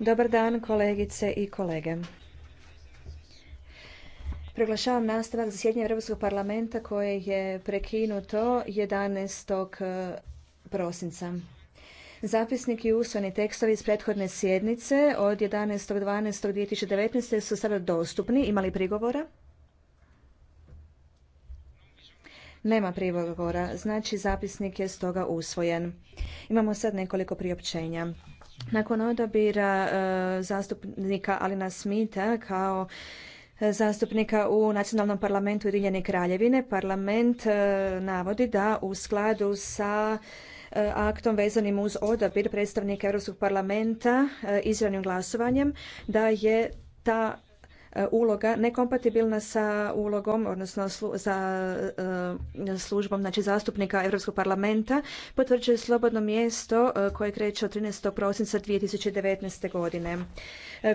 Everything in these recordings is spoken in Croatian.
Dobar dan kolegice i kolege. Proglašavam nastavak zasjedanja Europskog parlamenta koje je prekinuto 11. E, prosinca. Zapisnik i usvojeni tekstovi iz prethodne sjednice od 11.12.2019. su sada dostupni. Imali prigovora? Nema prigovora, znači zapisnik je stoga usvojen. Imamo sad nekoliko priopćenja. Nakon odabira e, zastupnika Alina Smita kao e, zastupnika u Nacionalnom parlamentu Ujedinjene kraljevine, parlament e, navodi da u skladu sa aktom vezanim uz odabir predstavnika Europskog parlamenta izravnim glasovanjem da je ta E, uloga nekompatibilna sa ulogom, odnosno za e, službom znači zastupnika Europskog parlamenta, potvrđuje slobodno mjesto e, koje kreće od 13. prosinca 2019. godine.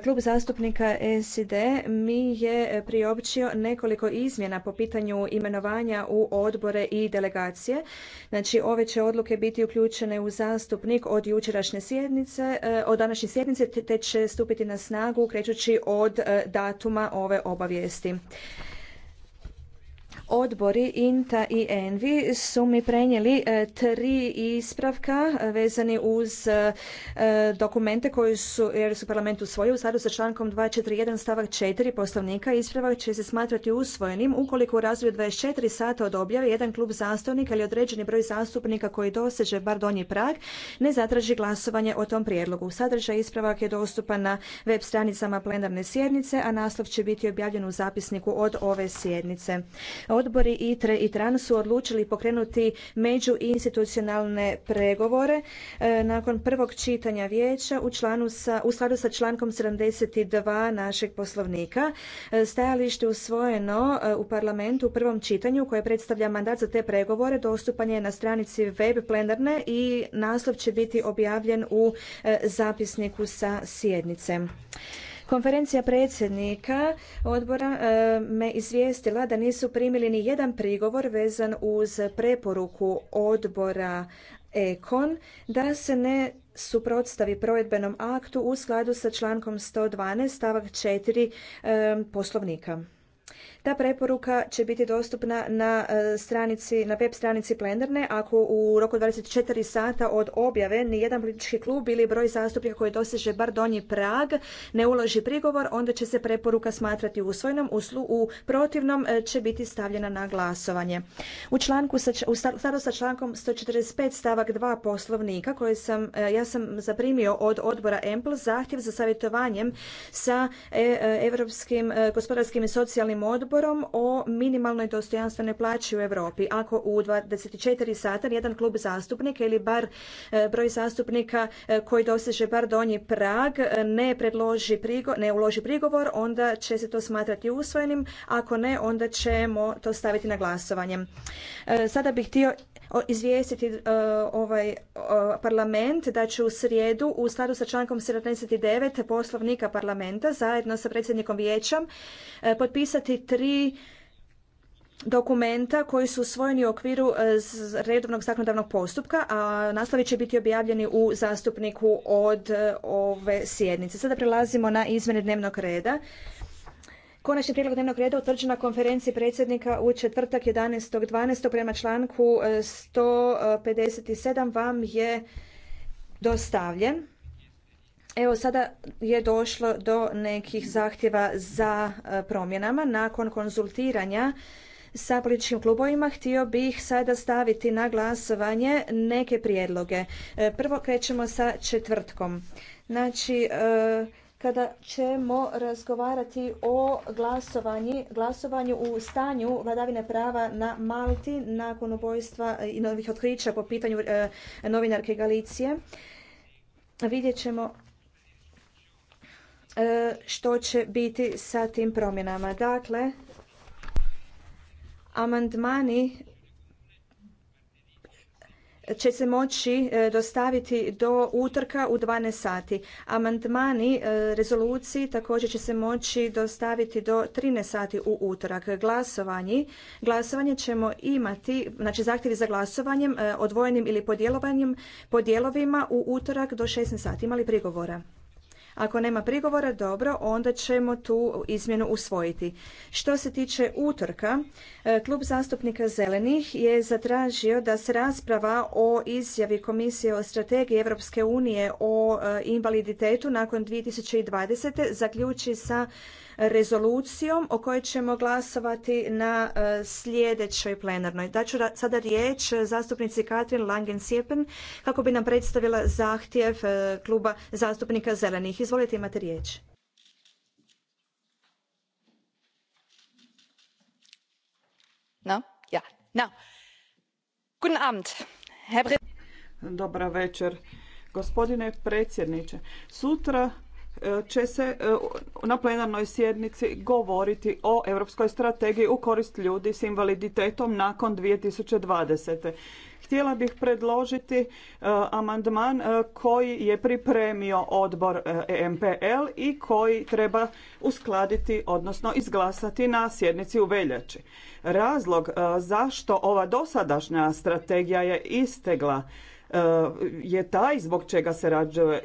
Klub zastupnika SID mi je priopćio nekoliko izmjena po pitanju imenovanja u odbore i delegacije. Znači, ove će odluke biti uključene u zastupnik od jučerašnje sjednice, od današnje sjednice, te će stupiti na snagu krećući od datuma datuma ove obavijesti. Odbori INTA i ENVI su mi prenijeli e, tri ispravka vezani uz e, e, dokumente koji su Europski parlament usvojio u skladu sa člankom 241 stavak 4 poslovnika. Ispravak će se smatrati usvojenim ukoliko u razvoju 24 sata od objave jedan klub zastupnika ili određeni broj zastupnika koji doseže bar donji prag ne zatraži glasovanje o tom prijedlogu. Sadržaj ispravak je dostupan na web stranicama plenarne sjednice, a naslov će biti objavljen u zapisniku od ove sjednice odbori ITRE i TRAN su odlučili pokrenuti međuinstitucionalne pregovore e, nakon prvog čitanja vijeća u, članu sa, u skladu sa člankom 72 našeg poslovnika. E, stajalište usvojeno e, u parlamentu u prvom čitanju koje predstavlja mandat za te pregovore dostupan je na stranici web plenarne i naslov će biti objavljen u zapisniku sa sjednice. Konferencija predsjednika odbora e, me izvijestila da nisu primili ni jedan prigovor vezan uz preporuku odbora Ekon da se ne suprotstavi provedbenom aktu u skladu sa člankom 112 stavak 4 e, poslovnika. Ta preporuka će biti dostupna na e, stranici, na web stranici plenarne ako u roku 24 sata od objave ni jedan politički klub ili broj zastupnika koji doseže bar donji prag ne uloži prigovor, onda će se preporuka smatrati usvojenom, u protivnom e, će biti stavljena na glasovanje. U članku sa, u sto sa člankom 145 stavak 2 poslovnika koje sam, e, ja sam zaprimio od odbora EMPL zahtjev za savjetovanjem sa Europskim gospodarskim i socijalnim odborom odborom o minimalnoj dostojanstvenoj plaći u Europi. Ako u 24 sata jedan klub zastupnika ili bar e, broj zastupnika e, koji doseže bar donji prag e, ne predloži ne uloži prigovor, onda će se to smatrati usvojenim. Ako ne, onda ćemo to staviti na glasovanje. Sada bih htio izvijestiti e, ovaj e, parlament da će u srijedu u skladu sa člankom 79 poslovnika parlamenta zajedno sa predsjednikom vijeća e, potpisati tri dokumenta koji su usvojeni u okviru redovnog zakonodavnog postupka, a naslovi će biti objavljeni u zastupniku od ove sjednice. Sada prelazimo na izmjene dnevnog reda. Konačni prijedlog dnevnog reda utvrđen na konferenciji predsjednika u četvrtak 11.12. prema članku 157 e, vam je dostavljen. Evo sada je došlo do nekih zahtjeva za e, promjenama nakon konzultiranja sa političkim klubovima htio bih sada staviti na glasovanje neke prijedloge. E, prvo krećemo sa četvrtkom. Znači, kada ćemo razgovarati o glasovanju u stanju vladavine prava na Malti nakon ubojstva i novih otkrića po pitanju e, novinarke Galicije. Vidjet ćemo e, što će biti sa tim promjenama. Dakle, amandmani će se moći e, dostaviti do utorka u 12 sati. Amandmani e, rezoluciji također će se moći dostaviti do 13 sati u utorak. Glasovanje, glasovanje ćemo imati, znači zahtjevi za glasovanjem e, odvojenim ili podjelovanjem, podjelovima u utorak do 16 sati. Imali prigovora? Ako nema prigovora, dobro, onda ćemo tu izmjenu usvojiti. Što se tiče utorka, e, Klub zastupnika Zelenih je zatražio da se rasprava o izjavi Komisije o strategiji Europske unije o e, invaliditetu nakon 2020. zaključi sa rezolucijom o kojoj ćemo glasovati na e, sljedećoj plenarnoj. ću sada riječ zastupnici Katrin Langen-Sjepen kako bi nam predstavila zahtjev e, kluba zastupnika Zelenih. Izvolite, imate riječ. No? Ja. Guten Abend. večer. Gospodine predsjedniče, sutra E, će se e, na plenarnoj sjednici govoriti o europskoj strategiji u korist ljudi s invaliditetom nakon 2020. Htjela bih predložiti e, amandman koji je pripremio odbor EMPL i koji treba uskladiti, odnosno izglasati na sjednici u veljači. Razlog zašto ova dosadašnja strategija je istegla je taj zbog čega se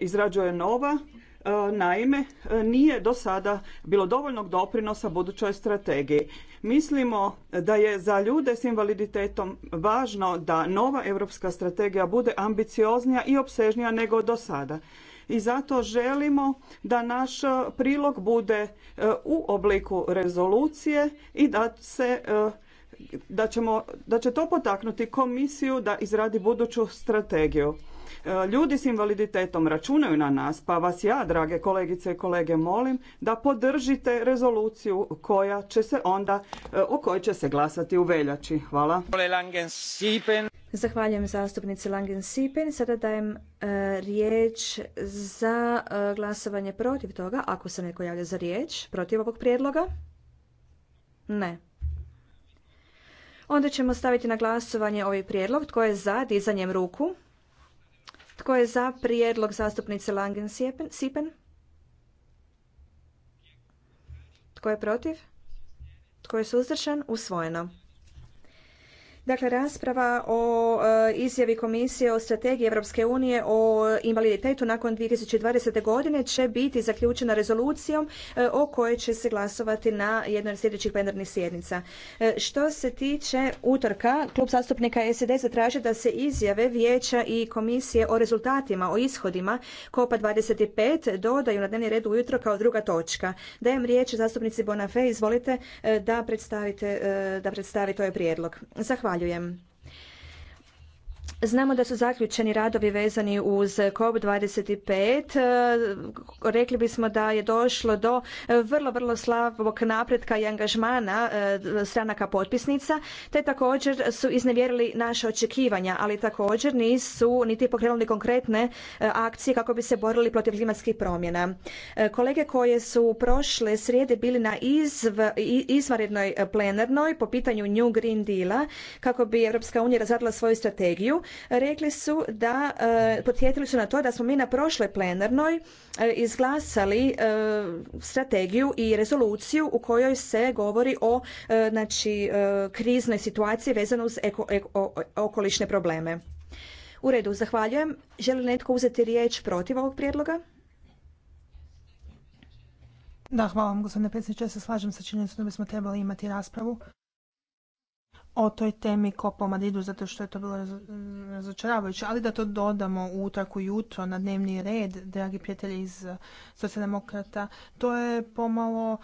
izrađuje nova E, naime, e, nije do sada bilo dovoljnog doprinosa budućoj strategiji. Mislimo da je za ljude s invaliditetom važno da nova europska strategija bude ambicioznija i opsežnija nego do sada. I zato želimo da naš prilog bude e, u obliku rezolucije i da se da, ćemo, da će to potaknuti komisiju da izradi buduću strategiju. E, ljudi s invaliditetom računaju na nas, pa vas ja, drage kolegice i kolege, molim da podržite rezoluciju koja će se onda, e, o kojoj će se glasati u veljači. Hvala. Zahvaljujem zastupnici Langen Sipen. Sada dajem e, riječ za glasovanje protiv toga, ako se neko javlja za riječ, protiv ovog prijedloga. Ne. Onda ćemo staviti na glasovanje ovaj prijedlog. Tko je za dizanjem ruku? Tko je za prijedlog zastupnice Langen Sipen? Tko je protiv? Tko je suzdržan? Usvojeno. Dakle, rasprava o e, izjavi Komisije o strategiji Europske unije o invaliditetu nakon 2020. godine će biti zaključena rezolucijom e, o kojoj će se glasovati na jednoj od sljedećih plenarnih sjednica. E, što se tiče utorka, klub zastupnika SED zatraži da se izjave vijeća i komisije o rezultatima, o ishodima COPA 25 dodaju na dnevni red ujutro kao druga točka. Dajem riječ zastupnici Bonafe, izvolite da predstavite, da predstavite ovaj prijedlog. Zahvaljujem. Zahvaljujem. Znamo da su zaključeni radovi vezani uz COP25. E, rekli bismo da je došlo do vrlo, vrlo slabog napretka i angažmana e, stranaka potpisnica, te također su iznevjerili naše očekivanja, ali također nisu niti pokrenuli konkretne e, akcije kako bi se borili protiv klimatskih promjena. Kolege koje su prošle srijede bili na izv, izvanrednoj plenarnoj po pitanju New Green Deala kako bi Europska unija razradila svoju strategiju, Rekli su da, e, podsjetili su na to da smo mi na prošloj plenarnoj e, izglasali e, strategiju i rezoluciju u kojoj se govori o znači, kriznoj situaciji vezano uz eko, okolišne probleme. U redu, zahvaljujem. Želi li netko uzeti riječ protiv ovog prijedloga? Da, hvala vam gospodine predsjedniče. Ja se slažem sa činjenicom da bismo trebali imati raspravu o toj temi po Madridu zato što je to bilo razočaravajuće, ali da to dodamo u utraku jutro na dnevni red, dragi prijatelji iz socijaldemokrata, to je pomalo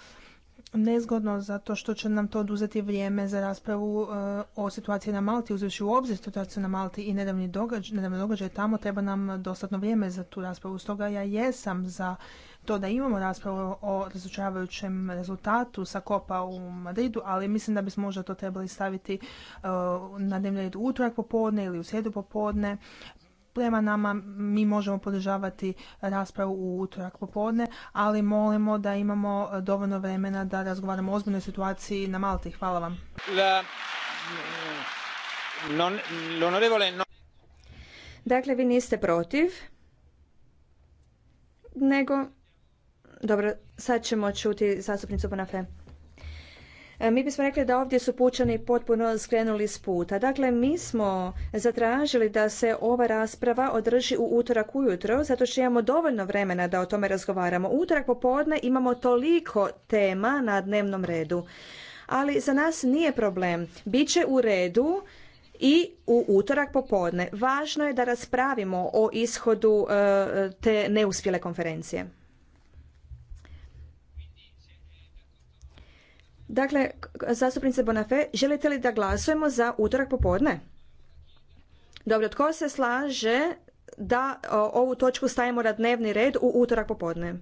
nezgodno zato što će nam to oduzeti vrijeme za raspravu eh, o situaciji na Malti, uzevši u obzir situaciju na Malti i nedavni događaj, nedavni događaj tamo, treba nam dostatno vrijeme za tu raspravu. Stoga ja jesam za to da imamo raspravu o razočaravajućem rezultatu sa kopa u Madridu, ali mislim da bismo možda to trebali staviti eh, na dnevni red utorak popodne ili u srijedu popodne prema nama mi možemo podržavati raspravu u utorak popodne, ali molimo da imamo dovoljno vremena da razgovaramo o ozbiljnoj situaciji na Malti. Hvala vam. Dakle, vi niste protiv, nego... Dobro, sad ćemo čuti zastupnicu Bonafe. E, mi bismo rekli da ovdje su pučani potpuno skrenuli s puta. Dakle, mi smo zatražili da se ova rasprava održi u utorak ujutro, zato što imamo dovoljno vremena da o tome razgovaramo. U utorak popodne imamo toliko tema na dnevnom redu. Ali za nas nije problem. Biće u redu i u utorak popodne. Važno je da raspravimo o ishodu e, te neuspjele konferencije. Dakle, zastupnice Bonafe, želite li da glasujemo za utorak popodne? Dobro, tko se slaže da ovu točku stavimo na dnevni red u utorak popodne?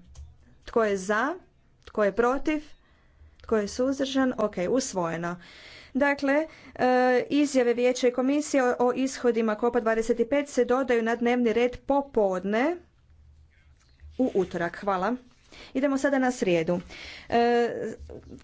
Tko je za? Tko je protiv? Tko je suzdržan? Ok, usvojeno. Dakle, e, izjave Vijeća i komisije o ishodima Kopa 25 se dodaju na dnevni red popodne u utorak. Hvala. Idemo sada na srijedu. E,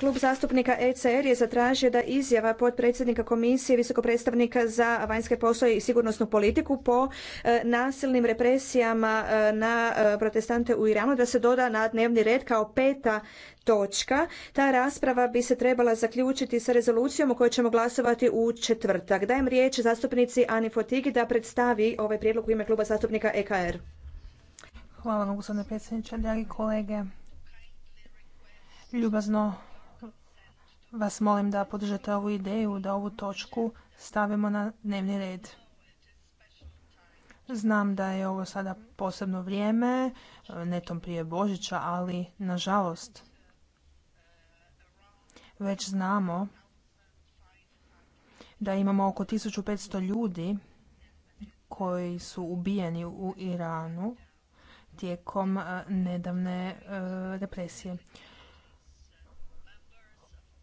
Klub zastupnika ECR je zatražio da izjava potpredsjednika komisije visokog predstavnika za vanjske poslove i sigurnosnu politiku po e, nasilnim represijama e, na protestante u Iranu da se doda na dnevni red kao peta točka. Ta rasprava bi se trebala zaključiti sa rezolucijom o kojoj ćemo glasovati u četvrtak. Dajem riječ zastupnici Ani Fotigi da predstavi ovaj prijedlog u ime kluba zastupnika EKR. Hvala vam, gospodine predsjedniče, dragi kolege. Ljubazno vas molim da podržite ovu ideju, da ovu točku stavimo na dnevni red. Znam da je ovo sada posebno vrijeme, netom prije Božića, ali nažalost već znamo da imamo oko 1500 ljudi koji su ubijeni u Iranu tijekom e, nedavne represije. E,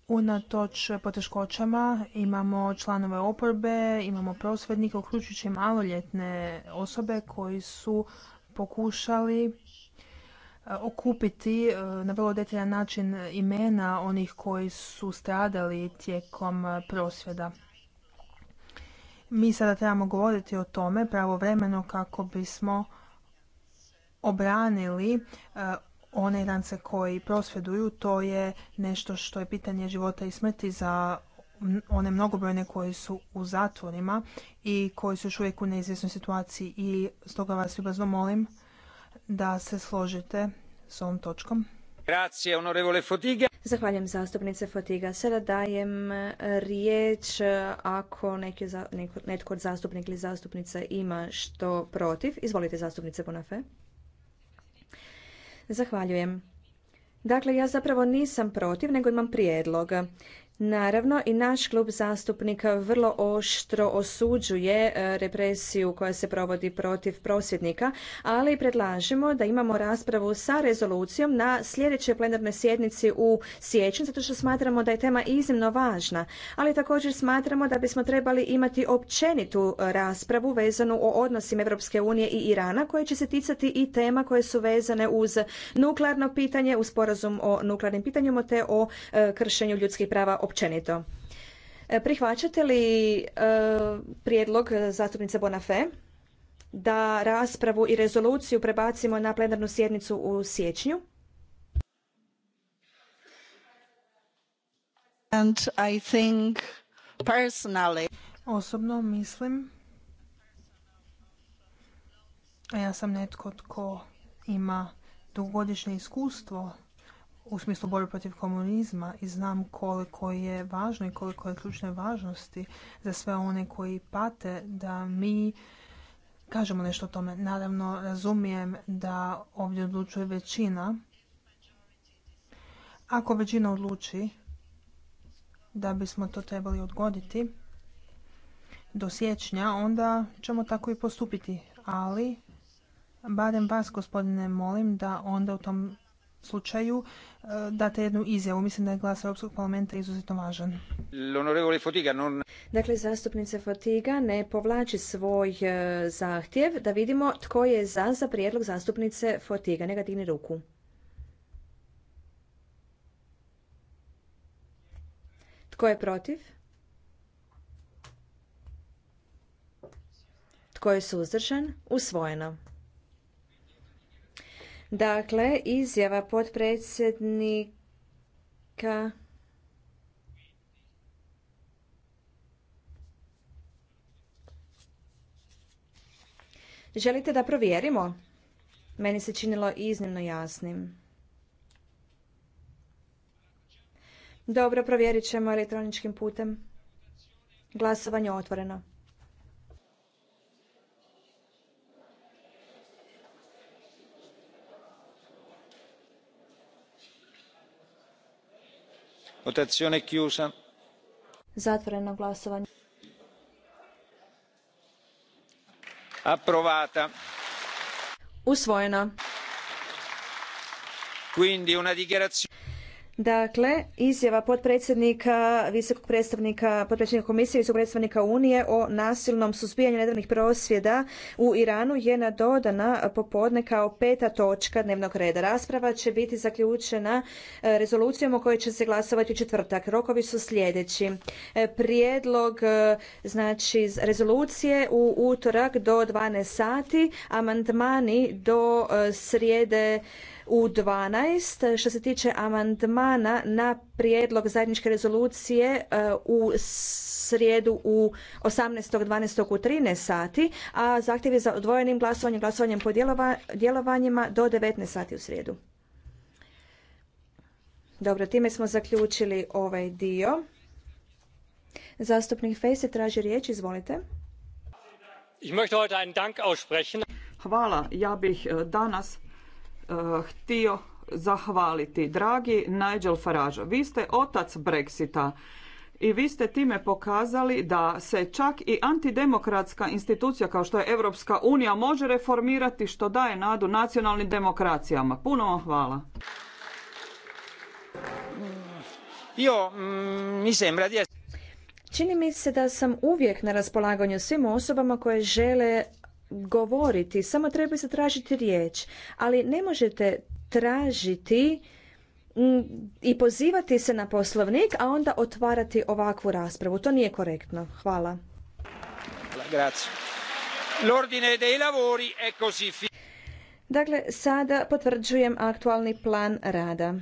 Unatoč poteškoćama imamo članove oporbe, imamo prosvjednike, uključujući maloljetne osobe koji su pokušali e, okupiti na vrlo detaljan način imena onih koji su stradali tijekom prosvjeda. Mi sada trebamo govoriti o tome pravovremeno kako bismo obranili e, one Irance koji prosvjeduju, to je nešto što je pitanje života i smrti za one mnogobrojne koji su u zatvorima i koji su još uvijek u neizvjesnoj situaciji i stoga vas ljubazno molim da se složite s ovom točkom. Zahvaljujem zastupnice Fotiga. Sada dajem e, riječ e, ako neki, netko od zastupnika ili zastupnica ima što protiv. Izvolite zastupnice Bonafe. Zahvaljujem. Dakle, ja zapravo nisam protiv, nego imam prijedlog. Naravno i naš klub zastupnika vrlo oštro osuđuje e, represiju koja se provodi protiv prosvjednika, ali predlažemo da imamo raspravu sa rezolucijom na sljedećoj plenarnoj sjednici u siječnju zato što smatramo da je tema iznimno važna, ali također smatramo da bismo trebali imati općenitu e, raspravu vezanu o odnosima Europske unije i Irana koje će se ticati i tema koje su vezane uz nuklearno pitanje, uz sporazum o nuklearnim pitanjima te o e, kršenju ljudskih prava općenito. E, prihvaćate li e, prijedlog zastupnice Bonafé da raspravu i rezoluciju prebacimo na plenarnu sjednicu u siječnju? Osobno mislim, a ja sam netko tko ima dugogodišnje iskustvo u smislu borbe protiv komunizma i znam koliko je važno i koliko je ključne važnosti za sve one koji pate da mi kažemo nešto o tome. Naravno, razumijem da ovdje odlučuje većina. Ako većina odluči da bismo to trebali odgoditi do siječnja, onda ćemo tako i postupiti. Ali, barem vas, gospodine, molim da onda u tom slučaju e, date jednu izjavu. Mislim da je glas Europskog parlamenta izuzetno važan. Dakle, zastupnice Fotiga ne povlači svoj e, zahtjev. Da vidimo tko je za za prijedlog zastupnice Fotiga. Neka digni ruku. Tko je protiv? Tko je suzdržan? Usvojeno. Dakle, izjava potpredsjednika Želite da provjerimo? Meni se činilo iznimno jasnim. Dobro, provjerit ćemo elektroničkim putem. Glasovanje otvoreno. votazione è chiusa zatvoreno glasovanje approvata usvojena quindi una dichiarazione Dakle, izjava potpredsjednika, visokog predstavnika, potpredsjednika komisije, visokog predstavnika Unije o nasilnom suzbijanju nedavnih prosvjeda u Iranu je nadodana popodne kao peta točka dnevnog reda. Rasprava će biti zaključena e, rezolucijom o kojoj će se glasovati u četvrtak. Rokovi su sljedeći. E, prijedlog e, znači rezolucije u utorak do 12 sati, amandmani do srijede u 12. Što se tiče amandmana na prijedlog zajedničke rezolucije uh, u srijedu u 18.12. u 13 sati, a zahtjev je za odvojenim glasovanjem, glasovanjem po djelovanjima do 19 sati u srijedu. Dobro, time smo zaključili ovaj dio. Zastupnik Fejs traži riječ, izvolite. Hvala, ja bih eh, danas E, htio zahvaliti. Dragi Nigel Farage, vi ste otac Brexita i vi ste time pokazali da se čak i antidemokratska institucija kao što je Europska unija može reformirati što daje nadu nacionalnim demokracijama. Puno vam hvala. Mm, Čini mi se da sam uvijek na raspolaganju svim osobama koje žele govoriti, samo treba se tražiti riječ, ali ne možete tražiti mm, i pozivati se na poslovnik, a onda otvarati ovakvu raspravu. To nije korektno. Hvala. Dakle, sada potvrđujem aktualni plan rada.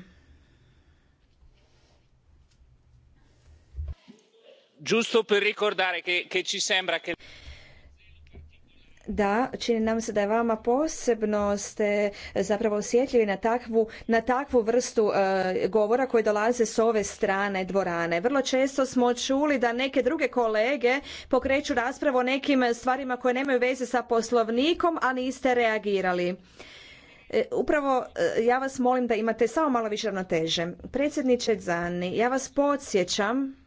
Giusto per ricordare che ci sembra che da, čini nam se da je vama posebno ste e, zapravo osjetljivi na takvu, na takvu vrstu e, govora koji dolaze s ove strane dvorane. Vrlo često smo čuli da neke druge kolege pokreću raspravu o nekim stvarima koje nemaju veze sa poslovnikom, a niste reagirali. E, upravo ja vas molim da imate samo malo više ravnoteže. Predsjedniče Zani, ja vas podsjećam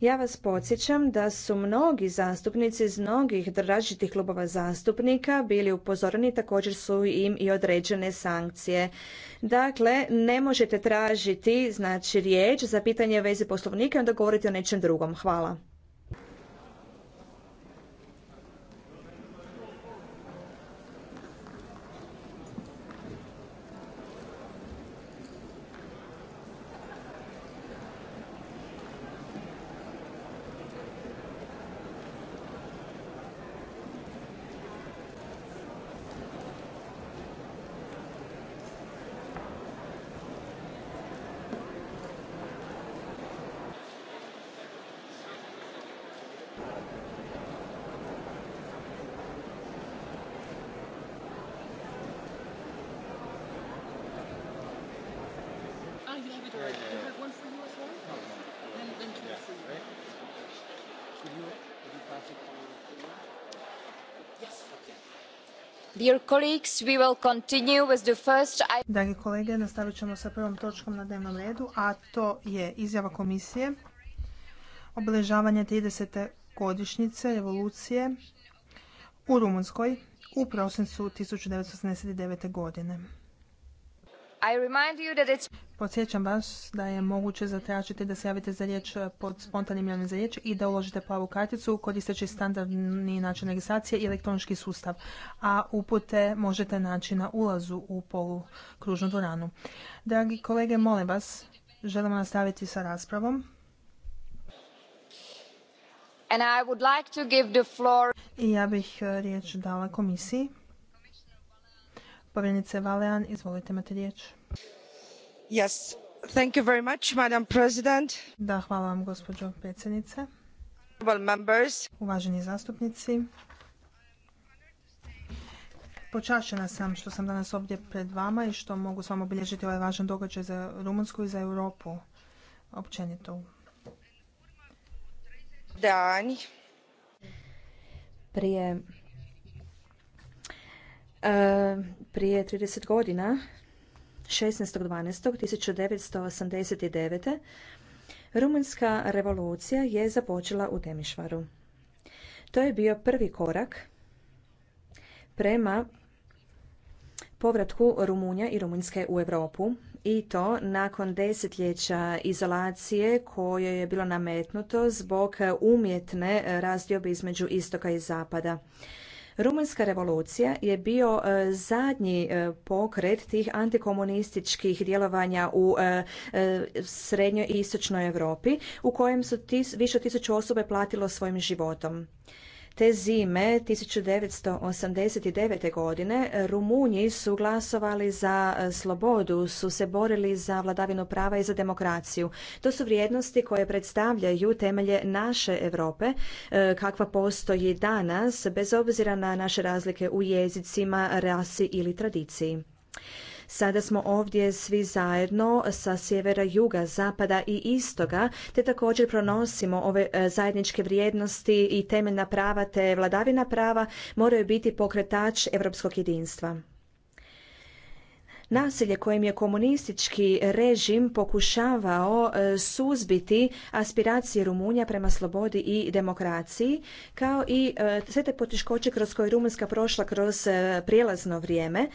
ja vas podsjećam da su mnogi zastupnici iz mnogih različitih klubova zastupnika bili upozoreni, također su im i određene sankcije. Dakle, ne možete tražiti znači riječ za pitanje veze poslovnika i onda govoriti o nečem drugom. Hvala. Dragi kolege, nastavit ćemo sa prvom točkom na dnevnom redu, a to je izjava komisije obilježavanje 30. godišnjice revolucije u Rumunskoj u prosincu 1989. godine. Podsjećam vas da je moguće zatražiti da se javite za riječ eh, pod spontanim javnim za riječ i da uložite plavu karticu koristeći standardni način registracije i elektronički sustav, a upute možete naći na ulazu u polu kružnu dvoranu. Dragi kolege, molim vas, želimo nastaviti sa raspravom. I ja bih eh, riječ dala komisiji. Povjerenice Valean, izvolite, imate riječ. Madam Da, hvala vam, gospođo predsjednice. Uvaženi zastupnici, počašćena sam što sam danas ovdje pred vama i što mogu s vama obilježiti ovaj važan događaj za Rumunsku i za Europu općenito. Dan. Prije E, prije 30 godina, 16.12.1989. Rumunjska revolucija je započela u Temišvaru. To je bio prvi korak prema povratku Rumunja i Rumunjske u Europu i to nakon desetljeća izolacije koje je bilo nametnuto zbog umjetne razdiobe između istoka i zapada. Rumunjska revolucija je bio e, zadnji e, pokret tih antikomunističkih djelovanja u e, srednjoj i istočnoj Europi u kojem su više od tisuću osobe platilo svojim životom. Te zime 1989. godine Rumunji su glasovali za e, slobodu, su se borili za vladavinu prava i za demokraciju. To su vrijednosti koje predstavljaju temelje naše Europe e, kakva postoji danas bez obzira na naše razlike u jezicima, rasi ili tradiciji. Sada smo ovdje svi zajedno sa sjevera, juga, zapada i istoga, te također pronosimo ove e, zajedničke vrijednosti i temeljna prava te vladavina prava moraju biti pokretač europskog jedinstva. Nasilje kojim je komunistički režim pokušavao e, suzbiti aspiracije Rumunja prema slobodi i demokraciji, kao i e, sve te poteškoće kroz koje Rumunjska prošla kroz e, prijelazno vrijeme,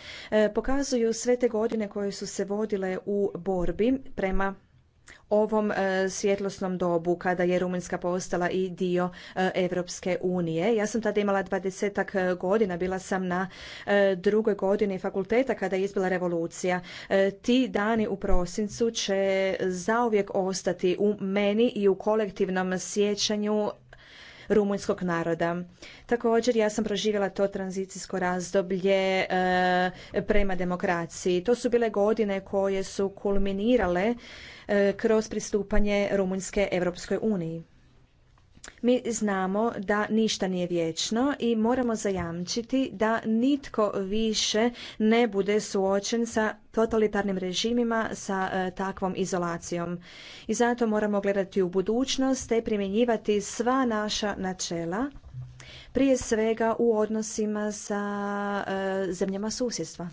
pokazuju sve te godine koje su se vodile u borbi prema ovom e, svjetlosnom dobu kada je Rumunjska postala i dio e, Evropske unije. Ja sam tada imala dvadesetak e, godina, bila sam na drugoj godini fakulteta kada je izbila revolucija. Ti dani u prosincu će zauvijek ostati u meni i u kolektivnom sjećanju rumunjskog naroda. Također ja sam proživjela to tranzicijsko razdoblje prema demokraciji. To su bile godine koje su kulminirale E, kroz pristupanje Rumunjske Europskoj uniji. Mi znamo da ništa nije vječno i moramo zajamčiti da nitko više ne bude suočen sa totalitarnim režimima sa e, takvom izolacijom. I zato moramo gledati u budućnost te primjenjivati sva naša načela, prije svega u odnosima sa e, zemljama susjedstva.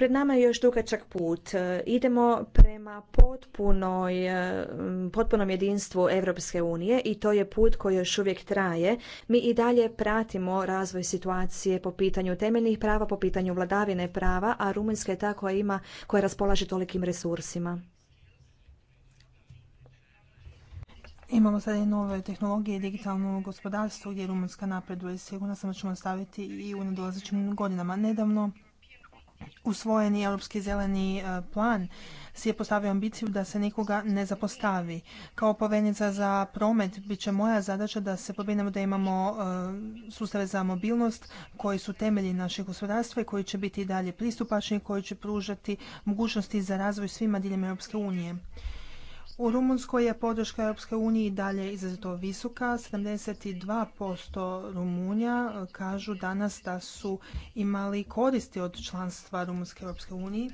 Pred nama je još dugačak put. E, idemo prema potpunoj, e, potpunom jedinstvu Europske unije i to je put koji još uvijek traje. Mi i dalje pratimo razvoj situacije po pitanju temeljnih prava, po pitanju vladavine prava, a Rumunjska je ta koja ima, koja raspolaže tolikim resursima. Imamo sada i nove tehnologije digitalno gospodarstvo gdje Rumunjska napreduje. Sigurno sam da ćemo staviti i u nadolazećim godinama. Nedavno usvojeni europski zeleni e, plan si je postavio ambiciju da se nikoga ne zapostavi. Kao povenica za promet bit će moja zadaća da se pobrinemo da imamo e, sustave za mobilnost koji su temelji našeg gospodarstva i koji će biti i dalje pristupačni, i koji će pružati mogućnosti za razvoj svima diljem Europske unije. U Rumunskoj je podrška Europske unije i dalje izrazito visoka. 72% Rumunja e, kažu danas da su imali koristi od članstva Rumunske Europske unije,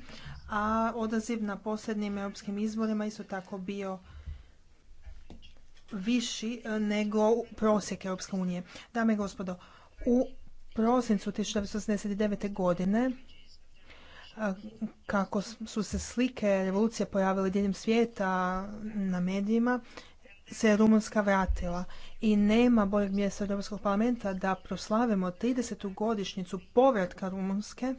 a odaziv na posljednjim europskim izborima isto tako bio viši e, nego prosjek Europske unije. Dame i gospodo, u prosincu 1989. godine kako su se slike revolucije pojavile diljem svijeta na medijima, se Rumunska vratila i nema boljeg mjesta od Europskog parlamenta da proslavimo 30. godišnjicu povratka Rumunske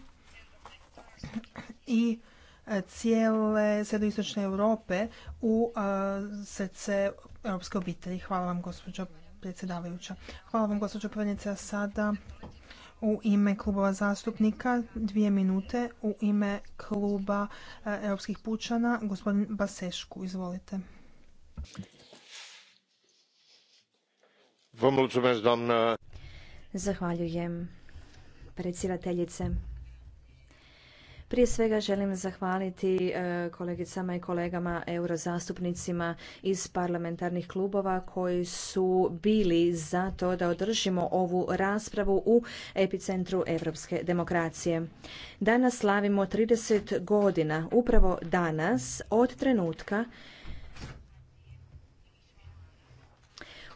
i e, cijele sredoistočne Europe u e, srce europske obitelji. Hvala vam, gospođo predsjedavajuća. Hvala vam, gospođo a Sada u ime klubova zastupnika, dvije minute u ime kluba e, Europskih pučana, gospodin Basešku, izvolite. Zahvaljujem predsjedateljice. Prije svega želim zahvaliti e, kolegicama i kolegama eurozastupnicima iz parlamentarnih klubova koji su bili za to da održimo ovu raspravu u epicentru europske demokracije. Danas slavimo 30 godina, upravo danas, od trenutka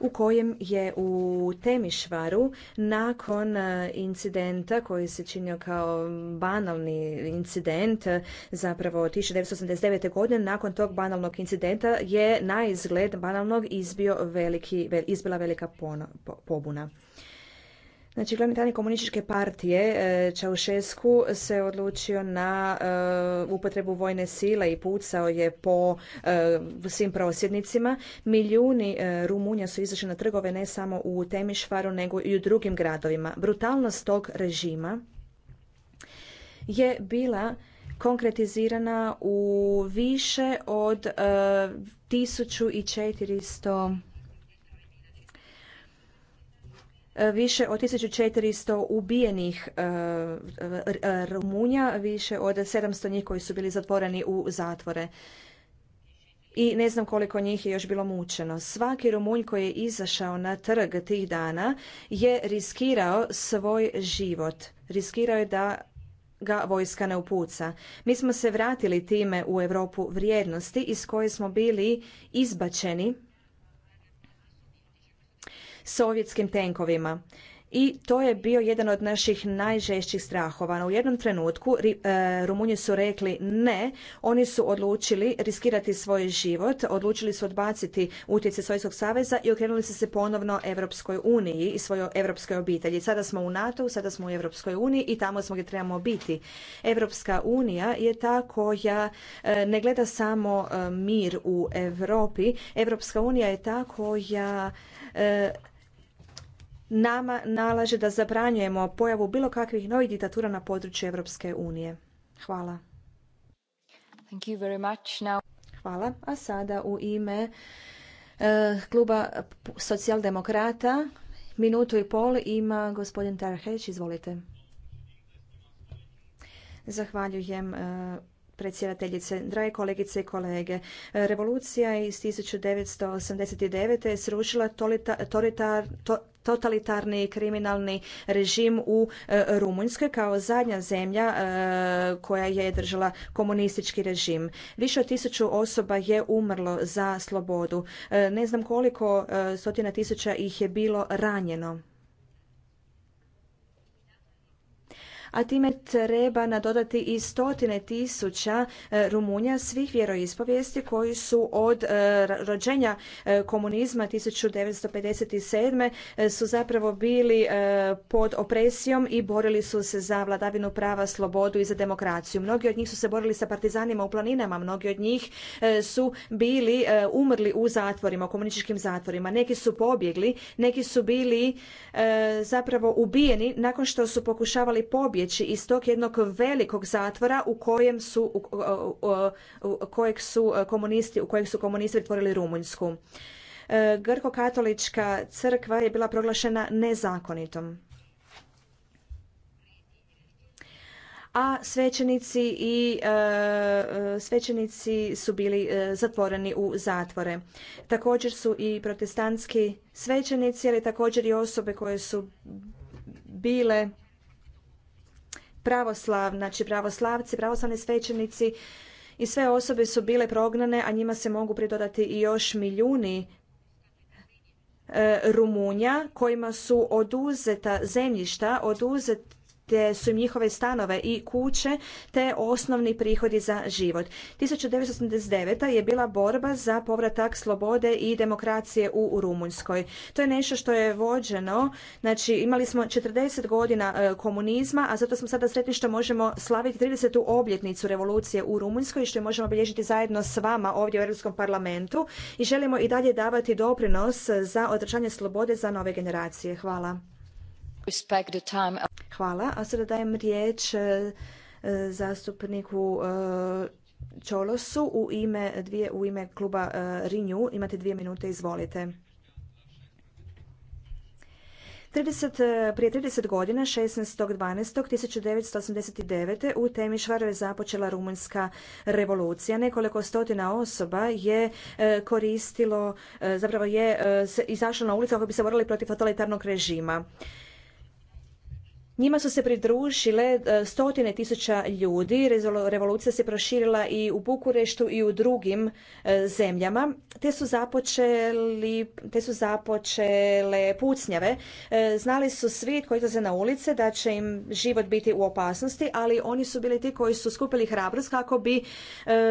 u kojem je u Temišvaru nakon e, incidenta koji se činio kao banalni incident e, zapravo 1989. godine nakon tog banalnog incidenta je na izgled banalnog izbio veliki, izbila velika pobuna. Znači, glavni tajnik komunističke partije Čaušesku e, se odlučio na e, upotrebu vojne sile i pucao je po e, svim prosjednicima. Milijuni Rumunja su izašli na trgove ne samo u Temišvaru, nego i u drugim gradovima. Brutalnost tog režima je bila konkretizirana u više od 1400 E, više od 1400 ubijenih e, e, Rumunja, više od 700 njih koji su bili zatvoreni u zatvore. I ne znam koliko njih je još bilo mučeno. Svaki Rumunj koji je izašao na trg tih dana je riskirao svoj život. Riskirao je da ga vojska ne upuca. Mi smo se vratili time u Europu vrijednosti iz koje smo bili izbačeni sovjetskim tenkovima. I to je bio jedan od naših najžešćih strahova. u jednom trenutku e, Rumunji su rekli ne, oni su odlučili riskirati svoj život, odlučili su odbaciti utjecaj Sovjetskog saveza i okrenuli su se ponovno Europskoj uniji i svojoj europskoj obitelji. Sada smo u NATO, sada smo u Europskoj uniji i tamo smo gdje trebamo biti. Europska unija je ta koja e, ne gleda samo e, mir u Europi. Europska unija je ta koja nama nalaže da zabranjujemo pojavu bilo kakvih novih diktatura na području Europske unije. Hvala. Thank you very much. Hvala. A sada u ime eh, kluba socijaldemokrata minutu i pol ima gospodin Tarheć. Izvolite. Zahvaljujem uh, predsjedateljice, drage kolegice i kolege. Revolucija iz 1989. je srušila tolita... to, totalitarni kriminalni režim u e, Rumunjskoj kao zadnja zemlja e, koja je držala komunistički režim. Više od tisuću osoba je umrlo za slobodu. E, ne znam koliko stotina tisuća ih je bilo ranjeno. a time treba nadodati i stotine tisuća e, Rumunja svih vjeroispovijesti koji su od e, rođenja e, komunizma 1957. su zapravo bili pod opresijom i borili su se za vladavinu prava, slobodu i za demokraciju. Mnogi od njih su se borili sa partizanima u planinama, mnogi od njih su bili umrli u zatvorima, u komunističkim zatvorima. Neki su pobjegli, neki su bili zapravo ubijeni nakon što su pokušavali pobjeći pobjeći iz tog jednog velikog zatvora u kojem su, kojeg su e, komunisti, u kojeg su komunisti pretvorili Rumunjsku. E, grko-katolička crkva je bila proglašena nezakonitom. a svećenici i e, svećenici su bili zatvoreni u zatvore. Također su i protestantski svećenici, ali također i osobe koje su bile Pravoslav, znači pravoslavci, pravoslavni svećenici i sve osobe su bile prognane, a njima se mogu pridodati i još milijuni e, Rumunja kojima su oduzeta zemljišta, oduzet gdje su im njihove stanove i kuće te osnovni prihodi za život. 1989. je bila borba za povratak slobode i demokracije u Rumunjskoj. To je nešto što je vođeno, znači imali smo 40 godina e, komunizma, a zato smo sada sretni što možemo slaviti 30. obljetnicu revolucije u Rumunjskoj i što je možemo obilježiti zajedno s vama ovdje u Europskom parlamentu i želimo i dalje davati doprinos za održanje slobode za nove generacije. Hvala. Hvala, a sada dajem riječ e, e, zastupniku e, Čolosu u ime, dvije, u ime kluba RINJU. Imate dvije minute, izvolite. prije 30 godina, 16.12.1989. u Temišvaru je započela rumunjska revolucija. Nekoliko stotina osoba je koristilo, zapravo je izašlo na ulicu kako bi se borili protiv totalitarnog režima. Njima su se pridružile e, stotine tisuća ljudi, revolucija se proširila i u Bukureštu i u drugim e, zemljama, te su, te su započele pucnjave. E, znali su svi koji izlaze na ulice da će im život biti u opasnosti, ali oni su bili ti koji su skupili hrabrost kako bi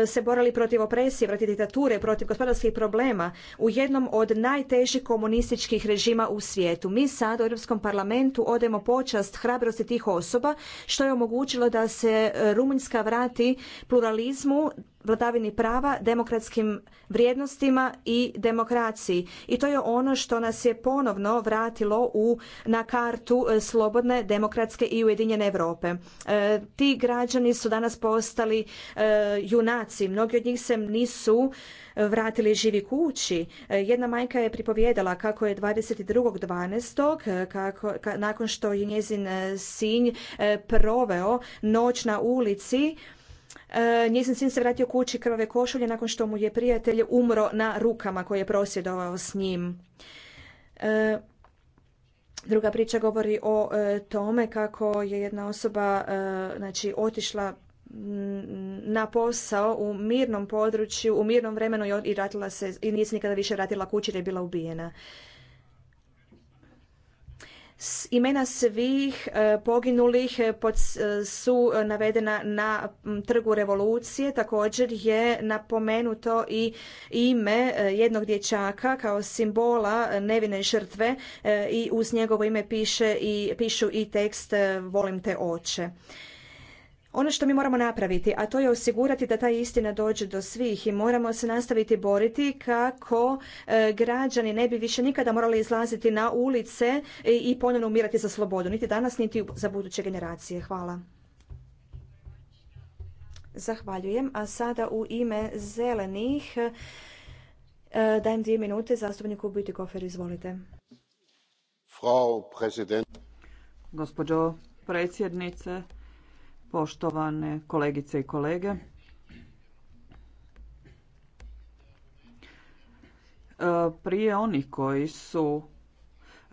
se borali protiv opresije, protiv diktature, protiv gospodarskih problema u jednom od najtežih komunističkih režima u svijetu. Mi sad u Europskom parlamentu odemo počast hrabrosti hrabrosti tih osoba što je omogućilo da se e, Rumunjska vrati pluralizmu vladavini prava, demokratskim vrijednostima i demokraciji. I to je ono što nas je ponovno vratilo u, na kartu e, slobodne, demokratske i ujedinjene Europe. E, ti građani su danas postali e, junaci. Mnogi od njih se nisu vratili živi kući. Jedna majka je pripovijedala kako je 22.12. Kako, nakon što je njezin sinj proveo noć na ulici E, njezin sin se vratio kući krvave košulje nakon što mu je prijatelj umro na rukama koje je prosvjedovao s njim. E, druga priča govori o e, tome kako je jedna osoba znači, otišla mm, na posao u mirnom području, u mirnom vremenu i ratila se i nije se nikada više vratila kući jer je bila ubijena imena svih e, poginulih e, e, su navedena na trgu revolucije. Također je napomenuto i ime jednog dječaka kao simbola nevine žrtve i uz njegovo ime piše i, pišu i tekst Volim te oče ono što mi moramo napraviti, a to je osigurati da ta istina dođe do svih i moramo se nastaviti boriti kako e, građani ne bi više nikada morali izlaziti na ulice i ponovno umirati za slobodu, niti danas, niti za buduće generacije. Hvala. Zahvaljujem. A sada u ime zelenih e, dajem dvije minute zastupniku Bütikofer, izvolite. Frau predsjednice, poštovane kolegice i kolege. E, prije onih koji su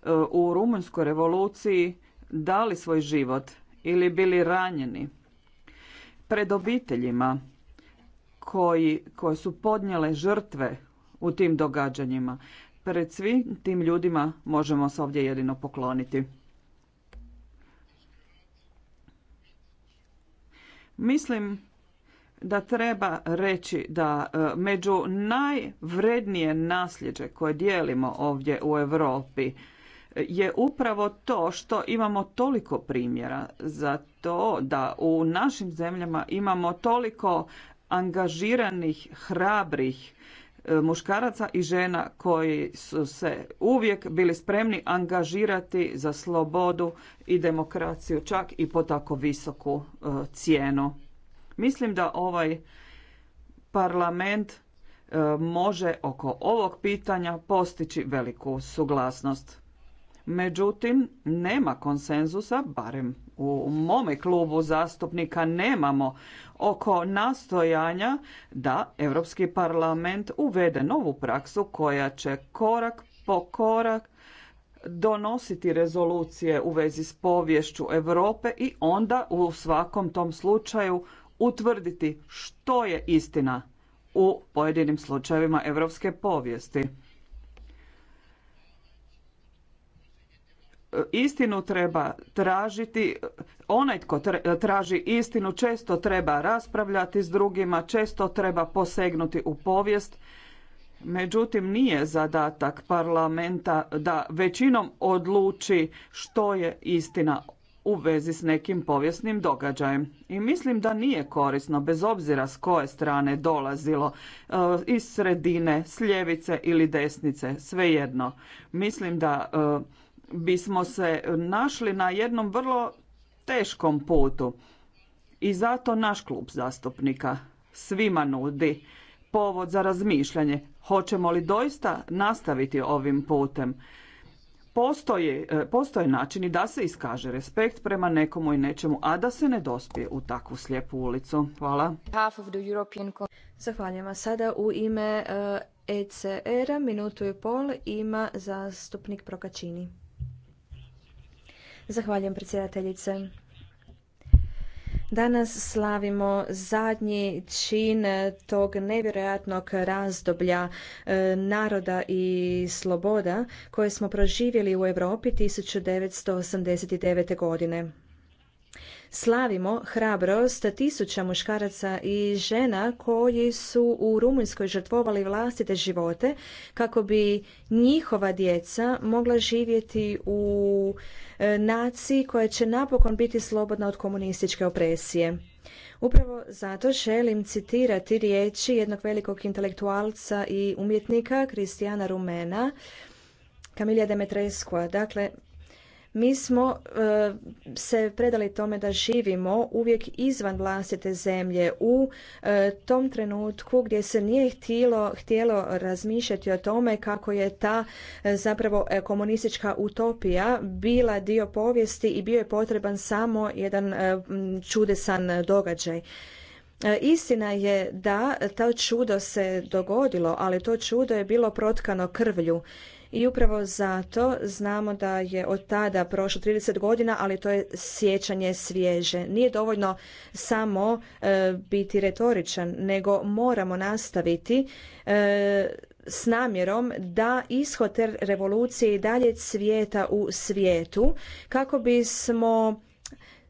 e, u Rumunjskoj revoluciji dali svoj život ili bili ranjeni pred obiteljima koji, koje su podnijele žrtve u tim događanjima. Pred svim tim ljudima možemo se ovdje jedino pokloniti. Mislim da treba reći da e, među najvrednije nasljeđe koje dijelimo ovdje u Europi e, je upravo to što imamo toliko primjera za to da u našim zemljama imamo toliko angažiranih, hrabrih E, muškaraca i žena koji su se uvijek bili spremni angažirati za slobodu i demokraciju, čak i po tako visoku e, cijenu. Mislim da ovaj parlament e, može oko ovog pitanja postići veliku suglasnost. Međutim, nema konsenzusa, barem u mome klubu zastupnika nemamo oko nastojanja da Europski parlament uvede novu praksu koja će korak po korak donositi rezolucije u vezi s povješću Europe i onda u svakom tom slučaju utvrditi što je istina u pojedinim slučajevima europske povijesti. istinu treba tražiti, onaj tko traži istinu često treba raspravljati s drugima, često treba posegnuti u povijest. Međutim, nije zadatak parlamenta da većinom odluči što je istina u vezi s nekim povijesnim događajem. I mislim da nije korisno, bez obzira s koje strane dolazilo, e, iz sredine, s ljevice ili desnice, svejedno. Mislim da e, bismo se našli na jednom vrlo teškom putu. I zato naš klub zastupnika svima nudi povod za razmišljanje. Hoćemo li doista nastaviti ovim putem? Postoje, e, postoje načini da se iskaže respekt prema nekomu i nečemu, a da se ne dospije u takvu slijepu ulicu. Hvala. Zahvaljujem. sada u ime ECR-a e minutu i pol ima zastupnik Prokačini. Zahvaljujem predsjedateljice. Danas slavimo zadnji čin tog nevjerojatnog razdoblja e, naroda i sloboda koje smo proživjeli u Europi 1989. godine slavimo hrabrost tisuća muškaraca i žena koji su u Rumunjskoj žrtvovali vlastite živote kako bi njihova djeca mogla živjeti u e, naciji koja će napokon biti slobodna od komunističke opresije. Upravo zato želim citirati riječi jednog velikog intelektualca i umjetnika Kristijana Rumena, Kamilija Demetrescua. Dakle, mi smo e, se predali tome da živimo uvijek izvan vlastite zemlje u e, tom trenutku gdje se nije htjelo, htjelo razmišljati o tome kako je ta e, zapravo komunistička utopija bila dio povijesti i bio je potreban samo jedan čudesan događaj. Istina je da to čudo se dogodilo, ali to čudo je bilo protkano krvlju i upravo zato znamo da je od tada prošlo 30 godina, ali to je sjećanje svježe. Nije dovoljno samo e, biti retoričan, nego moramo nastaviti e, s namjerom da ishod te revolucije i dalje cvijeta u svijetu kako bismo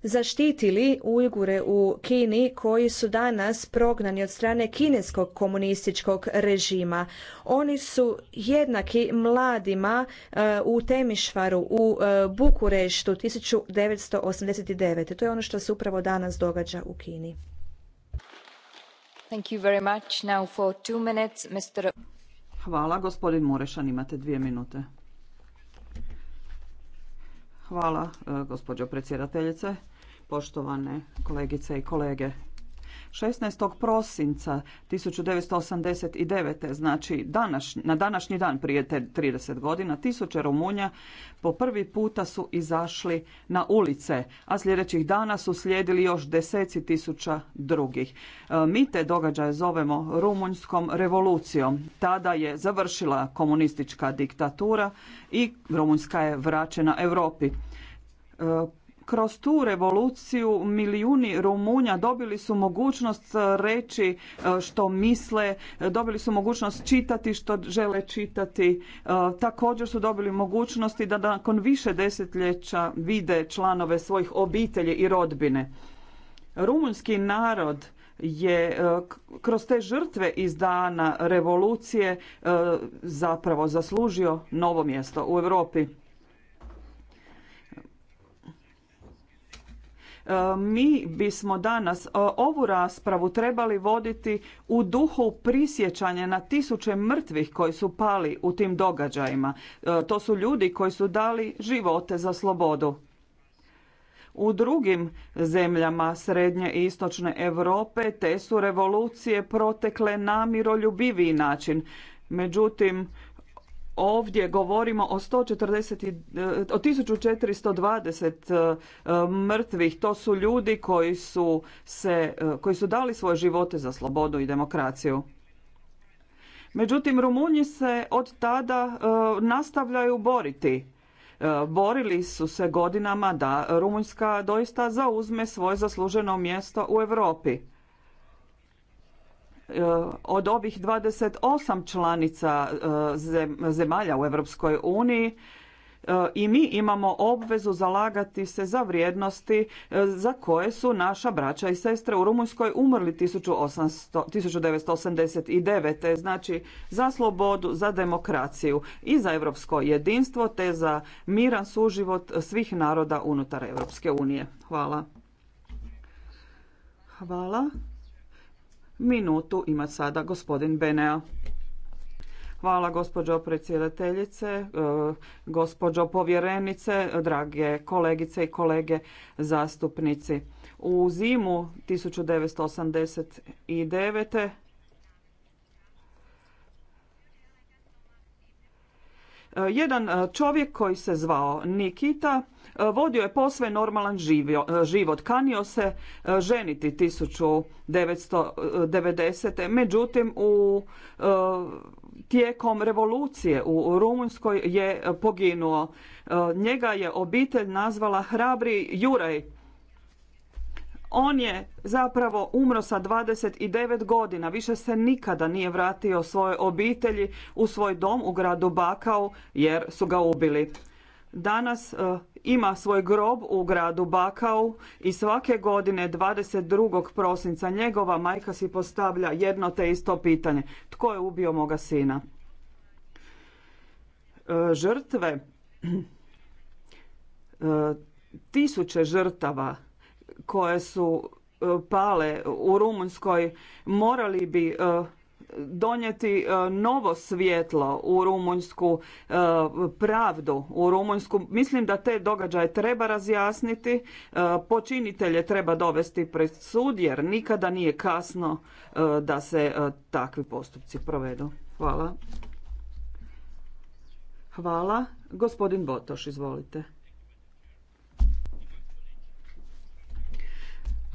zaštitili Ujgure u Kini koji su danas prognani od strane kineskog komunističkog režima. Oni su jednaki mladima e, u Temišvaru, u e, Bukureštu 1989. To je ono što se upravo danas događa u Kini. Thank Hvala, gospodin Murešan, imate dvije minute. Hvala, e, gospođo predsjedateljice, poštovane kolegice i kolege. 16. prosinca 1989. znači na današnji dan prije te 30 godina tisuće Rumunja po prvi puta su izašli na ulice, a sljedećih dana su slijedili još deseci tisuća drugih. E, mi te događaje zovemo Rumunjskom revolucijom. Tada je završila komunistička diktatura i Rumunjska je vraćena Europi e, kroz tu revoluciju milijuni Rumunja dobili su mogućnost e, reći e, što misle, e, dobili su mogućnost čitati što žele čitati. Također su dobili mogućnosti da nakon više desetljeća vide članove svojih obitelji i rodbine. Rumunjski narod je kroz te žrtve iz dana revolucije zapravo zaslužio novo mjesto u Europi. E, mi bismo danas e, ovu raspravu trebali voditi u duhu prisjećanja na tisuće mrtvih koji su pali u tim događajima. E, to su ljudi koji su dali živote za slobodu. U drugim zemljama srednje i istočne Europe te su revolucije protekle na miroljubiviji način. Međutim, ovdje govorimo o 140, e, o 1420 e, e, mrtvih. To su ljudi koji su, se, koji su dali svoje živote za slobodu i demokraciju. Međutim, Rumunji se od tada nastavljaju boriti. Borili su se godinama da Rumunjska doista zauzme svoje zasluženo mjesto u Europi. E, od ovih 28 članica e, zemalja u Europskoj uniji e, i mi imamo obvezu zalagati se za vrijednosti za koje su naša braća i sestre u Rumunjskoj umrli 1800, 1989. Znači za slobodu, za demokraciju i za europsko jedinstvo te za miran suživot svih naroda unutar Europske unije. Hvala. Hvala. Minutu ima sada gospodin Benea. Hvala gospođo predsjedateljice, e, gospođo povjerenice, drage kolegice i kolege zastupnici. U zimu 1989. E, jedan čovjek koji se zvao Nikita E, vodio je posve normalan e, život. Kanio se e, ženiti 1990. Međutim, u tijekom revolucije u Rumunjskoj je poginuo. Njega je obitelj nazvala Hrabri Juraj. On je zapravo umro sa 29 godina, više se nikada nije vratio svoje obitelji u svoj dom u gradu Bakau jer su ga ubili danas e, ima svoj grob u gradu Bakau i svake godine 22. prosinca njegova majka si postavlja jedno te isto pitanje. Tko je ubio moga sina? E, žrtve, e, tisuće žrtava koje su pale u Rumunjskoj morali bi donijeti e, novo svjetlo u rumunjsku e, pravdu, u rumunjsku. Mislim da te događaje treba razjasniti, e, počinitelje treba dovesti pred sud jer nikada nije kasno da se takvi postupci provedu. Hvala. Hvala. Gospodin Botoš, izvolite.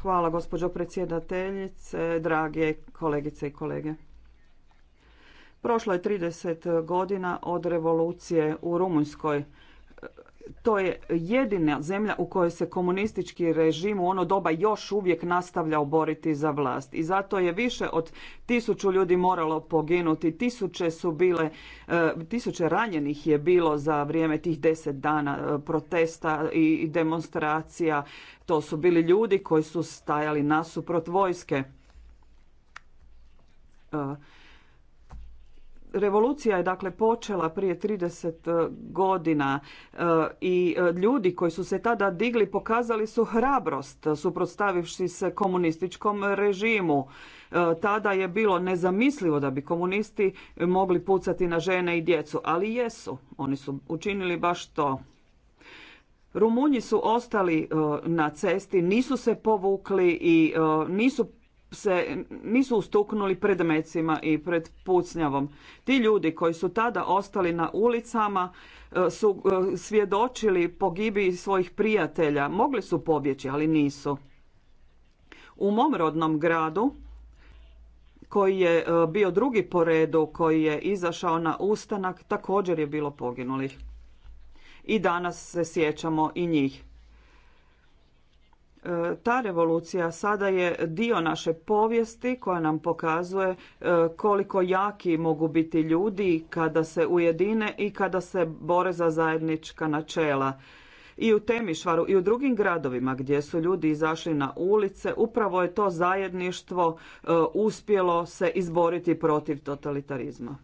Hvala gospođo predsjedateljice, drage kolegice i kolege. Prošlo je 30 godina od revolucije u Rumunjskoj. To je jedina zemlja u kojoj se komunistički režim u ono doba još uvijek nastavlja oboriti za vlast. I zato je više od tisuću ljudi moralo poginuti, tisuće su bile, e, tisuće ranjenih je bilo za vrijeme tih deset dana e, protesta i demonstracija. To su bili ljudi koji su stajali nasuprot vojske. E, Revolucija je dakle počela prije 30 e, godina e, i e, ljudi koji su se tada digli pokazali su hrabrost suprotstavivši se komunističkom režimu. Tada je bilo nezamislivo da bi komunisti mogli pucati na žene i djecu, ali jesu. Oni su učinili baš to. Rumunji su ostali na cesti, nisu se povukli i nisu se nisu ustuknuli pred mecima i pred pucnjavom. Ti ljudi koji su tada ostali na ulicama e, su e, svjedočili pogibi svojih prijatelja. Mogli su pobjeći, ali nisu. U mom rodnom gradu, koji je e, bio drugi po redu, koji je izašao na ustanak, također je bilo poginulih. I danas se sjećamo i njih ta revolucija sada je dio naše povijesti koja nam pokazuje e, koliko jaki mogu biti ljudi kada se ujedine i kada se bore za zajednička načela. I u Temišvaru i u drugim gradovima gdje su ljudi izašli na ulice, upravo je to zajedništvo e, uspjelo se izboriti protiv totalitarizma.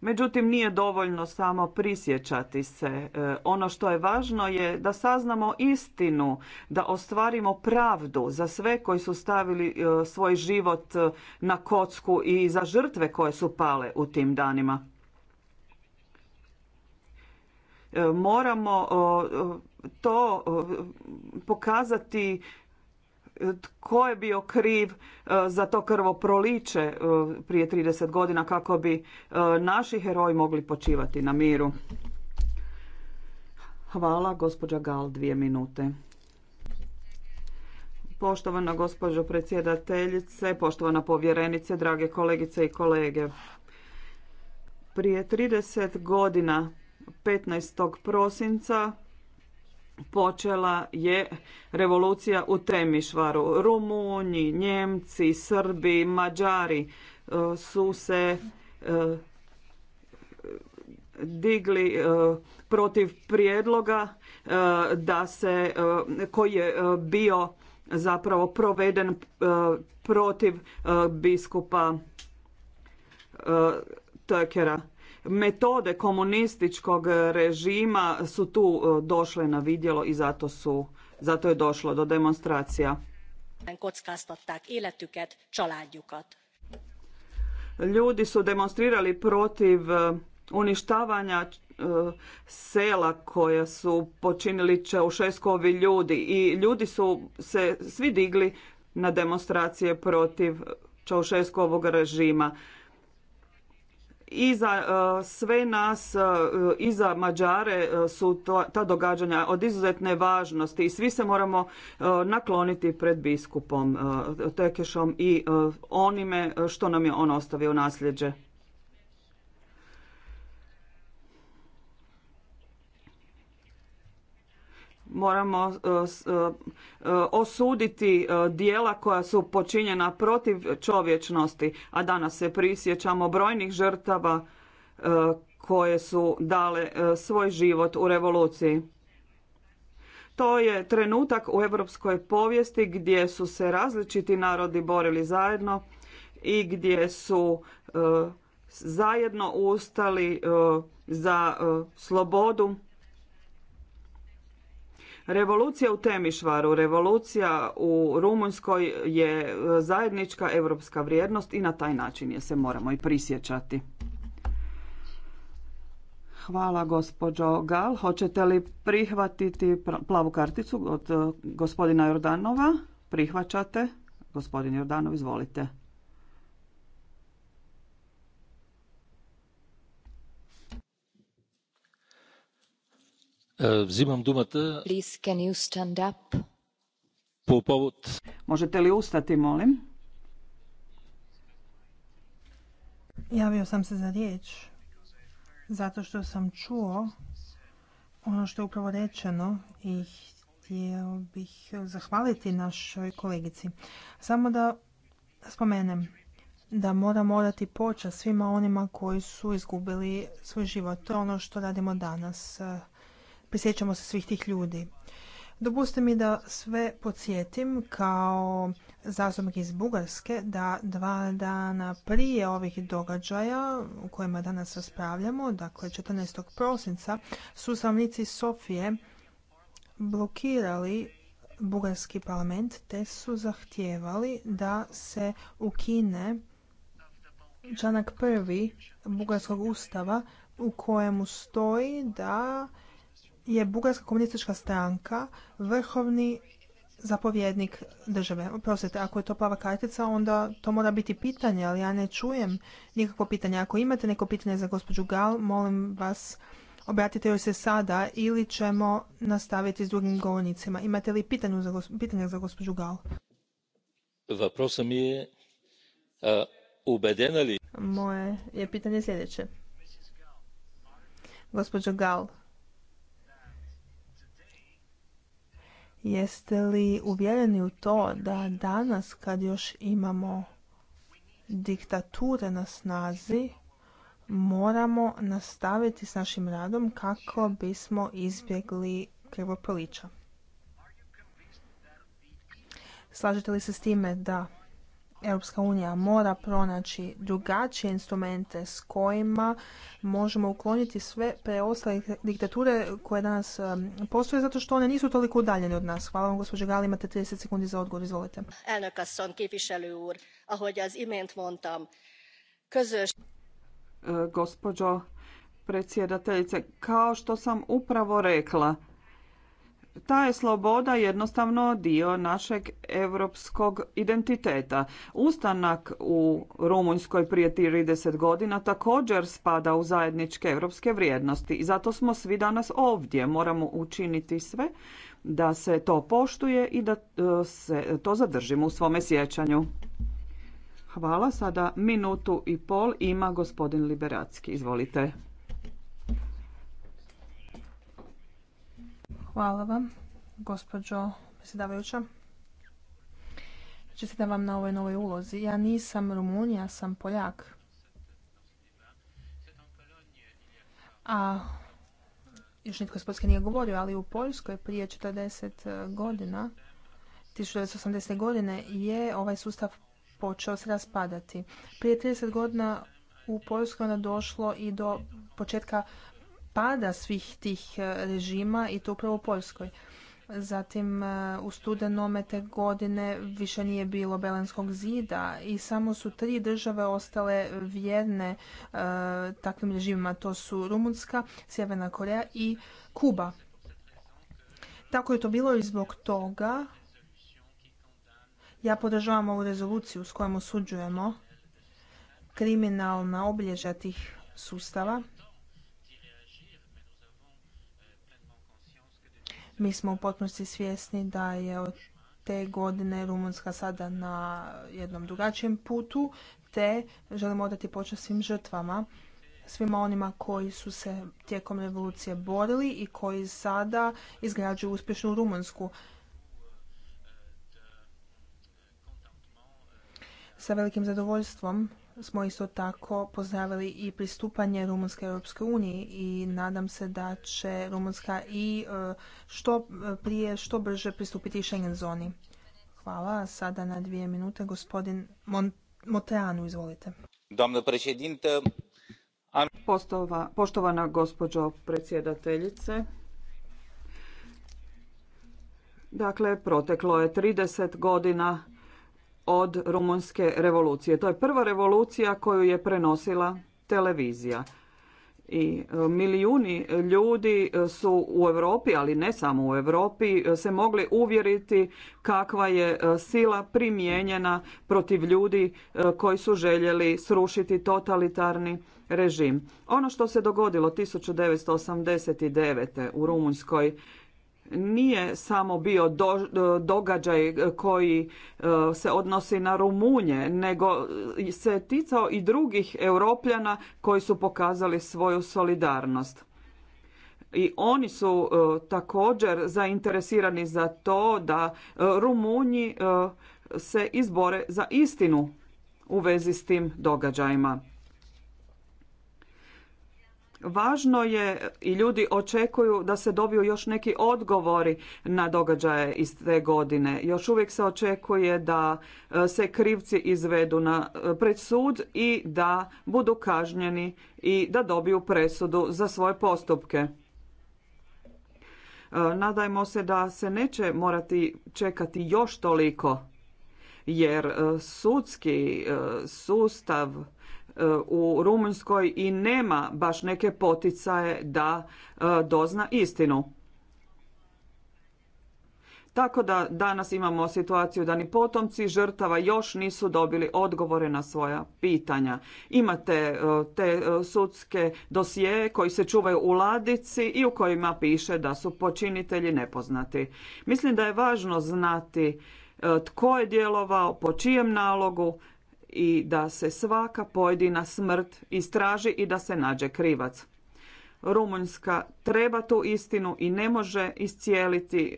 Međutim, nije dovoljno samo prisjećati se. E, ono što je važno je da saznamo istinu, da ostvarimo pravdu za sve koji su stavili e, svoj život e, na kocku i za žrtve koje su pale u tim danima. Moramo to pokazati tko je bio kriv e, za to proliče e, prije 30 godina kako bi e, naši heroji mogli počivati na miru. Hvala, gospođa Gal, dvije minute. Poštovana gospođo predsjedateljice, poštovana povjerenice, drage kolegice i kolege. Prije 30 godina, 15. prosinca, počela je revolucija u Temišvaru. Rumunji, Njemci, Srbi, Mađari e, su se e, digli e, protiv prijedloga da se, koji je bio zapravo proveden protiv biskupa Tökera metode komunističkog režima su tu e, došle na vidjelo i zato, su, zato je došlo do demonstracija. Ljudi su demonstrirali protiv e, uništavanja e, sela koja su počinili Čaušeskovi ljudi i ljudi su se svi digli na demonstracije protiv Čaušeskovog režima i za e, sve nas e, i za Mađare e, su ta događanja od izuzetne važnosti i svi se moramo nakloniti pred biskupom Tekešom i onime što nam je on ostavio u nasljeđe. moramo e, e, e, osuditi dijela koja su počinjena protiv čovječnosti, a danas se prisjećamo brojnih žrtava koje su dale svoj život u revoluciji. To je trenutak u europskoj povijesti gdje su se različiti narodi borili zajedno i gdje su zajedno ustali za slobodu Revolucija u Temišvaru, revolucija u Rumunjskoj je e, zajednička europska vrijednost i na taj način je se moramo i prisjećati. Hvala gospođo Gal. Hoćete li prihvatiti plavu karticu od e, gospodina Jordanova? Prihvaćate. Gospodin Jordanov, izvolite. Взимам Možete li ustati, molim? Javio sam se za riječ zato što sam čuo ono što je upravo rečeno i htio bih zahvaliti našoj kolegici. Samo da spomenem da mora morati počast svima onima koji su izgubili svoj život. To je ono što radimo danas prisjećamo se svih tih ljudi. Dopustite mi da sve podsjetim kao zastupnik iz Bugarske da dva dana prije ovih događaja u kojima danas raspravljamo, dakle 14. prosinca, su samnici Sofije blokirali bugarski parlament te su zahtijevali da se ukine članak prvi bugarskog ustava u kojemu stoji da je Bugarska komunistička stranka vrhovni zapovjednik države. Oprostite, ako je to plava kartica, onda to mora biti pitanje, ali ja ne čujem nikakvo pitanje. Ako imate neko pitanje za gospođu Gal, molim vas, obratite joj se sada ili ćemo nastaviti s drugim govornicima. Imate li pitanje za, za gospođu Gal? mi je li... Moje je pitanje sljedeće. Gospođo Gal, Jeste li uvjereni u to da danas kad još imamo diktature na snazi, moramo nastaviti s našim radom kako bismo izbjegli krvopolića? Slažete li se s time da Europska unija mora pronaći drugačije instrumente s kojima možemo ukloniti sve preostale diktature koje danas postoje zato što one nisu toliko udaljene od nas. Hvala vam gospođo Gali, imate 30 sekundi za odgovor, izvolite. E, gospođo predsjedateljice, kao što sam upravo rekla, ta je sloboda jednostavno dio našeg europskog identiteta. Ustanak u Rumunjskoj prije 30 godina također spada u zajedničke europske vrijednosti i zato smo svi danas ovdje. Moramo učiniti sve da se to poštuje i da e, se to zadržimo u svome sjećanju. Hvala. Sada minutu i pol ima gospodin Liberacki. Izvolite. Hvala vam, gospođo predsjedavajuća. Čestitam vam na ovoj novoj ulozi. Ja nisam Rumun, ja sam Poljak. A još nitko iz Poljske nije govorio, ali u Poljskoj prije 40 godina, 1980. godine, je ovaj sustav počeo se raspadati. Prije 30 godina u Poljskoj je došlo i do početka pada svih tih e, režima i to upravo u Poljskoj. Zatim e, u studenome te godine više nije bilo Belenskog zida i samo su tri države ostale vjerne e, takvim režimima. To su Rumunska, Sjeverna Koreja i Kuba. Tako je to bilo i zbog toga ja podržavam ovu rezoluciju s kojom osuđujemo kriminalna obilježja tih sustava Mi smo u potpunosti svjesni da je od te godine Rumunska sada na jednom drugačijem putu, te želimo odati počast svim žrtvama, svima onima koji su se tijekom revolucije borili i koji sada izgrađuju uspješnu Rumunsku. Sa velikim zadovoljstvom smo isto tako pozdravili i pristupanje Rumunjske Europske unije i nadam se da će Rumunska i e, što e, prije, što brže pristupiti Schengen zoni. Hvala. Sada na dvije minute gospodin Moteanu, izvolite. Domno prešedinte. poštovana gospođo predsjedateljice, dakle, proteklo je 30 godina od rumunske revolucije. To je prva revolucija koju je prenosila televizija. I e, milijuni ljudi e, su u Europi, ali ne samo u Europi, e, se mogli uvjeriti kakva je sila primijenjena protiv ljudi koji su željeli srušiti totalitarni režim. Ono što se dogodilo 1989. u Rumunjskoj nije samo bio događaj koji e, se odnosi na Rumunje, nego se ticao i drugih europljana koji su pokazali svoju solidarnost. I oni su e, također zainteresirani za to da e, Rumunji se izbore za istinu u vezi s tim događajima. Važno je i ljudi očekuju da se dobiju još neki odgovori na događaje iz te godine. Još uvijek se očekuje da e, se krivci izvedu na e, pred sud i da budu kažnjeni i da dobiju presudu za svoje postupke. E, nadajmo se da se neće morati čekati još toliko jer sudski sustav E, u Rumunjskoj i nema baš neke poticaje da e, dozna istinu. Tako da danas imamo situaciju da ni potomci žrtava još nisu dobili odgovore na svoja pitanja. Imate e, te sudske dosije koji se čuvaju u ladici i u kojima piše da su počinitelji nepoznati. Mislim da je važno znati tko je djelovao, po čijem nalogu, i da se svaka pojedina smrt istraži i da se nađe krivac. Rumunjska treba tu istinu i ne može iscijeliti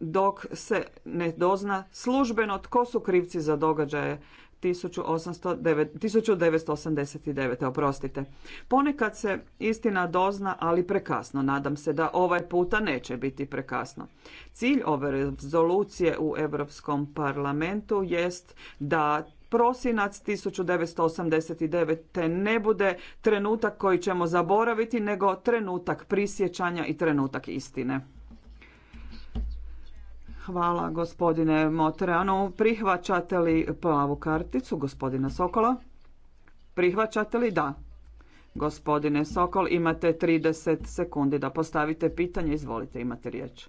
dok se ne dozna službeno tko su krivci za događaje 1809, 1989. Oprostite. Ponekad se istina dozna, ali prekasno. Nadam se da ovaj puta neće biti prekasno. Cilj ove rezolucije u Europskom parlamentu jest da prosinac 1989. ne bude trenutak koji ćemo zaboraviti, nego trenutak prisjećanja i trenutak istine. Hvala gospodine Motreanu. Prihvaćate li plavu karticu gospodina Sokola? Prihvaćate li? Da. Gospodine Sokol, imate 30 sekundi da postavite pitanje. Izvolite, imate riječ.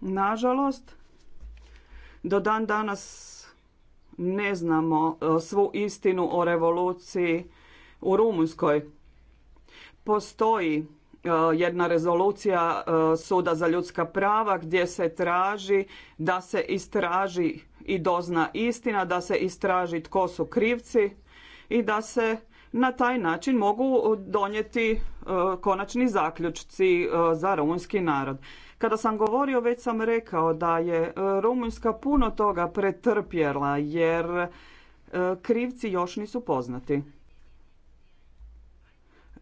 Nažalost, do dan danas ne znamo e, svu istinu o revoluciji u Rumunjskoj. Postoji e, jedna rezolucija e, Suda za ljudska prava gdje se traži da se istraži i dozna istina, da se istraži tko su krivci i da se na taj način mogu donijeti e, konačni zaključci e, za rumunjski narod. Kada sam govorio, već sam rekao da je e, Rumunjska puno toga pretrpjela jer krivci još nisu poznati.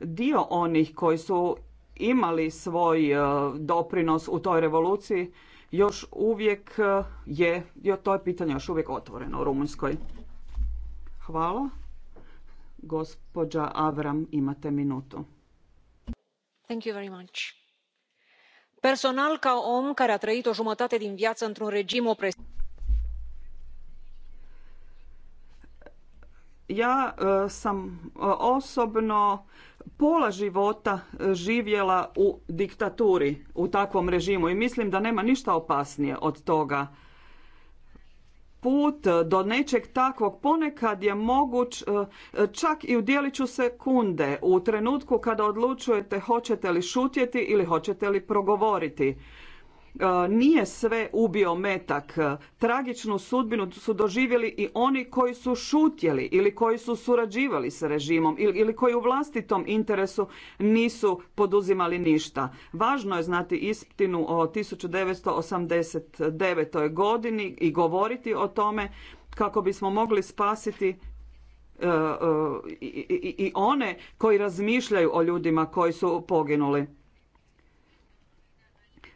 Dio onih koji su imali svoj doprinos u toj revoluciji još uvijek eh, je, to je pitanje još uvijek otvoreno u Rumunjskoj. Hvala. Gospođa Avram, imate minutu. Thank you very much. Personal ca om care a trăit o jumătate din viață într-un regim Ja eh, sam eh, osobno pola života e, živjela u diktaturi, u takvom režimu i mislim da nema ništa opasnije od toga. Put e, do nečeg takvog ponekad je moguć e, čak i u dijeliću sekunde, u trenutku kada odlučujete hoćete li šutjeti ili hoćete li progovoriti. E, nije sve ubio metak. Tragičnu sudbinu su doživjeli i oni koji su šutjeli ili koji su surađivali sa režimom ili koji u vlastitom interesu nisu poduzimali ništa. Važno je znati istinu o 1989. godini i govoriti o tome kako bismo mogli spasiti e, e, i one koji razmišljaju o ljudima koji su poginuli.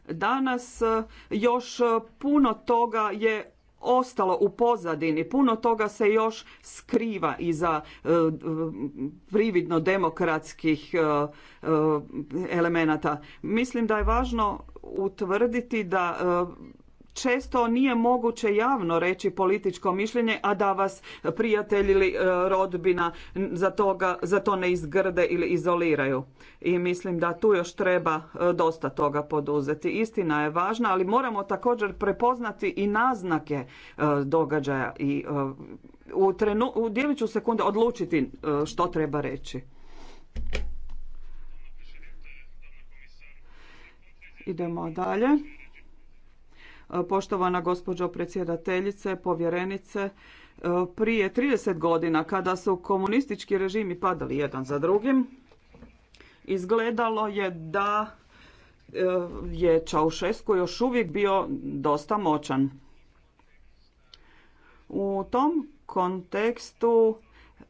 Danas e, još puno toga je ostalo u pozadini, puno toga se još skriva iza e, prividno demokratskih e, elemenata. Mislim da je važno utvrditi da često nije moguće javno reći političko mišljenje, a da vas prijatelj ili e, rodbina za, toga, za to ne izgrde ili izoliraju. I mislim da tu još treba e, dosta toga poduzeti. Istina je važna, ali moramo također prepoznati i naznake e, događaja i u, trenu, u sekunde odlučiti što treba reći. Idemo dalje. Poštovana gospođo predsjedateljice, povjerenice, e, prije 30 godina kada su komunistički režimi padali jedan za drugim, izgledalo je da e, je Čaušesku još uvijek bio dosta moćan. U tom kontekstu e,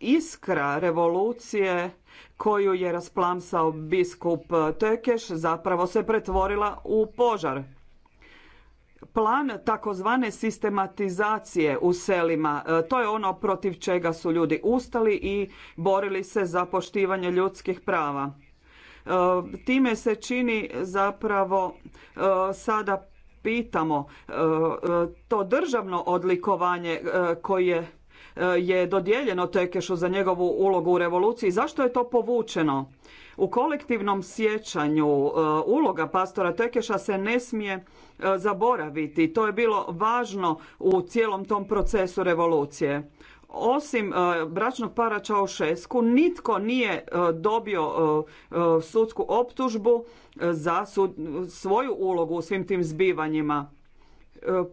iskra revolucije koju je rasplamsao biskup Tekeš zapravo se pretvorila u požar. Plan takozvane sistematizacije u selima, e, to je ono protiv čega su ljudi ustali i borili se za poštivanje ljudskih prava. E, time se čini zapravo e, sada pitamo to državno odlikovanje koje je dodijeljeno Tekešu za njegovu ulogu u revoluciji, zašto je to povučeno? U kolektivnom sjećanju e, uloga pastora Tekeša se ne smije e, zaboraviti. To je bilo važno u cijelom tom procesu revolucije. Osim e, bračnog para Čaušesku, nitko nije dobio sudsku optužbu za svoju ulogu u svim tim zbivanjima.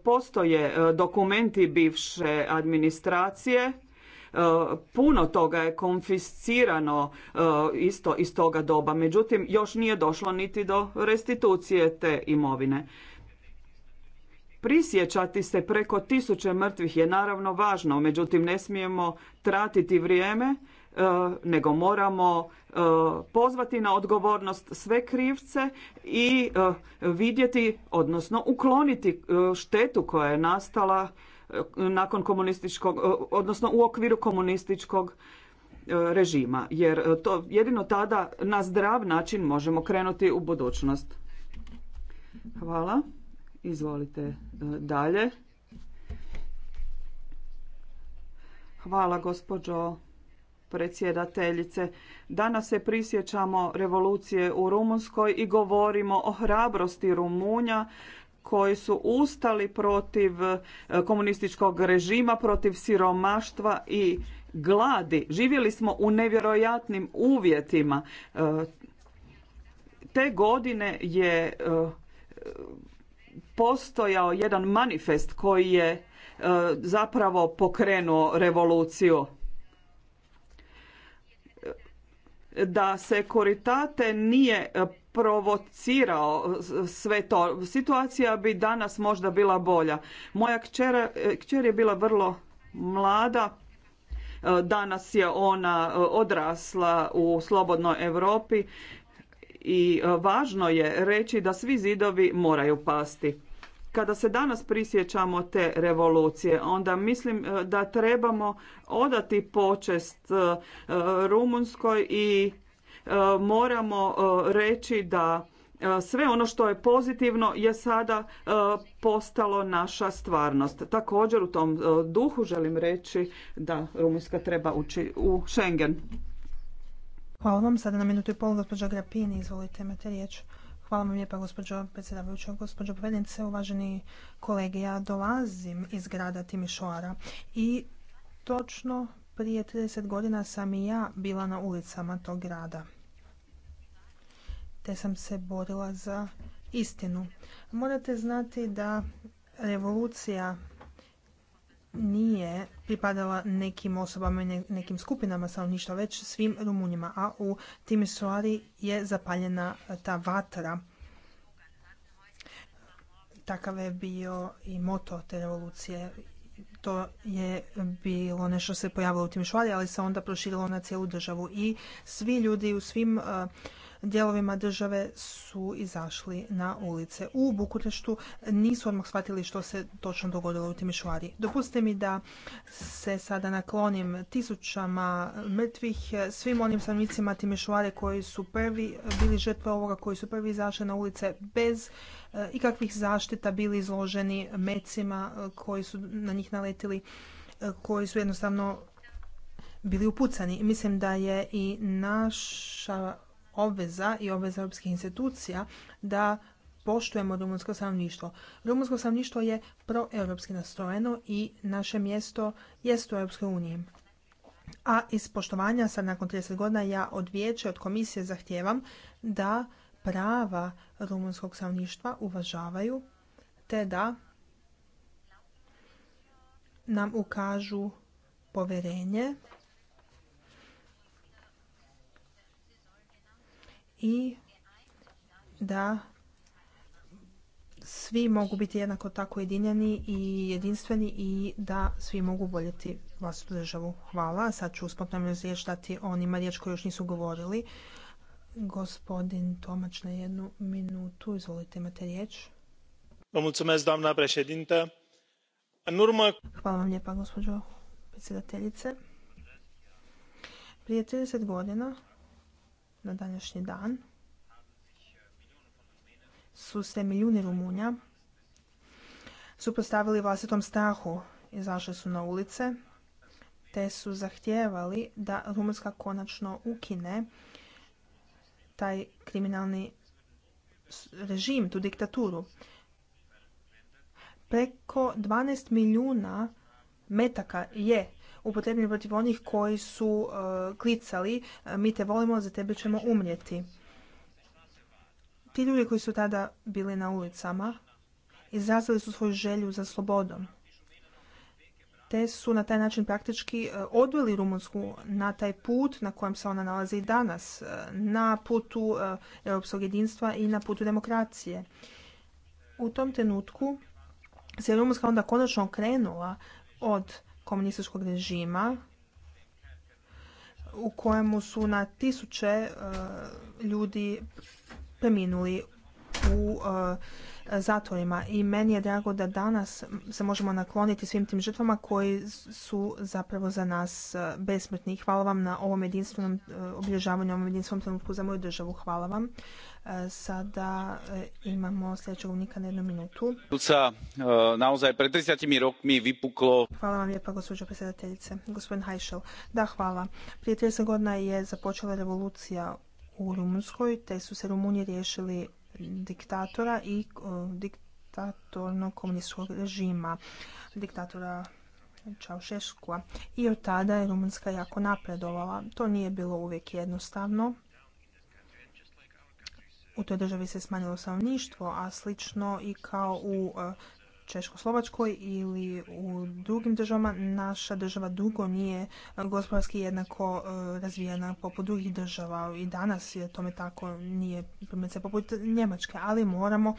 Postoje dokumenti bivše administracije E, puno toga je konfiscirano e, isto iz toga doba, međutim još nije došlo niti do restitucije te imovine. Prisjećati se preko tisuće mrtvih je naravno važno, međutim ne smijemo tratiti vrijeme, e, nego moramo pozvati na odgovornost sve krivce i vidjeti, odnosno ukloniti štetu koja je nastala nakon komunističkog, e, odnosno u okviru komunističkog e, režima. Jer e, to jedino tada na zdrav način možemo krenuti u budućnost. Hvala. Izvolite dalje. Hvala gospođo predsjedateljice. Danas se prisjećamo revolucije u Rumunskoj i govorimo o hrabrosti Rumunja koji su ustali protiv e, komunističkog režima, protiv siromaštva i gladi. Živjeli smo u nevjerojatnim uvjetima. E, te godine je e, postojao jedan manifest koji je zapravo pokrenuo revoluciju. Da se Koritate nije provocirao sve to. Situacija bi danas možda bila bolja. Moja kćer, je bila vrlo mlada, danas je ona e, odrasla u slobodnoj Europi i e, važno je reći da svi zidovi moraju pasti. Kada se danas prisjećamo te revolucije, onda mislim e, da trebamo odati počest Rumunskoj i E, moramo e, reći da e, sve ono što je pozitivno je sada postalo naša stvarnost. Također u tom duhu želim reći da Rumunjska treba ući u Schengen. Hvala vam. Sada na minutu i pol gospođa Grapini, izvolite, imate riječ. Hvala vam lijepa gospođo predsjedavajuća, gospođo povednice, uvaženi kolege. Ja dolazim iz grada Timišoara i točno prije 30 godina sam i ja bila na ulicama tog grada. Te sam se borila za istinu. Morate znati da revolucija nije pripadala nekim osobama i nekim skupinama stanovništva, već svim Rumunjima. A u Timisoari je zapaljena ta vatra. Takav je bio i moto te revolucije to je bilo nešto se pojavilo u tim ali se onda proširilo na cijelu državu. I svi ljudi u svim eh, dijelovima države su izašli na ulice. U Bukureštu nisu odmah shvatili što se točno dogodilo u Timišvari. Dopustite mi da se sada naklonim tisućama mrtvih, svim onim stanovnicima Timišvare koji su prvi bili žrtve ovoga, koji su prvi izašli na ulice bez eh, ikakvih zaštita, bili izloženi mecima eh, koji su na njih naletili, eh, koji su jednostavno bili upucani. Mislim da je i naša obveza i obveza europskih institucija da poštujemo rumunsko stanovništvo. Rumunsko stanovništvo je proeuropski nastrojeno i naše mjesto jest u Europskoj uniji. A iz poštovanja sad nakon 30 godina ja od vijeća, od komisije zahtijevam da prava rumunskog stanovništva uvažavaju te da nam ukažu povjerenje i da svi mogu biti jednako tako jedinjeni i jedinstveni i da svi mogu voljeti vlastitu državu. Hvala. Sad ću spontano riječ dati onima riječ koji još nisu govorili. Gospodin Tomač na jednu minutu. Izvolite, imate riječ. Hvala vam lijepa, gospođo predsjedateljice. Prije 30 godina na današnji dan su se milijuni Rumunja suprostavili vlastitom strahu, i izašli su na ulice, te su zahtijevali da Rumunska konačno ukine taj kriminalni režim, tu diktaturu. Preko 12 milijuna metaka je upotrebljeni protiv onih koji su e, klicali e, mi te volimo, za tebe ćemo umrijeti. Ti ljudi koji su tada bili na ulicama izrazili su svoju želju za slobodom. Te su na taj način praktički e, odveli Rumunsku na taj put na kojem se ona nalazi i danas, na putu europskog jedinstva i na putu demokracije. U tom trenutku se Rumunska onda konačno krenula od komunističkog režima u kojemu su na tisuće e, ljudi preminuli u e, zatvorima i meni je drago da danas se možemo nakloniti svim tim žrtvama koji su zapravo za nas e, besmrtni. Hvala vam na ovom jedinstvenom e, obilježavanju, ovom jedinstvenom trenutku za moju državu. Hvala vam. E, sada imamo sljedećeg unika na jednu minutu. Hvala vam lijepa, gospođo predsjedateljice. Gospodin Hajšel, da hvala. Prije 30 godina je započela revolucija u Rumunskoj, te su se Rumunji riješili diktatora i diktatornog komunističkog režima, diktatora Čaušeskua. I od tada je Rumunjska jako napredovala. To nije bilo uvijek jednostavno. U toj državi se smanjilo stanovništvo, a slično i kao u e, Češko-Slovačkoj ili u drugim državama naša država dugo nije gospodarski jednako e, razvijena poput drugih država i danas je tome tako nije primjerice poput Njemačke, ali moramo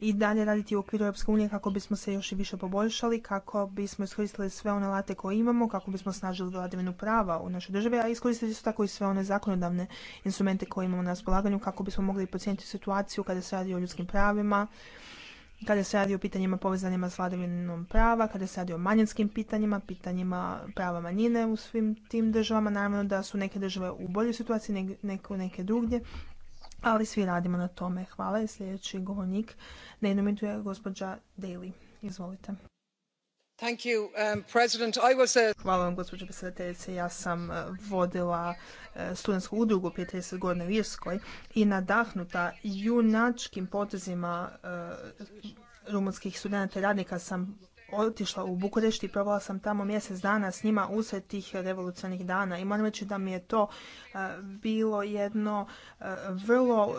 i dalje raditi u okviru Europske unije kako bismo se još i više poboljšali, kako bismo iskoristili sve one late koje imamo, kako bismo snažili vladavinu prava u našoj državi, a iskoristili su tako i sve one zakonodavne instrumente koje imamo na raspolaganju kako bismo mogli procijeniti situaciju kada se radi o ljudskim pravima, kada se radi o pitanjima povezanima s vladavinom prava, kada se radi o manjinskim pitanjima, pitanjima prava manjine u svim tim državama. Naravno da su neke države u boljoj situaciji nego neke drugdje, ali svi radimo na tome. Hvala i sljedeći govornik na jednom je gospođa Daly. Izvolite. Um, Hvala vam gospođo predsjedateljice. Ja sam uh, vodila uh, studentsku udrugu prije trideset godina u Irskoj i nadahnuta junačkim potezima uh, rumunskih studenata i radnika sam otišla u Bukurešt i provela sam tamo mjesec dana s njima usred tih revolucionarnih dana i moram reći da mi je to bilo jedno vrlo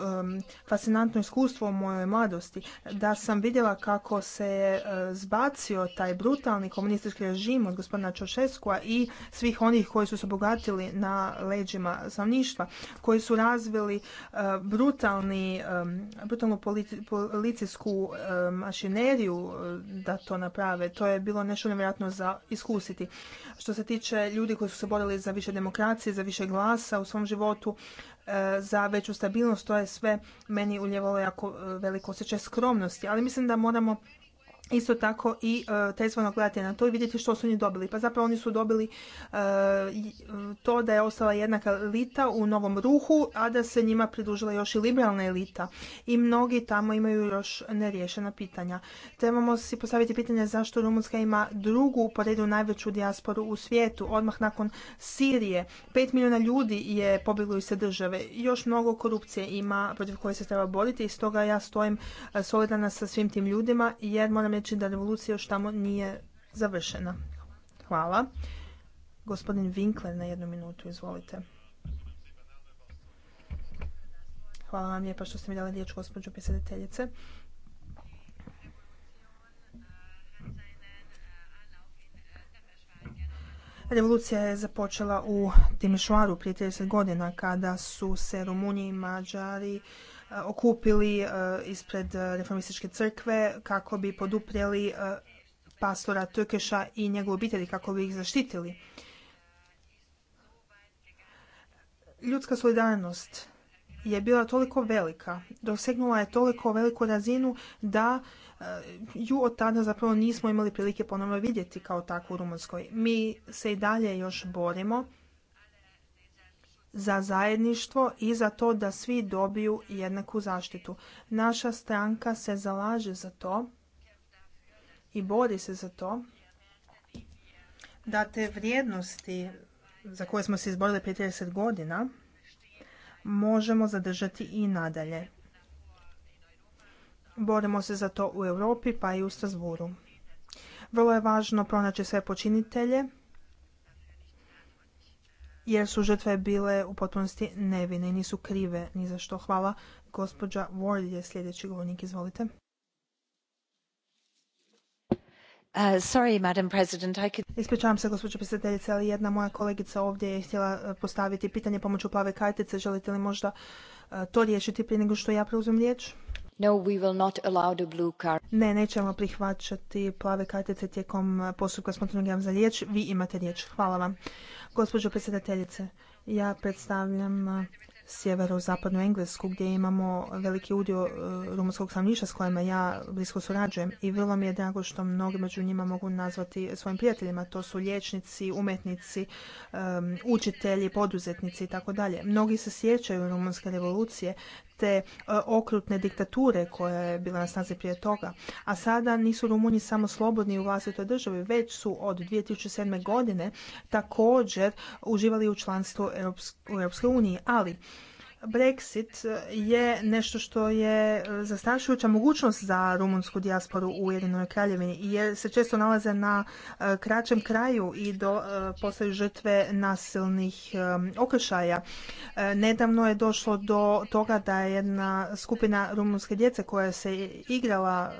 fascinantno iskustvo u mojoj mladosti, da sam vidjela kako se e, zbacio taj brutalni komunistički režim od gospodina Čošeskova i svih onih koji su se bogatili na leđima samništva, koji su razvili e, brutalni, brutalnu policijsku mašineriju e, da to naprave. To je bilo nešto nevjerojatno za iskusiti. Što se tiče ljudi koji su se borili za više demokracije, za više glasa u svom životu, e, za veću stabilnost, to je sve meni uljevalo jako e, veliko osjećaj skromnosti. Ali mislim da moramo isto tako i e, tezvano gledati na to i vidjeti što su oni dobili. Pa zapravo oni su dobili e, e, to da je ostala jednaka elita u novom ruhu, a da se njima pridružila još i liberalna elita. I mnogi tamo imaju još neriješena pitanja. Trebamo si postaviti pitanje zašto Rumunska ima drugu po najveću dijasporu u svijetu. Odmah nakon Sirije. 5 milijuna ljudi je pobjeglo iz se države. Još mnogo korupcije ima protiv koje se treba boriti i stoga ja stojim solidarna sa svim tim ljudima jer moram reći da revolucija još tamo nije završena. Hvala. Gospodin Winkler na jednu minutu, izvolite. Hvala vam lijepa što ste mi dali riječ, gospođo pisateljice. Revolucija je započela u Timišvaru prije 30 godina kada su se Rumuniji, i Mađari Eh, okupili eh, ispred eh, reformističke crkve kako bi poduprijeli pastora Trkeša i njegovu obitelji, kako bi ih zaštitili. Ljudska solidarnost je bila toliko velika, dosegnula je toliko veliku razinu da ju od tada zapravo nismo imali prilike ponovno vidjeti kao takvu u Rumunskoj. Mi se i dalje još borimo za zajedništvo i za to da svi dobiju jednaku zaštitu. Naša stranka se zalaže za to i bori se za to da te vrijednosti za koje smo se izborili prije godina možemo zadržati i nadalje. Borimo se za to u Europi pa i u Strasburu. Vrlo je važno pronaći sve počinitelje jer su žrtve bile u potpunosti nevine i nisu krive ni za što. Hvala. Gospođa Ward je sljedeći govornik. Izvolite. Uh, Ispričavam se, gospođo predsjedateljice, ali jedna moja kolegica ovdje je htjela uh, postaviti pitanje pomoću plave kartice. Želite li možda uh, to riješiti prije nego što ja preuzmem riječ? No, we will not allow the blue card. Ne, nećemo prihvaćati plave kartice tijekom eh, postupka spontanog javnog za riječ. Vi imate riječ. Hvala vam. Gospođo predsjedateljice, ja predstavljam eh, sjevero-zapadnu Englesku gdje imamo veliki udio eh, rumunskog stanovništva s kojima ja blisko surađujem i vrlo mi je drago što mnogi među njima mogu nazvati svojim prijateljima. To su liječnici, umetnici, učitelji, poduzetnici i tako dalje. Mnogi se sjećaju rumunske revolucije te e, okrutne diktature koja je bila na snazi prije toga. A sada nisu Rumunji samo slobodni u vlastitoj državi, već su od 2007. godine također uživali u članstvu u unije. Ali Brexit je nešto što je e, zastrašujuća mogućnost za rumunsku dijasporu u Ujedinoj kraljevini jer se često nalaze na e, kraćem kraju i do, e, postaju žrtve nasilnih okršaja. Nedavno je došlo do toga da je jedna skupina rumunske djece koja se igrala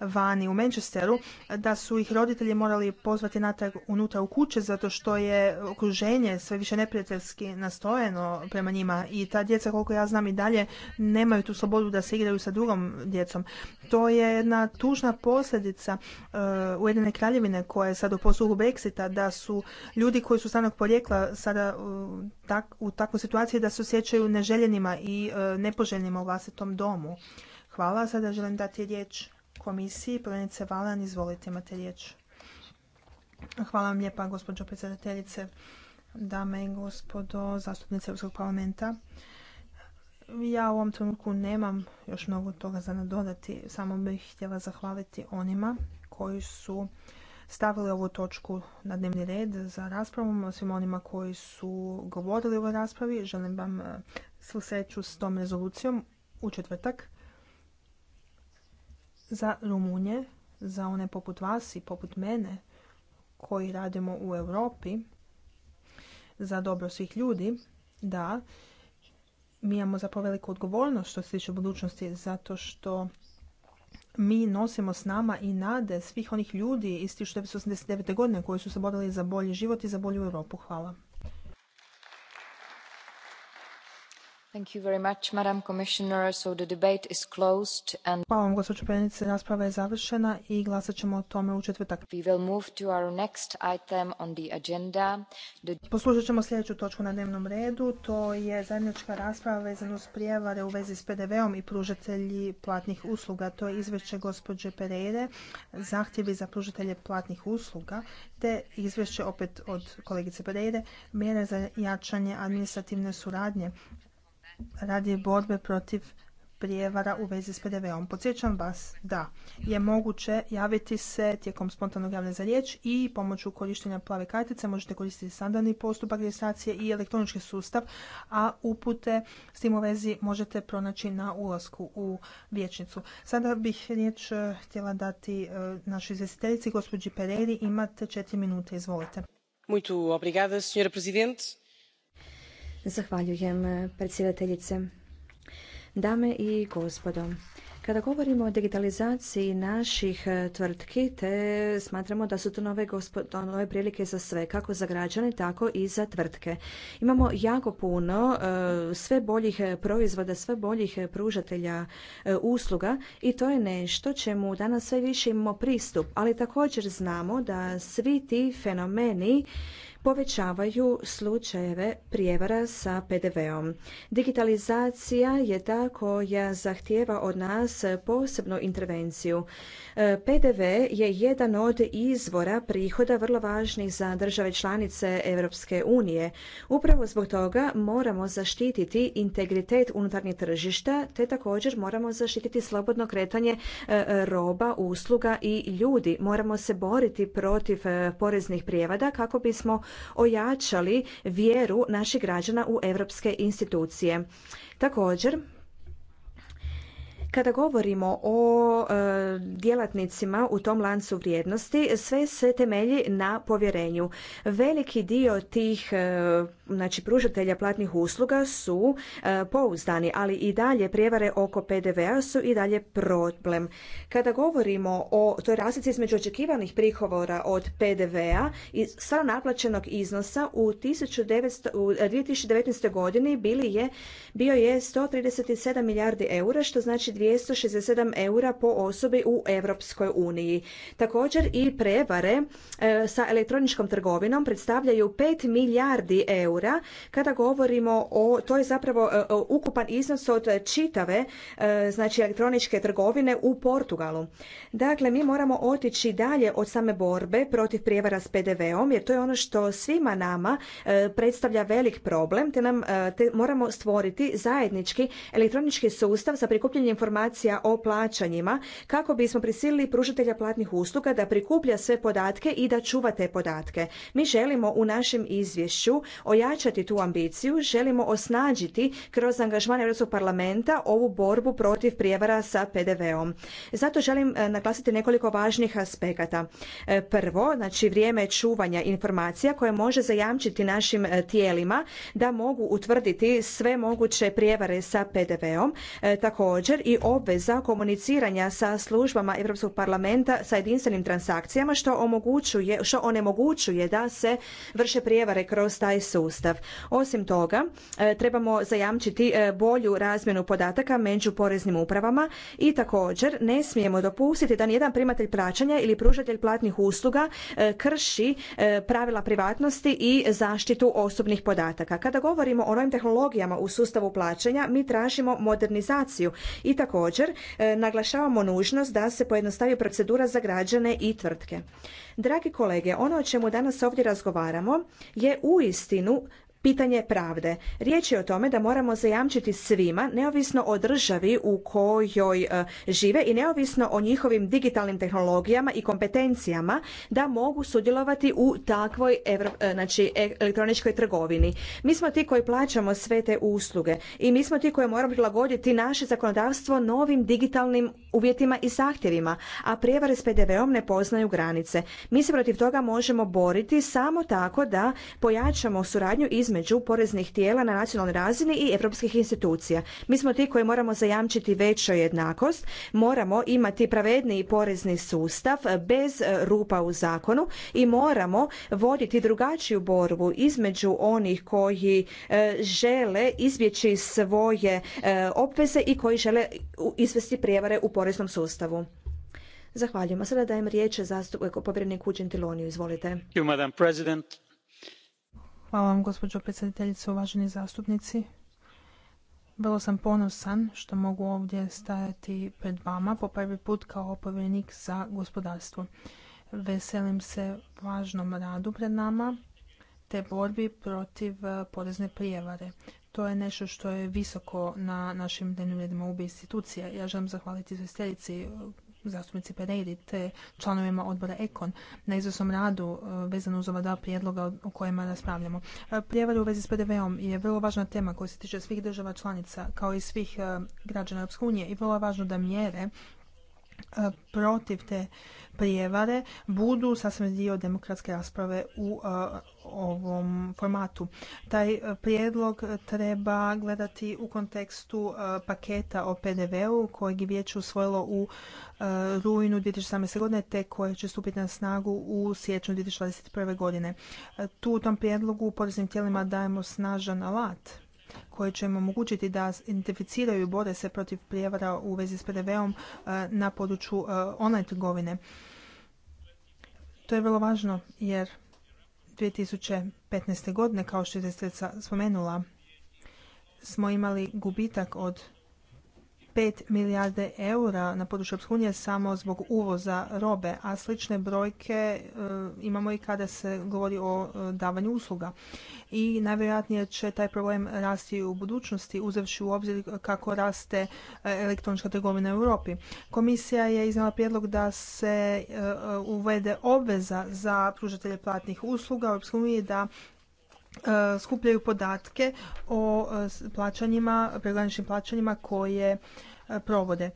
vani u Manchesteru, da su ih roditelji morali pozvati natrag unutra u kuće zato što je okruženje sve više neprijateljski nastojeno prema njima i ta djeca djeca, koliko ja znam i dalje, nemaju tu slobodu da se igraju sa drugom djecom. To je jedna tužna posljedica uh, e, Ujedine kraljevine koja je sad u posluhu Brexita, da su ljudi koji su stanog porijekla sada e, u takvoj situaciji da se osjećaju neželjenima i uh, nepoželjnima u vlastitom domu. Hvala, sada želim dati riječ komisiji. Prvenice Valan, izvolite, imate riječ. Hvala vam lijepa, gospođo predsjedateljice, dame i gospodo, zastupnice Europskog parlamenta. Ja u ovom trenutku nemam još mnogo toga za nadodati, samo bih htjela zahvaliti onima koji su stavili ovu točku na dnevni red za raspravu, svim onima koji su govorili o ovoj raspravi. Želim vam e, svu sreću s tom rezolucijom u četvrtak za Rumunje, za one poput vas i poput mene koji radimo u Europi, za dobro svih ljudi, da, mi imamo zapravo veliku odgovornost što se tiče budućnosti zato što mi nosimo s nama i nade svih onih ljudi iz 1989. godine koji su se borili za bolji život i za bolju Europu. Hvala. Rasprava je završena i glasat ćemo o tome u četvrtak. ćemo sljedeću točku na dnevnom redu. To je zajednička rasprava vezana uz prijevare u vezi s PDV-om i pružatelji platnih usluga. To je izvješće gospođe Pereire, zahtjevi za pružatelje platnih usluga, te izvješće opet od kolegice Pereire, mjere za jačanje administrativne suradnje radi borbe protiv prijevara u vezi s PDV-om. Podsjećam vas da je moguće javiti se tijekom spontanog javne za riječ i pomoću korištenja plave kartice možete koristiti standardni postupak registracije i elektronički sustav, a upute s tim u vezi možete pronaći na ulasku u vječnicu. Sada bih riječ e, htjela dati e, našoj izvjestiteljici, gospođi Pereri, imate četiri minute, izvolite. Muito obrigada, senhora Zahvaljujem eh, predsjedateljice. Dame i gospodo, kada govorimo o digitalizaciji naših eh, tvrtki, te smatramo da su to nove, nove prilike za sve, kako za građane, tako i za tvrtke. Imamo jako puno eh, sve boljih proizvoda, sve boljih pružatelja usluga i to je nešto čemu danas sve više imamo pristup, ali također znamo da svi ti fenomeni povećavaju slučajeve prijevara sa PDV-om. Digitalizacija je ta koja zahtijeva od nas posebnu intervenciju. E, PDV je jedan od izvora prihoda vrlo važnih za države članice Europske unije. Upravo zbog toga moramo zaštititi integritet unutarnjih tržišta, te također moramo zaštititi slobodno kretanje e, roba, usluga i ljudi. Moramo se boriti protiv e, poreznih prijevada kako bismo ojačali vjeru naših građana u europske institucije. Također, kada govorimo o e, djelatnicima u tom lancu vrijednosti, sve se temelji na povjerenju. Veliki dio tih e, znači, pružatelja platnih usluga su e, pouzdani, ali i dalje prijevare oko PDV-a su i dalje problem. Kada govorimo o toj razlici između očekivanih prihovora od PDV-a i sa naplaćenog iznosa u, 1900, u 2019. godini bili je, bio je 137 milijardi eura, što znači 267 eura po osobi u Europskoj uniji. Također i prevare e, sa elektroničkom trgovinom predstavljaju 5 milijardi eura kada govorimo o, to je zapravo e, ukupan iznos od čitave e, znači elektroničke trgovine u Portugalu. Dakle, mi moramo otići dalje od same borbe protiv prijevara s PDV-om jer to je ono što svima nama predstavlja velik problem te nam te moramo stvoriti zajednički elektronički sustav za prikupljanje informacija o plaćanjima kako bismo prisilili pružatelja platnih usluga da prikuplja sve podatke i da čuva te podatke. Mi želimo u našem izvješću ojačati tu ambiciju, želimo osnađiti kroz angažman Europskog parlamenta ovu borbu protiv prijevara sa PDV-om. Zato želim e, naglasiti nekoliko važnih aspekata. E, prvo, znači vrijeme čuvanja informacija koje može zajamčiti našim e, tijelima da mogu utvrditi sve moguće prijevare sa PDV-om. Također i obveza komuniciranja sa službama Europskog parlamenta sa jedinstvenim transakcijama što omogućuje, što onemogućuje da se vrše prijevare kroz taj sustav. Osim toga, e, trebamo zajamčiti e, bolju razmjenu podataka među poreznim upravama i također ne smijemo dopustiti da nijedan primatelj plaćanja ili pružatelj platnih usluga e, krši pravila privatnosti i zaštitu osobnih podataka. Kada govorimo o novim tehnologijama u sustavu plaćanja, mi tražimo modernizaciju i također Također, e, naglašavamo nužnost da se pojednostavi procedura za građane i tvrtke. Dragi kolege, ono o čemu danas ovdje razgovaramo je uistinu pitanje pravde. Riječ je o tome da moramo zajamčiti svima, neovisno o državi u kojoj e, žive i neovisno o njihovim digitalnim tehnologijama i kompetencijama, da mogu sudjelovati u takvoj e, znači, e, elektroničkoj trgovini. Mi smo ti koji plaćamo sve te usluge i mi smo ti koji moramo prilagoditi naše zakonodavstvo novim digitalnim uvjetima i zahtjevima, a prijevare s PDV-om ne poznaju granice. Mi se protiv toga možemo boriti samo tako da pojačamo suradnju između između poreznih tijela na nacionalnoj razini i europskih institucija. Mi smo ti koji moramo zajamčiti veću jednakost, moramo imati pravedniji porezni sustav bez rupa u zakonu i moramo voditi drugačiju borbu između onih koji e, žele izbjeći svoje e, obveze i koji žele izvesti prijevare u poreznom sustavu. Zahvaljujem. A sada dajem riječ povjereniku Gentiloniju. Izvolite. Thank you, Hvala vam, gospođo predsjediteljice, uvaženi zastupnici. Vrlo sam ponosan što mogu ovdje stajati pred vama po prvi put kao povjerenik za gospodarstvo. Veselim se važnom radu pred nama te borbi protiv e, porezne prijevare. To je nešto što je visoko na našim dnevnim redima u institucija. Ja želim zahvaliti izvjestiteljici zastupnici Peredi te članovima odbora Ekon na izvrsnom radu e, vezano uz ova dva prijedloga o kojima raspravljamo. E, Prijevar u vezi s PDV-om je vrlo važna tema koja se tiče svih država članica kao i svih e, građana Europske unije i vrlo je važno da mjere E, protiv te prijevare budu sasvim dio demokratske rasprave u e, ovom formatu. Taj e, prijedlog treba gledati u kontekstu paketa o PDV-u kojeg je vijeće usvojilo u ruinu rujnu 2017. godine te koje će stupiti na snagu u siječnju 2021. godine. Tu u tom prijedlogu poreznim tijelima dajemo snažan alat koje će im omogućiti da identificiraju i bore se protiv prijevara u vezi s PDV-om e, na području e, online trgovine. To je vrlo važno jer 2015. godine, kao što je spomenula, smo imali gubitak od 5 milijarde eura na području Europske samo zbog uvoza robe, a slične brojke e, imamo i kada se govori o e, davanju usluga. I najvjerojatnije će taj problem rasti u budućnosti, uzevši u obzir kako raste e, elektronička trgovina u Europi. Komisija je iznala prijedlog da se uvede obveza za pružatelje platnih usluga u da skupljaju podatke o plaćanjima, pregledaničnim plaćanjima koje provode.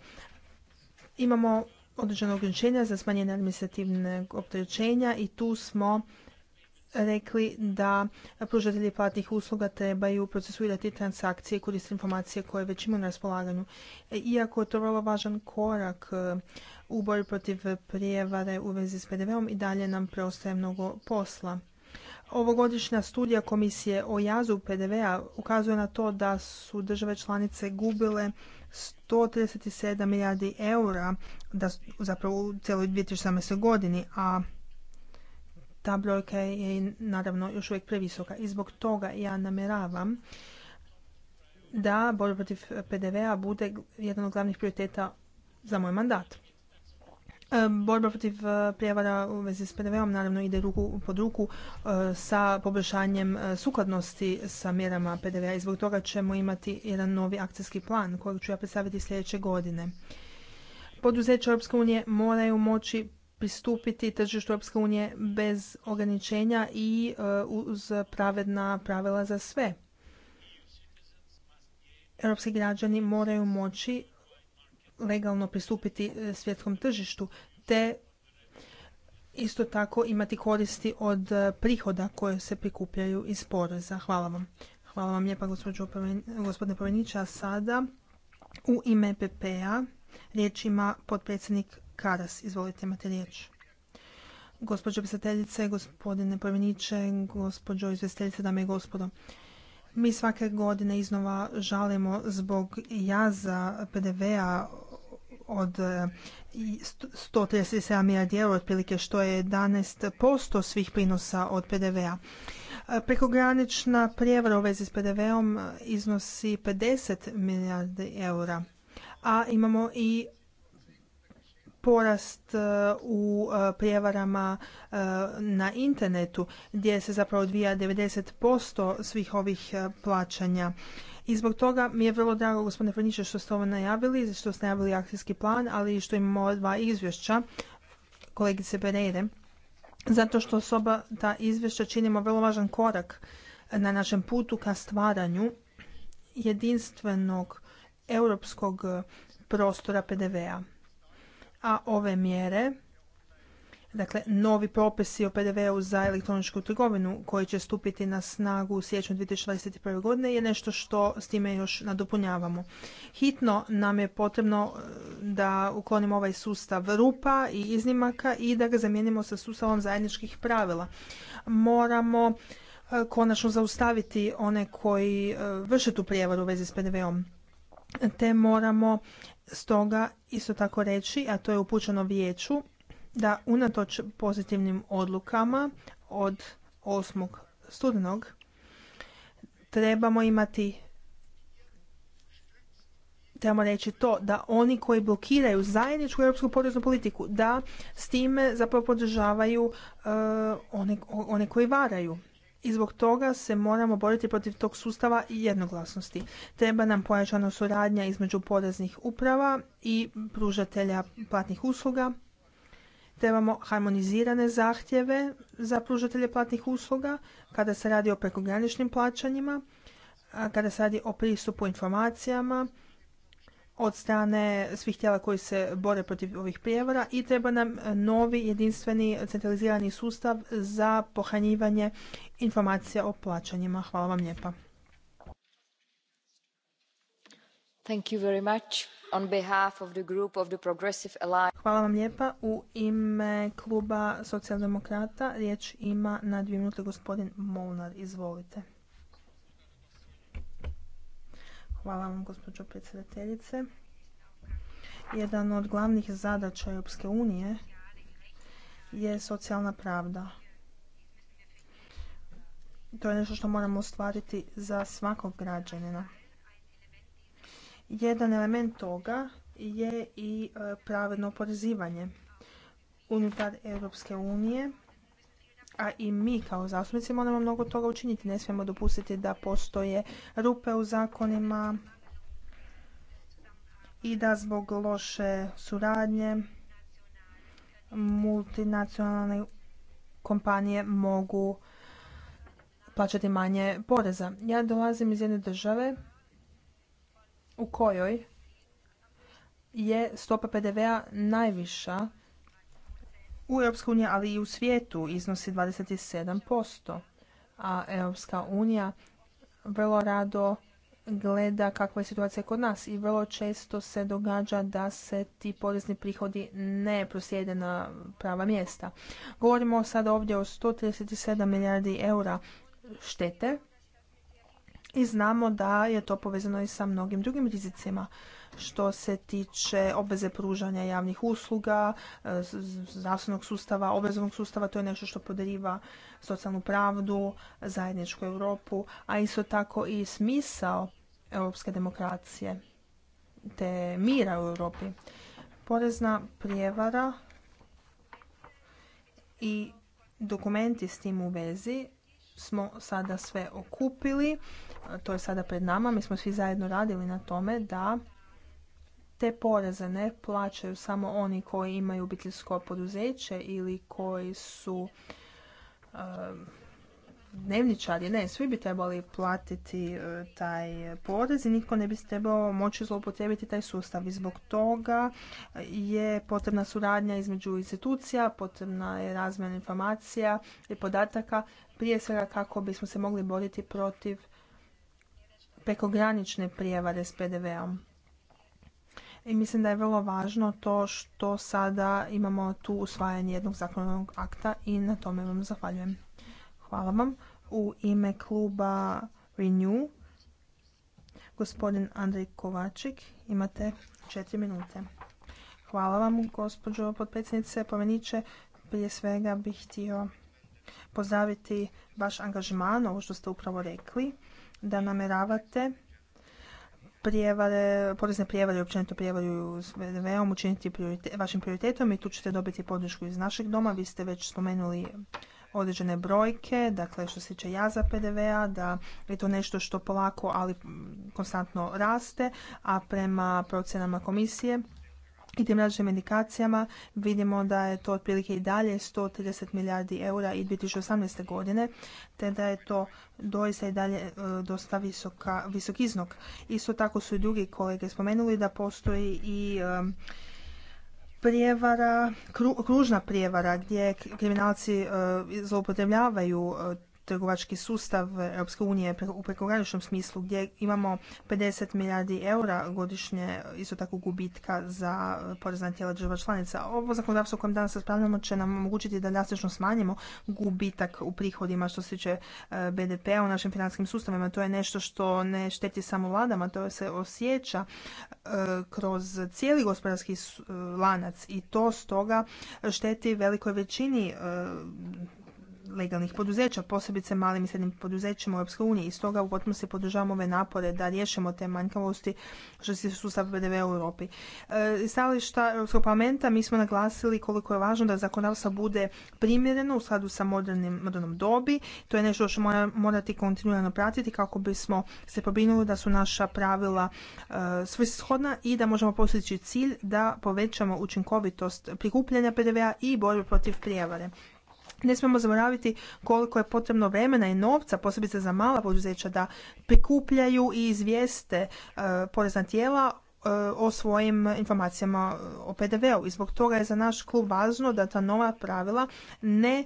Imamo određena ograničenja za smanjenje administrativnog opterećenja i tu smo rekli da pružatelji platnih usluga trebaju procesuirati transakcije i koristiti informacije koje već imaju na raspolaganju. E, iako je to vrlo važan korak e, u borbi protiv prijevare u vezi s PDV-om i dalje nam preostaje mnogo posla. Ovogodišnja studija komisije o jazu PDV-a ukazuje na to da su države članice gubile 137 milijardi eura da zapravo u cijeloj 2017. godini, a ta brojka je naravno još uvijek previsoka i zbog toga ja namjeravam da borba protiv PDV-a bude jedan od glavnih prioriteta za moj mandat. Borba protiv e, prijevara u vezi s PDV-om naravno ide ruku pod ruku e, sa poboljšanjem e, sukladnosti sa mjerama PDV-a i zbog toga ćemo imati jedan novi akcijski plan koji ću ja predstaviti sljedeće godine. Poduzeće Europske unije moraju moći pristupiti tržištu Europske unije bez ograničenja i uz pravedna pravila za sve. Europski građani moraju moći legalno pristupiti e, svjetskom tržištu te isto tako imati koristi od e, prihoda koje se prikupljaju iz poreza. Hvala vam. Hvala vam lijepa gospodine Povenića. A sada u ime PP-a riječ ima potpredsjednik Karas. Izvolite, imate riječ. Gospođo pisateljice, gospodine Poveniće, gospođo izvjestiteljice, dame i gospodo. Mi svake godine iznova žalimo zbog jaza PDV-a od 137 e, milijardi eura, otprilike što je 11% svih prinosa od PDV-a. E, prekogranična prijevara u vezi s PDV-om e, iznosi 50 milijardi eura, a imamo i porast u prijevarama na internetu gdje se zapravo odvija 90% svih ovih plaćanja i zbog toga mi je vrlo drago, gospodine Frniče, što ste ovo najavili, što ste najavili akcijski plan, ali i što imamo dva izvješća kolegice Berejde, zato što s oba ta izvješća činimo vrlo važan korak na našem putu ka stvaranju jedinstvenog europskog prostora PDV-a. A ove mjere Dakle, novi propisi o PDV-u za elektroničku trgovinu koji će stupiti na snagu u siječnju 2021. godine je nešto što s time još nadopunjavamo. Hitno nam je potrebno e, da uklonimo ovaj sustav rupa i iznimaka i da ga zamijenimo sa sustavom zajedničkih pravila. Moramo e, konačno zaustaviti one koji e, vrše tu prijevaru u vezi s PDV-om. Te moramo stoga isto tako reći, a to je upućeno vijeću da unatoč pozitivnim odlukama od 8. studenog trebamo imati trebamo reći to da oni koji blokiraju zajedničku europsku poreznu politiku da s time zapravo podržavaju eh, one, one koji varaju i zbog toga se moramo boriti protiv tog sustava i jednoglasnosti. Treba nam pojačana suradnja između poreznih uprava i pružatelja platnih usluga trebamo harmonizirane zahtjeve za pružatelje platnih usluga kada se radi o prekograničnim plaćanjima, kada se radi o pristupu informacijama od strane svih tijela koji se bore protiv ovih prijevora i treba nam novi jedinstveni centralizirani sustav za pohranjivanje informacija o plaćanjima. Hvala vam lijepa. Hvala vam lijepa. U ime kluba socijaldemokrata riječ ima na dvije minute gospodin Molnar. Izvolite. Hvala vam gospođo predsjedateljice. Jedan od glavnih zadaća Europske unije je socijalna pravda. To je nešto što moramo ostvariti za svakog građanina. Jedan element toga je i e, pravedno oporezivanje unutar Europske unije, a i mi kao zastupnici moramo mnogo toga učiniti. Ne smijemo dopustiti da postoje rupe u zakonima i da zbog loše suradnje multinacionalne kompanije mogu plaćati manje poreza. Ja dolazim iz jedne države u kojoj je stopa PDV-a najviša u EU, ali i u svijetu iznosi 27%, a EU vrlo rado gleda kakva je situacija kod nas i vrlo često se događa da se ti porezni prihodi ne proslijede na prava mjesta. Govorimo sad ovdje o 137 milijardi eura štete i znamo da je to povezano i sa mnogim drugim rizicima što se tiče obveze pružanja javnih usluga, e, zdravstvenog sustava, obrazovnog sustava, to je nešto što podriva socijalnu pravdu, zajedničku Europu, a isto tako i smisao europske demokracije te mira u Europi. Porezna prijevara i dokumenti s tim u vezi smo sada sve okupili to je sada pred nama, mi smo svi zajedno radili na tome da te poreze ne plaćaju samo oni koji imaju obiteljsko poduzeće ili koji su um, dnevničari. Ne, svi bi trebali platiti uh, taj porez i niko ne bi trebao moći zloupotrijebiti taj sustav. I zbog toga je potrebna suradnja između institucija, potrebna je razmjena informacija i podataka, prije svega kako bismo se mogli boriti protiv prekogranične prijevare s PDV-om. I mislim da je vrlo važno to što sada imamo tu usvajanje jednog zakonodavnog akta i na tome vam zahvaljujem. Hvala vam. U ime kluba Renew, gospodin Andrej Kovačik, imate četiri minute. Hvala vam, gospođo potpredsjednice Poveniće. Prije svega bih htio pozdraviti vaš angažman, ovo što ste upravo rekli da namjeravate prijevare, porezne prijevare i općenito prijevaru s VDV-om učiniti priorite, vašim prioritetom i tu ćete dobiti podršku iz našeg doma. Vi ste već spomenuli određene brojke, dakle što se tiče jaza PDV-a, da je to nešto što polako, ali konstantno raste, a prema procjenama komisije i tim različitim indikacijama vidimo da je to otprilike i dalje 130 milijardi eura i 2018. godine, te da je to doista i dalje e, dosta visok iznog. Isto tako su i drugi kolege spomenuli da postoji i e, prijevara, kružna prijevara gdje kriminalci e, zloupotrebljavaju trgovački sustav Europske unije u prekograničnom smislu gdje imamo 50 milijardi eura godišnje isto tako gubitka za porezna tijela država članica. Ovo zakonodavstvo o kojem danas raspravljamo će nam omogućiti da drastično smanjimo gubitak u prihodima što se tiče e, bdp u našim financijskim sustavima. To je nešto što ne šteti samo vladama, to se osjeća e, kroz cijeli gospodarski e, lanac i to stoga šteti velikoj većini legalnih poduzeća, posebice malim i srednjim poduzećima u EU i stoga u se podržavamo ove napore da riješimo te manjkavosti što se sustav PDV u Europi. E, iz stajališta Europskog parlamenta mi smo naglasili koliko je važno da zakonodavstvo bude primjereno u skladu sa modernim, modernom dobi. To je nešto što morati kontinuirano pratiti kako bismo se pobrinuli da su naša pravila e, svrsishodna i da možemo postići cilj da povećamo učinkovitost prikupljanja PDV-a i borbe protiv prijevare. Ne smemo zaboraviti koliko je potrebno vremena i novca, posebice za mala poduzeća, da prikupljaju i izvijeste e, porezna tijela e, o svojim informacijama o PDV-u i zbog toga je za naš klub važno da ta nova pravila ne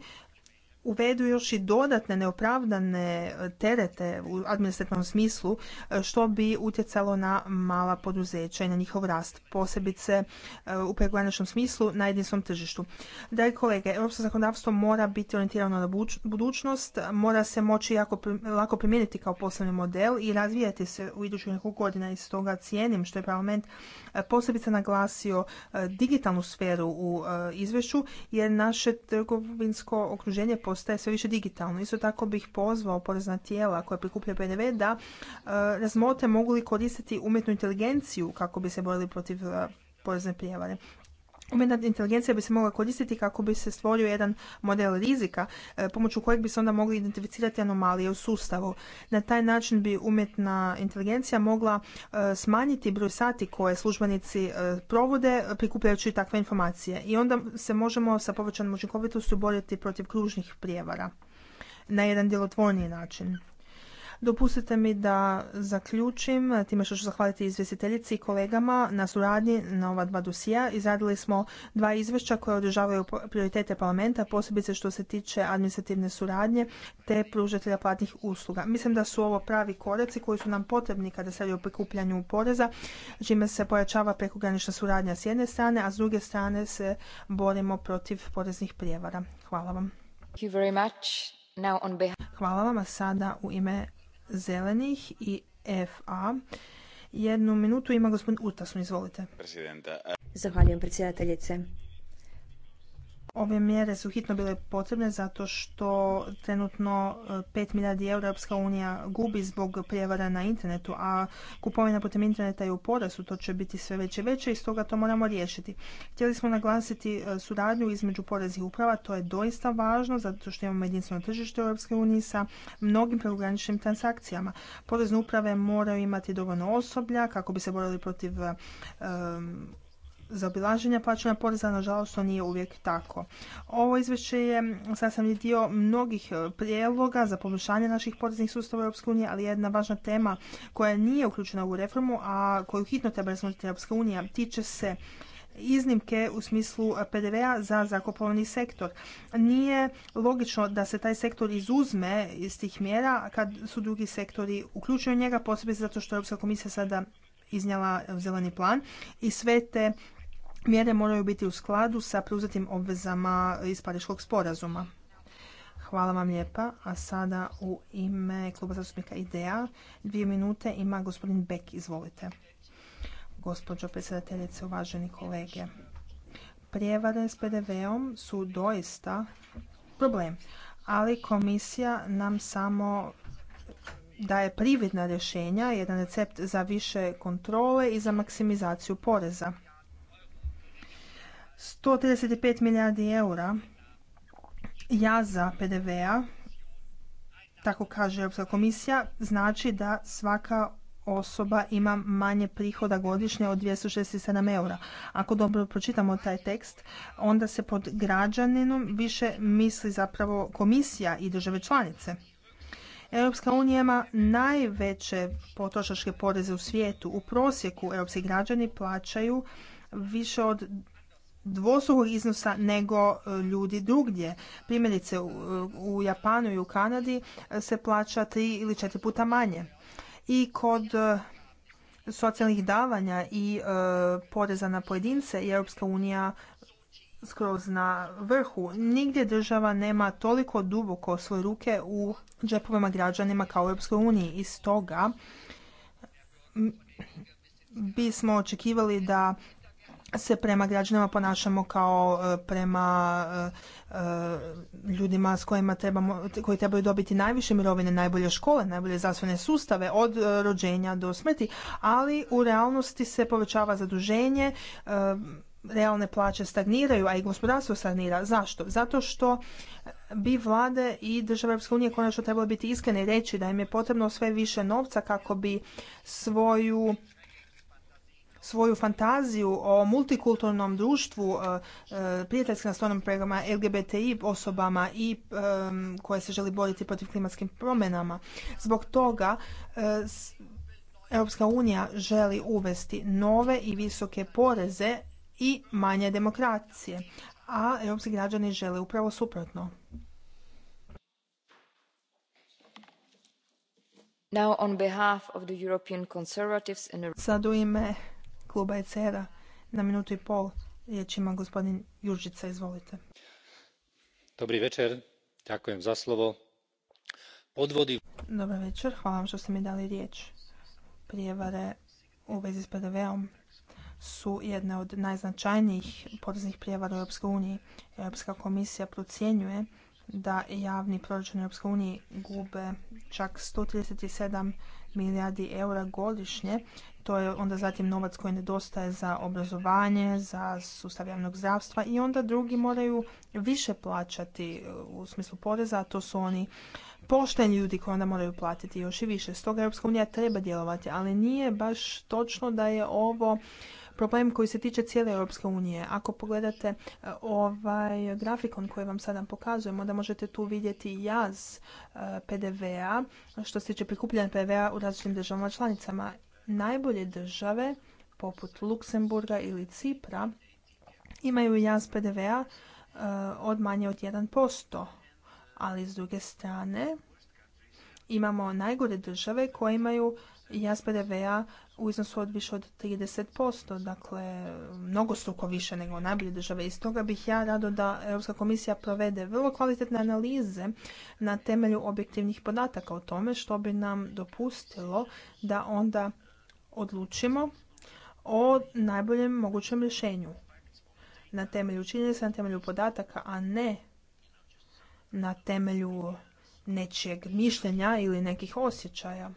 uvedu još i dodatne neopravdane e, terete u administrativnom smislu e, što bi utjecalo na mala poduzeća i na njihov rast, posebice e, u prekograničnom smislu na jedinstvom tržištu. Dragi kolege, europsko zakonodavstvo mora biti orijentirano na budućnost, mora se moći jako lako primijeniti kao poslovni model i razvijati se u idućih nekoliko godina i stoga cijenim što je parlament posebice naglasio e, digitalnu sferu u e, izvješću jer naše trgovinsko okruženje postaje sve više digitalno. Isto tako bih pozvao porezna tijela koja prikuplja PDV da e, razmote mogu li koristiti umjetnu inteligenciju kako bi se borili protiv porezne prijevare. Umjetna inteligencija bi se mogla koristiti kako bi se stvorio jedan model rizika e, pomoću kojeg bi se onda mogli identificirati anomalije u sustavu. Na taj način bi umjetna inteligencija mogla e, smanjiti broj sati koje službenici e, provode prikupljajući takve informacije i onda se možemo sa povećanom učinkovitošću boriti protiv kružnih prijevara na jedan djelotvorniji način. Dopustite mi da zaključim time što ću zahvaliti izvjestiteljici i kolegama na suradnji na ova dva dosija. Izradili smo dva izvješća koja održavaju prioritete parlamenta, posebice što se tiče administrativne suradnje te pružatelja platnih usluga. Mislim da su ovo pravi koraci koji su nam potrebni kada se radi o prikupljanju poreza, čime se pojačava prekogranična suradnja s jedne strane, a s druge strane se borimo protiv poreznih prijevara. Hvala vam. Hvala vam. A sada u ime zelenih i FA. Jednu minutu ima gospodin Utasno, izvolite. Zahvaljujem predsjedateljice. Ove mjere su hitno bile potrebne zato što trenutno 5 e, milijardi Europska unija gubi zbog prijevara na internetu, a kupovina putem interneta je u porasu. to će biti sve veće i veće i stoga to moramo riješiti. Htjeli smo naglasiti e, suradnju između poreznih uprava, to je doista važno zato što imamo jedinstveno tržište u unije sa mnogim preograničnim transakcijama. Porezne uprave moraju imati dovoljno osoblja kako bi se borili protiv e, zaobilaženja plaćanja poreza, nažalost to nije uvijek tako. Ovo izvješće je sastavni dio mnogih e, prijedloga za poboljšanje naših poreznih sustava Europske unije, ali jedna važna tema koja nije uključena u reformu, a koju hitno treba razmotriti EU tiče se iznimke u smislu PDV-a za zakopovani sektor. Nije logično da se taj sektor izuzme iz tih mjera kad su drugi sektori uključeni u njega, posebno zato što je Europska komisija sada iznjela zeleni plan i sve te mjere moraju biti u skladu sa preuzetim obvezama iz Pariškog sporazuma. Hvala vam lijepa. A sada u ime kluba zastupnika IDEA dvije minute ima gospodin Bek. Izvolite. Gospođo predsjedateljice, uvaženi kolege. Prijevare s PDV-om su doista problem, ali komisija nam samo daje prividna rješenja, jedan recept za više kontrole i za maksimizaciju poreza. 135 milijardi eura jaza PDV-a, tako kaže Europska komisija, znači da svaka osoba ima manje prihoda godišnje od 267 eura. Ako dobro pročitamo taj tekst, onda se pod građaninom više misli zapravo komisija i države članice. Europska unija ima najveće potrošačke poreze u svijetu. U prosjeku europski građani plaćaju više od dvostrukog iznosa nego e, ljudi drugdje. Primjerice u Japanu i u Kanadi e, se plaća tri ili četiri puta manje. I kod e, socijalnih davanja i poreza na pojedince i Europska unija skroz na vrhu. Nigdje država nema toliko duboko svoje ruke u džepovima građanima kao u Europskoj uniji. I stoga bismo očekivali da se prema građanima ponašamo kao e, prema e, e, ljudima s kojima trebamo, koji trebaju dobiti najviše mirovine, najbolje škole, najbolje zdravstvene sustave od rođenja do smrti, ali u realnosti se povećava zaduženje, realne plaće stagniraju, a i gospodarstvo stagnira. Zašto? Zato što bi vlade i države Europske unije konačno trebalo biti iskrene i reći da im je potrebno sve više novca kako bi svoju svoju fantaziju o multikulturnom društvu e, e, prijateljskim nastavnom programa LGBTI osobama i e, koje se želi boriti protiv klimatskim promjenama. Zbog toga Europska unija želi uvesti nove i visoke poreze i manje demokracije, a europski građani žele upravo suprotno. Now Sad u ime kluba ECR-a na minutu i pol. Riječ ima gospodin Juržica, izvolite. Dobri večer, dakujem za slovo. Podvodi... Dobar večer, hvala vam što ste mi dali riječ. Prijevare u vezi s PDV-om su jedna od najznačajnijih poreznih prijevara u uniji. Europska komisija procjenjuje da javni proračun EU gube čak 137 milijardi eura godišnje to je onda zatim novac koji nedostaje za obrazovanje, za sustav javnog zdravstva i onda drugi moraju više plaćati uh, u smislu poreza, a to su oni pošteni ljudi koji onda moraju platiti još i više. Stoga Europska unija treba djelovati, ali nije baš točno da je ovo problem koji se tiče cijele Europske unije. Ako pogledate uh, ovaj grafikon koji vam sada pokazujemo, da možete tu vidjeti jaz uh, PDV-a što se tiče prikupljanja PDV-a u različitim državama članicama najbolje države poput Luksemburga ili Cipra imaju jaz pdv e, od manje od 1%, ali s druge strane imamo najgore države koje imaju jaz pdv u iznosu od više od 30%, dakle mnogo struko više nego najbolje države. I stoga bih ja rado da Europska komisija provede vrlo kvalitetne analize na temelju objektivnih podataka o tome što bi nam dopustilo da onda odlučimo o najboljem mogućem rješenju na temelju činjenica, na temelju podataka, a ne na temelju nečijeg mišljenja ili nekih osjećaja.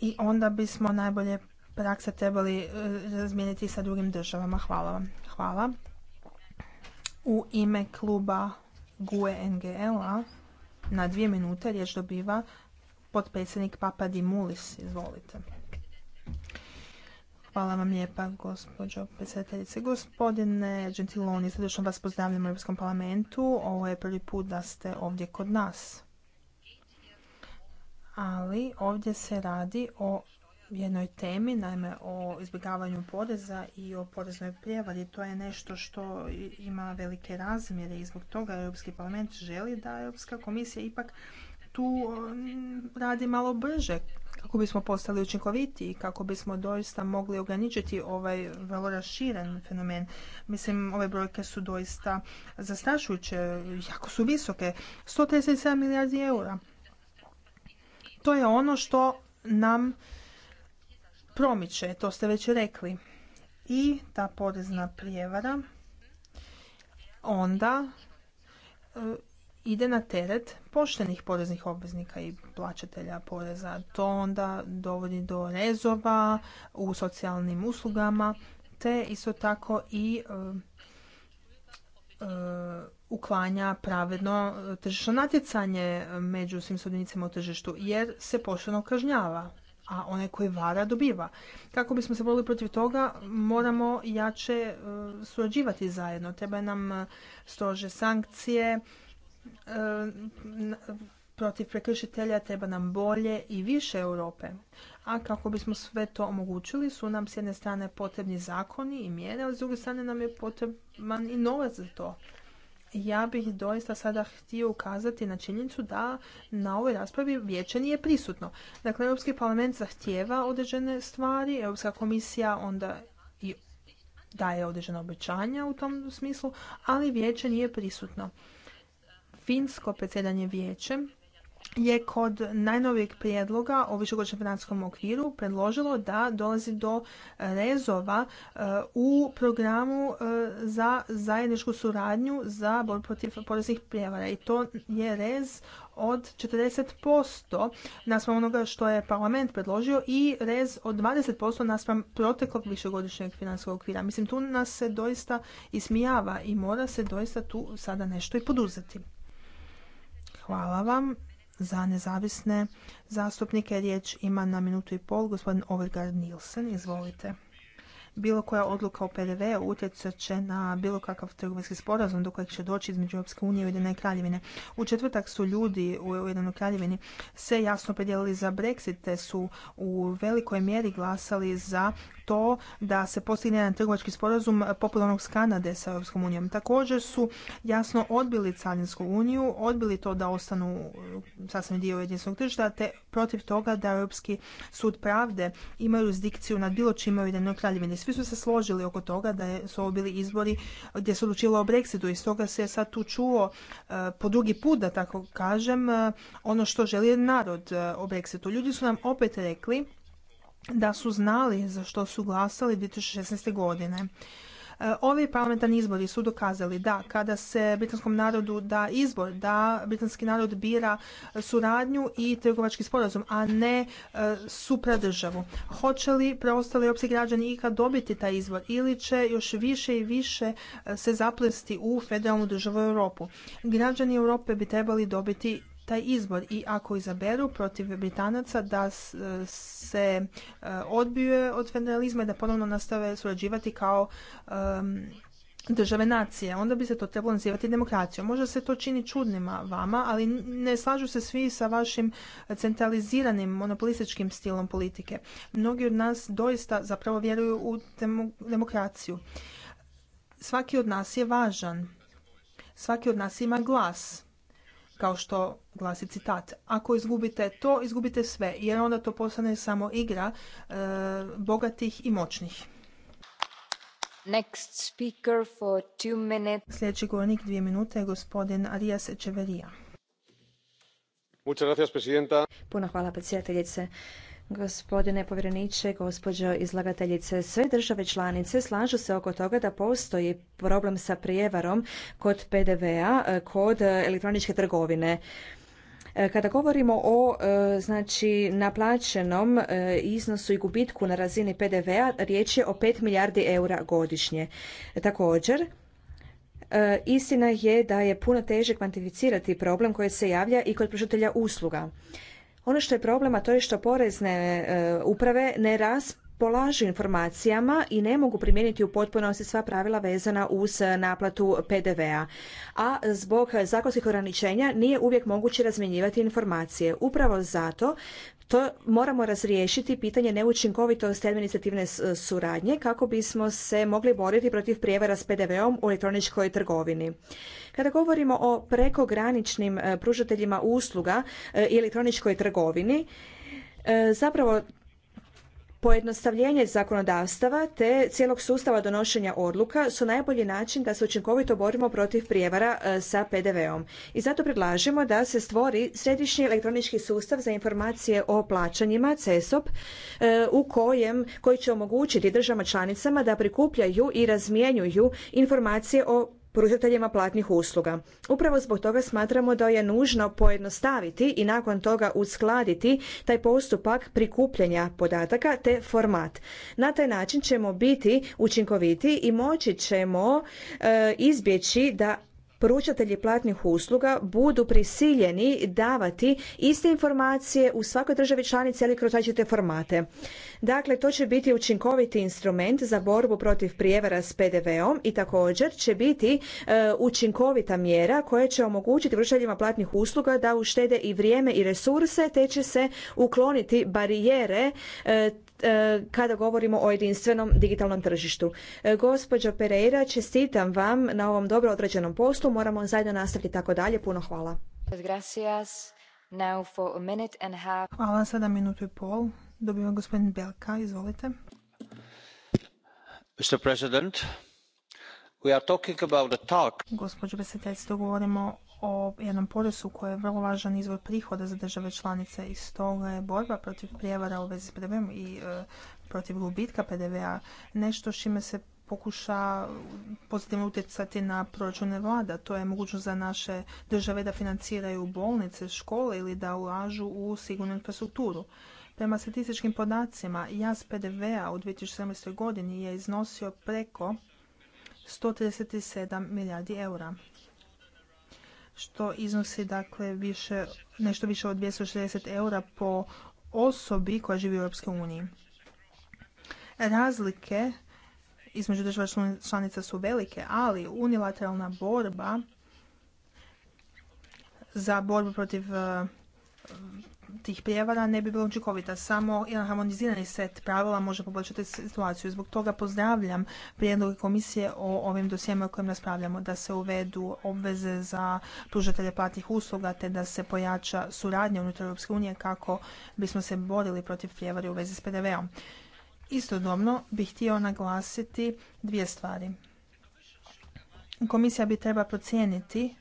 I onda bismo najbolje prakse trebali e, razmijeniti sa drugim državama. Hvala vam. Hvala. U ime kluba GUE NGL-a na dvije minute riječ dobiva potpredsjednik Papa Dimulis. Izvolite. Hvala vam lijepa, gospođo predsjedateljice. Gospodine Gentiloni, srdečno vas pozdravljam u Europskom parlamentu. Ovo je prvi put da ste ovdje kod nas. Ali ovdje se radi o jednoj temi, naime o izbjegavanju poreza i o poreznoj prijevari. To je nešto što ima velike razmjere i zbog toga Europski parlament želi da Europska komisija ipak tu mm, radi malo brže kako bismo postali učinkoviti i kako bismo doista mogli ograničiti ovaj vrlo raširen fenomen. Mislim, ove brojke su doista zastrašujuće, jako su visoke. 137 milijardi eura. To je ono što nam promiče, to ste već rekli. I ta porezna prijevara onda e, ide na teret poštenih poreznih obveznika i plaćatelja poreza. To onda dovodi do rezova u socijalnim uslugama, te isto tako i e, e, uklanja pravedno e, tržišno natjecanje među svim sudionicima u tržištu, jer se pošteno kažnjava a onaj koji vara dobiva. Kako bismo se borili protiv toga, moramo jače surađivati zajedno. Treba nam strože sankcije, Ehm, protiv prekršitelja treba nam bolje i više Europe. A kako bismo sve to omogućili su nam s jedne strane potrebni zakoni i mjere, a s druge strane nam je potreban i novac za to. Ja bih doista sada htio ukazati na činjenicu da na ovoj raspravi vijeće nije prisutno. Dakle, Europski parlament zahtjeva određene stvari, Europska komisija onda i daje određena obećanja u tom smislu, ali vijeće nije prisutno finsko predsjedanje vijećem je kod najnovijeg prijedloga o višegodišnjem financijskom okviru predložilo da dolazi do rezova e, u programu e, za zajedničku suradnju za borbu protiv poreznih prijevara i to je rez od 40% naspram onoga što je parlament predložio i rez od 20% naspram proteklog višegodišnjeg financijskog okvira. Mislim, tu nas se doista ismijava i mora se doista tu sada nešto i poduzeti. Hvala vam. Za nezavisne zastupnike riječ ima na minutu i pol gospodin Overgard Nielsen, Izvolite bilo koja odluka o PDV utjecat će na bilo kakav trgovinski sporazum do kojeg će doći između Europske unije i Ujedinjene kraljevine. U četvrtak su ljudi u Ujedinjenoj kraljevini se jasno opredijelili za Brexit, te su u velikoj mjeri glasali za to da se postigne jedan trgovački sporazum poput onog s Kanade sa Europskom unijom. Također su jasno odbili Carinsku uniju, odbili to da ostanu sasvim dio jedinstvenog tržišta, te protiv toga da Europski sud pravde imaju jurisdikciju nad bilo čime u Ujedinjenoj kraljevini svi su se složili oko toga da su ovo bili izbori gdje se odlučilo o Brexitu i stoga se sad tu čuo e, po drugi put, da tako kažem, e, ono što želi narod e, o Brexitu. Ljudi su nam opet rekli da su znali za što su glasali 2016. godine. E, ovi parlamentarni izbori su dokazali da kada se britanskom narodu da izbor, da britanski narod bira suradnju i trgovački sporazum, a ne e, supradržavu. Hoće li preostali opci građani ikad dobiti taj izbor ili će još više i više e, se zaplesti u federalnu državu Europu? Građani Europe bi trebali dobiti taj izbor i ako izaberu protiv Britanaca da e, se e, odbije od federalizma i da ponovno nastave surađivati kao države nacije, onda bi se to trebalo nazivati demokracijom. Možda se to čini čudnima vama, ali ne slažu se svi sa vašim centraliziranim monopolističkim stilom politike. Mnogi od nas doista zapravo vjeruju u demokraciju. Svaki od nas je važan. Svaki od nas ima glas kao što glasi citat. Ako izgubite to, izgubite sve, jer onda to postane samo igra e, bogatih i moćnih. Next speaker for two minutes. Sljedeći govornik dvije minute je gospodin Arias Echeverija. Puno hvala predsjedateljice. Gospodine povjereniče, gospođo izlagateljice, sve države članice slažu se oko toga da postoji problem sa prijevarom kod PDV-a, e, kod elektroničke trgovine. E, kada govorimo o e, znači naplaćenom iznosu i gubitku na razini PDV-a, riječ je o 5 milijardi eura godišnje. Također, istina je da je puno teže kvantificirati problem koji se javlja i kod pružatelja usluga. Ono što je problema to je što porezne e, uprave ne raspolažu informacijama i ne mogu primijeniti u potpunosti sva pravila vezana uz naplatu PDV-a. A zbog zakonskih ograničenja nije uvijek moguće razmjenjivati informacije. Upravo zato to moramo razriješiti pitanje neučinkovitosti administrativne suradnje kako bismo se mogli boriti protiv prijevara s PDV-om u elektroničkoj trgovini. Kada govorimo o prekograničnim e, pružateljima usluga e, i elektroničkoj trgovini, e, zapravo Pojednostavljenje zakonodavstava te cijelog sustava donošenja odluka su najbolji način da se učinkovito borimo protiv prijevara sa PDV-om. I zato predlažemo da se stvori središnji elektronički sustav za informacije o plaćanjima CESOP u kojem koji će omogućiti državama članicama da prikupljaju i razmjenjuju informacije o pružateljima platnih usluga. Upravo zbog toga smatramo da je nužno pojednostaviti i nakon toga uskladiti taj postupak prikupljanja podataka te format. Na taj način ćemo biti učinkoviti i moći ćemo e, izbjeći da pružatelji platnih usluga budu prisiljeni davati iste informacije u svakoj državi članici ali kroz različite formate. Dakle, to će biti učinkoviti instrument za borbu protiv prijevara s PDV-om i također će biti e, učinkovita mjera koja će omogućiti pružateljima platnih usluga da uštede i vrijeme i resurse te će se ukloniti barijere e, E, kada govorimo o jedinstvenom digitalnom tržištu. E, gospođo Pereira, čestitam vam na ovom dobro određenom poslu. Moramo zajedno nastaviti tako dalje. Puno hvala. Now for a minute and half. Hvala, sada minutu i pol. Dobiva gospodin Belka, izvolite. Mr. President, we are talking about talk. Gospođo predsjedateljstvo, govorimo o jednom porezu koji je vrlo važan izvor prihoda za države članice i stoga je borba protiv prijevara u vezi s pdv i e, protiv gubitka PDV-a nešto čime se pokuša pozitivno utjecati na proračune vlada. To je mogućnost za naše države da financiraju bolnice, škole ili da ulažu u sigurnu infrastrukturu. Prema statističkim podacima, jaz PDV-a u 2017. godini je iznosio preko 137 milijardi eura što iznosi dakle više, nešto više od 260 eura po osobi koja živi u Europskoj uniji. Razlike između država članica su velike, ali unilateralna borba za borbu protiv eh, tih prijevara ne bi bilo učinkovita. Samo jedan harmonizirani set pravila može poboljšati situaciju. Zbog toga pozdravljam prijedloge komisije o ovim dosijema o kojim raspravljamo, da se uvedu obveze za pružatelje platnih usluga te da se pojača suradnja unutar Europske unije kako bismo se borili protiv prijevari u vezi s PDV-om. Istodobno bih htio naglasiti dvije stvari. Komisija bi treba procijeniti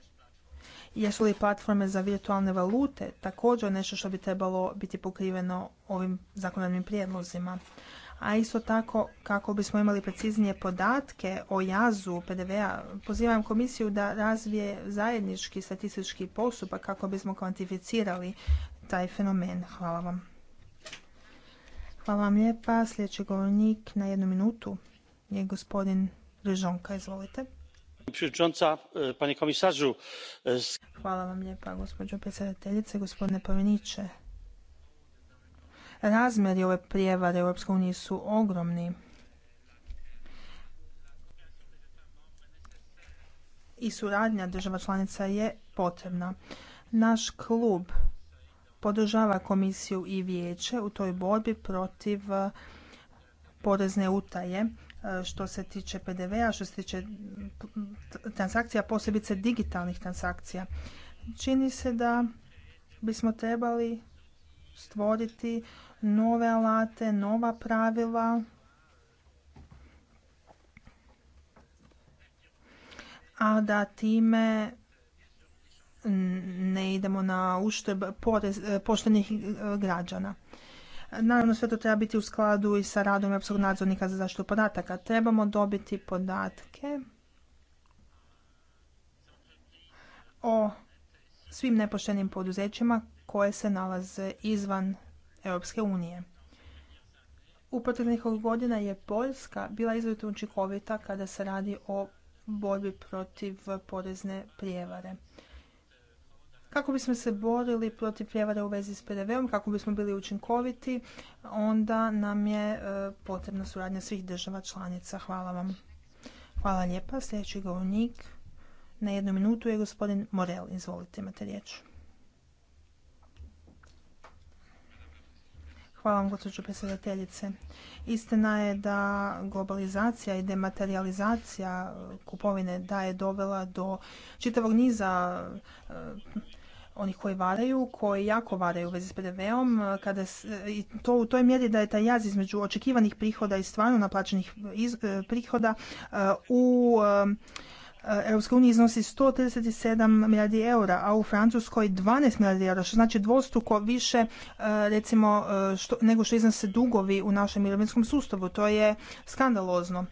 Jesu li platforme za virtualne valute također nešto što bi trebalo biti pokriveno ovim zakonodavnim prijedlozima? A isto tako, kako bismo imali preciznije podatke o jazu PDV-a, pozivam komisiju da razvije zajednički statistički postupak kako bismo kvantificirali taj fenomen. Hvala vam. Hvala vam lijepa. Sljedeći govornik na jednu minutu je gospodin Rižonka. Izvolite. E, e, Hvala vam lijepa, gospođo predsjedateljice, gospodine povjereniče. Razmjeri ove prijevare u EU su ogromni. I suradnja država članica je potrebna. Naš klub podržava komisiju i vijeće u toj borbi protiv e, porezne utaje što se tiče PDV-a, što se tiče transakcija, posebice digitalnih transakcija. Čini se da bismo trebali stvoriti nove alate, nova pravila, a da time ne idemo na uštrb poštenih e, građana. Naravno, sve to treba biti u skladu i sa radom Europskog nadzornika za zaštitu podataka. Trebamo dobiti podatke o svim nepoštenim poduzećima koje se nalaze izvan Europske unije. U proteklih godina je Poljska bila izuzetno učinkovita kada se radi o borbi protiv porezne prijevare. Kako bismo se borili protiv prijevara u vezi s PDV-om, kako bismo bili učinkoviti, onda nam je e, potrebna suradnja svih država članica. Hvala vam. Hvala lijepa. Sljedeći govornik na jednu minutu je gospodin Morel. Izvolite, imate riječ. Hvala vam, gospođo predsjedateljice. Istina je da globalizacija i dematerializacija e, kupovine da je dovela do čitavog niza e, onih koji varaju, koji jako varaju u vezi s PDV-om, e, kada e, i to u toj mjeri da je taj jaz između očekivanih prihoda i stvarno naplaćenih e, prihoda u iznosi uniji iznosi 137 milijardi eura, a u Francuskoj 12 milijardi eura, što znači dvostruko više recimo nego što iznose dugovi u našem mirovinskom sustavu. To je skandalozno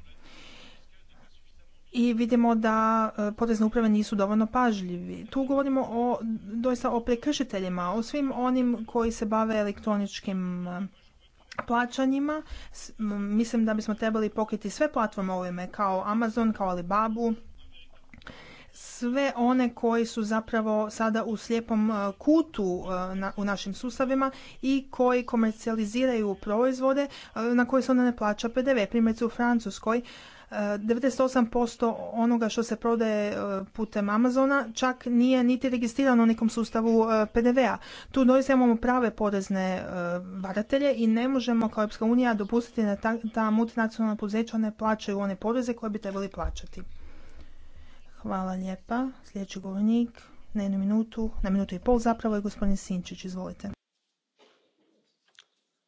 i vidimo da e, porezne uprave nisu dovoljno pažljivi. Tu govorimo o, doista o prekršiteljima, o svim onim koji se bave elektroničkim e, plaćanjima. Mislim da bismo trebali pokriti sve platforme ovime, kao Amazon, kao Alibabu, sve one koji su zapravo sada u slijepom e, kutu u našim sustavima i koji komercijaliziraju proizvode na koje se onda ne plaća PDV. Primjerice u Francuskoj 98% onoga što se prodaje e, putem Amazona čak nije niti registrirano u nekom sustavu e, PDV-a. Tu doista imamo prave porezne e, varatelje i ne možemo kao Europska unija dopustiti da ta, ta multinacionalna poduzeća ne plaćaju one poreze koje bi trebali plaćati. Hvala lijepa. Sljedeći govornik na jednu minutu, na minutu i pol zapravo je gospodin Sinčić. Izvolite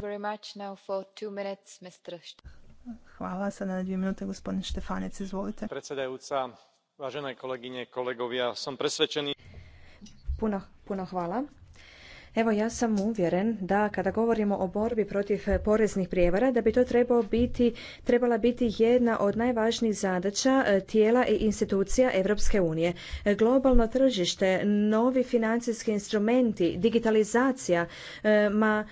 Very much now for minutes, Mr. Hvala. Sada na dvije minute gospodin Štefanec, izvolite. Predsedajuca, važene koleginje, kolegovija, sam presvećeni. Puno, hvala. Evo ja sam uvjeren da kada govorimo o borbi protiv poreznih prijevara da bi to trebao biti, trebala biti jedna od najvažnijih zadaća e, tijela i institucija EU. unije. E, globalno tržište, novi financijski instrumenti, digitalizacija, e, ma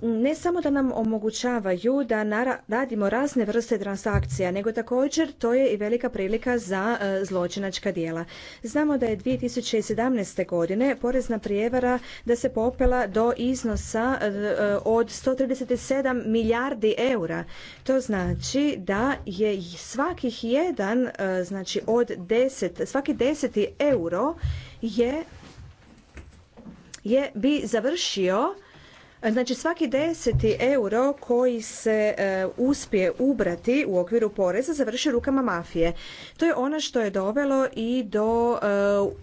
ne samo da nam omogućavaju da radimo razne vrste transakcija, nego također to je i velika prilika za e, zločinačka djela. Znamo da je 2017. godine porezna prijevara da se popela do iznosa e, e, od 137 milijardi eura. To znači da je svakih jedan, znači od deset, svaki deseti euro je, je bi završio Znači svaki deseti euro koji se e, uspije ubrati u okviru poreza završi rukama mafije. To je ono što je dovelo i do e,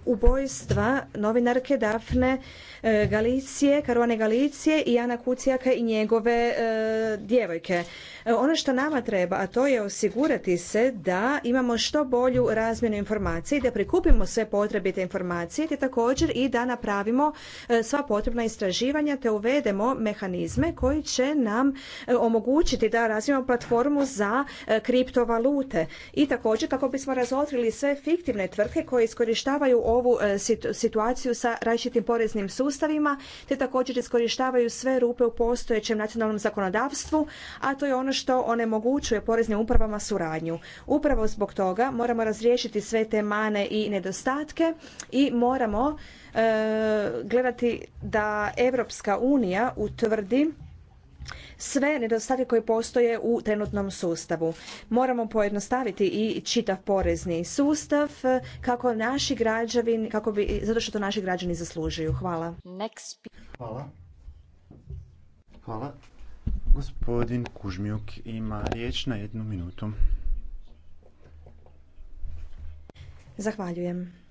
ubojstva novinarke Dafne E, Galicije, Karuane Galicije i Jana Kucijaka i njegove e, djevojke. E, ono što nama treba, a to je osigurati se da imamo što bolju razmjenu informacije i da prikupimo sve potrebite informacije te također i da napravimo sva potrebna istraživanja te uvedemo mehanizme koji će nam omogućiti da razvijemo platformu za kriptovalute i također kako bismo razotkrili sve fiktivne tvrtke koje iskorištavaju ovu situaciju sa različitim poreznim sustavom sustavima, te također iskorištavaju sve rupe u postojećem nacionalnom zakonodavstvu, a to je ono što onemogućuje poreznim upravama suradnju. Upravo zbog toga moramo razriješiti sve te mane i nedostatke i moramo e, gledati da Europska unija utvrdi sve nedostatke koji postoje u trenutnom sustavu. Moramo pojednostaviti i čitav porezni sustav eh, kako naši građani, kako bi, zato što to naši građani zaslužuju. Hvala. Hvala. Hvala. Gospodin Kužmjuk ima riječ na jednu minutu. Zahvaljujem.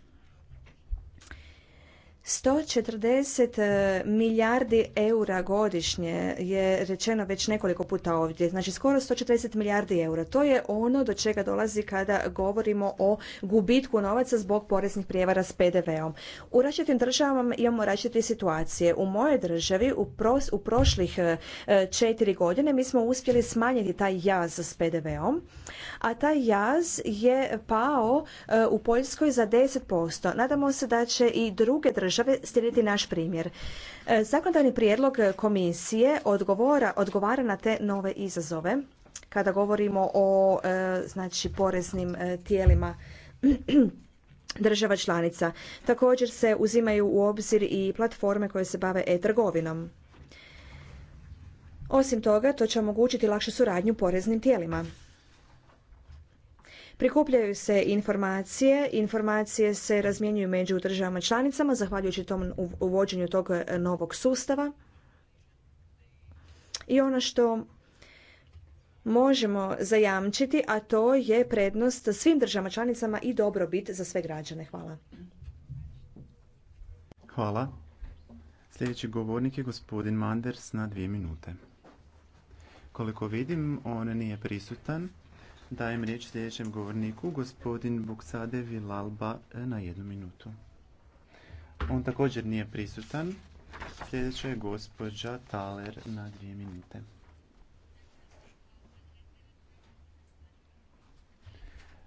140 e, milijardi eura godišnje je rečeno već nekoliko puta ovdje, znači skoro 140 milijardi eura. To je ono do čega dolazi kada govorimo o gubitku novaca zbog poreznih prijevara s PDV-om. U različitim državama imamo različite situacije. U mojoj državi u, u prošlih e, e, četiri godine mi smo uspjeli smanjiti taj jaz s PDV-om, a taj jaz je pao u Poljskoj za 10%. Nadamo se da će i druge države države slijediti naš primjer. E, zakonodavni prijedlog komisije odgovora, odgovara na te nove izazove kada govorimo o e, znači, poreznim e, tijelima država članica. Također se uzimaju u obzir i platforme koje se bave e-trgovinom. Osim toga, to će omogućiti lakšu suradnju poreznim tijelima. Prikupljaju se informacije, informacije se razmjenjuju među državama članicama zahvaljujući tom uvođenju tog e, novog sustava. I ono što možemo zajamčiti, a to je prednost svim državama članicama i dobrobit za sve građane. Hvala. Hvala. Sljedeći govornik je gospodin Manders na dvije minute. Koliko vidim, on nije prisutan. Dajem riječ sljedećem govorniku, gospodin Buksade Vilalba e, na jednu minutu. On također nije prisutan. Sljedeća je gospođa Taler na dvije minute.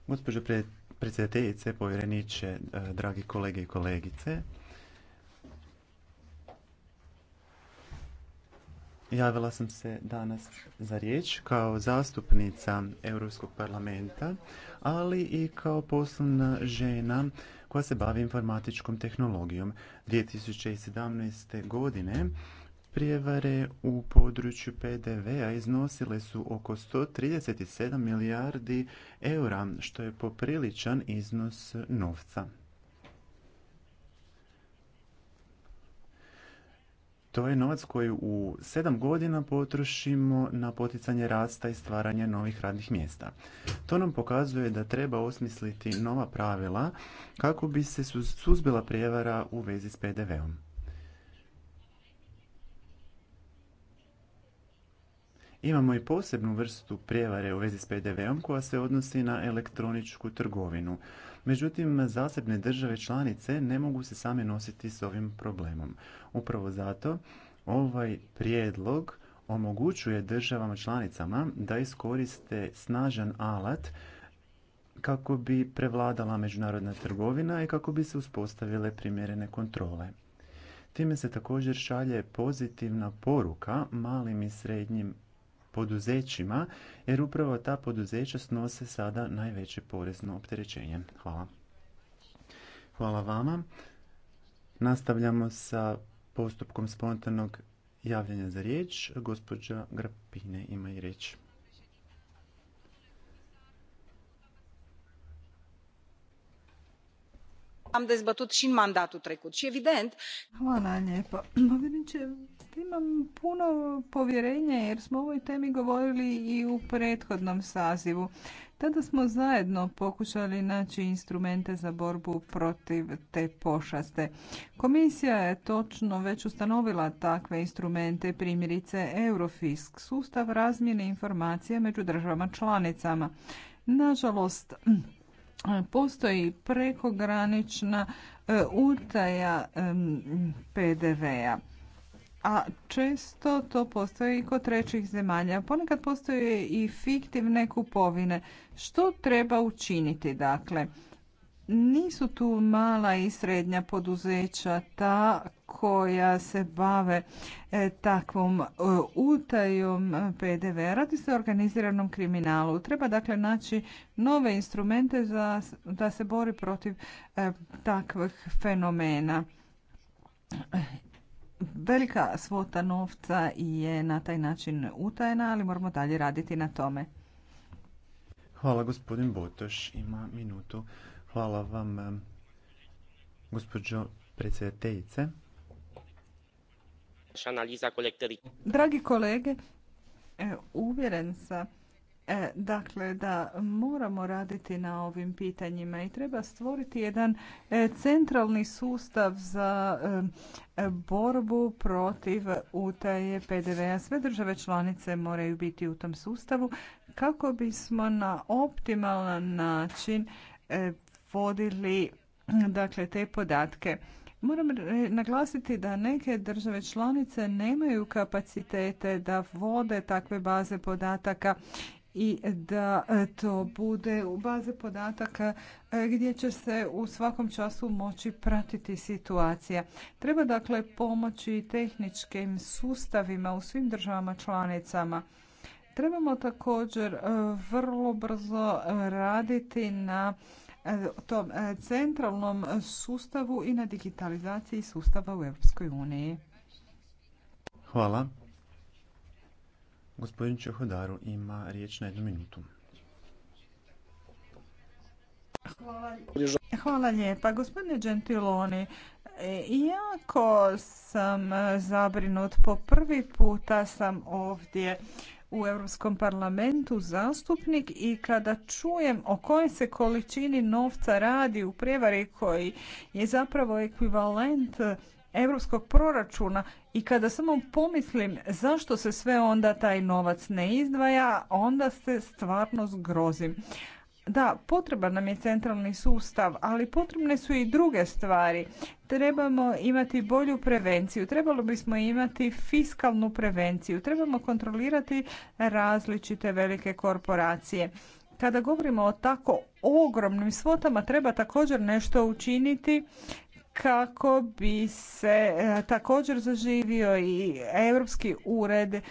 Gospođo predsjedateljice, povjereniče, e, dragi kolege i kolegice, Javila sam se danas za riječ kao zastupnica Europskog parlamenta, ali i kao poslovna žena koja se bavi informatičkom tehnologijom. 2017. godine prijevare u području PDV-a iznosile su oko 137 milijardi eura, što je popriličan iznos novca. To je novac koji u sedam godina potrošimo na poticanje rasta i stvaranje novih radnih mjesta. To nam pokazuje da treba osmisliti nova pravila kako bi se suzbila prijevara u vezi s PDV-om. Imamo i posebnu vrstu prijevare u vezi s PDV-om koja se odnosi na elektroničku trgovinu. Međutim, zasebne države članice ne mogu se same nositi s ovim problemom. Upravo zato ovaj prijedlog omogućuje državama članicama da iskoriste snažan alat kako bi prevladala međunarodna trgovina i kako bi se uspostavile primjerene kontrole. Time se također šalje pozitivna poruka malim i srednjim poduzećima jer upravo ta poduzeća snose sada najveće porezno opterećenje. Hvala. Hvala vama. Nastavljamo sa postupkom spontanog javljanja za riječ. Gospođa Grapine ima i riječ. am dezbătut și în mandatul trecut și evident. Dakle, imam puno povjerenja jer smo o ovoj temi govorili i u prethodnom sazivu. Tada smo zajedno pokušali naći instrumente za borbu protiv te pošaste. Komisija je točno već ustanovila takve instrumente, primjerice Eurofisk, sustav razmjene informacija među državama članicama. Nažalost, postoji prekogranična e, utaja PDV-a a često to postoji i kod trećih zemalja. Ponekad postoje i fiktivne kupovine. Što treba učiniti? Dakle, nisu tu mala i srednja poduzeća ta koja se bave e, takvom e, utajom PDV. Radi se o organiziranom kriminalu. Treba dakle naći nove instrumente za, da se bori protiv e, takvih fenomena Velika svota novca je na taj način utajena, ali moramo dalje raditi na tome. Hvala gospodin Botoš, ima minutu. Hvala vam gospođo predsjedateljice. Dragi kolege, e, uvjeren sam E, dakle, da moramo raditi na ovim pitanjima i treba stvoriti jedan e, centralni sustav za e, borbu protiv utaje PDV-a. Sve države članice moraju biti u tom sustavu kako bismo na optimalan način vodili dakle, te podatke. Moram naglasiti da neke države članice nemaju kapacitete da vode takve baze podataka i da e, to bude u baze podataka e, gdje će se u svakom času moći pratiti situacija. Treba dakle pomoći tehničkim sustavima u svim državama članicama. Trebamo također e, vrlo brzo raditi na tom centralnom sustavu i na digitalizaciji sustava u Europskoj uniji. Hvala. Gospodin Čehodaru ima riječ na jednu minutu. Hvala, lijepa. Gospodine Gentiloni, jako sam zabrinut. Po prvi puta sam ovdje u Europskom parlamentu zastupnik i kada čujem o kojoj se količini novca radi u prijevari koji je zapravo ekvivalent europskog proračuna i kada samo pomislim zašto se sve onda taj novac ne izdvaja, onda se stvarno zgrozim. Da, potreban nam je centralni sustav, ali potrebne su i druge stvari. Trebamo imati bolju prevenciju, trebalo bismo imati fiskalnu prevenciju, trebamo kontrolirati različite velike korporacije. Kada govorimo o tako ogromnim svotama, treba također nešto učiniti kako bi se e, također zaživio i Europski ured e,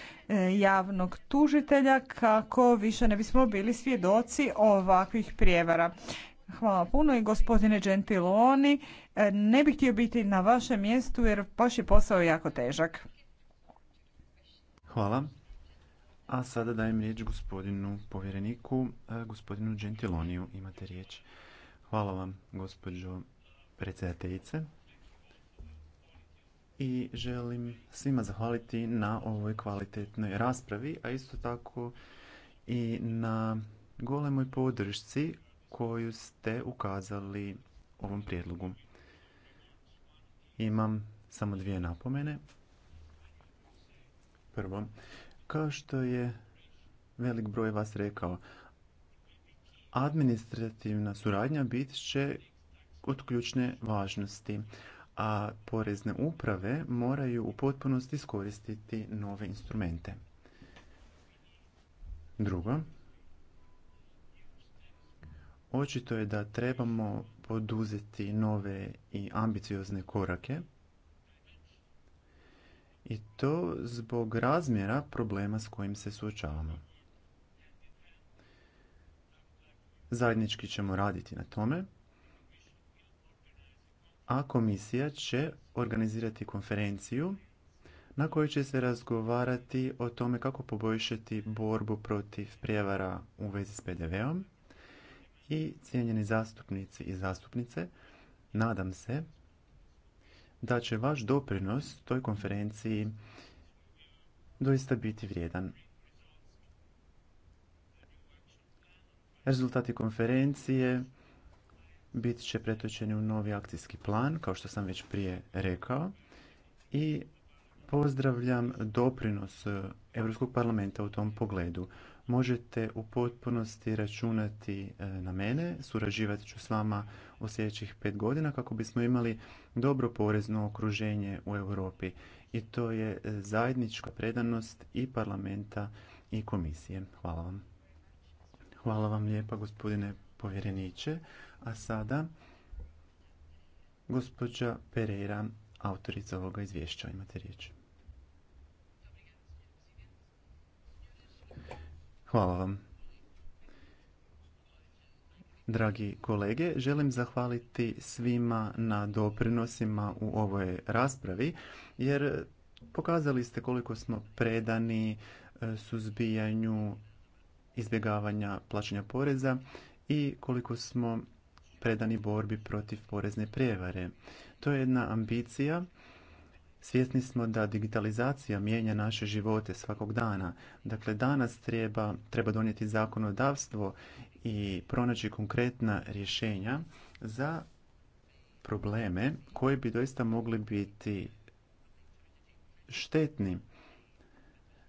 javnog tužitelja kako više ne bismo bili svjedoci ovakvih prijevara. Hvala puno i gospodine Gentiloni. E, ne bih htio biti na vašem mjestu jer baš je posao jako težak. Hvala. A sada dajem riječ gospodinu povjereniku, gospodinu Gentiloniju. Imate riječ. Hvala vam, gospođo predsjedateljice i želim svima zahvaliti na ovoj kvalitetnoj raspravi, a isto tako i na golemoj podršci koju ste ukazali ovom prijedlogu. Imam samo dvije napomene. Prvo, kao što je velik broj vas rekao, administrativna suradnja bit će od ključne važnosti a porezne uprave moraju u potpunosti iskoristiti nove instrumente. Drugo, očito je da trebamo poduzeti nove i ambiciozne korake i to zbog razmjera problema s kojim se suočavamo. Zajednički ćemo raditi na tome a komisija će organizirati konferenciju na kojoj će se razgovarati o tome kako poboljšati borbu protiv prijevara u vezi s PDV-om. I cijenjeni zastupnici i zastupnice, nadam se da će vaš doprinos toj konferenciji doista biti vrijedan. Rezultati konferencije bit će pretočeni u novi akcijski plan, kao što sam već prije rekao, i pozdravljam doprinos e, Europskog parlamenta u tom pogledu. Možete u potpunosti računati e, na mene, surađivat ću s vama u sljedećih pet godina kako bismo imali dobro porezno okruženje u Europi. I to je e, zajednička predanost i parlamenta i komisije. Hvala vam. Hvala vam lijepa gospodine povjereniče. A sada gospođa Pereira, autorica ovoga izvješća. Imate riječ. Hvala vam. Dragi kolege, želim zahvaliti svima na doprinosima u ovoj raspravi, jer pokazali ste koliko smo predani e, suzbijanju izbjegavanja plaćanja poreza i koliko smo predani borbi protiv porezne prijevare. To je jedna ambicija. Svjesni smo da digitalizacija mijenja naše živote svakog dana. Dakle, danas treba, treba donijeti zakonodavstvo i pronaći konkretna rješenja za probleme koji bi doista mogli biti štetni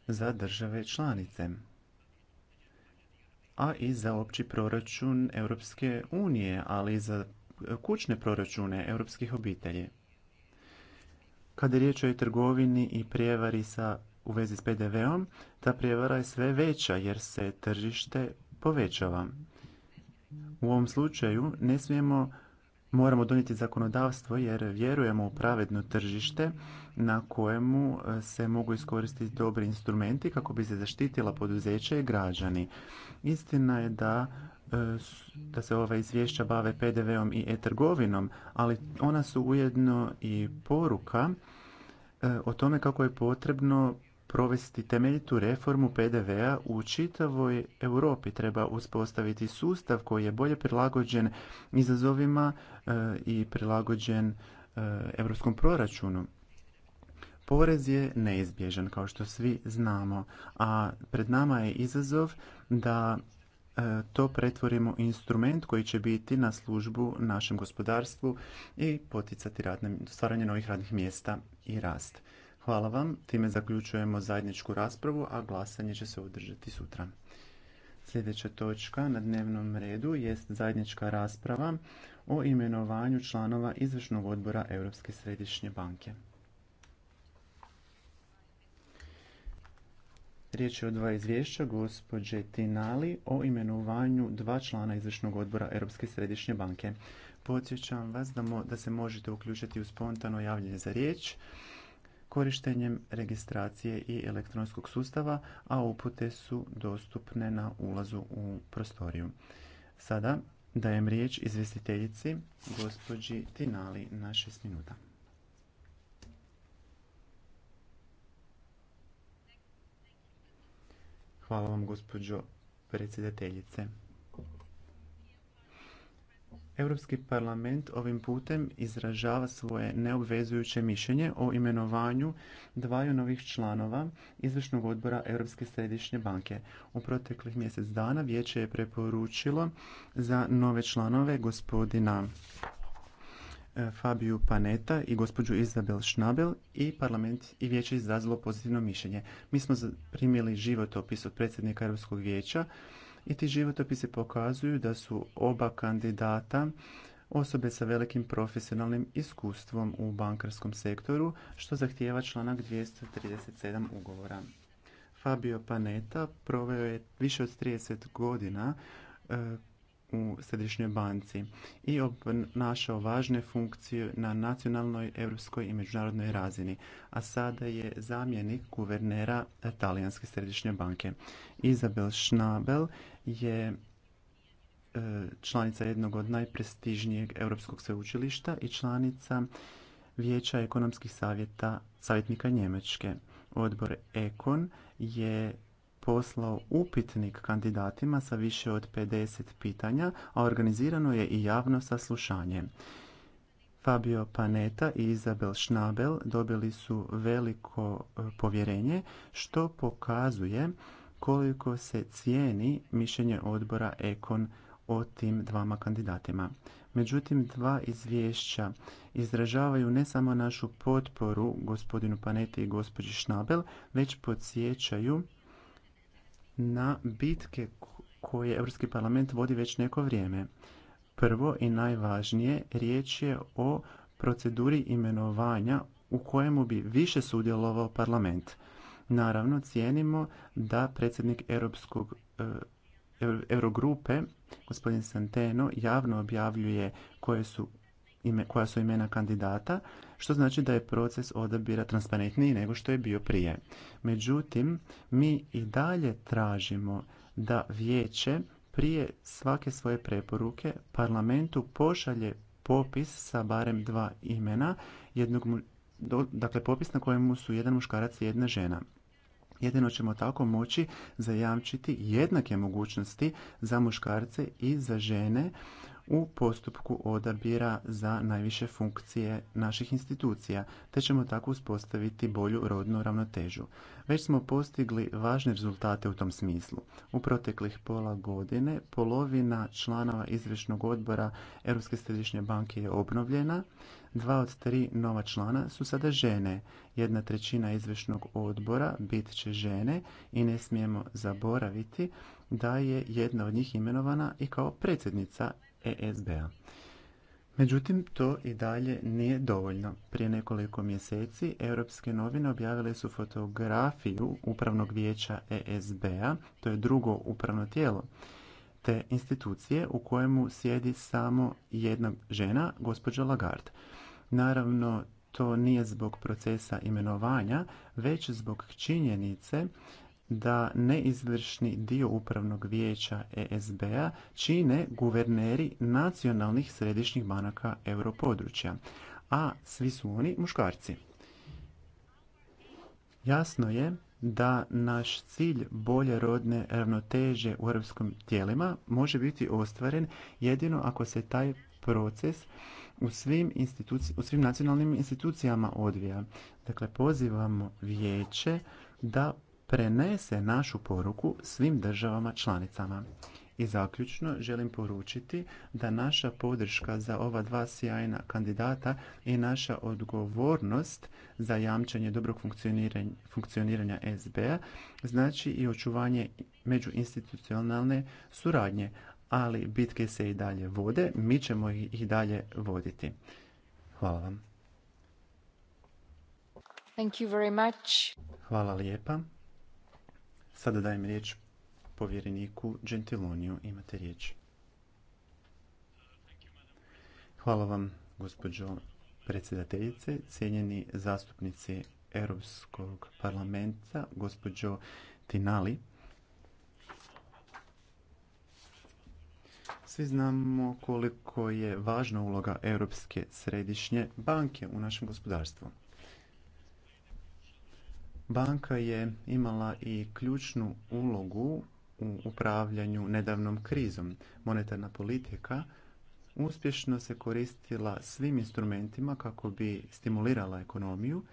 za države članice a i za opći proračun Europske unije, ali i za kućne proračune europskih obitelji. Kada je riječ o trgovini i prijevari sa, u vezi s PDV-om, ta prijevara je sve veća jer se tržište povećava. U ovom slučaju ne smijemo moramo donijeti zakonodavstvo jer vjerujemo u pravedno tržište na kojemu e, se mogu iskoristiti dobri instrumenti kako bi se zaštitila poduzeća i građani. Istina je da e, da se ova izvješća bave PDV-om i e-trgovinom, ali ona su ujedno i poruka e, o tome kako je potrebno provesti temeljitu reformu PDV-a u čitavoj Europi. Treba uspostaviti sustav koji je bolje prilagođen izazovima e, i prilagođen e, europskom proračunu. Porez je neizbježan, kao što svi znamo, a pred nama je izazov da e, to pretvorimo u instrument koji će biti na službu našem gospodarstvu i poticati stvaranje novih radnih mjesta i rast. Hvala vam. Time zaključujemo zajedničku raspravu, a glasanje će se održati sutra. Sljedeća točka na dnevnom redu jest zajednička rasprava o imenovanju članova izvršnog odbora Europske središnje banke. Riječ je o dva izvješća gospođe Tinali o imenovanju dva člana izvršnog odbora Europske središnje banke. Podsjećam vas da se možete uključiti u spontano javljanje za riječ korištenjem registracije i elektronskog sustava, a upute su dostupne na ulazu u prostoriju. Sada dajem riječ izvjestiteljici gospođi Tinali na šest minuta. Hvala vam gospođo predsjedateljice. Europski parlament ovim putem izražava svoje neobvezujuće mišljenje o imenovanju dvaju novih članova izvršnog odbora Europske središnje banke. U proteklih mjesec dana vijeće je preporučilo za nove članove gospodina e, Fabiju Paneta i gospođu Izabel Schnabel i parlament i vijeće izrazilo pozitivno mišljenje. Mi smo primili životopis od predsjednika Europskog vijeća i ti životopisi pokazuju da su oba kandidata osobe sa velikim profesionalnim iskustvom u bankarskom sektoru, što zahtijeva članak 237 ugovora. Fabio Paneta proveo je više od 30 godina e, u središnjoj banci i obnašao važne funkcije na nacionalnoj, europskoj i međunarodnoj razini, a sada je zamjenik guvernera Talijanske središnje banke. Izabel Schnabel je e, članica jednog od najprestižnijeg europskog sveučilišta i članica Vijeća ekonomskih savjeta savjetnika Njemačke. Odbor Ekon je poslao upitnik kandidatima sa više od 50 pitanja, a organizirano je i javno saslušanje. Fabio Paneta i Izabel Schnabel dobili su veliko e, povjerenje što pokazuje koliko se cijeni mišljenje odbora Ekon o tim dvama kandidatima. Međutim, dva izvješća izražavaju ne samo našu potporu gospodinu Paneti i gospođi Schnabel, već podsjećaju na bitke koje Europski parlament vodi već neko vrijeme. Prvo i najvažnije riječ je o proceduri imenovanja u kojemu bi više sudjelovao parlament. Naravno, cijenimo da predsjednik Europskog eh, Eurogrupe, gospodin Santeno, javno objavljuje koje su ime, koja su imena kandidata, što znači da je proces odabira transparentniji nego što je bio prije. Međutim, mi i dalje tražimo da vijeće prije svake svoje preporuke parlamentu pošalje popis sa barem dva imena, jednog, dakle popis na kojemu su jedan muškarac i jedna žena. Jedino ćemo tako moći zajamčiti jednake mogućnosti za muškarce i za žene u postupku odabira za najviše funkcije naših institucija te ćemo tako uspostaviti bolju rodnu ravnotežu. Već smo postigli važne rezultate u tom smislu. U proteklih pola godine polovina članova izvršnog odbora Europske središnje banke je obnovljena, dva od tri nova člana su sada žene. Jedna trećina izvršnog odbora bit će žene i ne smijemo zaboraviti da je jedna od njih imenovana i kao predsjednica ESB-a. Međutim, to i dalje nije dovoljno. Prije nekoliko mjeseci europske novine objavile su fotografiju Upravnog vijeća ESB-a, to je drugo upravno tijelo, te institucije u kojemu sjedi samo jedna žena, gospođa Lagarde. Naravno, to nije zbog procesa imenovanja, već zbog činjenice da neizvršni dio upravnog vijeća ESB-a čine guverneri nacionalnih središnjih banaka europodručja, a svi su oni muškarci. Jasno je da naš cilj bolje rodne ravnoteže u europskim tijelima može biti ostvaren jedino ako se taj proces u svim, u svim nacionalnim institucijama odvija. Dakle, pozivamo vijeće da prenese našu poruku svim državama članicama. I zaključno želim poručiti da naša podrška za ova dva sjajna kandidata i naša odgovornost za jamčanje dobrog funkcioniranja, funkcioniranja SB-a znači i očuvanje međuinstitucionalne suradnje, ali bitke se i dalje vode, mi ćemo ih i dalje voditi. Hvala vam. Thank you very much. Hvala lijepa. Sada dajem riječ povjereniku Gentiloniju. Imate riječ. Hvala vam, gospođo predsjedateljice, cijenjeni zastupnici Europskog parlamenta, gospođo Tinali. Svi znamo koliko je važna uloga Europske središnje banke u našem gospodarstvu. Banka je imala i ključnu ulogu u upravljanju nedavnom krizom. Monetarna politika uspješno se koristila svim instrumentima kako bi stimulirala ekonomiju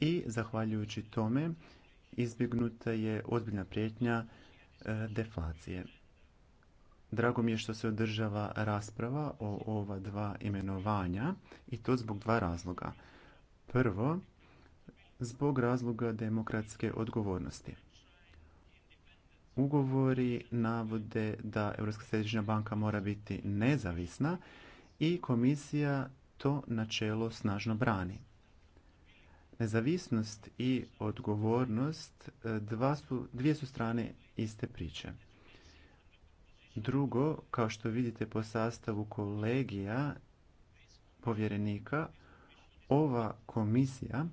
i zahvaljujući tome izbjegnuta je ozbiljna prijetnja e, deflacije. Drago mi je što se održava rasprava o ova dva imenovanja i to zbog dva razloga. Prvo, zbog razloga demokratske odgovornosti. Ugovori navode da Europska središnja banka mora biti nezavisna i komisija to načelo snažno brani. Nezavisnost i odgovornost e, dva su, dvije su strane iste priče. Drugo, kao što vidite po sastavu kolegija povjerenika, ova komisija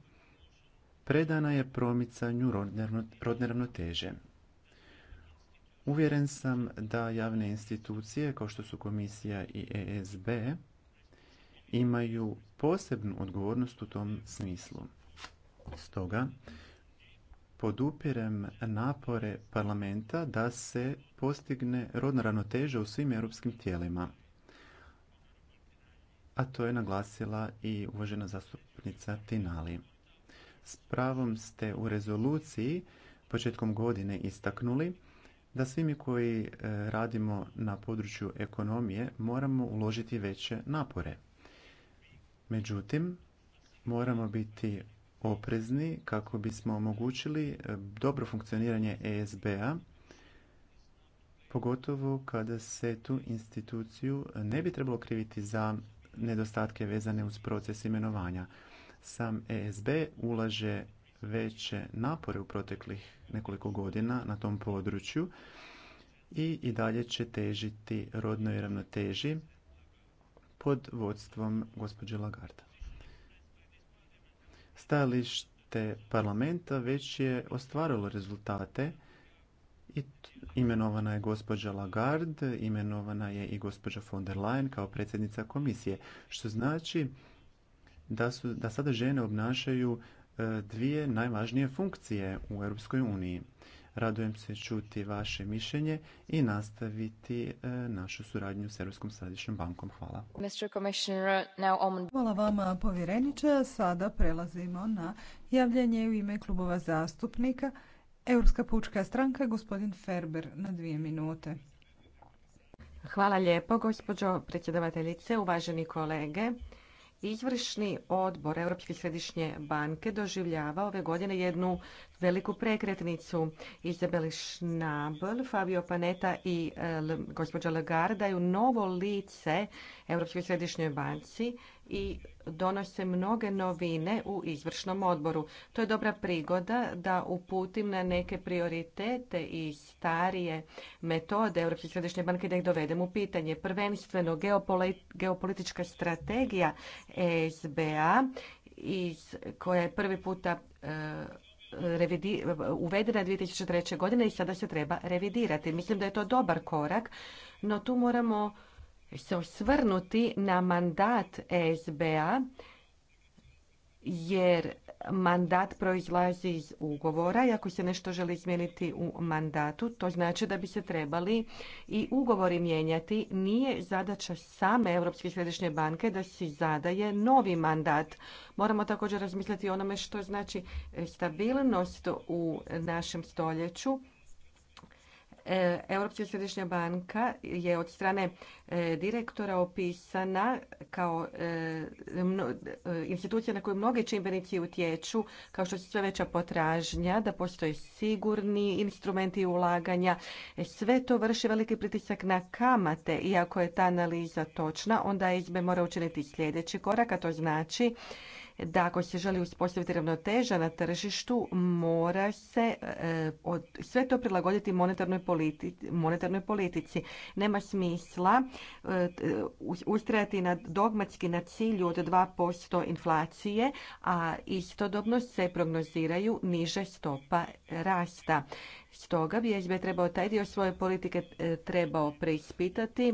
predana je promicanju rodne ravnoteže. Uvjeren sam da javne institucije kao što su komisija i ESB imaju posebnu odgovornost u tom smislu. Stoga podupirem napore parlamenta da se postigne rodna ravnoteža u svim europskim tijelima. A to je naglasila i uvažena zastupnica Tinali. S pravom ste u rezoluciji početkom godine istaknuli da svi mi koji e, radimo na području ekonomije moramo uložiti veće napore. Međutim, moramo biti oprezni kako bismo omogućili e, dobro funkcioniranje ESB-a, pogotovo kada se tu instituciju ne bi trebalo kriviti za nedostatke vezane uz proces imenovanja. Sam ESB ulaže veće napore u proteklih nekoliko godina na tom području i i dalje će težiti rodnoj ravnoteži pod vodstvom gospođe Lagarda. Stajalište parlamenta već je ostvarilo rezultate i imenovana je gospođa Lagarde, imenovana je i gospođa von der Leyen kao predsjednica komisije, što znači da, su, da sada žene obnašaju e, dvije najvažnije funkcije u Europskoj uniji. Radujem se čuti vaše mišljenje i nastaviti e, našu suradnju s Europskom središnjom bankom. Hvala. Hvala vama povjereniče. Sada prelazimo na javljanje u ime klubova zastupnika. Europska pučka stranka, gospodin Ferber, na dvije minute. Hvala lijepo, gospođo predsjedavateljice, uvaženi kolege. Izvršni odbor Europske središnje banke doživljava ove godine jednu veliku prekretnicu. Izabeli Schnabel, Fabio Paneta i eh, gospođa Lagarda je novo lice Europskoj središnjoj banci i donose mnoge novine u izvršnom odboru. To je dobra prigoda da uputim na neke prioritete i starije metode Europske središnje banke da ih dovedem u pitanje. Prvenstveno geopolitička strategija SBA iz, koja je prvi puta uh, uvedena 2003. godine i sada se treba revidirati. Mislim da je to dobar korak, no tu moramo se osvrnuti na mandat SBA jer mandat proizlazi iz ugovora i ako se nešto želi izmijeniti u mandatu, to znači da bi se trebali i ugovori mijenjati. Nije zadaća same Europske središnje banke da si zadaje novi mandat. Moramo također razmisliti onome što znači stabilnost u našem stoljeću E, Europska središnja banka je od strane e, direktora opisana kao e, institucija na koju mnogi čimbenici utječu, kao što su sve veća potražnja, da postoje sigurni instrumenti ulaganja. Sve to vrši veliki pritisak na kamate i ako je ta analiza točna, onda izbe mora učiniti sljedeći korak, a to znači da ako se želi uspostaviti ravnoteža na tržištu, mora se e, od, sve to prilagoditi monetarnoj, politici. Nema smisla e, ustrajati na, dogmatski na cilju od 2% inflacije, a istodobno se prognoziraju niže stopa rasta. Stoga bi SB trebao taj dio svoje politike e, trebao preispitati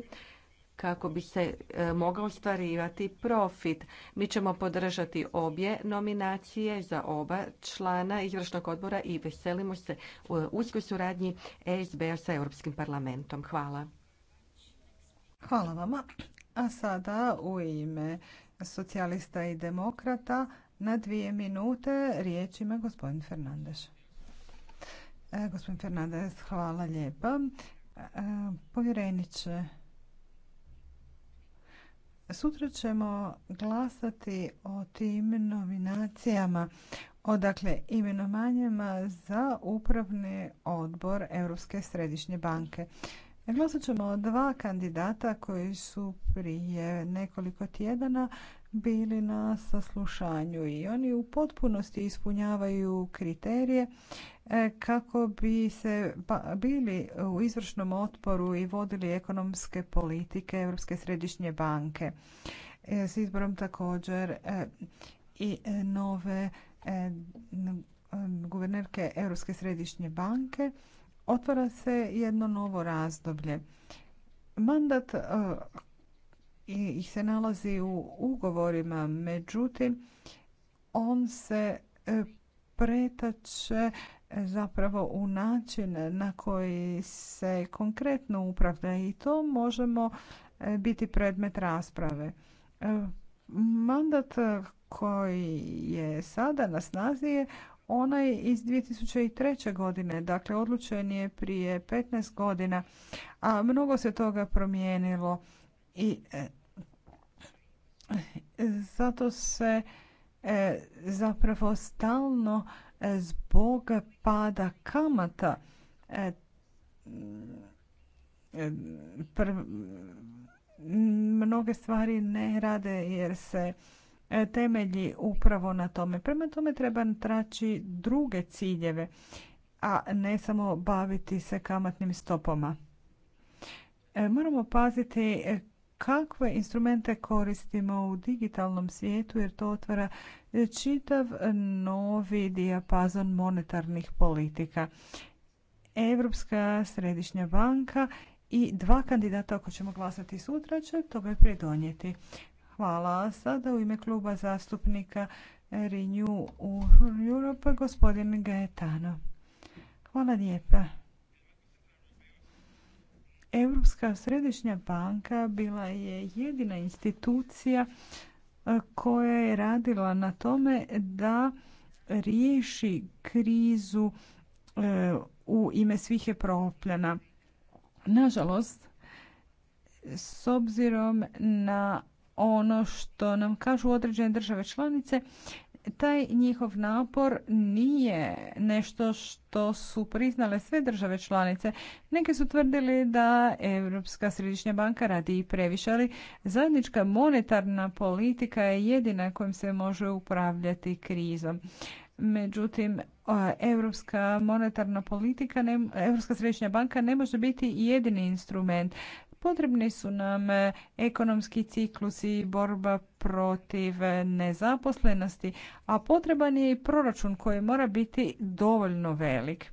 kako bi se e, mogao ostvarivati profit. Mi ćemo podržati obje nominacije za oba člana izvršnog odbora i veselimo se u e, uskoj suradnji ESB-a sa Europskim parlamentom. Hvala. Hvala vama. A sada u ime socijalista i demokrata na dvije minute riječ ima gospodin Fernandez. E, gospodin Fernandez, hvala lijepa. E, povjereniče, Sutra ćemo glasati o tim nominacijama, odakle imenovanjima za upravni odbor Europske središnje banke. Glasat ćemo o dva kandidata koji su prije nekoliko tjedana bili na saslušanju i oni u potpunosti ispunjavaju kriterije e, kako bi se bili u izvršnom otporu i vodili ekonomske politike Europske središnje banke. E, s izborom također e, i nove guvernerke Europske središnje banke otvara se jedno novo razdoblje. Mandat ih se nalazi u ugovorima, međutim on se e, pretače e, zapravo u način na koji se konkretno upravlja i to možemo e, biti predmet rasprave. Mandat koji je sada na snazi je onaj iz 2003. godine, dakle odlučen je prije 15 godina, a mnogo se toga promijenilo i e, zato se e, zapravo stalno e, zbog pada kamata mnoge stvari ne rade jer se temelji upravo na tome. Prema tome treba traći druge ciljeve, a ne samo baviti se kamatnim stopama. Moramo paziti kakve instrumente koristimo u digitalnom svijetu jer to otvara e, čitav novi dijapazon monetarnih politika. Europska središnja banka i dva kandidata ako ćemo glasati sutra će tome pridonijeti. Hvala. Sada u ime kluba zastupnika Renew Europe gospodin Gaetano. Hvala lijepa. Europska središnja banka bila je jedina institucija e, koja je radila na tome da riješi krizu e, u ime svih je Nažalost, s obzirom na ono što nam kažu određene države članice, taj njihov napor nije nešto što su priznale sve države članice. Neki su tvrdili da Europska središnja banka radi i previše, ali zajednička monetarna politika je jedina kojom se može upravljati krizom. Međutim, Europska monetarna politika, Europska središnja banka ne može biti jedini instrument. Potrebni su nam e, ekonomski ciklus i borba protiv e, nezaposlenosti, a potreban je i proračun koji mora biti dovoljno velik.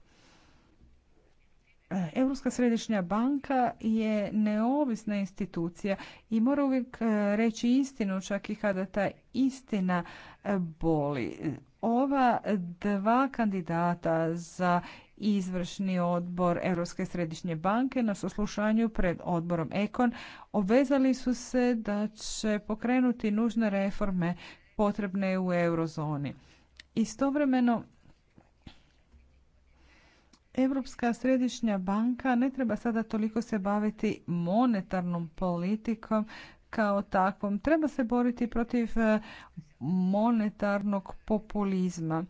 E, Europska središnja banka je neovisna institucija i mora uvijek reći istinu čak i kada ta istina boli. Ova dva kandidata za izvršni odbor Europske središnje banke na saslušanju pred odborom Ekon obvezali su se da će pokrenuti nužne reforme potrebne u eurozoni. Istovremeno Europska središnja banka ne treba sada toliko se baviti monetarnom politikom kao takvom. Treba se boriti protiv eh, monetarnog populizma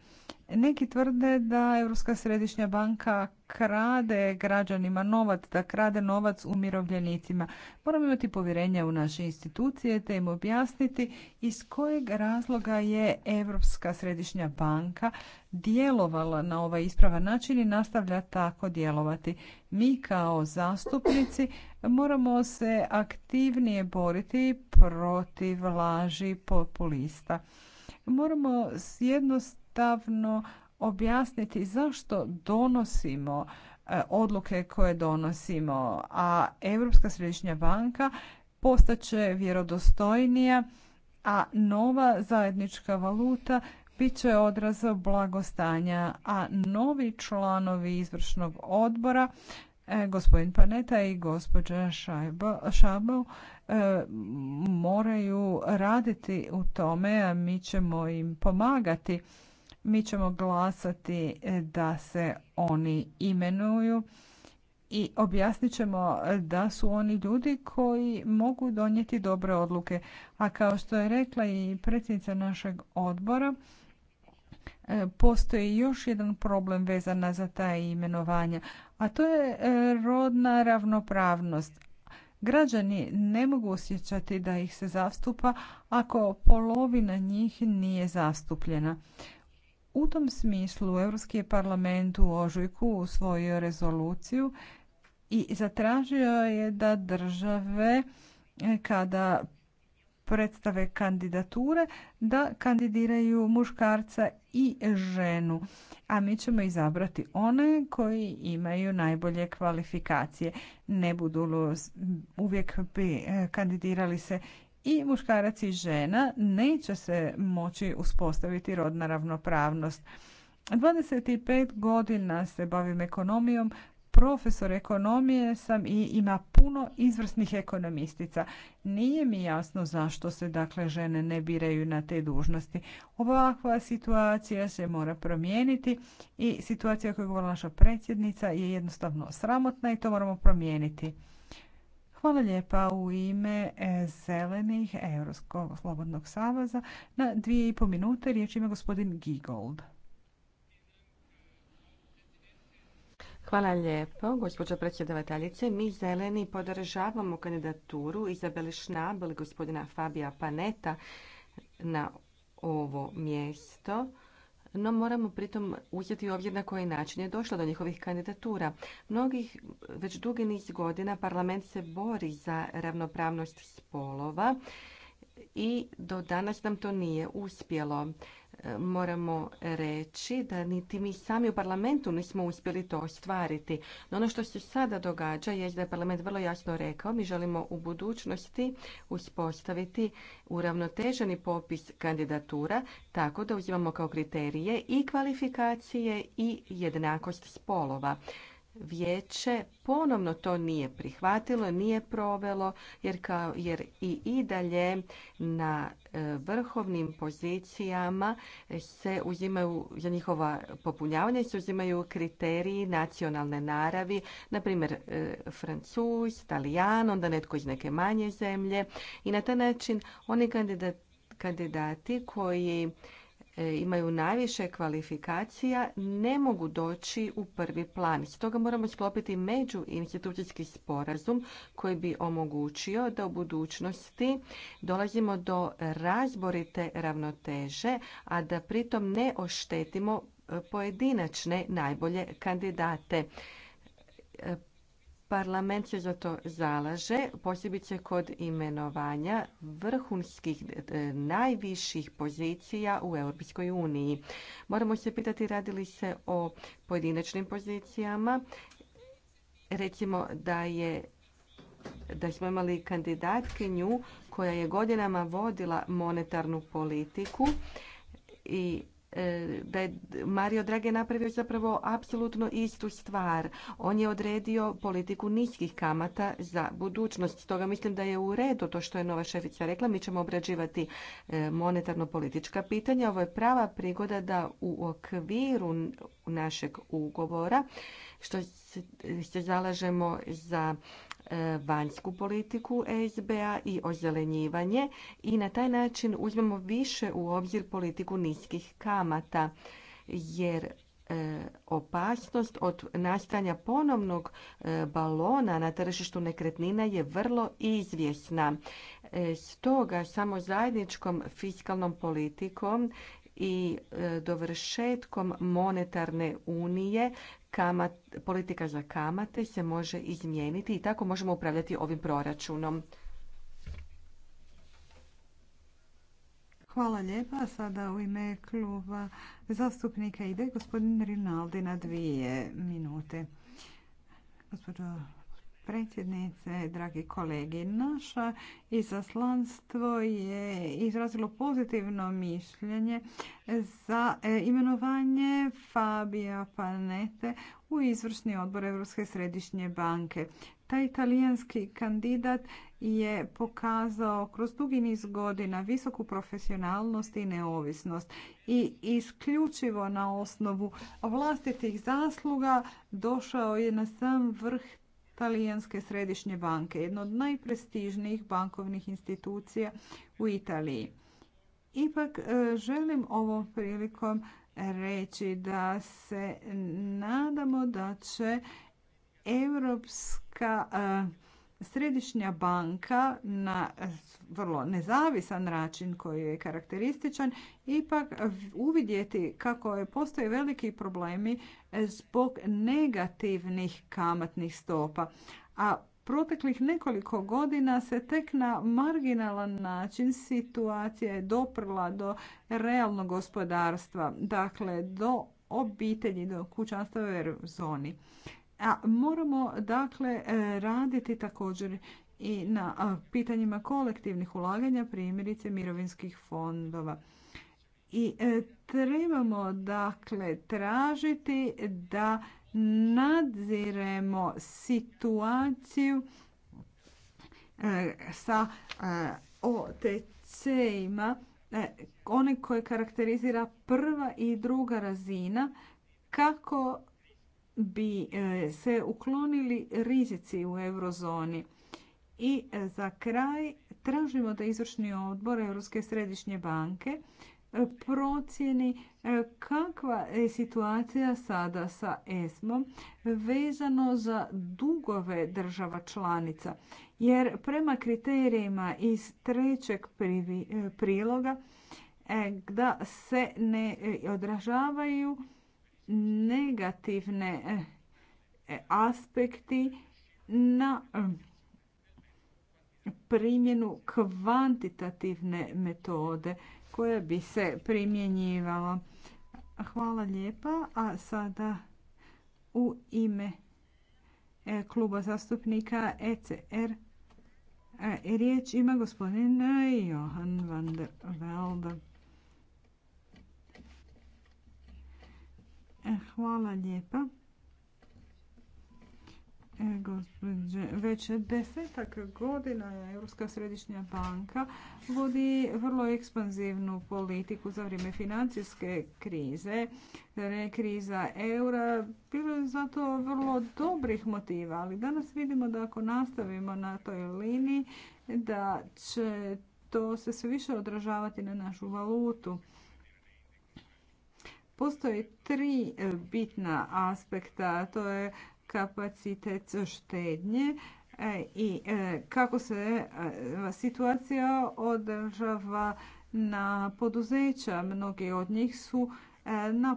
neki tvrde da Europska središnja banka krade građanima novac, da krade novac umirovljenicima. Moramo imati povjerenja u naše institucije te im objasniti iz kojeg razloga je Europska središnja banka djelovala na ovaj ispravan način i nastavlja tako djelovati. Mi kao zastupnici moramo se aktivnije boriti protiv laži populista. Moramo sjednost jednostavno objasniti zašto donosimo e, odluke koje donosimo, a Europska središnja banka postaće vjerodostojnija, a nova zajednička valuta bit će odraz blagostanja, a novi članovi izvršnog odbora e, gospodin Paneta i gospođa Šabel e, moraju raditi u tome, a mi ćemo im pomagati mi ćemo glasati e, da se oni imenuju i objasnit ćemo e, da su oni ljudi koji mogu donijeti dobre odluke. A kao što je rekla i predsjednica našeg odbora, e, postoji još jedan problem vezana za ta imenovanja, a to je rodna ravnopravnost. Građani ne mogu osjećati da ih se zastupa ako polovina njih nije zastupljena. U tom smislu Europski je parlament u ožujku usvojio rezoluciju i zatražio je da države e, kada predstave kandidature da kandidiraju muškarca i ženu. A mi ćemo izabrati one koji imaju najbolje kvalifikacije. Ne budu uvijek e, kandidirali se i muškarac i žena neće se moći uspostaviti rodna ravnopravnost. 25 godina se bavim ekonomijom, profesor ekonomije sam i ima puno izvrsnih ekonomistica. Nije mi jasno zašto se dakle žene ne biraju na te dužnosti. Ovakva situacija se mora promijeniti i situacija koju je govorila naša predsjednica je jednostavno sramotna i to moramo promijeniti. Hvala lijepa u ime e, Zelenih Europskog slobodnog saveza. Na dvije i po minute riječ ima gospodin Gigold. Hvala lijepo, gospođo predsjedavateljice. Mi zeleni podržavamo kandidaturu Izabeli Šnabel gospodina Fabija Paneta na ovo mjesto no moramo pritom uzeti ovdje na koji način je došlo do njihovih kandidatura. Mnogih, već dugi niz godina parlament se bori za ravnopravnost spolova i do danas nam to nije uspjelo moramo reći da niti mi sami u parlamentu nismo uspjeli to ostvariti. No ono što se sada događa je da je parlament vrlo jasno rekao mi želimo u budućnosti uspostaviti uravnoteženi popis kandidatura tako da uzimamo kao kriterije i kvalifikacije i jednakost spolova vijeće ponovno to nije prihvatilo, nije provelo jer, kao, jer i, i dalje na e, vrhovnim pozicijama se uzimaju za njihova popunjavanja se uzimaju kriteriji nacionalne naravi, na primjer e, Francuz, Talijan, onda netko iz neke manje zemlje i na taj način oni kandidati koji E, imaju najviše kvalifikacija ne mogu doći u prvi plan. Stoga moramo sklopiti međuinstitucijski sporazum koji bi omogućio da u budućnosti dolazimo do razborite ravnoteže, a da pritom ne oštetimo e, pojedinačne najbolje kandidate e, Parlament se za to zalaže, posebice kod imenovanja vrhunskih e, najviših pozicija u Europskoj uniji. Moramo se pitati radi li se o pojedinačnim pozicijama. Recimo da je da smo imali kandidatkinju koja je godinama vodila monetarnu politiku i E, da je Mario Draghi napravio zapravo apsolutno istu stvar. On je odredio politiku niskih kamata za budućnost. Stoga mislim da je u redu to što je nova šefica rekla. Mi ćemo obrađivati e, monetarno-politička pitanja. Ovo je prava prigoda da u okviru našeg ugovora što se zalažemo za E, vanjsku politiku SBA i ozelenjivanje i na taj način uzmemo više u obzir politiku niskih kamata jer e, opasnost od nastanja ponovnog e, balona na tržištu nekretnina je vrlo izvjesna. Stoga samo zajedničkom fiskalnom politikom i dovršetkom monetarne unije kamat, politika za kamate se može izmijeniti i tako možemo upravljati ovim proračunom. Hvala lijepa. Sada u ime kluba zastupnika ide gospodin Rinaldi na dvije minute. Gospodin predsjednice, dragi kolegi. Naša izaslanstvo je izrazilo pozitivno mišljenje za e, imenovanje Fabija Panete u izvršni odbor Europske središnje banke. Taj italijanski kandidat je pokazao kroz dugi niz godina visoku profesionalnost i neovisnost i isključivo na osnovu vlastitih zasluga došao je na sam vrh Talijanske središnje banke, jedna od najprestižnijih bankovnih institucija u Italiji. Ipak e, želim ovom prilikom reći da se nadamo da će Europska e, Središnja banka na vrlo nezavisan način koji je karakterističan ipak uvidjeti kako postoje veliki problemi e, zbog negativnih kamatnih stopa. A proteklih nekoliko godina se tek na marginalan način situacija je doprla do realnog gospodarstva, dakle do obitelji, do kućanstva u eurozoni. A moramo dakle e, raditi također i na pitanjima kolektivnih ulaganja, primjerice mirovinskih fondova. I e, trebamo dakle tražiti da nadziremo situaciju e, sa OTC-ima, one koje karakterizira prva i druga razina, kako bi e, se uklonili rizici u eurozoni. I e, za kraj tražimo da izvršni odbor Europske središnje banke e, procjeni kakva je situacija sada sa ESMom vezano za dugove država članica. Jer prema kriterijima iz trećeg priloga da se ne odražavaju negativne eh, aspekti na eh, primjenu kvantitativne metode koja bi se primjenjivala. Hvala lijepa. A sada u ime eh, kluba zastupnika ECR riječ ima gospodin Johan van der Velde. E, hvala lijepa. E, već desetak godina je Europska središnja banka vodi vrlo ekspanzivnu politiku za vrijeme financijske krize, kriza eura. Bilo je zato vrlo dobrih motiva, ali danas vidimo da ako nastavimo na toj liniji, da će to se sve više odražavati na našu valutu. Postoje tri e, bitna aspekta, to je kapacitet štednje e, i e, kako se situacija održava na poduzeća. Mnogi od njih su na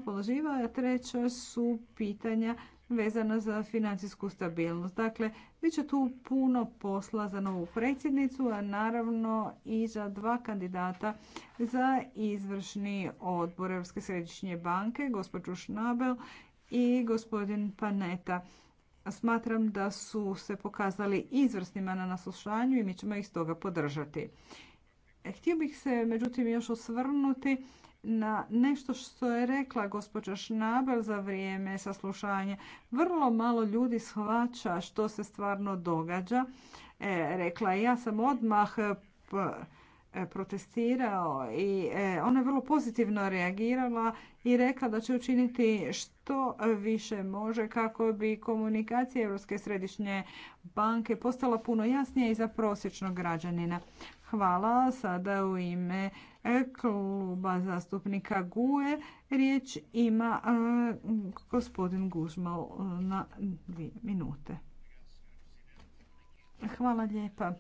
treća su pitanja vezana za financijsku stabilnost. Dakle, bit će tu puno posla za novu predsjednicu, a naravno i za dva kandidata za izvršni odbor Europske središnje banke, gospođu Šnabel i gospodin Paneta. Smatram da su se pokazali izvrsnima na naslušanju i mi ćemo ih stoga podržati. Htio bih se međutim još osvrnuti na nešto što je rekla gospođa Šnabel za vrijeme saslušanja. Vrlo malo ljudi shvaća što se stvarno događa. E, rekla je, ja sam odmah e, e, protestirao i e, ona je vrlo pozitivno reagirala i rekla da će učiniti što više može kako bi komunikacija Europske središnje banke postala puno jasnija i za prosječnog građanina. Hvala. Sada u ime e, kluba zastupnika GUE riječ ima e, gospodin Gužmal na dvije minute. Hvala lijepa.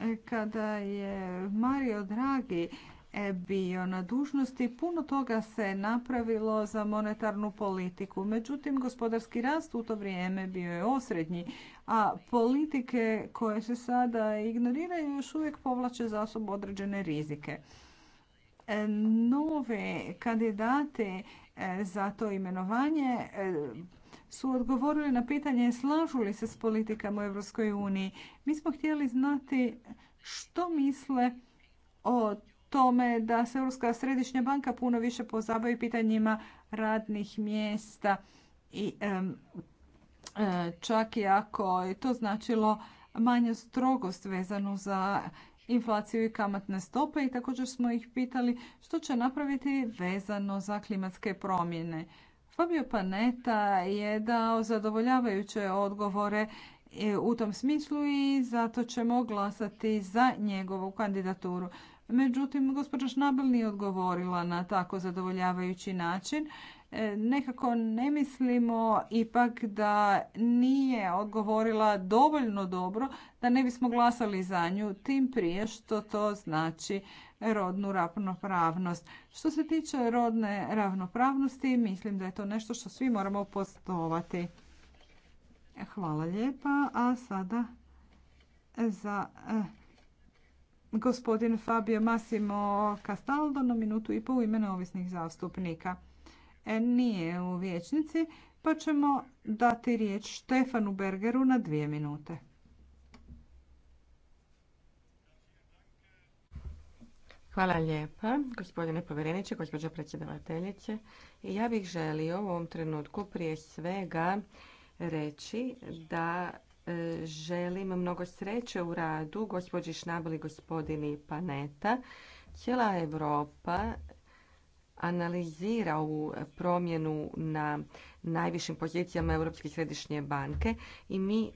E, kada je Mario Draghi E, bio na dužnosti, puno toga se napravilo za monetarnu politiku. Međutim, gospodarski rast u to vrijeme bio je osrednji, a politike koje se sada ignoriraju još uvijek povlače za sobom određene rizike. E, nove kandidate e, za to imenovanje su odgovorili na pitanje slažu li se s politikama u EU. Mi smo htjeli znati što misle o tome da se Europska središnja banka puno više pozabavi pitanjima radnih mjesta i e, čak i ako je to značilo manju strogost vezanu za inflaciju i kamatne stope i također smo ih pitali što će napraviti vezano za klimatske promjene. Fabio Paneta je dao zadovoljavajuće odgovore e, u tom smislu i zato ćemo glasati za njegovu kandidaturu. Međutim, gospođa Šnabel nije odgovorila na tako zadovoljavajući način. E, nekako ne mislimo ipak da nije odgovorila dovoljno dobro da ne bismo glasali za nju, tim prije što to znači rodnu ravnopravnost. Što se tiče rodne ravnopravnosti, mislim da je to nešto što svi moramo postovati. Hvala lijepa, a sada za eh, gospodin Fabio Massimo Castaldo na minutu i pol ime neovisnih zastupnika. E, nije u vječnici, pa ćemo dati riječ Štefanu Bergeru na dvije minute. Hvala lijepa, gospodine povjereniče, gospođo predsjedavateljice. Ja bih želio u ovom trenutku prije svega reći da želim mnogo sreće u radu gospođi Šnabeli gospodini Paneta. Cijela Europa analizira ovu promjenu na najvišim pozicijama Europske središnje banke i mi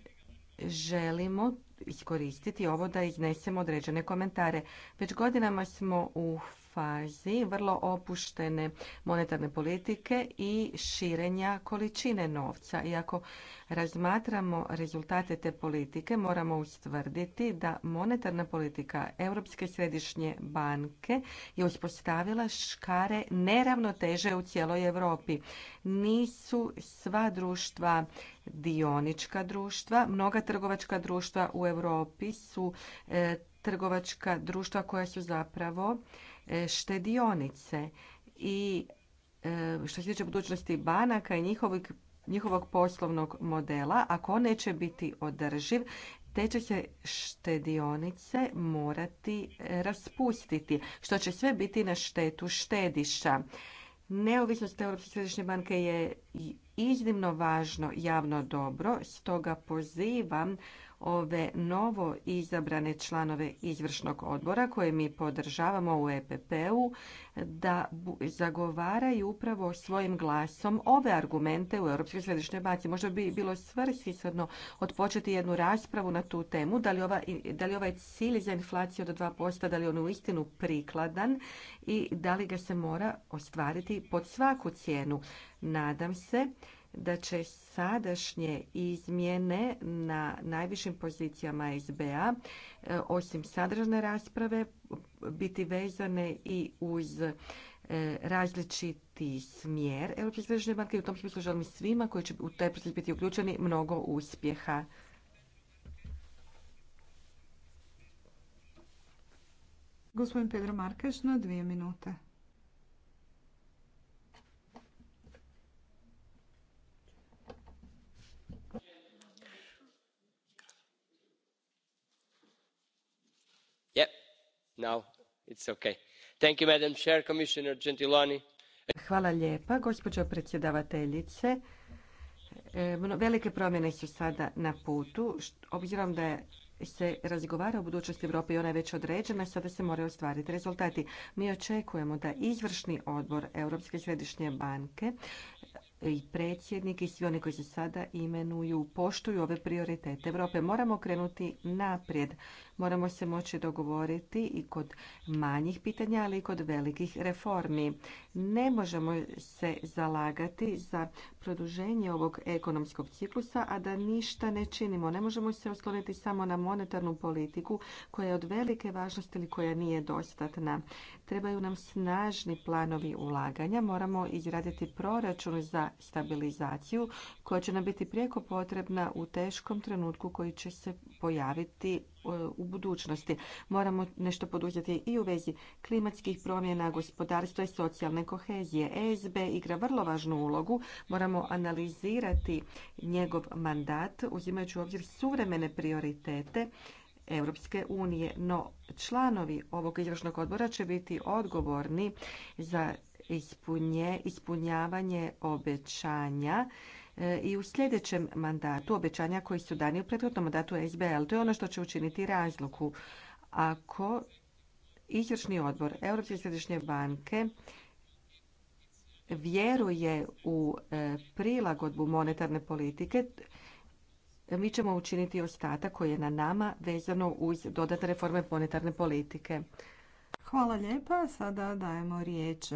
želimo iskoristiti ovo da iznesemo određene komentare. Već godinama smo u fazi vrlo opuštene monetarne politike i širenja količine novca. Iako razmatramo rezultate te politike, moramo ustvrditi da monetarna politika Europske središnje banke je uspostavila škare neravnoteže u cijeloj Europi. Nisu sva društva dionička društva, mnoga trgovačka društva u Europi su e, trgovačka društva koja su zapravo E, štedionice i e, što se tiče budućnosti banaka i njihovog, njihovog poslovnog modela, ako on neće biti održiv, te će se štedionice morati e, raspustiti, što će sve biti na štetu štediša. Neovisnost Europske središnje banke je iznimno važno javno dobro, stoga pozivam ove novo izabrane članove izvršnog odbora koje mi podržavamo u EPP-u da zagovaraju upravo svojim glasom ove argumente u Europskoj središnjoj banci. Možda bi bilo svrsishodno otpočeti jednu raspravu na tu temu, da li, ova, da li ovaj cilj za inflaciju do 2%, da li on uistinu prikladan i da li ga se mora ostvariti pod svaku cijenu. Nadam se da će sadašnje izmjene na najvišim pozicijama SBA, e, osim sadržne rasprave, biti vezane i uz e, različiti smjer Europske središnje banke i u tom smislu želim svima koji će u taj proces biti uključeni mnogo uspjeha. Gospodin Pedro Markeš na dvije minute. Hvala lijepa, gospođo predsjedavateljice. E, velike promjene su sada na putu. Obzirom da se razgovara o budućnosti Europe i ona je već određena, sada se moraju ostvariti rezultati. Mi očekujemo da izvršni odbor Europske središnje banke e, i predsjednik i svi oni koji se sada imenuju poštuju ove prioritete Europe. Moramo krenuti naprijed. Moramo se moći dogovoriti i kod manjih pitanja, ali i kod velikih reformi. Ne možemo se zalagati za produženje ovog ekonomskog ciklusa, a da ništa ne činimo. Ne možemo se osloniti samo na monetarnu politiku koja je od velike važnosti ili koja nije dostatna. Trebaju nam snažni planovi ulaganja. Moramo izraditi proračun za stabilizaciju koja će nam biti prijeko potrebna u teškom trenutku koji će se pojaviti u budućnosti. Moramo nešto poduzeti i u vezi klimatskih promjena, gospodarstva i socijalne kohezije. ESB igra vrlo važnu ulogu. Moramo analizirati njegov mandat uzimajući u obzir suvremene prioritete Europske unije, no članovi ovog izvršnog odbora će biti odgovorni za ispunje, ispunjavanje obećanja E, i u sljedećem mandatu obećanja koji su dani u prethodnom mandatu SBL. To je ono što će učiniti razluku. Ako izvršni odbor Europske središnje banke vjeruje u e, prilagodbu monetarne politike, mi ćemo učiniti ostatak koji je na nama vezano uz dodatne reforme monetarne politike. Hvala lijepa. Sada dajemo riječ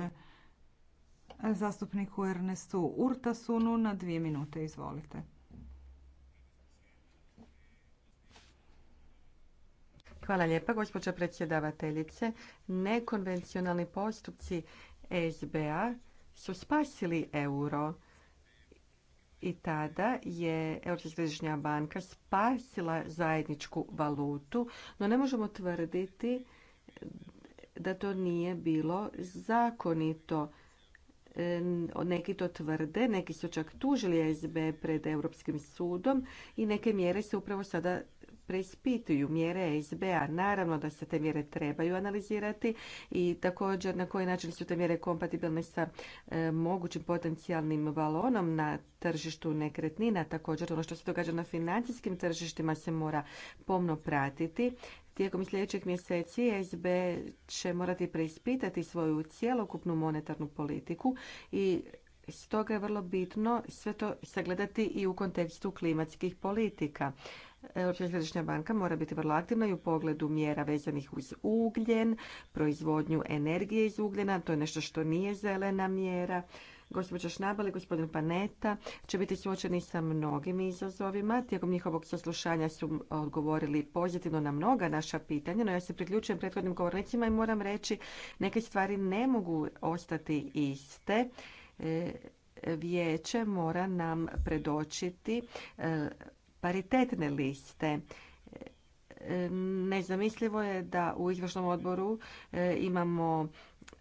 zastupniku Ernestu Urtasunu na dvije minute. Izvolite. Hvala lijepa, gospođa predsjedavateljice. Nekonvencionalni postupci SBA su spasili euro i tada je Europska središnja banka spasila zajedničku valutu, no ne možemo tvrditi da to nije bilo zakonito neki to tvrde, neki su čak tužili SB pred Europskim sudom i neke mjere se upravo sada preispituju mjere SBA. Naravno da se te mjere trebaju analizirati i također na koji način su te mjere kompatibilne sa e, mogućim potencijalnim valonom na tržištu nekretnina. Također ono što se događa na financijskim tržištima se mora pomno pratiti Tijekom sljedećeg mjeseci SB će morati preispitati svoju cjelokupnu monetarnu politiku i stoga je vrlo bitno sve to sagledati i u kontekstu klimatskih politika. Europska središnja banka mora biti vrlo aktivna i u pogledu mjera vezanih uz ugljen, proizvodnju energije iz ugljena, to je nešto što nije zelena mjera. Gospođa Šnabel i gospodin Paneta će biti suočeni sa mnogim izazovima. Tijekom njihovog saslušanja su odgovorili pozitivno na mnoga naša pitanja, no ja se priključujem prethodnim govornicima i moram reći neke stvari ne mogu ostati iste. E, vijeće mora nam predočiti e, paritetne liste e, nezamislivo je da u izvršnom odboru imamo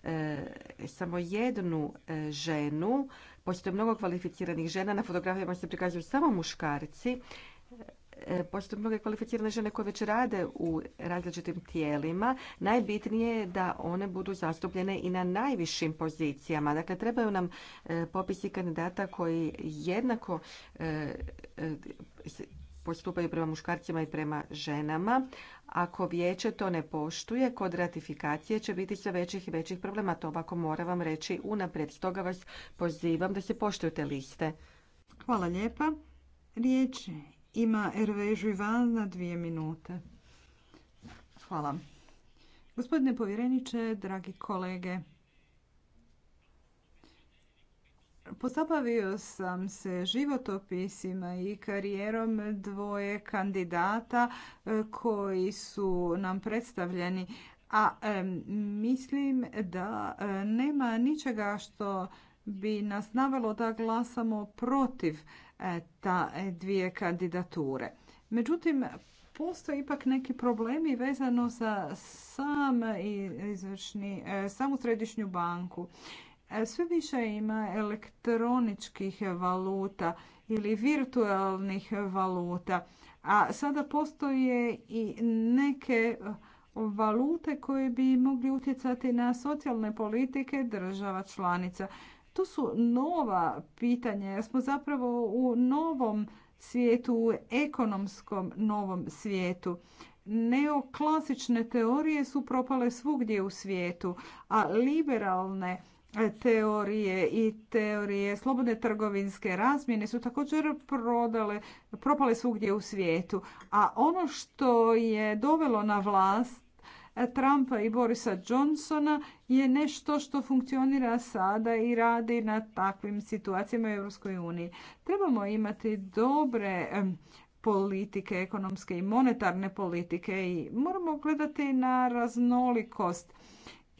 E, samo jednu e, ženu. Postoje mnogo kvalificiranih žena, na fotografijama se prikazuju samo muškarci. E, postoje mnoge kvalificirane žene koje već rade u različitim tijelima. Najbitnije je da one budu zastupljene i na najvišim pozicijama. Dakle, trebaju nam popisi kandidata koji jednako postupaju prema muškarcima i prema ženama. Ako vijeće to ne poštuje, kod ratifikacije će biti sve većih i većih problema. To ovako moram vam reći unaprijed. Stoga vas pozivam da se poštuju te liste. Hvala lijepa. Riječ ima R.V. van na dvije minute. Hvala. Gospodine povjereniče, dragi kolege, Pozabavio sam se životopisima i karijerom dvoje kandidata e, koji su nam predstavljeni, a mislim da e, nema ničega što bi nas navelo da glasamo protiv e, ta dvije kandidature. Međutim, postoje ipak neki problemi vezano za sam izvršni, samu središnju banku sve više ima elektroničkih valuta ili virtualnih valuta, a sada postoje i neke valute koje bi mogli utjecati na socijalne politike država članica. To su nova pitanja jer smo zapravo u novom svijetu, u ekonomskom novom svijetu. Neoklasične teorije su propale svugdje u svijetu, a liberalne teorije i teorije slobodne trgovinske razmjene su također prodale, propale svugdje u svijetu. A ono što je dovelo na vlast Trumpa i Borisa Johnsona je nešto što funkcionira sada i radi na takvim situacijama u Europskoj uniji. Trebamo imati dobre politike, ekonomske i monetarne politike i moramo gledati na raznolikost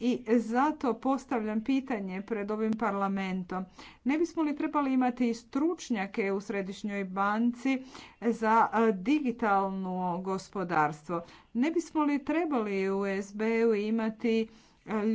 i zato postavljam pitanje pred ovim parlamentom. Ne bismo li trebali imati stručnjake u Središnjoj banci za digitalno gospodarstvo? Ne bismo li trebali u SB-u imati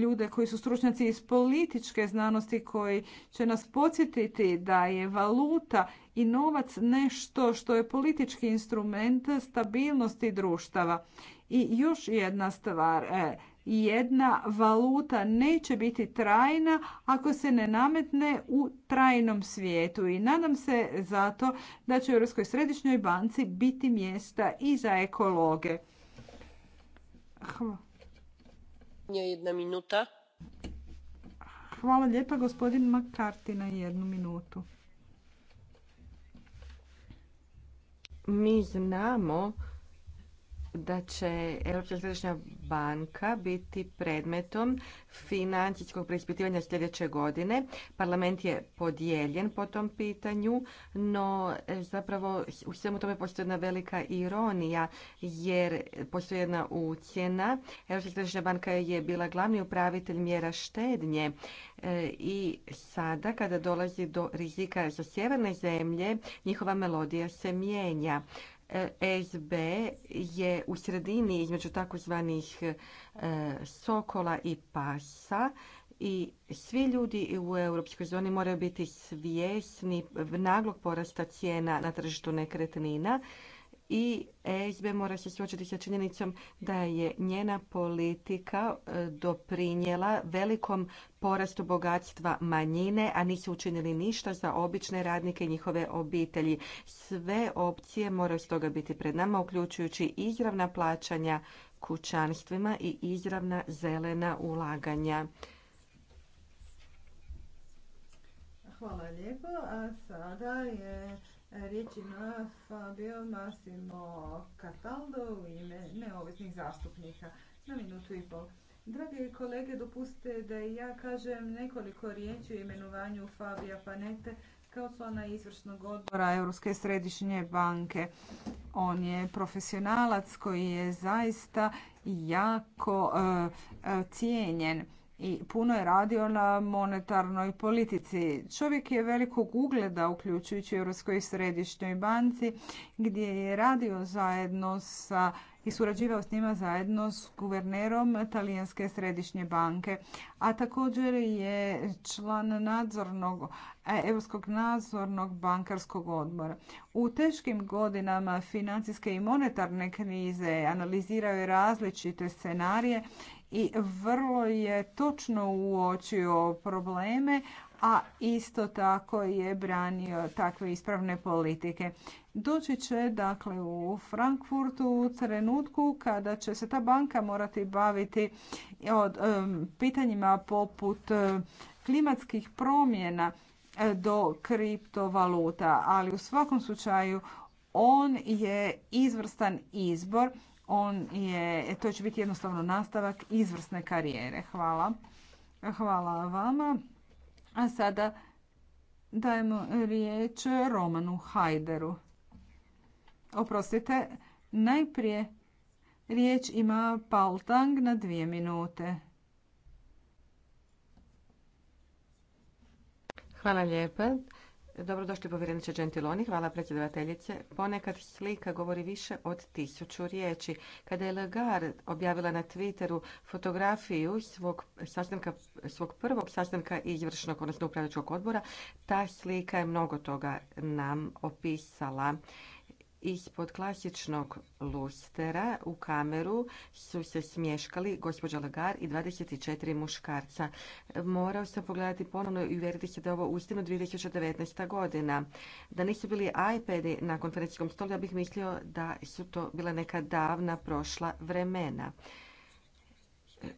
ljude koji su stručnjaci iz političke znanosti koji će nas podsjetiti da je valuta i novac nešto što je politički instrument stabilnosti društava. I još jedna stvar, e, jedna valuta neće biti trajna ako se ne nametne u trajnom svijetu. I nadam se zato da će u Europskoj središnjoj banci biti mjesta i za ekologe. Hvala. Jedna minuta. Hvala lijepa gospodin Makartina. jednu minutu. Mi znamo da će Europska središnja banka biti predmetom financijskog preispitivanja sljedeće godine. Parlament je podijeljen po tom pitanju, no e, zapravo u svemu tome postoji jedna velika ironija, jer postoji jedna ucjena. Europska središnja banka je bila glavni upravitelj mjera štednje e, i sada kada dolazi do rizika za sjeverne zemlje, njihova melodija se mijenja. E, SB je u sredini između takozvanih e, sokola i pasa i svi ljudi u europskoj zoni moraju biti svjesni naglog porasta cijena na tržištu nekretnina i e SB mora se suočiti sa činjenicom da je njena politika e, doprinijela velikom porastu bogatstva manjine, a nisu učinili ništa za obične radnike i njihove obitelji. Sve opcije moraju stoga biti pred nama, uključujući izravna plaćanja kućanstvima i izravna zelena ulaganja. Hvala lijepo, a sada Riječi na Fabio Massimo Cataldo u ime neovisnih zastupnika na minutu i pol. Dragi kolege, dopustite da i ja kažem nekoliko riječi o imenovanju Fabija Panete kao člana izvršnog odbora Europske središnje banke. On je profesionalac koji je zaista jako e, e, cijenjen i puno je radio na monetarnoj politici. Čovjek je velikog ugleda, uključujući Europskoj središnjoj banci, gdje je radio zajedno sa i surađivao s njima zajedno s guvernerom Talijanske središnje banke. A također je član nadzornog, e, Europskog nadzornog bankarskog odbora. U teškim godinama financijske i monetarne krize analizirao je različite scenarije i vrlo je točno uočio probleme, a isto tako je branio takve ispravne politike. Doći će dakle u Frankfurtu u trenutku kada će se ta banka morati baviti od pitanjima poput klimatskih promjena do kriptovaluta, ali u svakom slučaju on je izvrstan izbor on je, to će biti jednostavno nastavak izvrsne karijere. Hvala. Hvala vama. A sada dajemo riječ Romanu Hajderu. Oprostite, najprije riječ ima Paltang na dvije minute. Hvala lijepa. Dobrodošli povjereniče Gentiloni, hvala predsjedavateljice. Ponekad slika govori više od tisuću riječi. Kada je Legar objavila na Twitteru fotografiju svog, sastanka, svog prvog sastanka izvršnog, odnosno upravljačkog odbora, ta slika je mnogo toga nam opisala ispod klasičnog lustera u kameru su se smješkali gospođa Lagar i 24 muškarca. Morao sam pogledati ponovno i uvjeriti se da je ovo uistinu 2019. godina. Da nisu bili iPadi na konferencijskom stolu, ja bih mislio da su to bila neka davna prošla vremena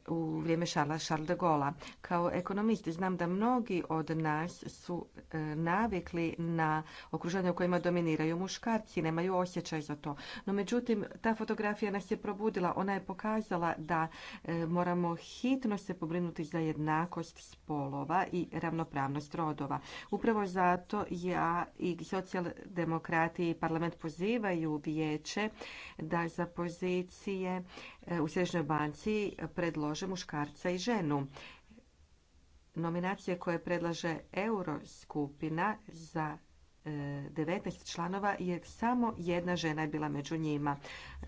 u vrijeme Šarla Charles de Gola. Kao ekonomisti znam da mnogi od nas su e, navikli na okruženje u kojima dominiraju muškarci, nemaju osjećaj za to. No međutim, ta fotografija nas je probudila. Ona je pokazala da e, moramo hitno se pobrinuti za jednakost spolova i ravnopravnost rodova. Upravo zato ja i socijaldemokrati i parlament pozivaju vijeće da za pozicije e, u Sježnoj banci pred predlože muškarca i ženu. Nominacije koje predlaže Euroskupina za 19 e, članova je samo jedna žena je bila među njima.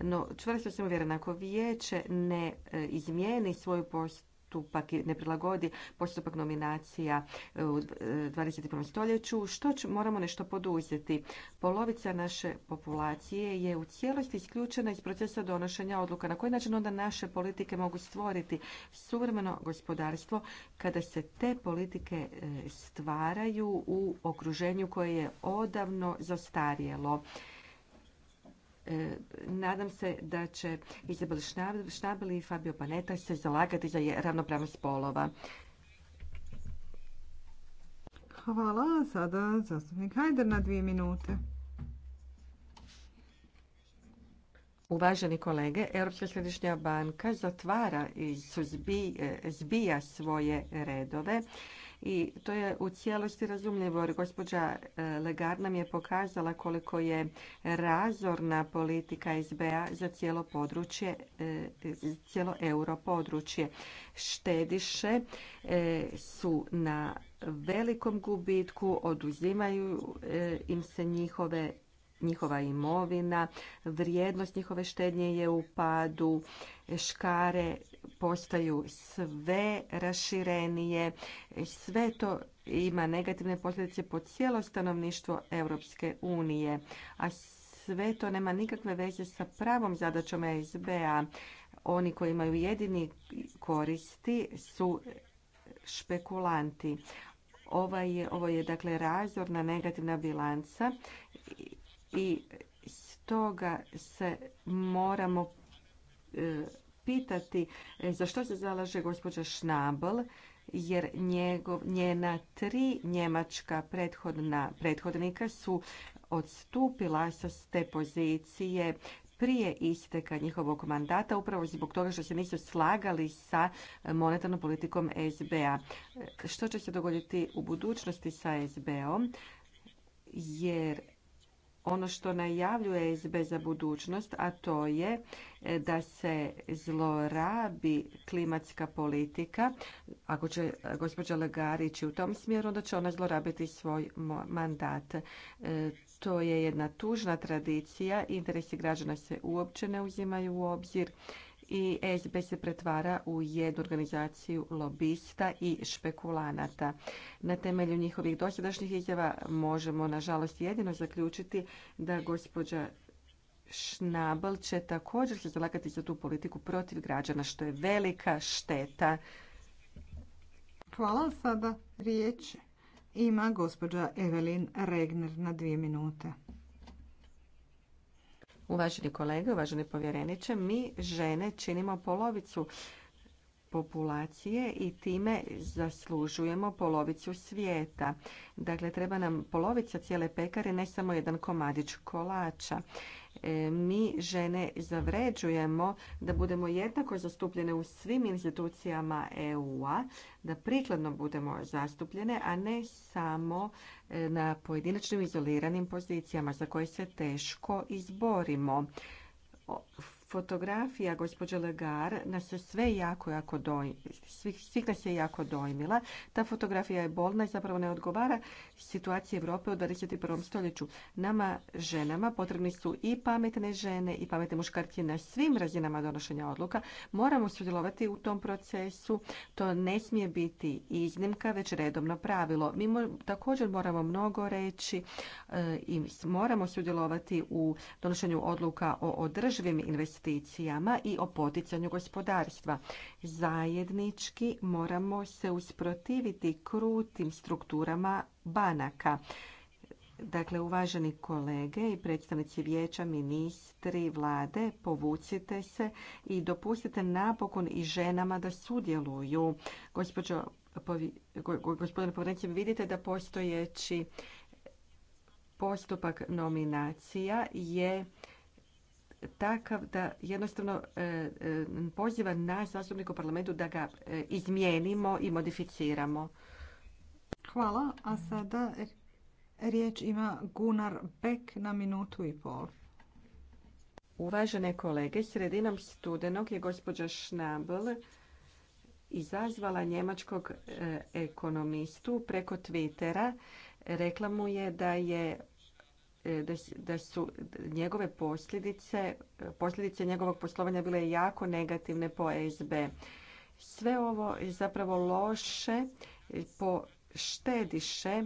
No, čvrsto sam uvjerena, ako vijeće ne e, izmijeni svoju post postupak ne prilagodi postupak nominacija u 21. stoljeću, što moramo nešto poduzeti. Polovica naše populacije je u cijelosti isključena iz procesa donošenja odluka. Na koji način onda naše politike mogu stvoriti suvremeno gospodarstvo kada se te politike e, stvaraju u okruženju koje je odavno zastarjelo? E, nadam se da će Izabel Šnabel i Fabio Paneta se zalagati za ravnopravnost spolova. Hvala. Sada zastupnik Hajder na dvije minute. Uvaženi kolege, Europska središnja banka zatvara i e, zbija svoje redove i to je u cijelosti razumljivo jer gospođa e, Legard nam je pokazala koliko je razorna politika SBA za cijelo područje, e, cijelo euro područje. Štediše e, su na velikom gubitku, oduzimaju im se njihove njihova imovina, vrijednost njihove štednje je u padu, škare postaju sve raširenije. Sve to ima negativne posljedice po cijelo stanovništvo Europske unije. A sve to nema nikakve veze sa pravom zadaćom SBA. Oni koji imaju jedini koristi su špekulanti. Ovo ovaj je, ovo je dakle razorna negativna bilanca i stoga se moramo e, pitati e, za što se zalaže gospođa Schnabel, jer njena tri njemačka prethodna, prethodnika su odstupila sa te pozicije prije isteka njihovog mandata, upravo zbog toga što se nisu slagali sa monetarnom politikom SBA. E, što će se dogoditi u budućnosti sa SBA-om? Jer ono što najavljuje SB za budućnost, a to je e, da se zlorabi klimatska politika. Ako će gospođa Legarić u tom smjeru, onda će ona zlorabiti svoj mandat. E, to je jedna tužna tradicija, interesi građana se uopće ne uzimaju u obzir i SB se pretvara u jednu organizaciju lobista i špekulanata. Na temelju njihovih dosadašnjih izjava možemo, nažalost, jedino zaključiti da gospođa Šnabel će također se zalagati za tu politiku protiv građana, što je velika šteta. Hvala sada. Riječ ima gospođa Evelin Regner na dvije minute. Uvaženi kolege, uvaženi povjereniče, mi žene činimo polovicu populacije i time zaslužujemo polovicu svijeta. Dakle, treba nam polovica cijele pekare, ne samo jedan komadić kolača. E, mi žene zavređujemo da budemo jednako zastupljene u svim institucijama EU-a, da prikladno budemo zastupljene, a ne samo e, na pojedinačnim izoliranim pozicijama za koje se teško izborimo fotografija gospođe Legar nas je sve jako, jako doj, svih, nas je jako dojmila. Ta fotografija je bolna i zapravo ne odgovara situaciji Europe u 21. stoljeću. Nama ženama potrebni su i pametne žene i pametne muškarci na svim razinama donošenja odluka. Moramo sudjelovati u tom procesu. To ne smije biti iznimka, već redovno pravilo. Mi također moramo mnogo reći e, i moramo sudjelovati u donošenju odluka o održivim investicijama investicijama i o poticanju gospodarstva. Zajednički moramo se usprotiviti krutim strukturama banaka. Dakle, uvaženi kolege i predstavnici vijeća, ministri, vlade, povucite se i dopustite napokon i ženama da sudjeluju. Gospođo, gospodine povrednici, vidite da postojeći postupak nominacija je takav da jednostavno e, e, poziva nas zastupnik u parlamentu da ga e, izmijenimo i modificiramo. Hvala, a sada riječ ima Gunar Beck na minutu i pol. Uvažene kolege, sredinom studenog je gospođa Schnabel izazvala njemačkog ekonomistu preko Twittera. Rekla mu je da je E, da su njegove posljedice, posljedice njegovog poslovanja bile jako negativne po SB. Sve ovo je zapravo loše e, po štediše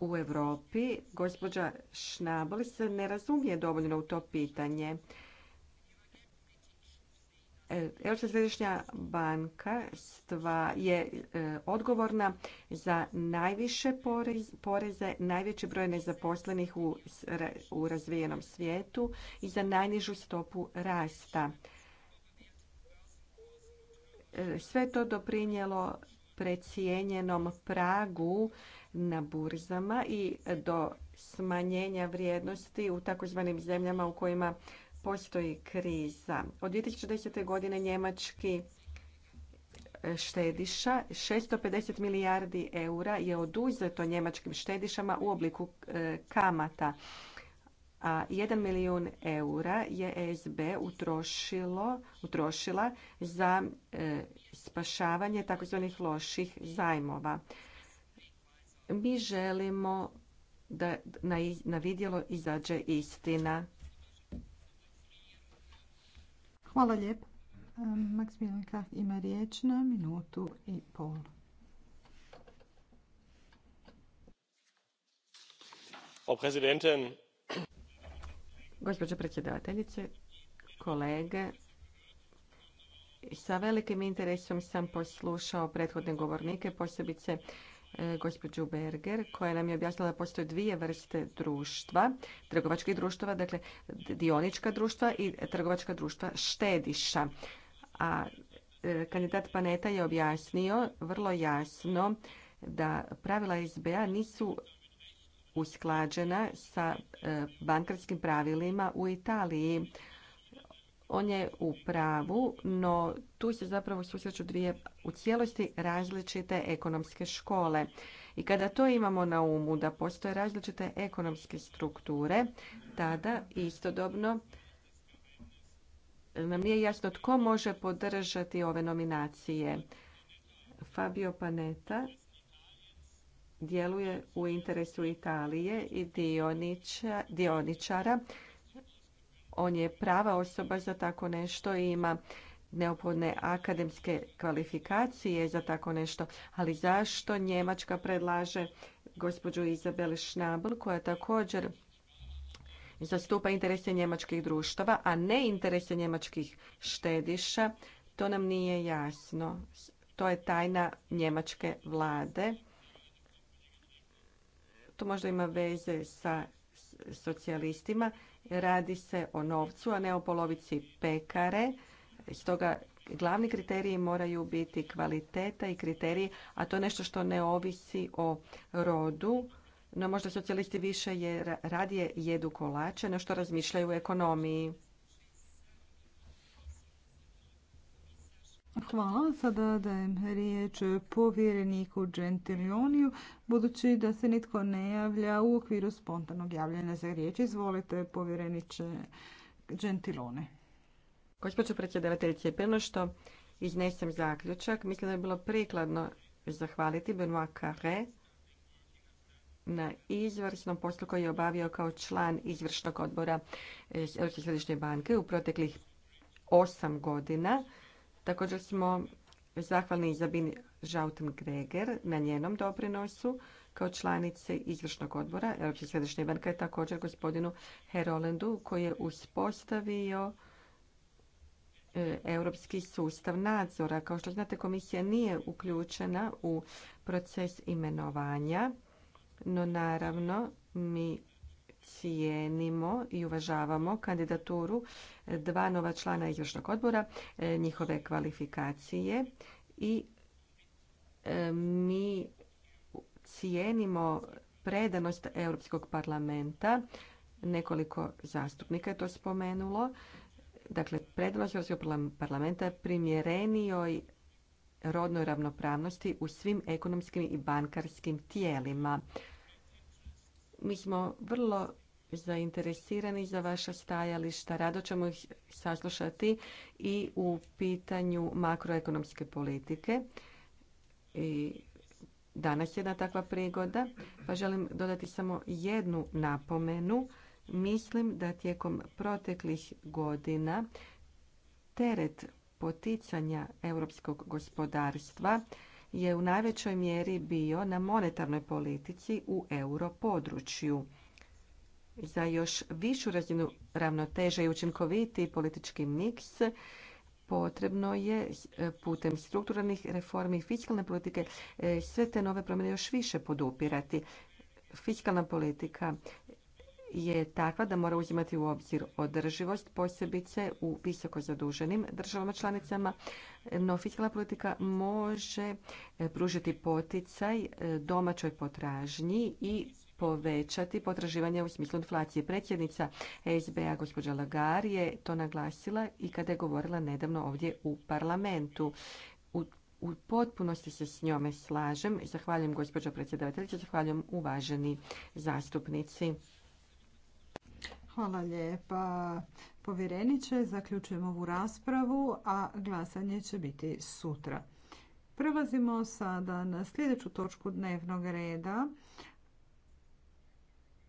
u Europi. Gospođa Schnabel se ne razumije dovoljno u to pitanje. E, Europska središnja banka je e, odgovorna za najviše poreze, najveći broj nezaposlenih u razvijenom svijetu i za najnižu stopu rasta. E, sve to doprinijelo precijenjenom pragu na burzama i do smanjenja vrijednosti u takozvanim zemljama u kojima postoji kriza. Od 2010. godine njemački e, štediša 650 milijardi eura je oduzeto njemačkim štedišama u obliku e, kamata. A 1 milijun eura je ESB utrošila za e, spašavanje takozvanih loših zajmova. Mi želimo da na vidjelo izađe istina. Hvala lijepo. Maksimilijan ima riječ na minutu i pol. Frau Gospođo predsjedateljice, kolege, sa velikim interesom sam poslušao prethodne govornike, posebice E, gospođu Berger koja nam je objasnila da postoje dvije vrste društva, trgovačkih društava, dakle dionička društva i trgovačka društva štediša. A e, kandidat Paneta je objasnio vrlo jasno da pravila SBA nisu usklađena sa e, bankarskim pravilima u Italiji on je u pravu, no tu se zapravo susreću dvije u cijelosti različite ekonomske škole. I kada to imamo na umu, da postoje različite ekonomske strukture, tada istodobno nam nije jasno tko može podržati ove nominacije. Fabio Panetta djeluje u interesu Italije i dioničara on je prava osoba za tako nešto i ima neophodne akademske kvalifikacije za tako nešto. Ali zašto Njemačka predlaže gospođu Izabel Schnabel koja također zastupa interese njemačkih društava, a ne interese njemačkih štediša, to nam nije jasno. To je tajna njemačke vlade. To možda ima veze sa socijalistima. Radi se o novcu, a ne o polovici pekare. Stoga glavni kriteriji moraju biti kvaliteta i kriteriji, a to je nešto što ne ovisi o rodu. No možda socijalisti više je, radije jedu kolače, no što razmišljaju u ekonomiji. Hvala. Sada dajem riječ povjereniku Gentilioniju, budući da se nitko ne javlja u okviru spontanog javljanja za riječ. Izvolite, povjereniče Gentilone. Gospođo predsjedavateljice, prije što iznesem zaključak, mislim da je bilo prikladno zahvaliti Benoit Carré na izvrsnom poslu koji je obavio kao član izvršnog odbora Europske središnje banke u proteklih osam godina Također smo zahvalni Izabini Žauten Greger na njenom doprinosu kao članice izvršnog odbora Europske središnje banke također gospodinu Herolendu koji je uspostavio e, europski sustav nadzora. Kao što znate, komisija nije uključena u proces imenovanja, no naravno mi cijenimo i uvažavamo kandidaturu dva nova člana izvršnog odbora, e, njihove kvalifikacije i e, mi cijenimo predanost Europskog parlamenta. Nekoliko zastupnika je to spomenulo. Dakle, predanost Europskog parlamenta primjerenijoj rodnoj ravnopravnosti u svim ekonomskim i bankarskim tijelima. Mi smo vrlo zainteresirani za vaša stajališta, rado ćemo ih saslušati i u pitanju makroekonomske politike. I danas je jedna takva prigoda, pa želim dodati samo jednu napomenu. Mislim da tijekom proteklih godina teret poticanja europskog gospodarstva je u najvećoj mjeri bio na monetarnoj politici u europodručju. Za još višu razinu ravnoteže i učinkoviti politički miks potrebno je e, putem strukturalnih reformi i fiskalne politike e, sve te nove promjene još više podupirati. Fiskalna politika je takva da mora uzimati u obzir održivost, posebice u visoko zaduženim državama članicama, no fiskalna politika može e, pružiti poticaj e, domaćoj potražnji i povećati potraživanje u smislu inflacije. Predsjednica SBA gospođa Lagar je to naglasila i kada je govorila nedavno ovdje u parlamentu. U u potpunosti se s njome slažem. Zahvaljujem gospođo predsjedavateljice, zahvaljujem uvaženi zastupnici. Hvala lijepa povjereniče. Zaključujemo ovu raspravu, a glasanje će biti sutra. Prelazimo sada na sljedeću točku dnevnog reda.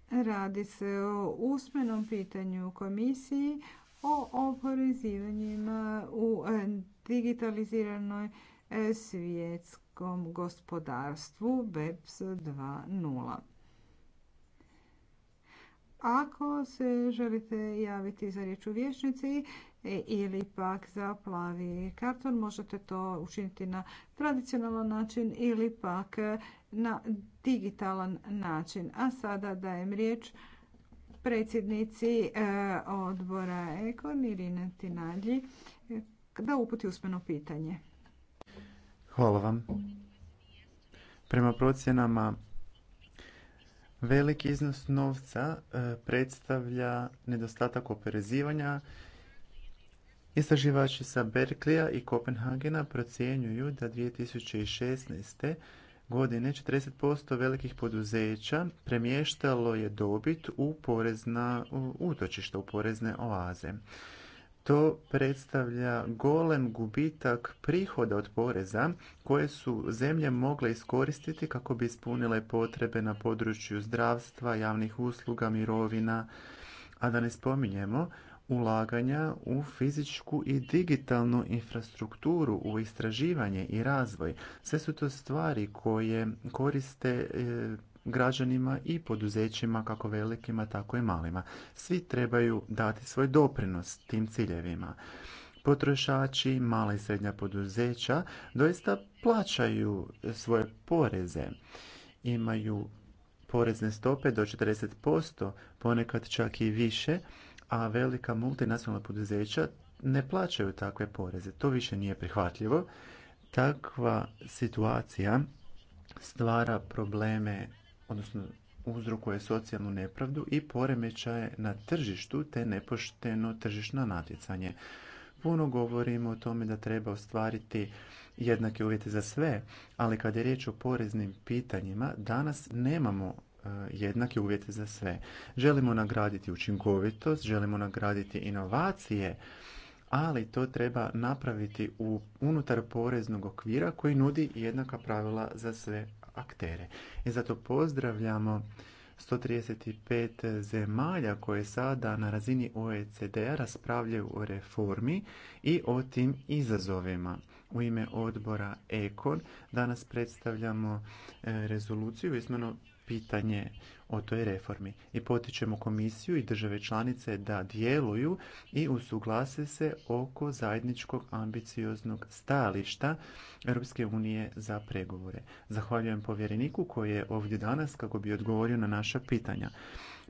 Radi se o usmenom pitanju komisiji o oporezivanjima u digitaliziranoj e, svjetskom gospodarstvu BEPS 2.0. Ako se želite javiti za riječ u vješnici e, ili pak za plavi karton, možete to učiniti na tradicionalan način ili pak na digitalan način. A sada dajem riječ predsjednici e, odbora Ekon Irine Tinadlji e, da uputi usmeno pitanje. Hvala vam. Prema procjenama Veliki iznos novca e, predstavlja nedostatak oporezivanja. Istraživači sa Berklija i Kopenhagena procjenjuju da 2016. godine 40% velikih poduzeća premještalo je dobit u porezna utočišta, u porezne oaze to predstavlja golem gubitak prihoda od poreza koje su zemlje mogle iskoristiti kako bi ispunile potrebe na području zdravstva, javnih usluga, mirovina, a da ne spominjemo ulaganja u fizičku i digitalnu infrastrukturu, u istraživanje i razvoj. Sve su to stvari koje koriste e, građanima i poduzećima kako velikima tako i malima. Svi trebaju dati svoj doprinos tim ciljevima. Potrošači, mala i srednja poduzeća doista plaćaju svoje poreze. Imaju porezne stope do 40%, ponekad čak i više, a velika multinacionalna poduzeća ne plaćaju takve poreze. To više nije prihvatljivo. Takva situacija stvara probleme odnosno uzrokuje socijalnu nepravdu i poremećaje na tržištu te nepošteno tržišno natjecanje. Puno govorimo o tome da treba ostvariti jednake uvjete za sve, ali kad je riječ o poreznim pitanjima, danas nemamo e, jednake uvjete za sve. Želimo nagraditi učinkovitost, želimo nagraditi inovacije, ali to treba napraviti u unutar poreznog okvira koji nudi jednaka pravila za sve aktere. I zato pozdravljamo 135 zemalja koje sada na razini OECD-a raspravljaju o reformi i o tim izazovima. U ime odbora EKON danas predstavljamo e, rezoluciju, izmjeno pitanje o toj reformi i potičemo komisiju i države članice da djeluju i usuglase se oko zajedničkog ambicioznog stajališta Europske unije za pregovore. Zahvaljujem povjereniku koji je ovdje danas kako bi odgovorio na naša pitanja.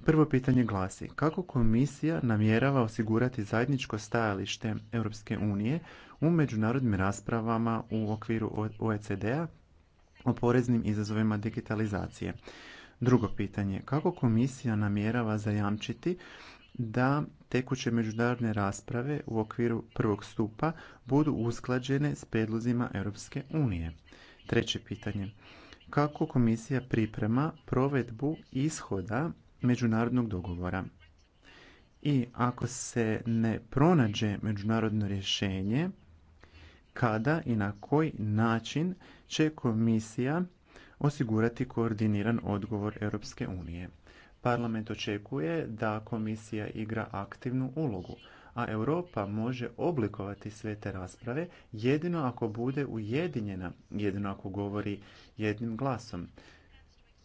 Prvo pitanje glasi kako komisija namjerava osigurati zajedničko stajalište Europske unije u međunarodnim raspravama u okviru OECD-a o poreznim izazovima digitalizacije. Drugo pitanje, kako komisija namjerava zajamčiti da tekuće međunarodne rasprave u okviru prvog stupa budu usklađene s predlozima Europske unije? Treće pitanje, kako komisija priprema provedbu ishoda međunarodnog dogovora? I ako se ne pronađe međunarodno rješenje, kada i na koji način će komisija osigurati koordiniran odgovor Europske unije. Parlament očekuje da komisija igra aktivnu ulogu, a Europa može oblikovati sve te rasprave jedino ako bude ujedinjena, jedino ako govori jednim glasom.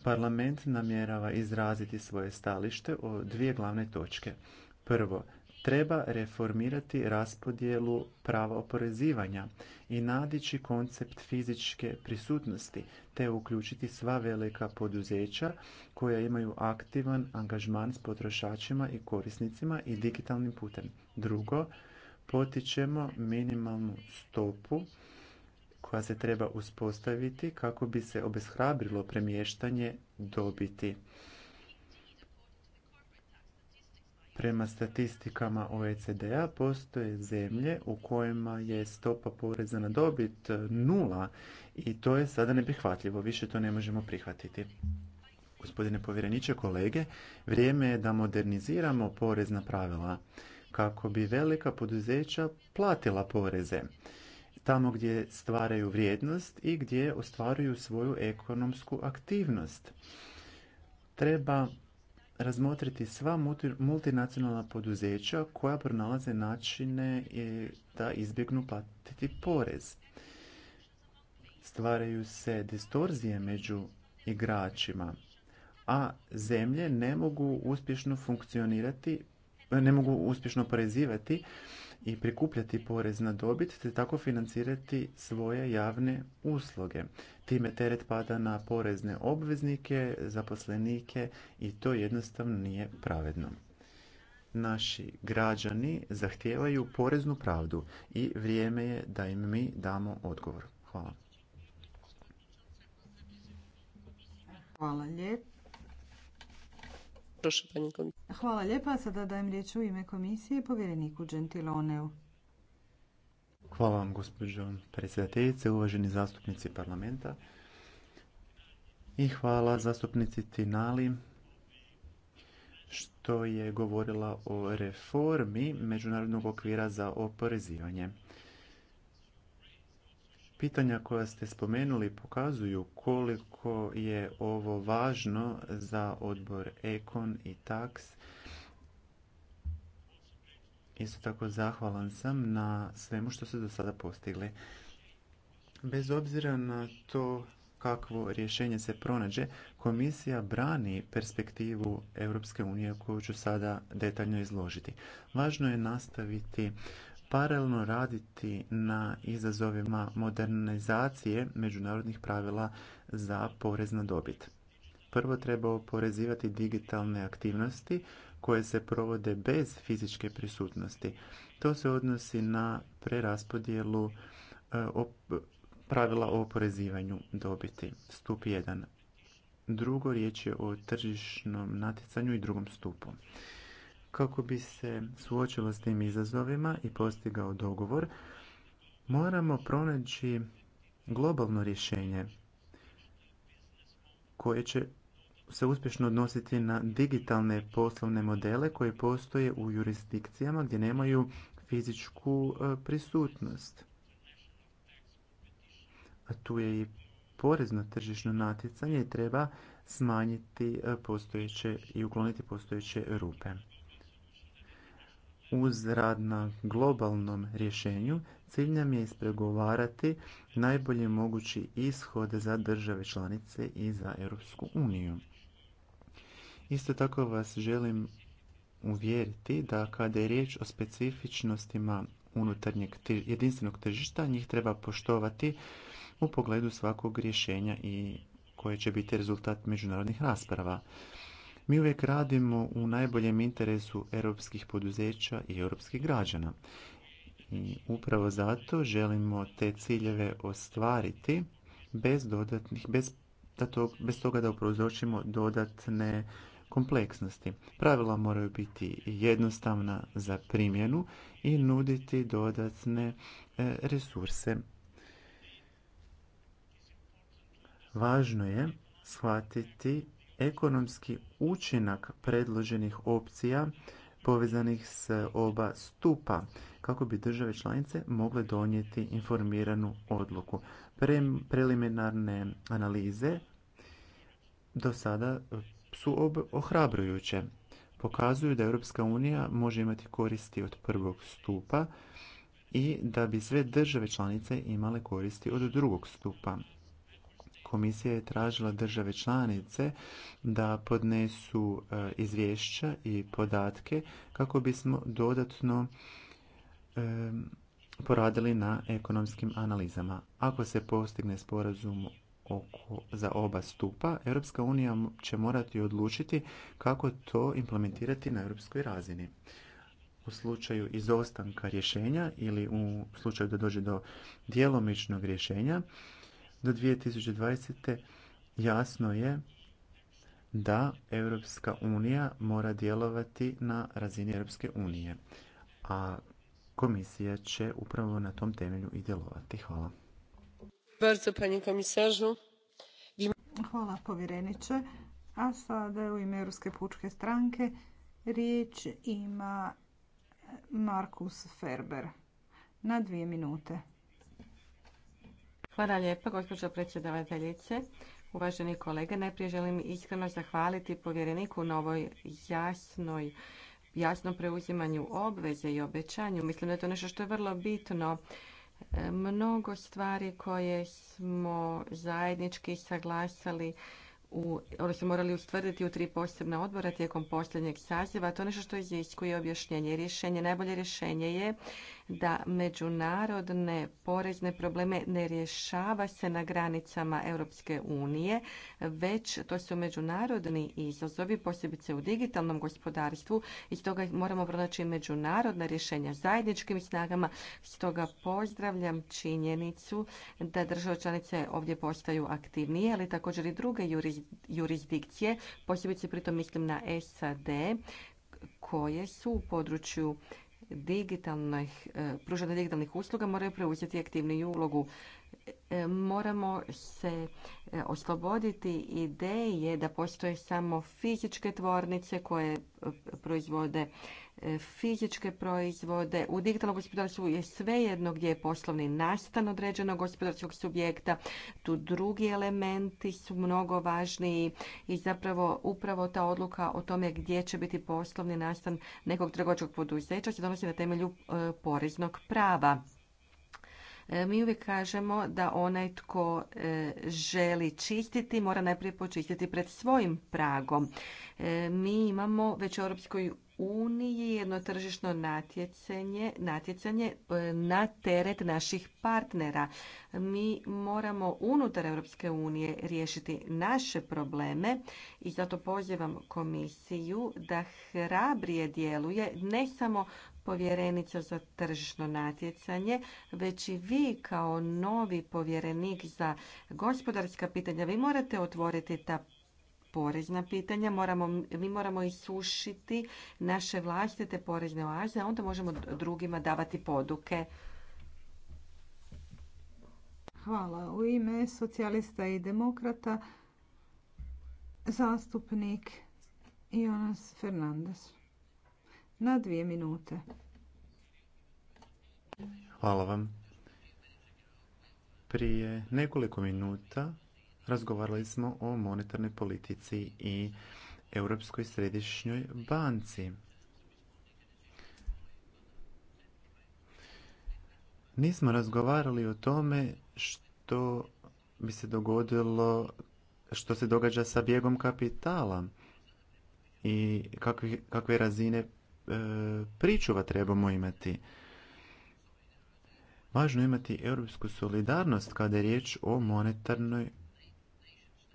Parlament namjerava izraziti svoje stalište o dvije glavne točke. Prvo, treba reformirati raspodjelu prava oporezivanja i nadići koncept fizičke prisutnosti te uključiti sva velika poduzeća koja imaju aktivan angažman s potrošačima i korisnicima i digitalnim putem. Drugo, potičemo minimalnu stopu koja se treba uspostaviti kako bi se obeshrabrilo premještanje dobiti. Prema statistikama OECD-a postoje zemlje u kojima je stopa poreza na dobit nula i to je sada neprihvatljivo. Više to ne možemo prihvatiti. Gospodine povjereniče, kolege, vrijeme je da moderniziramo porezna pravila kako bi velika poduzeća platila poreze tamo gdje stvaraju vrijednost i gdje ostvaruju svoju ekonomsku aktivnost. Treba razmotriti sva multinacionalna poduzeća koja pronalaze načine e, da izbjegnu platiti porez. Stvaraju se distorzije među igračima, a zemlje ne mogu uspješno funkcionirati, ne mogu uspješno porezivati i prikupljati porez na dobit te tako financirati svoje javne usluge. Time teret pada na porezne obveznike, zaposlenike i to jednostavno nije pravedno. Naši građani zahtijevaju poreznu pravdu i vrijeme je da im mi damo odgovor. Hvala. Hvala lijepo. Hvala lijepa. Sada dajem riječ u ime komisije povjereniku Gentiloneu. Hvala vam, gospođo predsjedateljice, uvaženi zastupnici parlamenta. I hvala zastupnici Tinali što je govorila o reformi Međunarodnog okvira za oporezivanje. Pitanja koja ste spomenuli pokazuju koliko je ovo važno za odbor Ekon i Tax. Isto tako zahvalan sam na svemu što ste do sada postigli. Bez obzira na to kakvo rješenje se pronađe, komisija brani perspektivu Europske unije koju ću sada detaljno izložiti. Važno je nastaviti paralelno raditi na izazovima modernizacije međunarodnih pravila za porez na dobit. Prvo treba oporezivati digitalne aktivnosti koje se provode bez fizičke prisutnosti. To se odnosi na preraspodjelu eh, pravila o oporezivanju dobiti. Stup 1. Drugo riječ je o tržišnom natjecanju i drugom stupu kako bi se suočilo s tim izazovima i postigao dogovor, moramo pronaći globalno rješenje koje će se uspješno odnositi na digitalne poslovne modele koje postoje u jurisdikcijama gdje nemaju fizičku e, prisutnost. A tu je i porezno tržišno natjecanje i treba smanjiti e, postojeće i ukloniti postojeće rupe uz rad na globalnom rješenju cilj nam je ispregovarati najbolji mogući ishod za države članice i za Europsku uniju. Isto tako vas želim uvjeriti da kada je riječ o specifičnostima unutarnjeg jedinstvenog tržišta, njih treba poštovati u pogledu svakog rješenja i koje će biti rezultat međunarodnih rasprava. Mi uvijek radimo u najboljem interesu europskih poduzeća i europskih građana. I upravo zato želimo te ciljeve ostvariti bez dodatnih, bez, da to, bez toga da prouzročimo dodatne kompleksnosti. Pravila moraju biti jednostavna za primjenu i nuditi dodatne e, resurse. Važno je shvatiti ekonomski učinak predloženih opcija povezanih s oba stupa kako bi države članice mogle donijeti informiranu odluku. preliminarne analize do sada su ob, ohrabrujuće. Pokazuju da Europska unija može imati koristi od prvog stupa i da bi sve države članice imale koristi od drugog stupa. Komisija je tražila države članice da podnesu e, izvješća i podatke kako bismo dodatno e, poradili na ekonomskim analizama. Ako se postigne sporazum oko, za oba stupa, Europska unija će morati odlučiti kako to implementirati na europskoj razini. U slučaju izostanka rješenja ili u slučaju da dođe do djelomičnog rješenja, do 2020. jasno je da Europska unija mora djelovati na razini Europske unije, a komisija će upravo na tom temelju i djelovati. Hvala. Hvala povjereniče. A sada u ime Europske pučke stranke riječ ima Markus Ferber na dvije minute. Hvala lijepa, gospođo predsjedavateljice. Uvaženi kolege, najprije želim iskreno zahvaliti povjereniku na ovoj jasnoj jasnom preuzimanju obveze i obećanju. Mislim da je to nešto što je vrlo bitno. E, mnogo stvari koje smo zajednički saglasali u, odnosno morali ustvrditi u tri posebna odbora tijekom posljednjeg saziva. To je nešto što iziskuje objašnjenje. Rješenje, najbolje rješenje je da međunarodne porezne probleme ne rješava se na granicama Europske unije, već to su međunarodni izazovi, posebice u digitalnom gospodarstvu i stoga moramo pronaći međunarodna rješenja zajedničkim snagama. Stoga pozdravljam činjenicu da države članice ovdje postaju aktivnije, ali također i druge jurisdikcije, posebice pritom mislim na SAD, koje su u području digitalnih, e, pružanja digitalnih usluga moraju preuzeti aktivniju ulogu. E, moramo se e, osloboditi ideje da postoje samo fizičke tvornice koje proizvode E, fizičke proizvode. U digitalnom gospodarstvu je svejedno gdje je poslovni nastan određenog gospodarskog subjekta. Tu drugi elementi su mnogo važniji i zapravo upravo ta odluka o tome gdje će biti poslovni nastan nekog trgovačkog poduzeća se donosi na temelju e, poreznog prava. E, mi uvijek kažemo da onaj tko želi čistiti mora najprije počistiti pred svojim pragom. Mi imamo već u Europskoj uniji jedno tržišno natjecanje, natjecanje e, na teret naših partnera. Mi moramo unutar Europske unije riješiti naše probleme i zato pozivam komisiju da hrabrije djeluje ne samo povjerenica za tržišno natjecanje, već i vi kao novi povjerenik za gospodarska pitanja, vi morate otvoriti ta porezna pitanja. mi moramo isušiti naše vlastite porezne oaze, a onda možemo drugima davati poduke. Hvala. U ime socijalista i demokrata zastupnik Jonas Fernandez. Na dvije minute. Hvala vam. Prije nekoliko minuta razgovarali smo o monetarnoj politici i Europskoj središnjoj banci. Nismo razgovarali o tome što bi se dogodilo, što se događa sa bjegom kapitala i kakve, kakve razine e, pričuva trebamo imati. Važno je imati europsku solidarnost kada je riječ o monetarnoj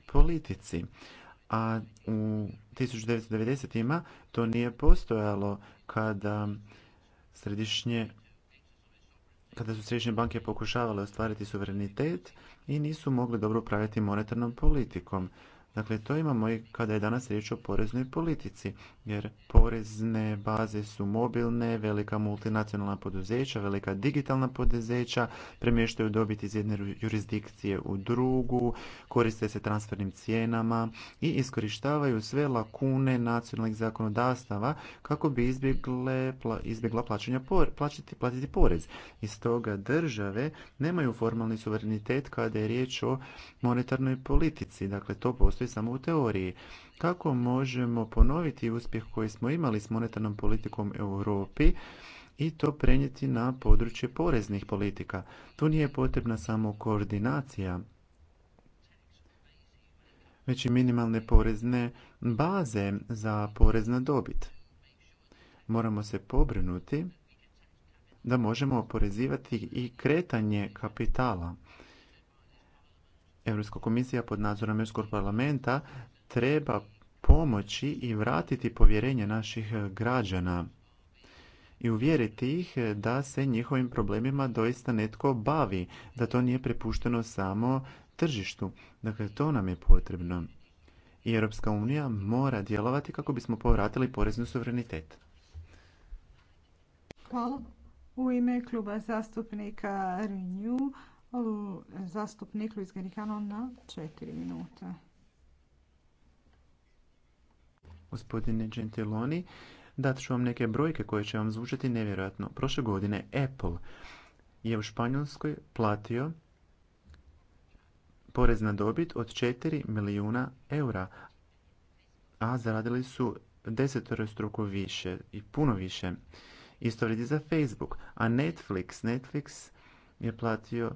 politici. A u 1990-ima to nije postojalo kada središnje kada su središnje banke pokušavale ostvariti suverenitet i nisu mogli dobro upravljati monetarnom politikom. Dakle, to imamo i kada je danas riječ o poreznoj politici, jer porezne baze su mobilne, velika multinacionalna poduzeća, velika digitalna poduzeća, premještaju dobit iz jedne jurisdikcije u drugu, koriste se transfernim cijenama i iskorištavaju sve lakune nacionalnih zakonodavstava kako bi izbjegle, izbjegla plaćanja, platiti porez. I stoga države nemaju formalni suverenitet kada je riječ o monetarnoj politici. Dakle, to postoji samo u teoriji. Kako možemo ponoviti uspjeh koji smo imali s monetarnom politikom u Europi i to prenijeti na područje poreznih politika? Tu nije potrebna samo koordinacija već i minimalne porezne baze za porez na dobit. Moramo se pobrinuti da možemo oporezivati i kretanje kapitala. Europska komisija pod nadzorom Europskog parlamenta treba pomoći i vratiti povjerenje naših građana i uvjeriti ih da se njihovim problemima doista netko bavi, da to nije prepušteno samo tržištu. Dakle, to nam je potrebno. I Europska unija mora djelovati kako bismo povratili porezni suverenitet. Hvala. U ime kluba zastupnika Renew Zastupnik Luis Garicano na četiri minute. Gospodine Gentiloni, dat ću vam neke brojke koje će vam zvučati nevjerojatno. Prošle godine Apple je u Španjolskoj platio porez na dobit od 4 milijuna eura, a zaradili su desetorostruko više i puno više. Isto vredi za Facebook, a Netflix, Netflix je platio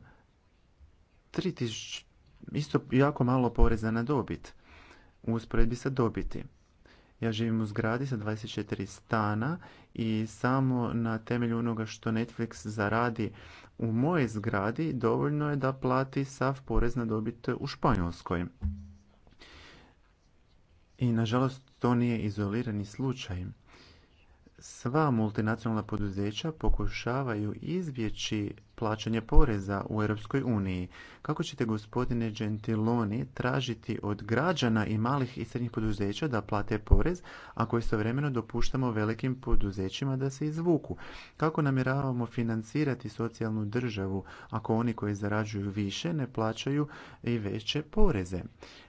3000, isto jako malo poreza na dobit u usporedbi sa dobiti. Ja živim u zgradi sa 24 stana i samo na temelju onoga što Netflix zaradi u mojoj zgradi dovoljno je da plati sav porez na dobit u Španjolskoj. I nažalost to nije izolirani slučaj. Sva multinacionalna poduzeća pokušavaju izbjeći plaćanje poreza u Europskoj uniji. Kako ćete gospodine Gentiloni tražiti od građana i malih i srednjih poduzeća da plate porez ako istovremeno dopuštamo velikim poduzećima da se izvuku? Kako namjeravamo financirati socijalnu državu ako oni koji zarađuju više ne plaćaju i veće poreze?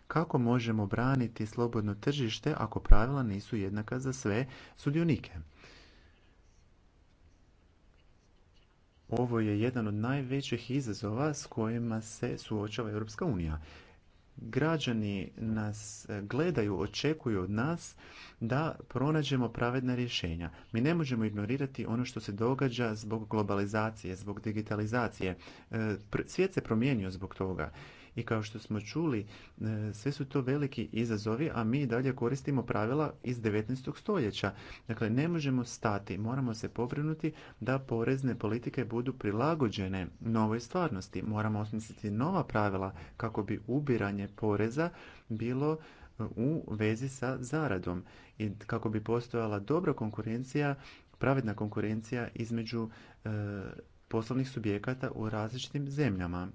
Kako možemo braniti slobodno tržište ako pravila nisu jednaka za sve sudionike? Ovo je jedan od najvećih izazova s kojima se suočava Europska unija. Građani nas e, gledaju, očekuju od nas da pronađemo pravedna rješenja. Mi ne možemo ignorirati ono što se događa zbog globalizacije, zbog digitalizacije. E, svijet se promijenio zbog toga i kao što smo čuli, e, sve su to veliki izazovi, a mi dalje koristimo pravila iz 19. stoljeća. Dakle, ne možemo stati, moramo se pobrinuti da porezne politike budu prilagođene novoj stvarnosti. Moramo osmisliti nova pravila kako bi ubiranje poreza bilo e, u vezi sa zaradom i kako bi postojala dobra konkurencija, pravedna konkurencija između e, poslovnih subjekata u različitim zemljama.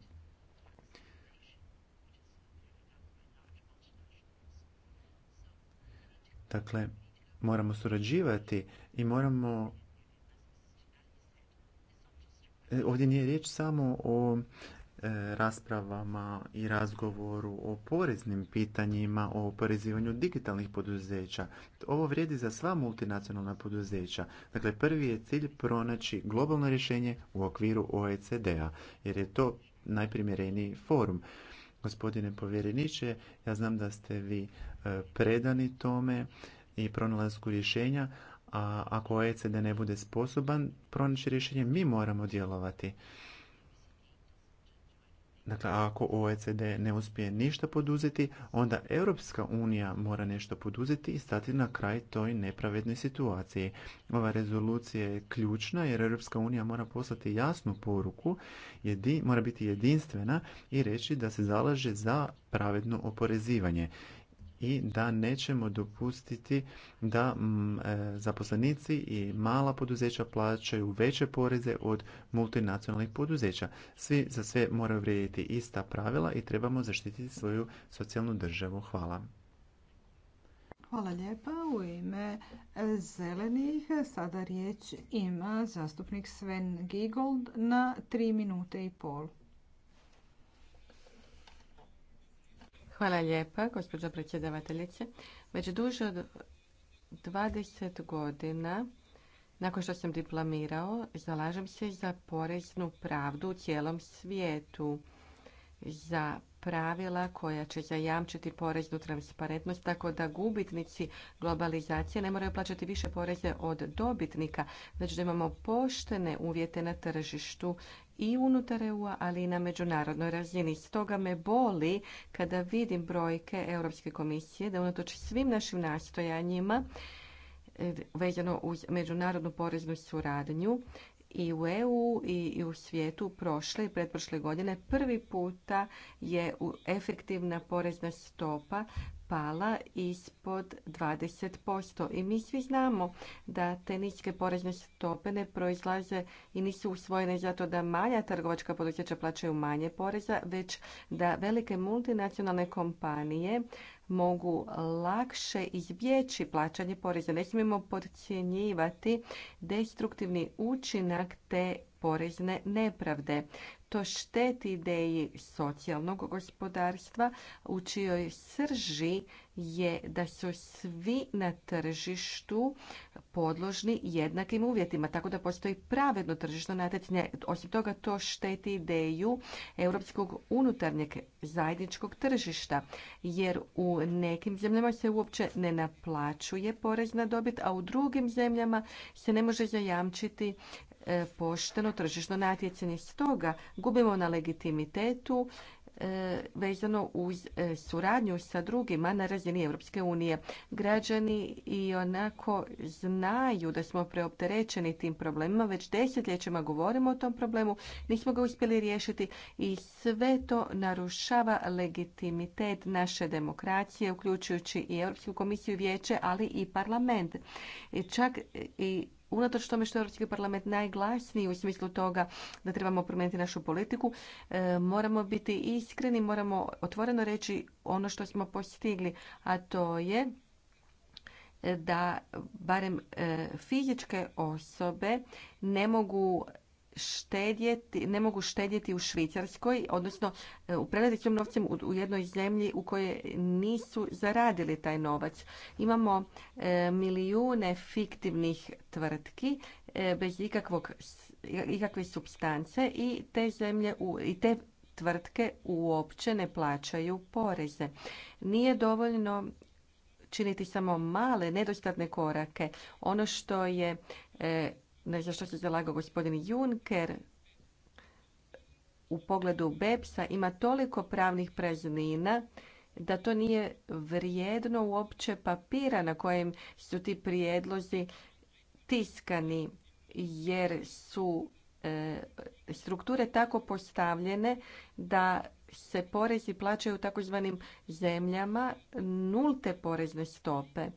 Dakle, moramo surađivati i moramo e, ovdje nije riječ samo o e, raspravama i razgovoru o poreznim pitanjima, o oporezivanju digitalnih poduzeća. Ovo vrijedi za sva multinacionalna poduzeća. Dakle, prvi je cilj pronaći globalno rješenje u okviru OECD-a, jer je to najprimjereniji forum. Gospodine povjereniče, ja znam da ste vi e, predani tome i pronalasku rješenja, a ako OECD ne bude sposoban pronaći rješenje, mi moramo djelovati. Dakle, ako OECD ne uspije ništa poduzeti, onda Europska unija mora nešto poduzeti i stati na kraj toj nepravednoj situaciji. Ova rezolucija je ključna jer Europska unija mora poslati jasnu poruku, mora biti jedinstvena i reći da se zalaže za pravedno oporezivanje i da nećemo dopustiti da mm, e, zaposlenici i mala poduzeća plaćaju veće poreze od multinacionalnih poduzeća. Svi za sve moraju vrijediti ista pravila i trebamo zaštititi svoju socijalnu državu. Hvala. Hvala lijepa. U ime e, zelenih sada riječ ima zastupnik Sven Giegold na tri minute i pol. Hvala lijepa, gospođo predsjedavateljice. Već duže od 20 godina, nakon što sam diplomirao, zalažem se za poreznu pravdu u cijelom svijetu, za pravila koja će zajamčiti poreznu transparentnost, tako da gubitnici globalizacije ne moraju plaćati više poreze od dobitnika, već da imamo poštene uvjete na tržištu i unutar EU-a, ali i na međunarodnoj razini. Stoga me boli kada vidim brojke Europske komisije da unatoč svim našim nastojanjima e, vezano uz međunarodnu poreznu suradnju i u EU i u svijetu prošle i pretprošle godine prvi puta je efektivna porezna stopa pala ispod 20%. I mi svi znamo da te niske porezne stope ne proizlaze i nisu usvojene zato da manja trgovačka poduzeća plaćaju manje poreza, već da velike multinacionalne kompanije mogu lakše izbjeći plaćanje poreza. Ne smijemo podcjenjivati destruktivni učinak te porezne nepravde što šteti ideji socijalnog gospodarstva u čijoj srži je da su svi na tržištu podložni jednakim uvjetima, tako da postoji pravedno tržišno natjecanje. Osim toga, to šteti ideju europskog unutarnjeg zajedničkog tržišta, jer u nekim zemljama se uopće ne naplaćuje porez na dobit, a u drugim zemljama se ne može zajamčiti E, pošteno tržišno natjecanje. Stoga gubimo na legitimitetu e, vezano uz e, suradnju sa drugima na razini Europske unije. Građani i onako znaju da smo preopterećeni tim problemima, već desetljećima govorimo o tom problemu, nismo ga uspjeli riješiti i sve to narušava legitimitet naše demokracije, uključujući i Europsku komisiju vijeće, ali i parlament. Čak i unatoč tome što je Europski parlament najglasniji u smislu toga da trebamo promijeniti našu politiku, e, moramo biti iskreni, moramo otvoreno reći ono što smo postigli, a to je da barem e, fizičke osobe ne mogu štedjeti, ne mogu štedjeti u Švicarskoj, odnosno e, u svojim novcem u jednoj zemlji u kojoj nisu zaradili taj novac. Imamo e, milijune fiktivnih tvrtki e, bez ikakvog, ikakve substance i te zemlje i te tvrtke uopće ne plaćaju poreze. Nije dovoljno činiti samo male, nedostatne korake. Ono što je ne za što se zalagao gospodin Juncker u pogledu BEPS-a ima toliko pravnih praznina da to nije vrijedno uopće papira na kojem su ti prijedlozi tiskani jer su e, strukture tako postavljene da se porezi plaćaju u takozvanim zemljama nulte porezne stope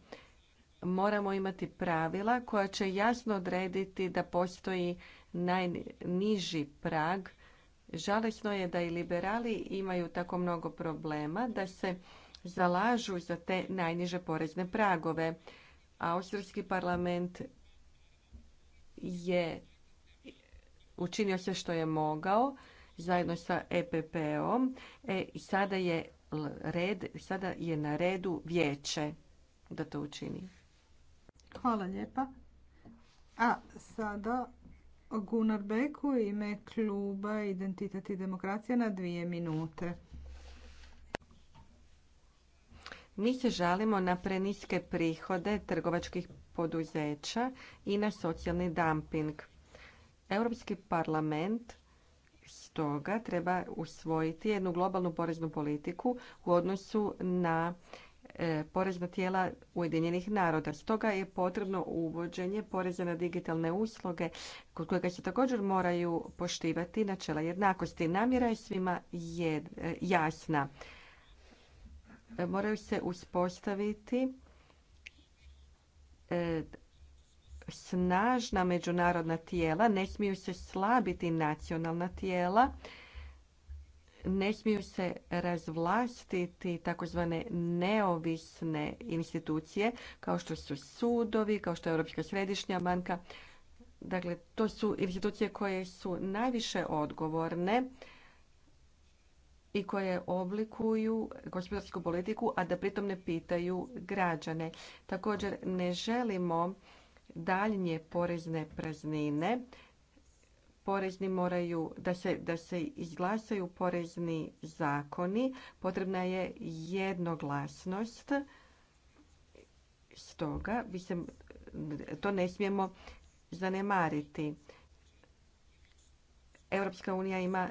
moramo imati pravila koja će jasno odrediti da postoji najniži prag. Žalesno je da i liberali imaju tako mnogo problema da se zalažu za te najniže porezne pragove. Austrijski parlament je učinio sve što je mogao zajedno sa EPP-om e, i sada je red, sada je na redu vijeće da to učini. Hvala lijepa. A sada Gunnar Beku u ime kluba Identitet i demokracija na dvije minute. Mi se žalimo na preniske prihode trgovačkih poduzeća i na socijalni dumping. Europski parlament stoga treba usvojiti jednu globalnu poreznu politiku u odnosu na E, porezna tijela Ujedinjenih naroda. Stoga je potrebno uvođenje poreza na digitalne usluge kod kojega se također moraju poštivati načela jednakosti. Namjera je svima e, jasna. E, moraju se uspostaviti snažna međunarodna tijela, ne smiju se slabiti nacionalna tijela ne smiju se razvlastiti takozvane neovisne institucije kao što su sudovi, kao što je Europska središnja banka. Dakle, to su institucije koje su najviše odgovorne i koje oblikuju gospodarsku politiku, a da pritom ne pitaju građane. Također, ne želimo daljnje porezne praznine porezni moraju, da se, da se izglasaju porezni zakoni, potrebna je jednoglasnost. Stoga to ne smijemo zanemariti. Europska unija ima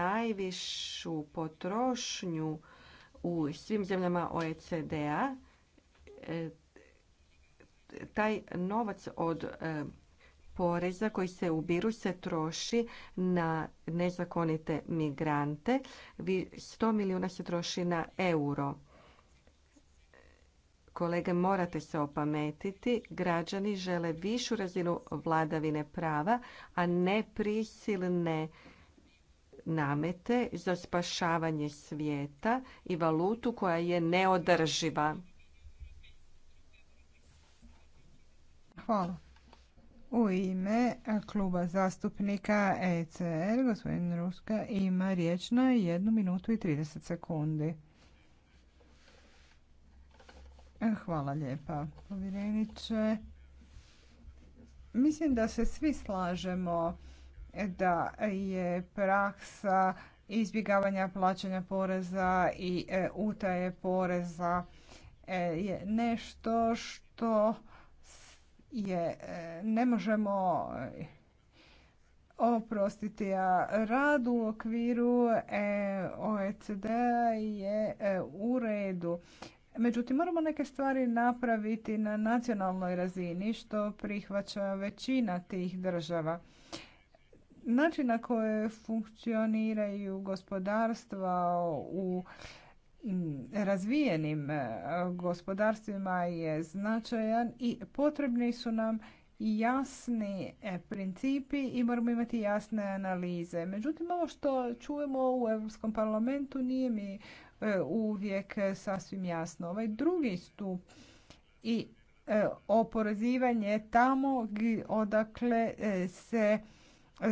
najvišu potrošnju u svim zemljama OECD-a. E, taj novac od e, poreza koji se ubiru se troši na nezakonite migrante. 100 milijuna se troši na euro. Kolege, morate se opametiti. Građani žele višu razinu vladavine prava, a ne prisilne namete za spašavanje svijeta i valutu koja je neodrživa. Hvala. U ime kluba zastupnika ECR, gospodin Ruska ima riječ na 1 minutu i 30 sekundi. Hvala lijepa, povjereniče. Mislim da se svi slažemo da je praksa izbjegavanja plaćanja poreza i e, utaje poreza e, je nešto što je e, ne možemo e, oprostiti, a rad u okviru e, OECD je u redu. Međutim, moramo neke stvari napraviti na nacionalnoj razini što prihvaća većina tih država. Način na koje funkcioniraju gospodarstva u Mm, razvijenim e, gospodarstvima je značajan i potrebni su nam i jasni e, principi i moramo imati jasne analize. Međutim, ovo što čujemo u Europskom parlamentu nije mi e, uvijek sasvim jasno. Ovaj drugi stup i oporezivanje tamo odakle se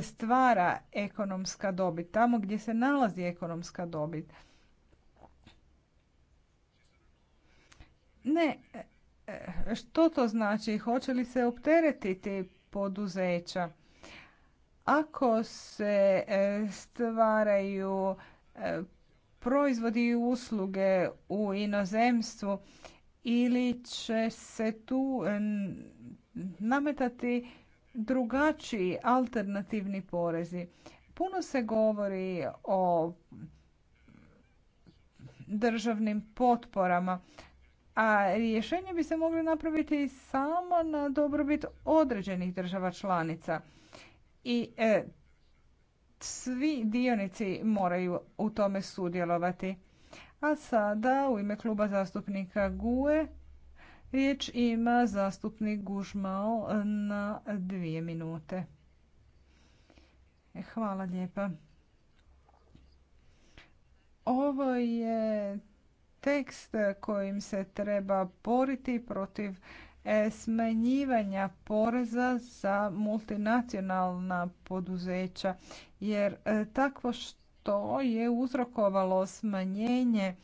stvara ekonomska dobit, tamo gdje se nalazi ekonomska dobit. Ne, e, e, što to znači? Hoće li se opteretiti poduzeća? Ako se e, stvaraju proizvodi i usluge u inozemstvu ili će se tu nametati drugačiji alternativni porezi. Puno se govori o državnim potporama, a rješenje bi se moglo napraviti samo na dobrobit određenih država članica. I e, svi dionici moraju u tome sudjelovati. A sada u ime kluba zastupnika GUE riječ ima zastupnik Gužmao na dvije minute. Hvala lijepa. Ovo je tekst kojim se treba boriti protiv e, smanjivanja poreza za multinacionalna poduzeća jer e, takvo što je uzrokovalo smanjenje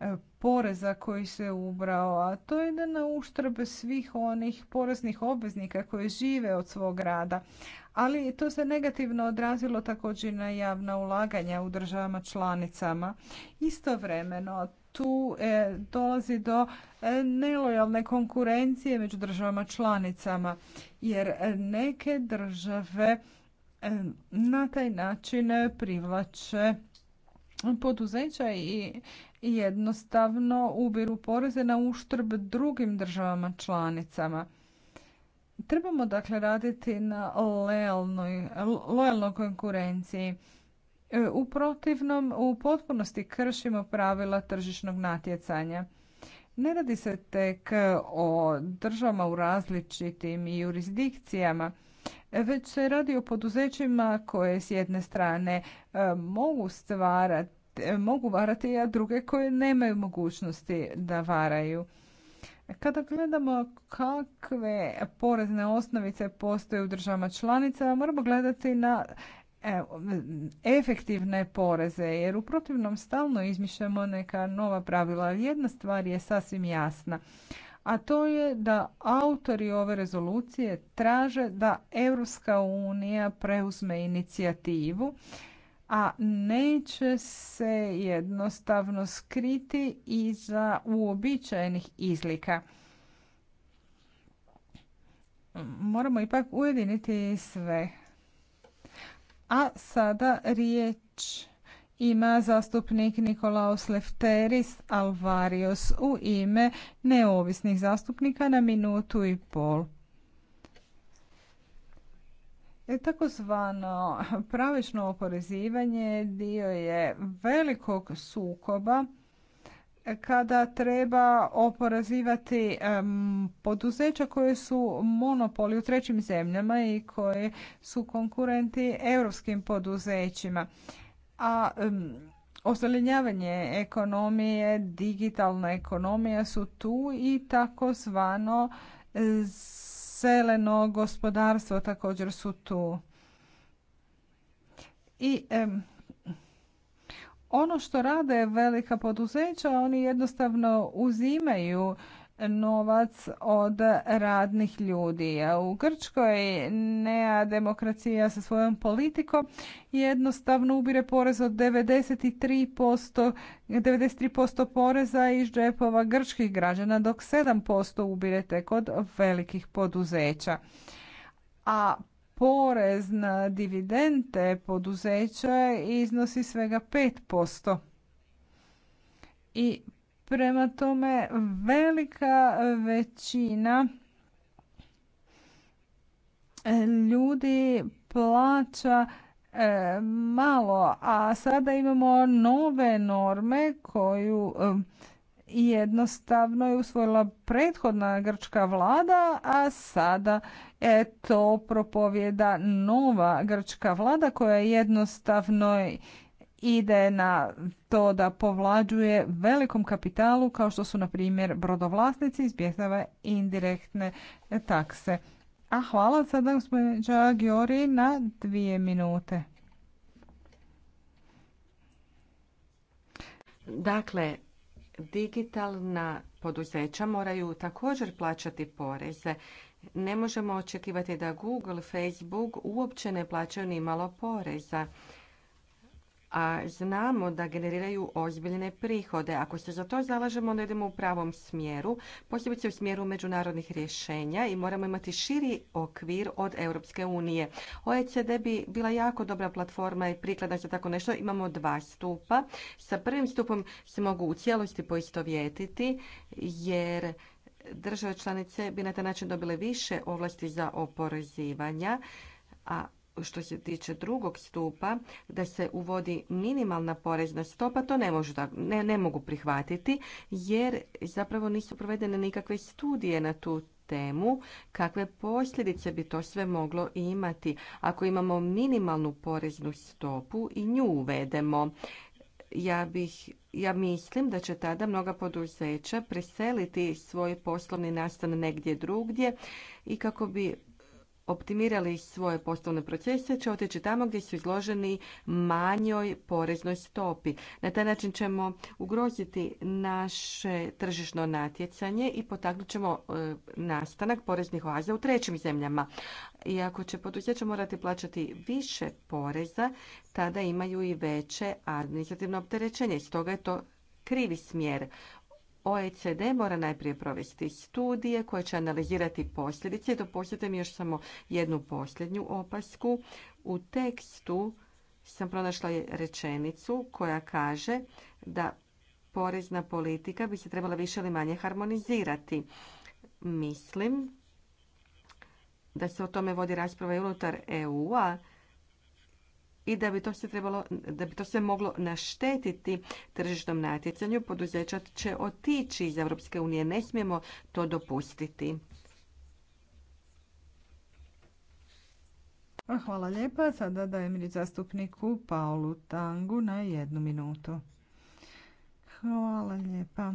e, poreza koji se ubrao, a to je da na uštrb svih onih poreznih obveznika koji žive od svog rada. Ali to se negativno odrazilo također na javna ulaganja u državama članicama. Istovremeno, tu e, dolazi do e, nelojalne konkurencije među državama članicama jer neke države e, na taj način privlače poduzeća i jednostavno ubiru poreze na uštrb drugim državama članicama. Trebamo dakle raditi na lojalnoj konkurenciji E, u protivnom, u potpunosti kršimo pravila tržišnog natjecanja. Ne radi se tek o državama u različitim jurisdikcijama, već se radi o poduzećima koje s jedne strane e, mogu stvarati, mogu varati, a druge koje nemaju mogućnosti da varaju. Kada gledamo kakve porezne osnovice postoje u državama članicama, moramo gledati na efektivne poreze, jer u protivnom stalno izmišljamo neka nova pravila. Jedna stvar je sasvim jasna, a to je da autori ove rezolucije traže da Europska unija preuzme inicijativu, a neće se jednostavno skriti iza uobičajenih izlika moramo ipak ujediniti sve a sada riječ ima zastupnik Nikolaos Lefteris Alvarios u ime neovisnih zastupnika na minutu i pol. E, takozvano pravično oporezivanje dio je velikog sukoba kada treba oporazivati poduzeća koje su monopoli u trećim zemljama i koje su konkurenti europskim poduzećima. A osaljenjavanje ekonomije, digitalna ekonomija su tu i takozvano zeleno gospodarstvo također su tu. I ono što rade velika poduzeća, oni jednostavno uzimaju novac od radnih ljudi. A u Grčkoj nea demokracija sa svojom politikom jednostavno ubire porez od 93%, 93% poreza iz džepova grčkih građana, dok 7% ubire tek od velikih poduzeća. A porez na dividende poduzeća iznosi svega 5%. I prema tome velika većina ljudi plaća e, malo, a sada imamo nove norme koju jednostavno je usvojila prethodna grčka vlada, a sada to propovjeda nova grčka vlada koja jednostavno ide na to da povlađuje velikom kapitalu kao što su na primjer brodovlasnici izbjegava indirektne takse. A hvala sada gospođa Giori na dvije minute. Dakle, digitalna poduzeća moraju također plaćati poreze. Ne možemo očekivati da Google, Facebook uopće ne plaćaju ni malo poreza a znamo da generiraju ozbiljne prihode. Ako se za to zalažemo, onda idemo u pravom smjeru, posebice u smjeru međunarodnih rješenja i moramo imati širi okvir od Europske unije. OECD bi bila jako dobra platforma i priklada za tako nešto. Imamo dva stupa. Sa prvim stupom se mogu u cijelosti poistovjetiti, jer države članice bi na taj način dobile više ovlasti za oporezivanja, a što se tiče drugog stupa, da se uvodi minimalna porezna stopa, to ne, možda ne, ne mogu prihvatiti, jer zapravo nisu provedene nikakve studije na tu temu, kakve posljedice bi to sve moglo imati ako imamo minimalnu poreznu stopu i nju uvedemo. Ja, bih, ja mislim da će tada mnoga poduzeća preseliti svoj poslovni nastan negdje drugdje i kako bi optimirali svoje poslovne procese će otići tamo gdje su izloženi manjoj poreznoj stopi. Na taj način ćemo ugroziti naše tržišno natjecanje i potaknut ćemo e, nastanak poreznih oaza u trećim zemljama. I ako će poduzeća morati plaćati više poreza, tada imaju i veće administrativno opterećenje. Stoga je to krivi smjer. OECD mora najprije provesti studije koje će analizirati posljedice. Dopustite mi još samo jednu posljednju opasku. U tekstu sam pronašla rečenicu koja kaže da porezna politika bi se trebala više ili manje harmonizirati. Mislim da se o tome vodi rasprava i unutar EU-a i da bi to sve trebalo, da bi to sve moglo naštetiti tržišnom natjecanju, poduzeća će otići iz Europske unije. Ne smijemo to dopustiti. Hvala lijepa. Sada dajem mi zastupniku Paulu Tangu na jednu minutu. Hvala lijepa.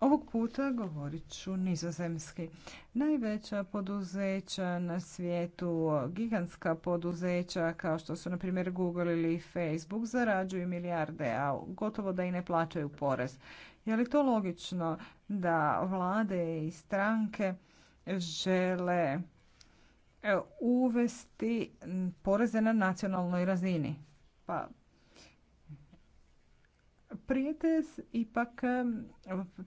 Ovog puta govorit ću nizozemski. Najveća poduzeća na svijetu, gigantska poduzeća kao što su na primjer Google ili Facebook zarađuju milijarde, a gotovo da i ne plaćaju porez. Je li to logično da vlade i stranke žele e, uvesti poreze na nacionalnoj razini? Pa prijetez ipak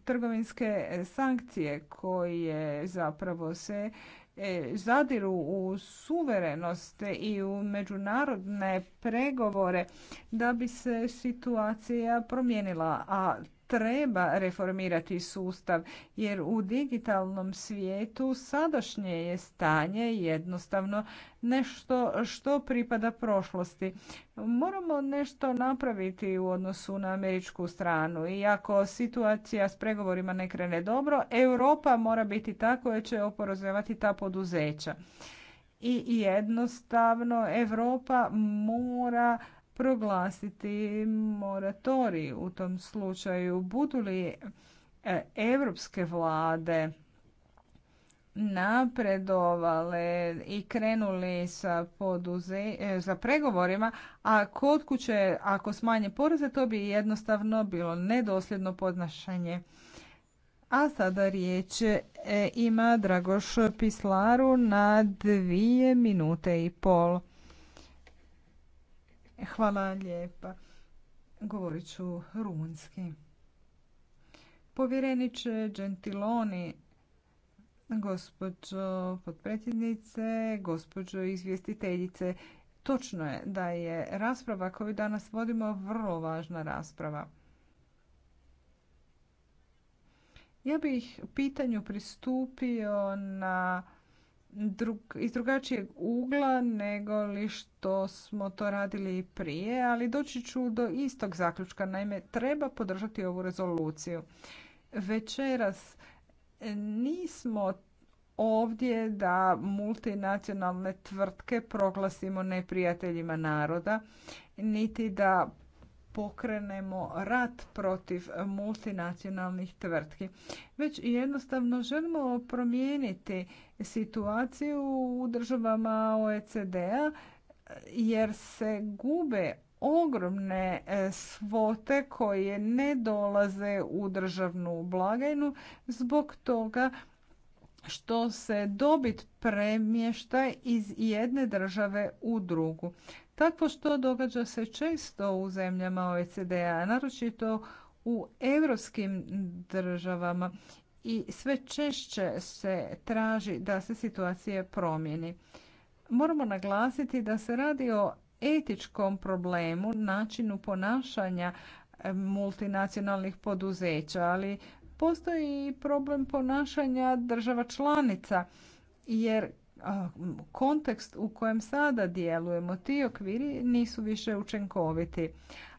trgovinske sankcije koje zapravo se e, zadiru u suverenost i u međunarodne pregovore da bi se situacija promijenila, a treba reformirati sustav jer u digitalnom svijetu sadašnje je stanje jednostavno nešto što pripada prošlosti. Moramo nešto napraviti u odnosu na američku stranu i situacija s pregovorima ne krene dobro, Europa mora biti ta koja će oporezovati ta poduzeća. I jednostavno Europa mora proglasiti moratorij u tom slučaju. Budu li e, evropske vlade napredovale i krenuli sa poduze, za e, pregovorima, a kod kuće ako smanje poreze to bi jednostavno bilo nedosljedno podnašanje. A sada riječ e, ima Dragoš Pislaru na dvije minute i pol. Hvala lijepa. Govorit ću rumunski. Povjereniče Gentiloni, gospođo potpredsjednice, gospođo izvjestiteljice, točno je da je rasprava koju danas vodimo vrlo važna rasprava. Ja bih pitanju pristupio na drug, iz drugačijeg ugla nego li što smo to radili i prije, ali doći ću do istog zaključka. Naime, treba podržati ovu rezoluciju. Večeras nismo ovdje da multinacionalne tvrtke proglasimo neprijateljima naroda, niti da pokrenemo rat protiv multinacionalnih tvrtki, već jednostavno želimo promijeniti situaciju u državama OECD-a jer se gube ogromne e, svote koje ne dolaze u državnu blagajnu zbog toga što se dobit premješta iz jedne države u drugu. Takvo što događa se često u zemljama OECD-a, naročito u europskim državama i sve češće se traži da se situacija promijeni. Moramo naglasiti da se radi o etičkom problemu, načinu ponašanja e, multinacionalnih poduzeća, ali postoji i problem ponašanja država članica jer kontekst u kojem sada djelujemo, ti okviri nisu više učinkoviti.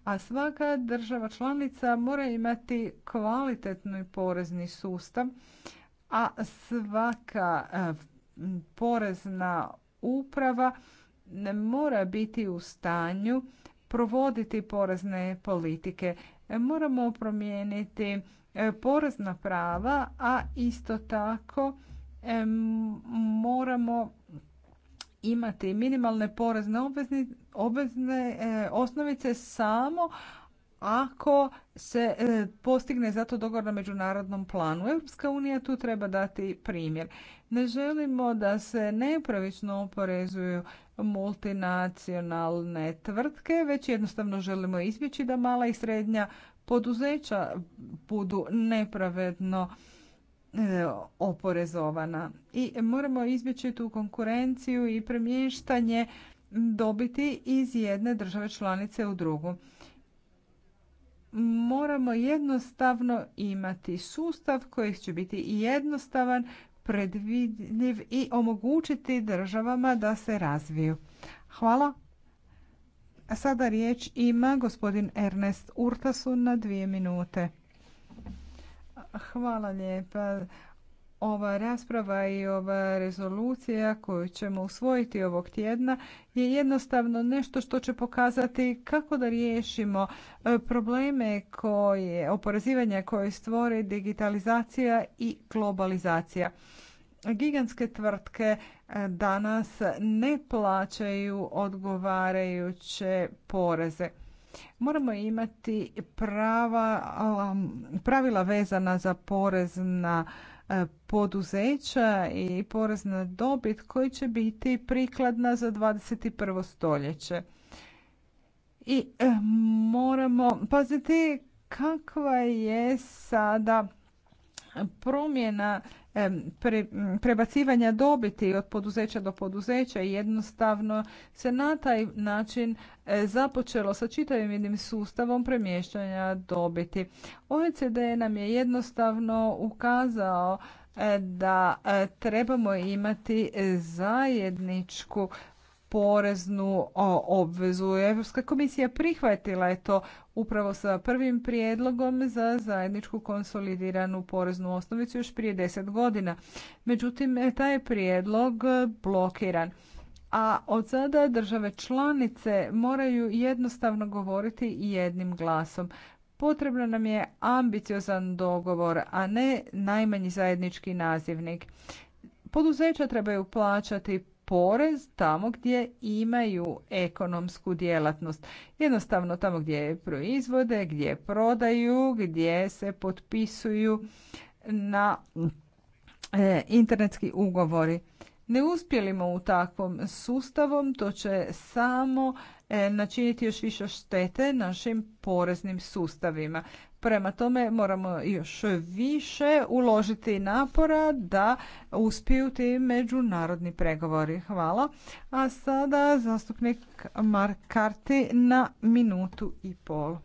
A svaka država članica mora imati kvalitetni porezni sustav, a svaka e, porezna uprava ne mora biti u stanju provoditi porezne politike. Moramo promijeniti e, porezna prava, a isto tako moramo imati minimalne porezne obvezne, e, osnovice samo ako se e, postigne postigne zato dogovor na međunarodnom planu. Europska unija tu treba dati primjer. Ne želimo da se nepravično oporezuju multinacionalne tvrtke, već jednostavno želimo izbjeći da mala i srednja poduzeća budu nepravedno E, oporezovana. I moramo izbjeći tu konkurenciju i premještanje dobiti iz jedne države članice u drugu. Moramo jednostavno imati sustav koji će biti jednostavan, predvidljiv i omogućiti državama da se razviju. Hvala. sada riječ ima gospodin Ernest Urtasun na dvije minute. Hvala lijepa. Ova rasprava i ova rezolucija koju ćemo usvojiti ovog tjedna je jednostavno nešto što će pokazati kako da riješimo e, probleme koje, oporezivanja koje stvore digitalizacija i globalizacija. Gigantske tvrtke e, danas ne plaćaju odgovarajuće poreze. Moramo imati prava, um, pravila vezana za porez na e, poduzeća i porez na dobit koji će biti prikladna za 21. stoljeće. I e, moramo paziti kakva je sada promjena pre, prebacivanja dobiti od poduzeća do poduzeća jednostavno se na taj način e, započelo sa čitavim jednim sustavom premještanja dobiti. OECD nam je jednostavno ukazao e, da e, trebamo imati zajedničku poreznu obvezu. Europska komisija prihvatila je to upravo sa prvim prijedlogom za zajedničku konsolidiranu poreznu osnovicu još prije deset godina. Međutim, taj je prijedlog blokiran. A od sada države članice moraju jednostavno govoriti jednim glasom. Potrebno nam je ambiciozan dogovor, a ne najmanji zajednički nazivnik. Poduzeća trebaju plaćati porez tamo gdje imaju ekonomsku djelatnost. Jednostavno tamo gdje proizvode, gdje prodaju, gdje se potpisuju na e, internetski ugovori. Ne uspjelimo u takvom sustavom, to će samo e, načiniti još više štete našim poreznim sustavima. Prema tome moramo još više uložiti napora da uspiju ti međunarodni pregovori. Hvala. A sada zastupnik Mark Karti na minutu i pol.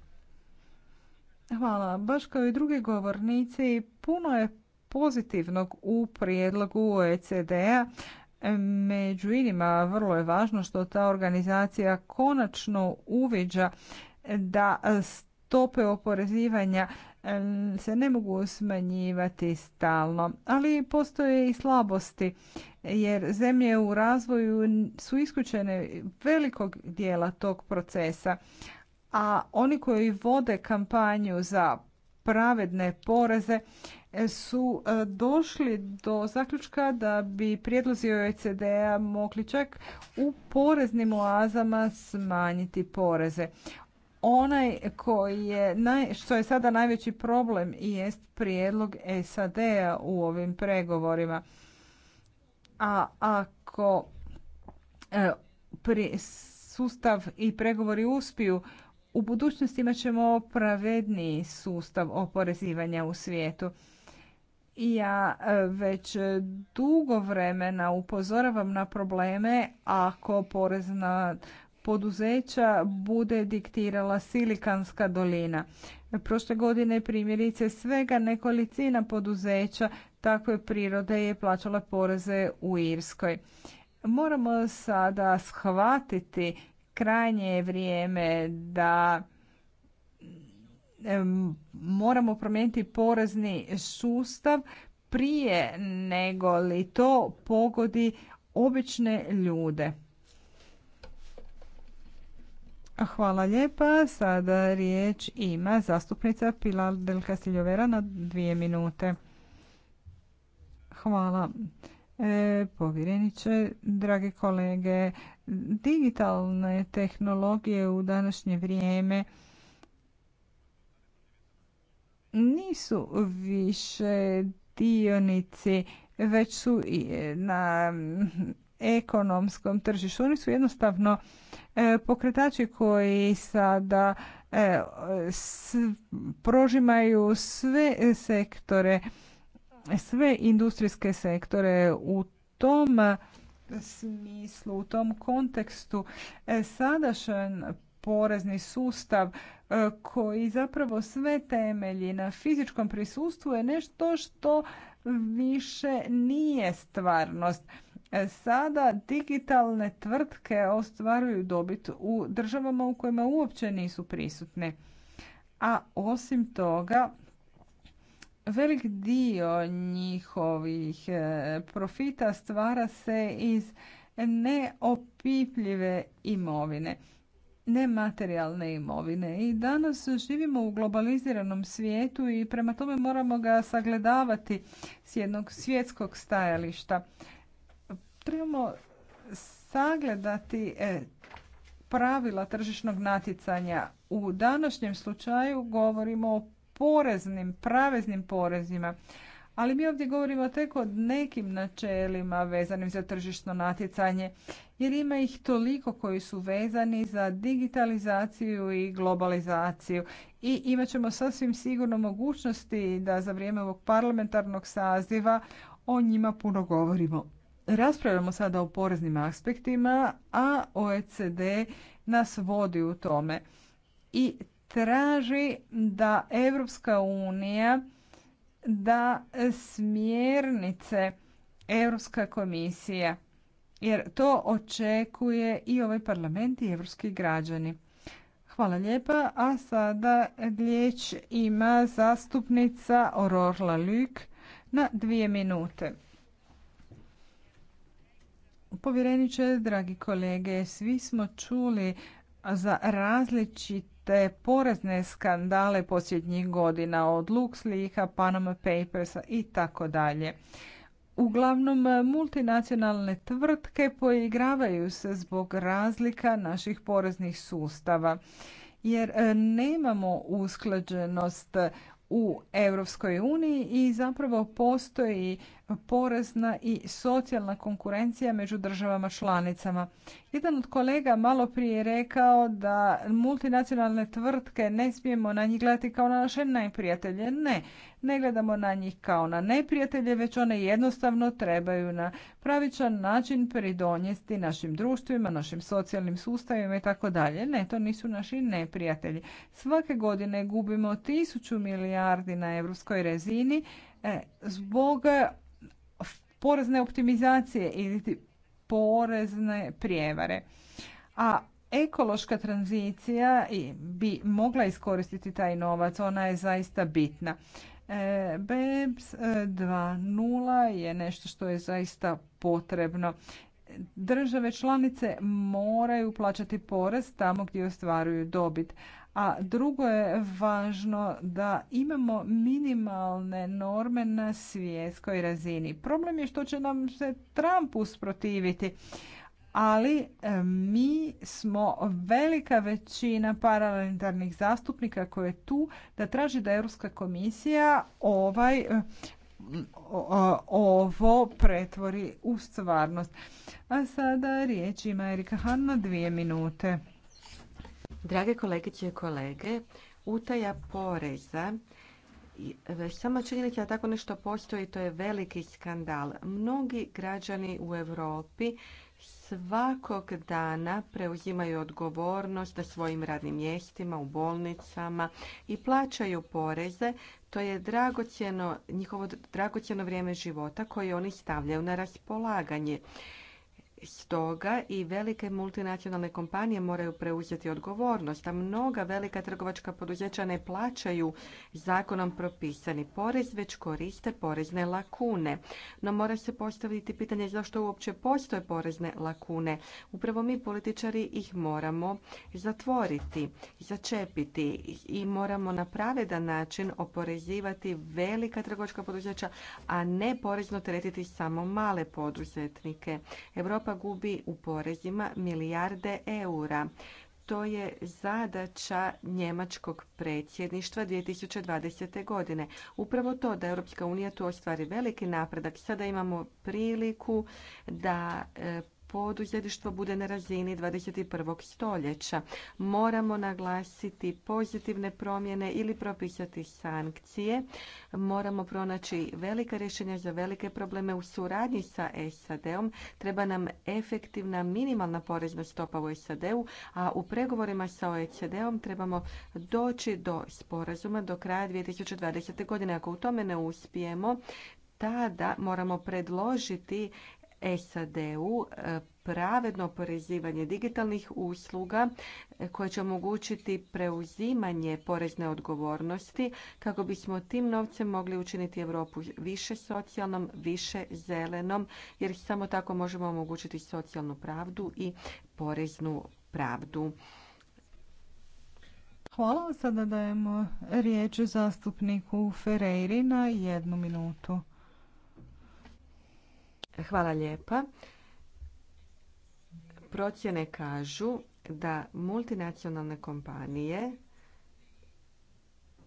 Hvala. Baš kao i drugi govornici, puno je pozitivnog u prijedlogu OECD-a. Među inima vrlo je važno što ta organizacija konačno uviđa da stope oporezivanja se ne mogu smanjivati stalno, ali postoje i slabosti jer zemlje u razvoju su isključene velikog dijela tog procesa, a oni koji vode kampanju za pravedne poreze e, su e, došli do zaključka da bi prijedlozi OECD-a mogli čak u poreznim oazama smanjiti poreze onaj koji je, naj, što je sada najveći problem i jest prijedlog SAD-a u ovim pregovorima. A ako e, sustav i pregovori uspiju, u budućnosti imat ćemo pravedniji sustav oporezivanja u svijetu. Ja e, već dugo vremena upozoravam na probleme ako porezna poduzeća bude diktirala Silikanska dolina. Prošle godine primjerice svega nekolicina poduzeća takve prirode je plaćala poreze u Irskoj. Moramo sada shvatiti krajnje vrijeme da moramo promijeniti porezni sustav prije nego li to pogodi obične ljude. Hvala lijepa. Sada riječ ima zastupnica Pilar del Castillo-Vera na dvije minute. Hvala. E, povjereniče, drage kolege, digitalne tehnologije u današnje vrijeme nisu više dionici, već su na ekonomskom tržištu. Oni su jednostavno e, pokretači koji sada e, prožimaju sve sektore, sve industrijske sektore u tom smislu, u tom kontekstu e, sadašnji porezni sustav koji zapravo sve temelji na fizičkom prisustvu je nešto što više nije stvarnost. E, sada digitalne tvrtke ostvaruju dobit u državama u kojima uopće nisu prisutne. A osim toga, velik dio njihovih e, profita stvara se iz neopipljive imovine nematerijalne imovine. I danas živimo u globaliziranom svijetu i prema tome moramo ga sagledavati s jednog svjetskog stajališta trebamo sagledati e, pravila tržišnog natjecanja. U današnjem slučaju govorimo o poreznim, praveznim porezima, ali mi ovdje govorimo tek o nekim načelima vezanim za tržišno natjecanje, jer ima ih toliko koji su vezani za digitalizaciju i globalizaciju. I imat ćemo sasvim sigurno mogućnosti da za vrijeme ovog parlamentarnog saziva o njima puno govorimo. Raspravljamo sada o poreznim aspektima, a OECD nas vodi u tome i traži da Europska unija da smjernice Europska komisija jer to očekuje i ovaj parlament i evropski građani. Hvala lijepa, a sada riječ ima zastupnica Ororla Ljuk na dvije minute. Povjereniče, dragi kolege, svi smo čuli za različite porezne skandale posljednjih godina od LuxLeaka, Panama Papersa i tako dalje. Uglavnom, multinacionalne tvrtke poigravaju se zbog razlika naših poreznih sustava, jer e, nemamo usklađenost u Europskoj uniji i zapravo postoji porezna i socijalna konkurencija među državama članicama. Jedan od kolega malo prije je rekao da multinacionalne tvrtke ne smijemo na njih gledati kao na naše neprijatelje. Ne, ne gledamo na njih kao na neprijatelje, već one jednostavno trebaju na pravičan način pridonijesti našim društvima, našim socijalnim sustavima i tako dalje. Ne, to nisu naši neprijatelji. Svake godine gubimo tisuću milijardi na europskoj rezini e, zbog porezne optimizacije ili porezne prijevare. A ekološka tranzicija bi mogla iskoristiti taj novac, ona je zaista bitna. E, BEPS 2.0 e, je nešto što je zaista potrebno. Države članice moraju plaćati porez tamo gdje ostvaruju dobit, a drugo je važno da imamo minimalne norme na svjetskoj razini. Problem je što će nam se Trump usprotiviti. Ali e, mi smo velika većina parlamentarnih zastupnika koje je tu da traži da Europska komisija ovaj e, ovo pretvori u stvarnost. A sada riječ ima Erika Hanna dvije minute. Drage kolegice i kolege, utaja poreza e, sama činjenica da tako nešto postoji to je veliki skandal. Mnogi građani u Europi svakog dana preuzimaju odgovornost na svojim radnim mjestima, u bolnicama i plaćaju poreze. To je dragocjeno, njihovo dragocjeno vrijeme života koje oni stavljaju na raspolaganje. Stoga i velike multinacionalne kompanije moraju preuzeti odgovornost, a mnoga velika trgovačka poduzeća ne plaćaju zakonom propisani porez, već koriste porezne lakune. No mora se postaviti pitanje zašto uopće postoje porezne lakune. Upravo mi političari ih moramo zatvoriti, začepiti i moramo na pravedan način oporezivati velika trgovačka poduzeća, a ne porezno teretiti samo male poduzetnike. Europa gubi u porezima milijarde eura. To je zadaća njemačkog predsjedništva 2020. godine. Upravo to da Europska unija tu ostvari veliki napredak. Sada imamo priliku da e, poduzetništvo bude na razini 21. stoljeća. Moramo naglasiti pozitivne promjene ili propisati sankcije. Moramo pronaći velika rješenja za velike probleme u suradnji sa SAD-om. Treba nam efektivna minimalna porezna stopa u SAD-u, a u pregovorima sa OECD-om trebamo doći do sporazuma do kraja 2020. godine. Ako u tome ne uspijemo, tada moramo predložiti SAD-u e, pravedno oporezivanje digitalnih usluga e, koje će omogućiti preuzimanje porezne odgovornosti kako bismo tim novcem mogli učiniti Europu više socijalnom, više zelenom jer samo tako možemo omogućiti socijalnu pravdu i poreznu pravdu. Hvala. Sada dajemo riječ zastupniku Ferreiri na jednu minutu. Hvala lijepa. Procjene kažu da multinacionalne kompanije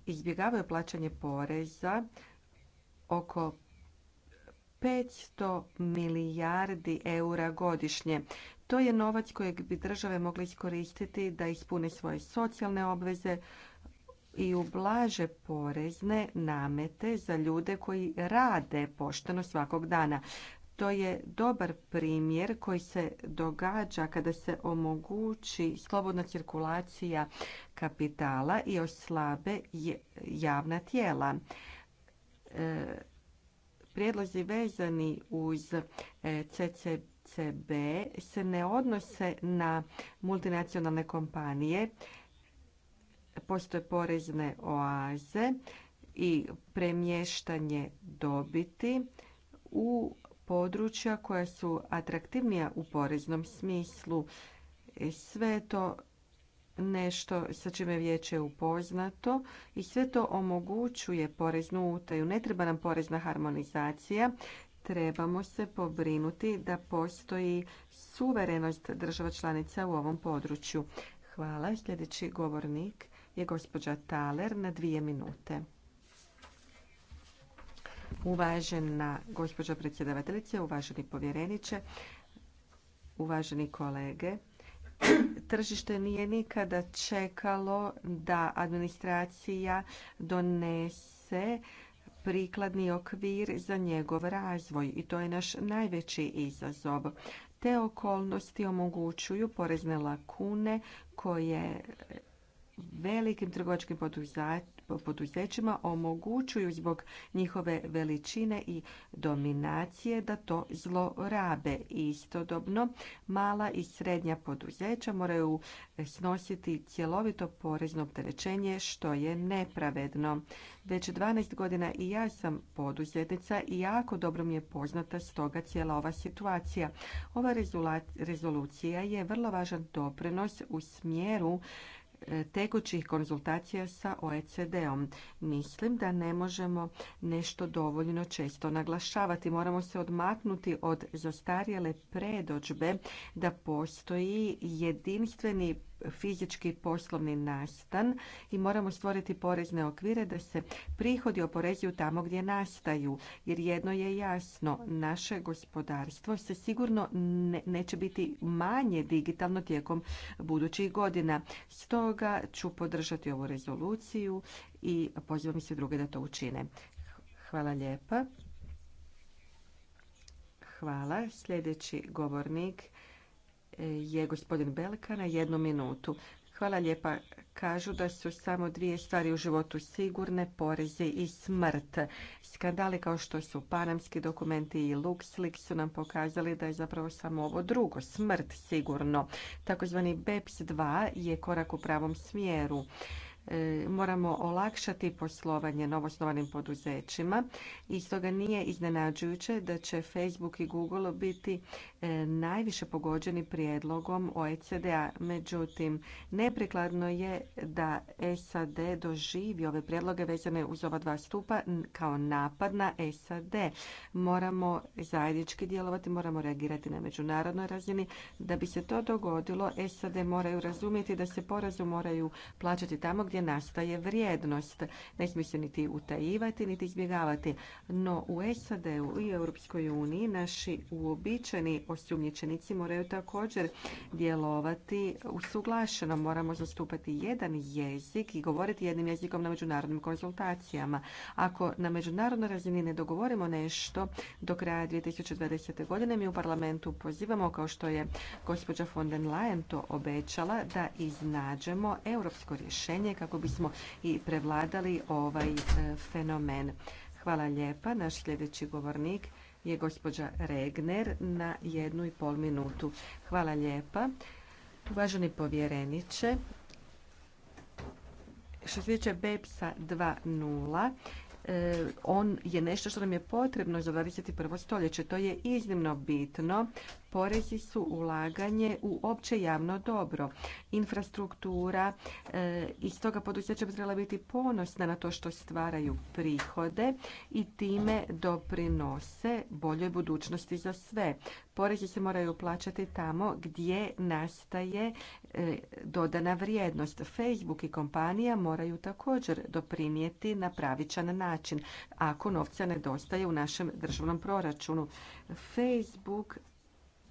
izbjegavaju plaćanje poreza oko 500 milijardi eura godišnje. To je novac kojeg bi države mogle iskoristiti da ispune svoje socijalne obveze i ublaže porezne namete za ljude koji rade pošteno svakog dana to je dobar primjer koji se događa kada se omogući slobodna cirkulacija kapitala i oslabe javna tijela. E, prijedlozi vezani uz e, CCCB se ne odnose na multinacionalne kompanije, postoje porezne oaze i premještanje dobiti u područja koja su atraktivnija u poreznom smislu. E, sve je to nešto sa čime vijeće je upoznato i sve to omogućuje poreznu utaju. Ne treba nam porezna harmonizacija, trebamo se pobrinuti da postoji suverenost država članica u ovom području. Hvala. Sljedeći govornik je gospođa Taler na dvije minute. Uvažena gospođo predsjedavateljice, uvaženi povjereniče, uvaženi kolege, tržište nije nikada čekalo da administracija donese prikladni okvir za njegov razvoj i to je naš najveći izazov. Te okolnosti omogućuju porezne lakune koje velikim trgovačkim poduzećima omogućuju zbog njihove veličine i dominacije da to zlorabe. Istodobno, mala i srednja poduzeća moraju snositi cjelovito porezno opterećenje što je nepravedno. Već 12 godina i ja sam poduzetnica i jako dobro mi je poznata stoga cijela ova situacija. Ova rezolucija je vrlo važan doprinos u smjeru tekućih konzultacija sa OECD-om. Mislim da ne možemo nešto dovoljno često naglašavati. Moramo se odmaknuti od zastarjele predođbe da postoji jedinstveni fizički poslovni nastan i moramo stvoriti porezne okvire da se prihodi oporezuju tamo gdje nastaju. Jer jedno je jasno, naše gospodarstvo se sigurno neće biti manje digitalno tijekom budućih godina. Stoga ću podržati ovu rezoluciju i pozivam se druge da to učine. Hvala lijepa. Hvala. Sljedeći govornik E, je gospodin Belka na jednu minutu. Hvala lijepa. Kažu da su samo dvije stvari u životu sigurne, porezi i smrt. Skandali kao što su panamski dokumenti i LuxLeaks su nam pokazali da je zapravo samo ovo drugo, smrt sigurno. Takozvani BEPS 2 je korak u pravom smjeru e, moramo olakšati poslovanje novosnovanim poduzećima i stoga nije iznenađujuće da će Facebook i Google biti E, najviše pogođeni prijedlogom OECD-a. Međutim, neprikladno je da SAD doživi ove prijedloge vezane uz ova dva stupa kao napad na SAD. Moramo zajednički djelovati, moramo reagirati na međunarodnoj razini. Da bi se to dogodilo, SAD moraju razumjeti da se porazu moraju plaćati tamo gdje nastaje vrijednost. Ne smije se niti utajivati, niti izbjegavati. No u SAD-u i Europskoj uniji naši uobičajeni osumnjičenici moraju također djelovati usuglašeno. Moramo zastupati jedan jezik i govoriti jednim jezikom na međunarodnim konzultacijama. Ako na međunarodnoj razini ne dogovorimo nešto do kraja 2020. godine, mi u parlamentu pozivamo, kao što je gospođa von den Leyen to obećala, da iznađemo europsko rješenje kako bismo i prevladali ovaj e, fenomen. Hvala lijepa. Naš sljedeći govornik je gospođa Regner na jednu i pol minutu. Hvala lijepa. Uvaženi povjereniče, što se tiče BEPS-a 2.0, e, on je nešto što nam je potrebno za 21. stoljeće. To je iznimno bitno Porezi su ulaganje u opće javno dobro. Infrastruktura eh, i stoga poduzeća bi trebala biti ponosna na to što stvaraju prihode i time doprinose boljoj budućnosti za sve. Porezi se moraju plaćati tamo gdje nastaje eh, dodana vrijednost. Facebook i kompanija moraju također doprinijeti na pravičan način ako novca nedostaje u našem državnom proračunu. Facebook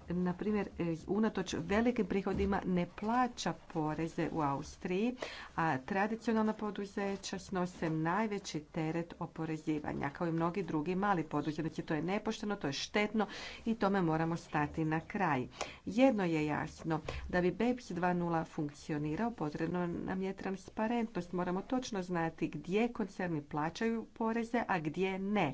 na primjer, e, unatoč velikim prihodima ne plaća poreze u Austriji, a tradicionalna poduzeća snose najveći teret oporezivanja, kao i mnogi drugi mali poduzetnici. To je nepošteno, to je štetno i tome moramo stati na kraj. Jedno je jasno, da bi BEPS 2.0 funkcionirao, potrebno nam je transparentnost. Moramo točno znati gdje koncerni plaćaju poreze, a gdje ne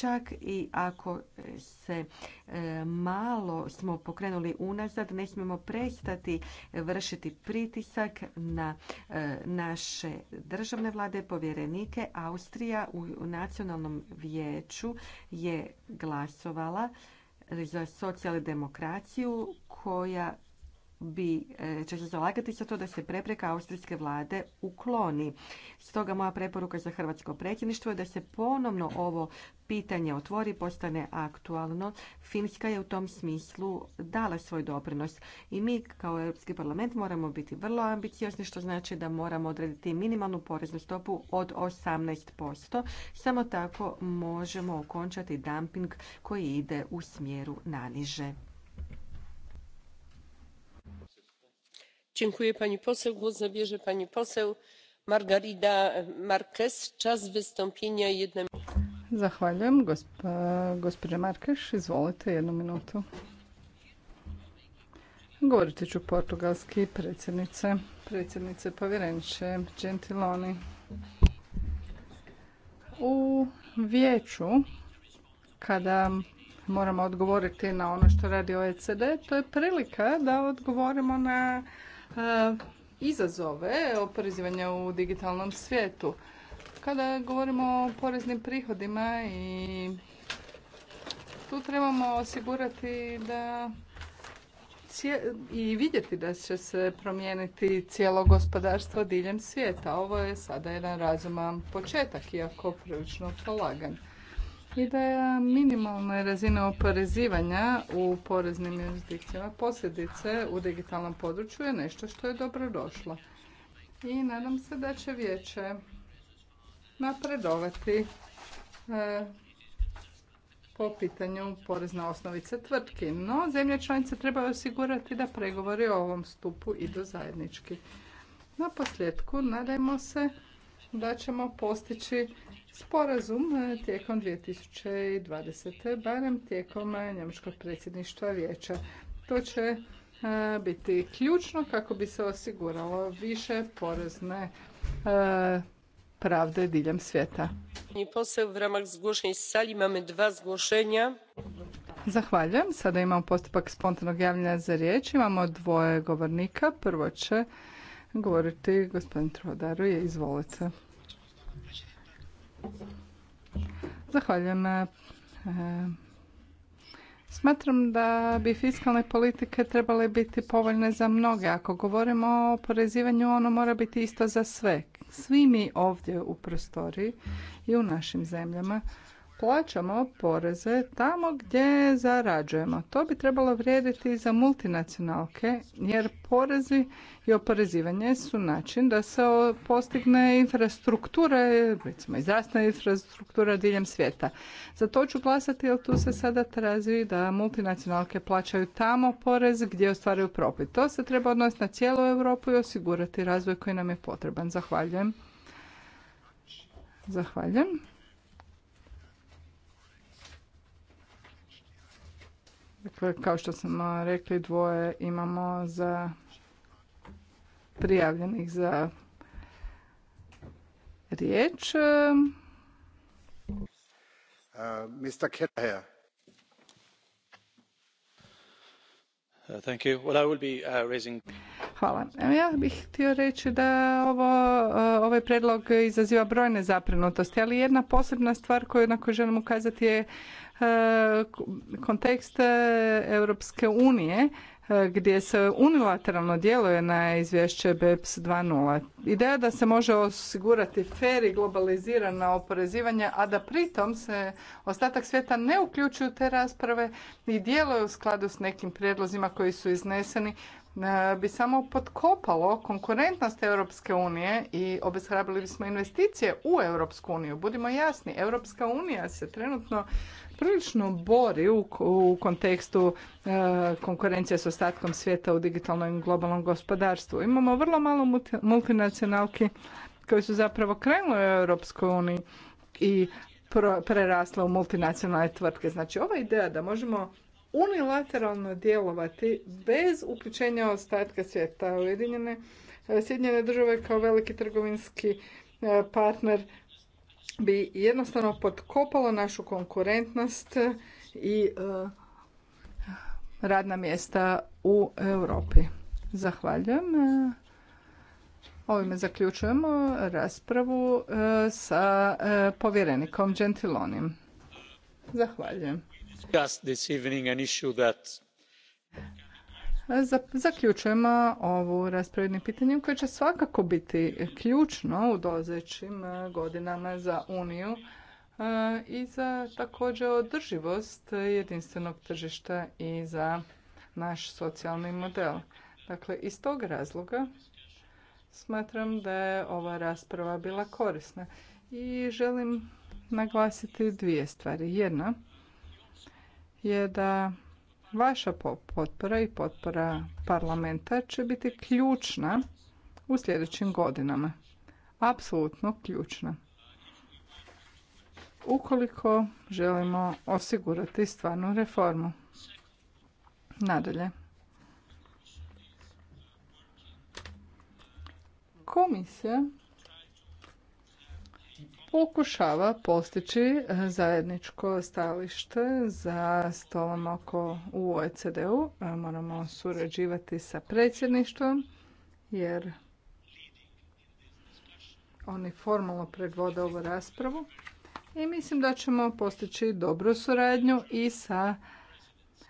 čak i ako se e, malo smo pokrenuli unazad, ne smijemo prestati vršiti pritisak na e, naše državne vlade, povjerenike. Austrija u nacionalnom vijeću je glasovala za socijaldemokraciju koja bi, e, će se zalagati za to da se prepreka austrijske vlade ukloni. Stoga moja preporuka za hrvatsko predsjedništvo je da se ponovno ovo pitanje otvori i postane aktualno. Finska je u tom smislu dala svoj doprinos i mi kao Europski parlament moramo biti vrlo ambiciozni što znači da moramo odrediti minimalnu poreznu stopu od 18%. Samo tako možemo okončati dumping koji ide u smjeru naniže. gospođo predsjednice zahvaljujem gospođo marques izvolite jednu minutu. govoriti ću portugalski predsjednice predsjednice povjereniče gentiloni u vijeću kada moramo odgovoriti na ono što radi oecd to je prilika da odgovorimo na E, izazove oporezivanja u digitalnom svijetu. Kada govorimo o poreznim prihodima i tu trebamo osigurati da i vidjeti da će se promijeniti cijelo gospodarstvo diljem svijeta. Ovo je sada jedan razuman početak, iako prilično polagan i da je minimalna razina oporezivanja u poreznim jurisdikcijama posljedice u digitalnom području je nešto što je dobro došlo. I nadam se da će vijeće napredovati e, po pitanju porezne osnovice tvrtki. No, zemlje članice trebaju osigurati da pregovori o ovom stupu idu zajednički. Na posljedku nadajmo se da ćemo postići sporazum e, tijekom 2020. barem tijekom e, njemačkog predsjedništva vijeća. To će e, biti ključno kako bi se osiguralo više porezne pravde diljem svijeta. Zahvaljujem. Sada imamo postupak spontanog javljanja za riječ. Imamo dvoje govornika. Prvo će govoriti gospodin Trodaru. Izvolite. Zahvaljujem. E, smatram da bi fiskalne politike trebale biti povoljne za mnoge. Ako govorimo o oporezivanju, ono mora biti isto za sve. Svi mi ovdje u prostoriji i u našim zemljama plaćamo poreze tamo gdje zarađujemo. To bi trebalo vrijediti i za multinacionalke jer porezi i oporezivanje su način da se postigne infrastruktura, recimo i zdravstvena infrastruktura diljem svijeta. Za to ću glasati jer tu se sada trazi da multinacionalke plaćaju tamo porez gdje ostvaraju profit. To se treba odnositi na cijelu Europu i osigurati razvoj koji nam je potreban. Zahvaljujem. Zahvaljujem. Dakle, kao što smo rekli, dvoje imamo za prijavljenih za riječ. Uh, Mr. Kelleher. Uh, thank you. I will be uh, raising... Hvala. Ja bih htio reći da ovo, ovaj predlog izaziva brojne zaprinutosti, ali jedna posebna stvar na koju želim ukazati je E, kontekst e, Europske unije e, gdje se unilateralno djeluje na izvješće BEPS 2.0. Ideja da se može osigurati fer i globalizirana oporezivanja a da pritom se ostatak svijeta ne uključuju u te rasprave i djeluje u skladu s nekim prijedlozima koji su izneseni, E, bi samo potkopalo konkurentnost Europske unije i obeshrabili bismo investicije u Europsku uniju. Budimo jasni, Europska unija se trenutno prilično bori u, kontekstu e, konkurencije s ostatkom svijeta u digitalnom i globalnom gospodarstvu. Imamo vrlo malo multi, multinacionalki koji su zapravo krenuli u Europskoj uniji i prerasle u multinacionalne tvrtke. Znači, ova ideja da možemo unilateralno djelovati bez uključenja ostatka svijeta. Ujedinjene e, Sjedinjene države kao veliki trgovinski e, partner bi jednostavno potkopalo našu konkurentnost i e, radna mjesta u Europi. Zahvaljujem. Ovime zaključujemo raspravu sa povjerenikom Gentilonim. Zahvaljujem. Zaključujemo ovu raspravu pitanjem koje će svakako biti ključno u dolazećim e, godinama za Uniju e, i za također održivost jedinstvenog tržišta i za naš socijalni model. Dakle, iz tog razloga smatram da je ova rasprava bila korisna i želim naglasiti dvije stvari. Jedna, je da vaša potpora i potpora parlamenta će biti ključna u sljedećim godinama. Apsolutno ključna. Ukoliko želimo osigurati stvarnu reformu. Nadalje. Komisija pokušava postići e, zajedničko stajalište za stolom oko u OECD-u. E, moramo surađivati sa predsjedništvom jer oni formalno predvode ovu raspravu i mislim da ćemo postići dobru suradnju i sa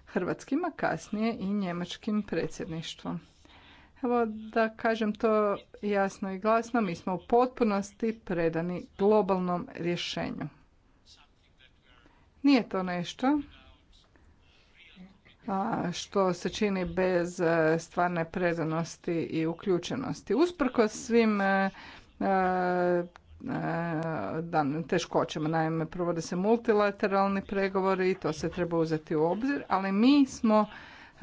hrvatskima kasnije i njemačkim predsjedništvom. Evo da kažem to jasno i glasno, mi smo u potpunosti predani globalnom rješenju. Nije to nešto što se čini bez e, stvarne predanosti i uključenosti. Usprko svim e, e, teškoćama. Naime, provode se multilateralni pregovori i to se treba uzeti u obzir, ali mi smo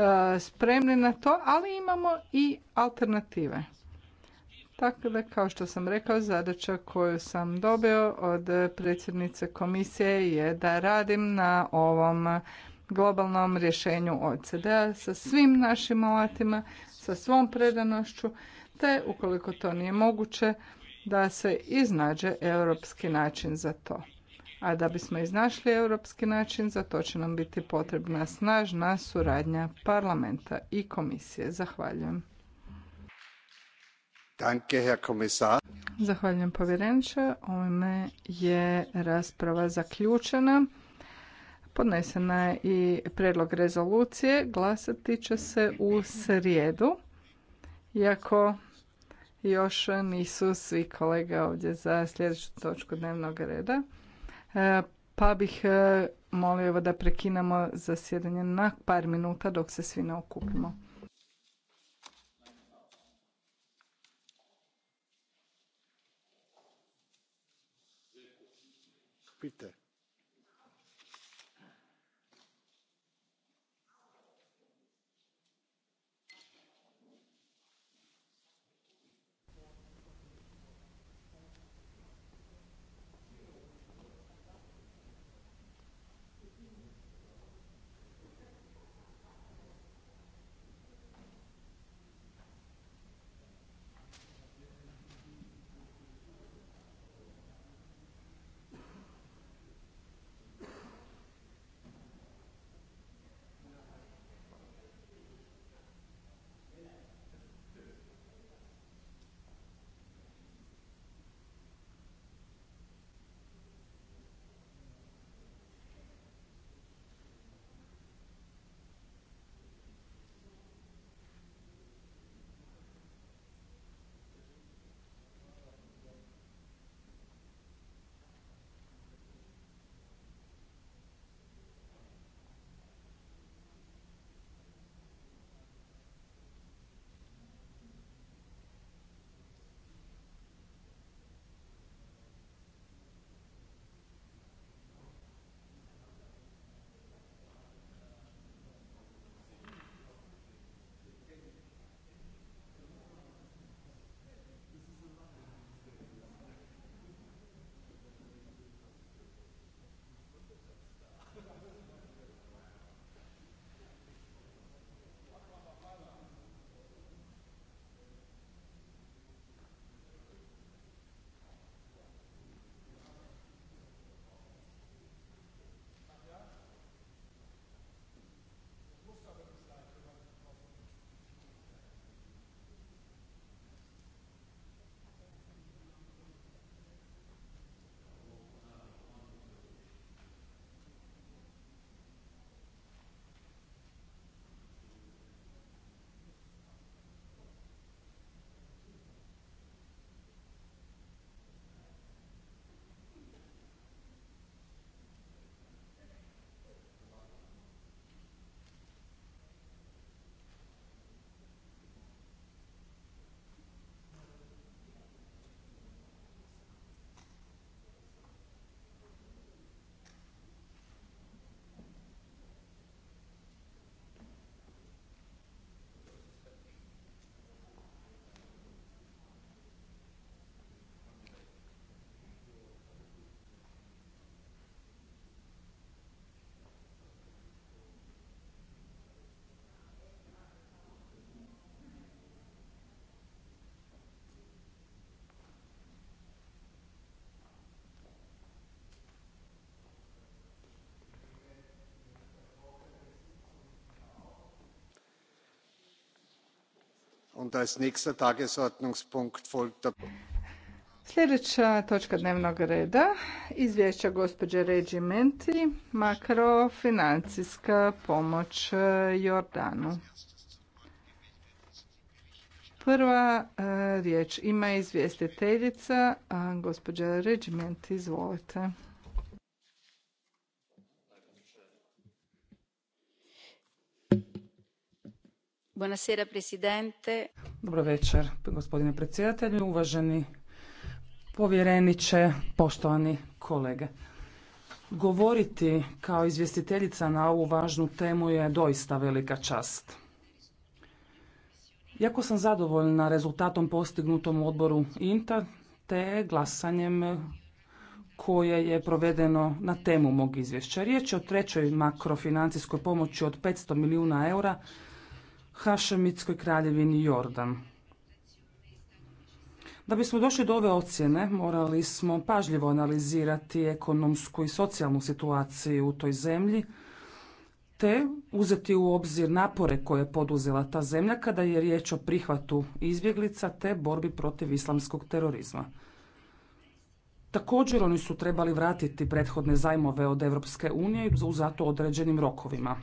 E, spremni na to, ali imamo i alternative. Tako da, kao što sam rekao, zadaća koju sam dobio od predsjednice komisije je da radim na ovom globalnom rješenju OCD-a sa svim našim alatima, sa svom predanošću, te ukoliko to nije moguće, da se iznađe europski način za to a da bismo iznašli europski način za to će nam biti potrebna snažna suradnja parlamenta i komisije. Zahvaljujem. Danke, Herr Zahvaljujem Ovime je rasprava zaključena. Podnesena je i predlog rezolucije. Glasati će se u srijedu. Iako još nisu svi kolege ovdje za sljedeću točku dnevnog reda. E, pa bih e, molio da prekinemo zasjedanje na par minuta dok se svi ne okupimo. Sljedeća točka dnevnog reda, izvješća gospođe Regimenti, makrofinancijska pomoć e, Jordanu. Prva e, riječ ima izvjestiteljica, gospođa regiment izvolite. Buonasera, Dobro večer, gospodine predsjedatelju, uvaženi povjereniče, poštovani kolege. Govoriti kao izvjestiteljica na ovu važnu temu je doista velika čast. Jako sam zadovoljna rezultatom postignutom u odboru INTA te glasanjem koje je provedeno na temu mog izvješća. Riječ je o trećoj makrofinancijskoj pomoći od 500 milijuna eura Hašemitskoj kraljevini Jordan. Da bismo došli do ove ocjene, morali smo pažljivo analizirati ekonomsku i socijalnu situaciju u toj zemlji, te uzeti u obzir napore koje je poduzela ta zemlja kada je riječ o prihvatu izbjeglica te borbi protiv islamskog terorizma. Također oni su trebali vratiti prethodne zajmove od Europske unije u zato određenim rokovima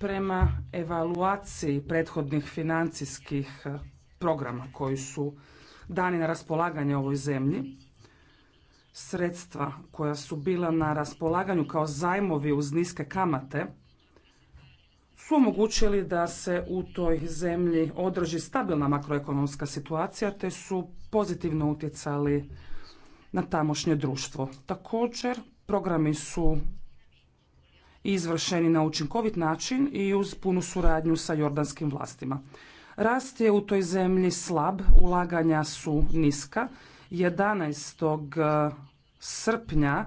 prema evaluaciji prethodnih financijskih eh, programa koji su dani na raspolaganje ovoj zemlji, sredstva koja su bila na raspolaganju kao zajmovi uz niske kamate su omogućili da se u toj zemlji održi stabilna makroekonomska situacija te su pozitivno utjecali na tamošnje društvo. Također, programi su izvršeni na učinkovit način i uz punu suradnju sa jordanskim vlastima. Rast je u toj zemlji slab, ulaganja su niska. 11. E, srpnja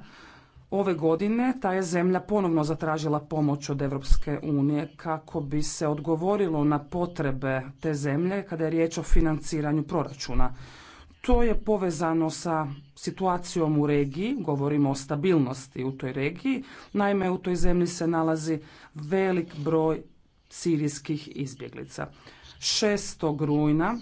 ove godine ta je zemlja ponovno zatražila pomoć od Europske unije kako bi se odgovorilo na potrebe te zemlje kada je riječ o financiranju proračuna. To je povezano sa situacijom u regiji, govorimo o stabilnosti u toj regiji. Naime, u toj zemlji se nalazi velik broj sirijskih izbjeglica. 6. rujna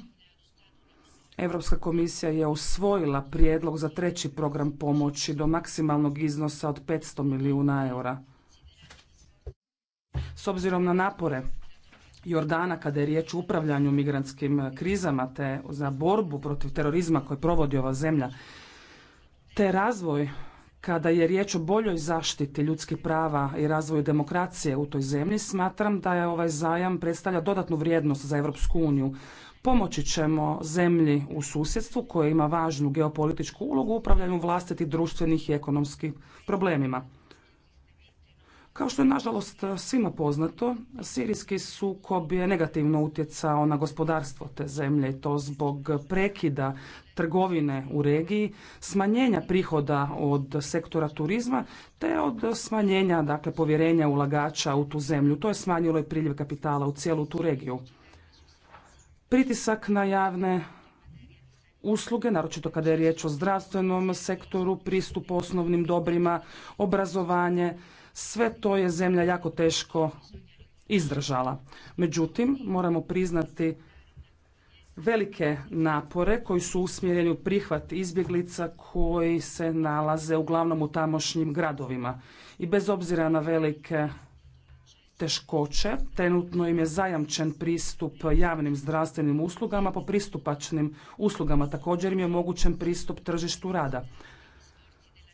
Europska komisija je usvojila prijedlog za treći program pomoći do maksimalnog iznosa od 500 milijuna eura. S obzirom na napore Jordana kada je riječ o upravljanju migrantskim e, krizama te za borbu protiv terorizma koje provodi ova zemlja, te razvoj kada je riječ o boljoj zaštiti ljudskih prava i razvoju demokracije u toj zemlji, smatram da je ovaj zajam predstavlja dodatnu vrijednost za Europsku uniju. Pomoći ćemo zemlji u susjedstvu koja ima važnu geopolitičku ulogu u upravljanju vlastitih društvenih i ekonomskih problemima. Kao što je nažalost svima poznato, sirijski sukob je negativno utjecao na gospodarstvo te zemlje i to zbog prekida trgovine u regiji, smanjenja prihoda od sektora turizma te od smanjenja dakle, povjerenja ulagača u tu zemlju. To je smanjilo i priljev kapitala u cijelu tu regiju. Pritisak na javne usluge, naročito kada je riječ o zdravstvenom sektoru, pristup osnovnim dobrima, obrazovanje, sve to je zemlja jako teško izdržala. Međutim, moramo priznati velike napore koji su usmjereni u prihvat izbjeglica koji se nalaze uglavnom u tamošnjim gradovima. I bez obzira na velike teškoće, trenutno im je zajamčen pristup javnim zdravstvenim uslugama po pristupačnim uslugama. Također im je omogućen pristup tržištu rada.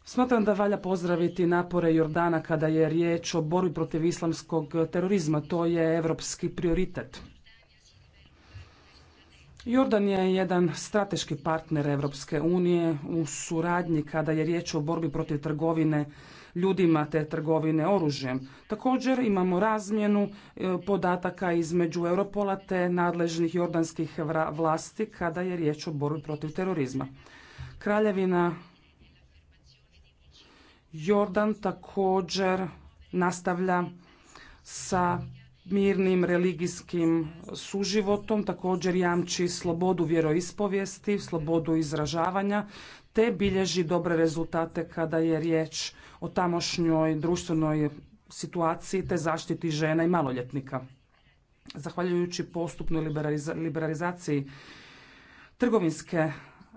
Smatram da valja pozdraviti napore Jordana kada je riječ o borbi protiv islamskog terorizma. To je evropski prioritet. Jordan je jedan strateški partner Evropske unije u suradnji kada je riječ o borbi protiv trgovine ljudima te trgovine oružjem. Također imamo razmjenu e, podataka između Europola te nadležnih jordanskih vlasti kada je riječ o borbi protiv terorizma. Kraljevina Jordan također nastavlja sa mirnim religijskim suživotom, također jamči slobodu vjeroispovijesti, slobodu izražavanja, te bilježi dobre rezultate kada je riječ o tamošnjoj društvenoj situaciji te zaštiti žena i maloljetnika. Zahvaljujući postupnoj liberalizaciji trgovinske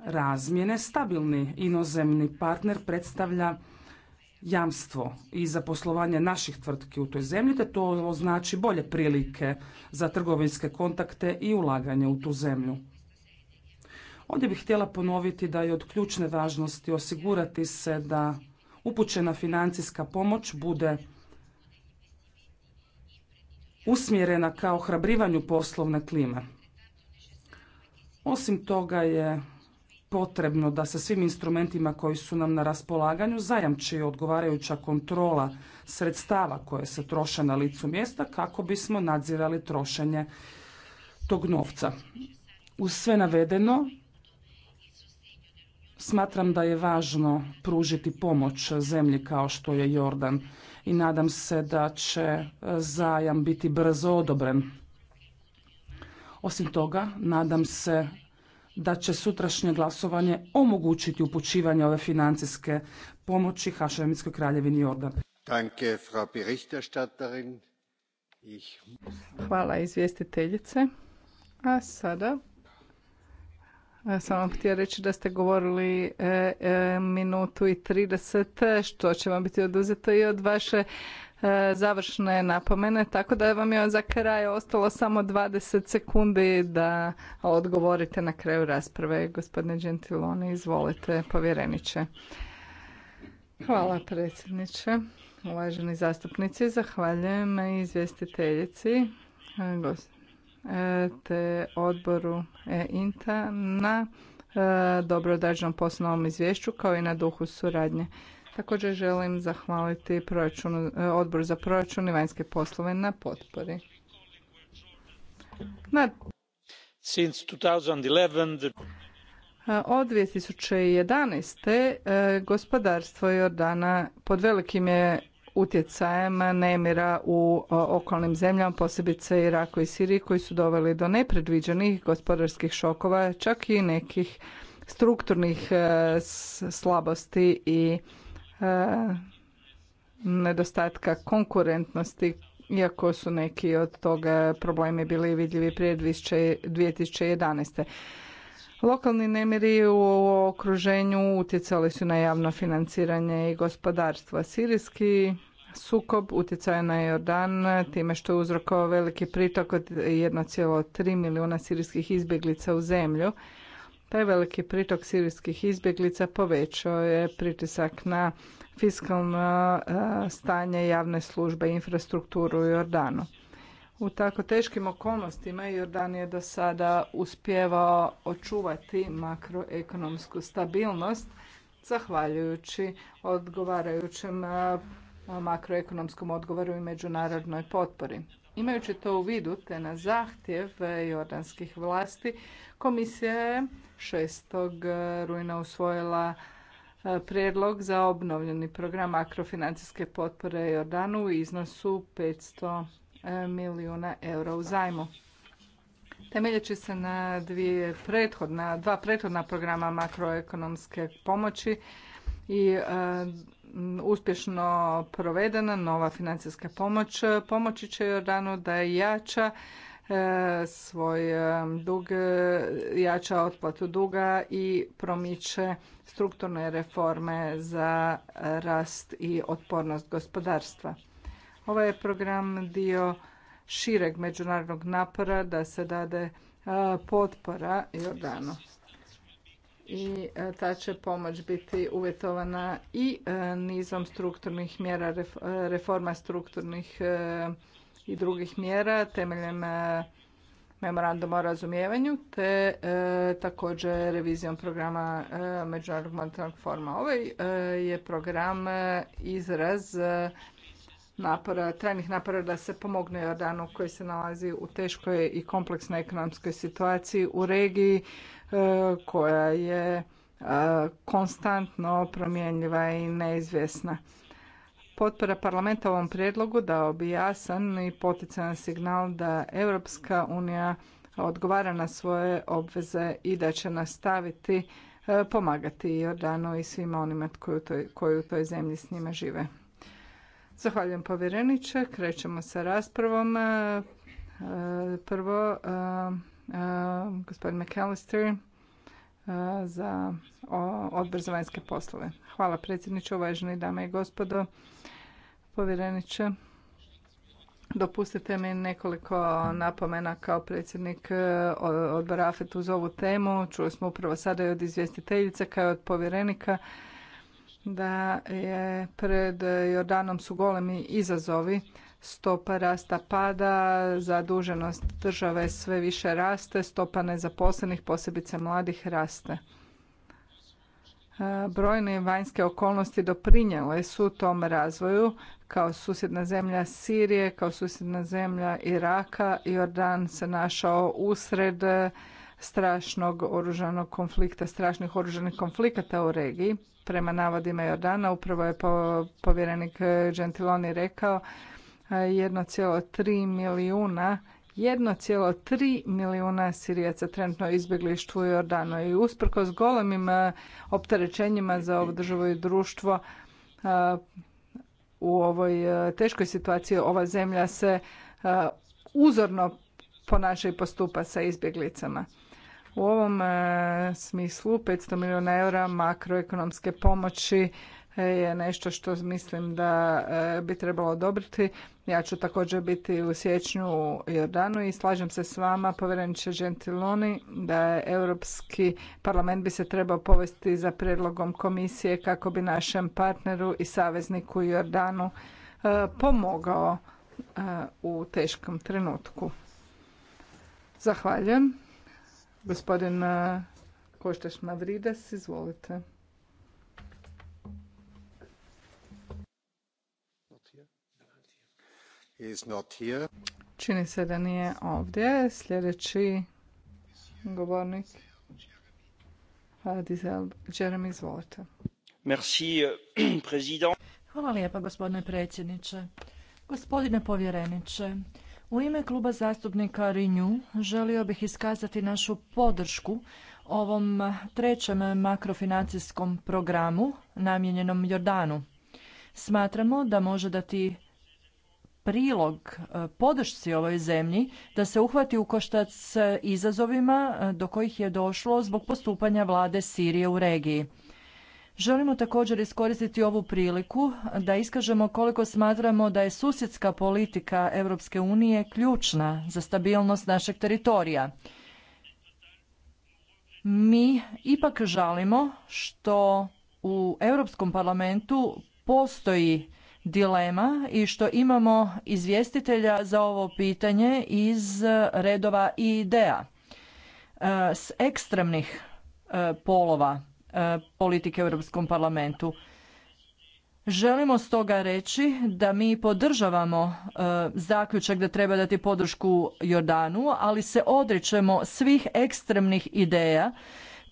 razmjene, stabilni inozemni partner predstavlja jamstvo i za poslovanje naših tvrtki u toj zemlji, te to znači bolje prilike za trgovinske kontakte i ulaganje u tu zemlju. Ovdje bih htjela ponoviti da je od ključne važnosti osigurati se da upućena financijska pomoć bude usmjerena kao hrabrivanju poslovne klime. Osim toga je potrebno da se svim instrumentima koji su nam na raspolaganju zajamči odgovarajuća kontrola sredstava koje se troše na licu mjesta kako bismo nadzirali trošenje tog novca. Uz sve navedeno, smatram da je važno pružiti pomoć zemlji kao što je Jordan i nadam se da će e, zajam biti brzo odobren. Osim toga, nadam se da će sutrašnje glasovanje omogućiti upućivanje ove financijske pomoći Hašemitskoj kraljevini Jordan. Danke, Frau Hvala izvjestiteljice. A sada samo sam vam htio reći da ste govorili e, e, minutu i 30, što će vam biti oduzeto i od vaše E, završne napomene, tako da vam je za kraj ostalo samo 20 sekundi da odgovorite na kraju rasprave. Gospodine Gentiloni, izvolite, povjereniče. Hvala predsjedniče, uvaženi zastupnici, zahvaljujem izvjestiteljici e, e, te odboru INTA na dobrodađnom poslovnom izvješću kao i na duhu suradnje. Također želim zahvaliti odbor e, odboru za proračun i vanjske poslove na potpori. Na... 2011, e, od 2011. E, gospodarstvo Jordana pod velikim je utjecajem nemira u okolnim zemljama, posebice Iraku i Siriji, koji su doveli do nepredviđenih gospodarskih šokova, čak i nekih strukturnih slabosti i nedostatka konkurentnosti iako su neki od toga problemi bili vidljivi prije 2011. Lokalni nemiri u okruženju utjecali su na javno financiranje i gospodarstvo. Sirijski sukob utjecao na Jordan time što je uzrokovao veliki pritok od 1,3 milijuna sirijskih izbjeglica u zemlju taj veliki pritok sirijskih izbjeglica povećao je pritisak na fiskalno e, stanje javne službe i infrastrukturu u Jordanu. U tako teškim okolnostima Jordan je do sada uspjevao očuvati makroekonomsku stabilnost zahvaljujući odgovarajućem e, makroekonomskom odgovoru i međunarodnoj potpori. Imajući to u vidu te na zahtjev jordanskih vlasti Komisija je 6. rujna usvojila e, prijedlog za obnovljeni program makrofinancijske potpore Jordanu u iznosu 500 e, milijuna eura u zajmu. Temeljeći se na prethodna, dva prethodna programa makroekonomske pomoći i e, uspješno provedena nova financijska pomoć pomoći će Jordanu da jača E, svoj e, dug, e, jača otplatu duga i promiče strukturne reforme za rast i otpornost gospodarstva. Ovaj je program dio šireg međunarodnog napora da se dade potpora Jordanu. I ta će pomoć biti uvjetovana i nizom strukturnih mjera, reforma strukturnih i drugih mjera temeljem e, memoranduma o razumijevanju te e, također revizijom programa e, Međunarodnog monetarnog forma. Ovaj e, je program izraz napora, trajnih napora da se pomogne Jordanu koji se nalazi u teškoj i kompleksnoj ekonomskoj situaciji u regiji koja je konstantno promjenjiva i neizvjesna potpora parlamenta ovom prijedlogu dao bi jasan i poticajan signal da Europska unija odgovara na svoje obveze i da će nastaviti e, pomagati Jordanu i svima onima koji u toj zemlji s njima žive. Zahvaljujem povjereniče. Krećemo sa raspravom. E, prvo, e, gospodin McAllister za odbor za vanjske poslove. Hvala predsjedniče, uvaženi dame i gospodo povjereniče. Dopustite mi nekoliko napomena kao predsjednik e, odbora AFET uz ovu temu. Čuli smo upravo sada i od izvjestiteljice kao i od povjerenika da je pred Jordanom su golemi izazovi. Stopa rasta pada, zaduženost države sve više raste, stopa nezaposlenih, posebice mladih, raste. E, brojne vanjske okolnosti doprinijele su tom razvoju kao susjedna zemlja Sirije, kao susjedna zemlja Iraka. Jordan se našao usred e, strašnog oružanog konflikta, strašnih oružanih konflikata u regiji. Prema navodima Jordana, upravo je povjerenik Gentiloni rekao, 1,3 e, milijuna 1,3 milijuna Sirijaca trenutno izbjeglištvo u Jordanu i usprkos golemim e, opterećenjima za ovu državu i društvo e, u ovoj e, teškoj situaciji ova zemlja se uzorno ponaša i postupa sa izbjeglicama. U ovom smislu 500 milijuna eura makroekonomske pomoći je nešto što mislim da e, bi trebalo odobriti. Ja ću također biti u siječnju u Jordanu i slažem se s vama, povjereniče Gentiloni, da je Europski parlament bi se trebao povesti za predlogom komisije kako bi našem partneru i savezniku Jordanu e, pomogao e, u teškom trenutku. Zahvaljujem. Gospodin Košteš Mavridas, izvolite. Čini se da nije ovdje. Sljedeći govornik. Jeremy, izvolite. Euh, Hvala lijepa, gospodine predsjedniče. Gospodine povjereniče, u ime kluba zastupnika Renew želio bih iskazati našu podršku ovom trećem makrofinancijskom programu namijenjenom Jordanu. Smatramo da može dati prilog e, podršci ovoj zemlji da se uhvati u koštac s izazovima e, do kojih je došlo zbog postupanja vlade Sirije u regiji. Želimo također iskoristiti ovu priliku da iskažemo koliko smatramo da je susjedska politika Europske unije ključna za stabilnost našeg teritorija. Mi ipak žalimo što u Europskom parlamentu postoji dilema i što imamo izvjestitelja za ovo pitanje iz redova i ideja e, s ekstremnih e, polova e, politike u Europskom parlamentu. Želimo stoga reći da mi podržavamo zaključak da treba dati podršku Jordanu, ali se odričemo svih ekstremnih ideja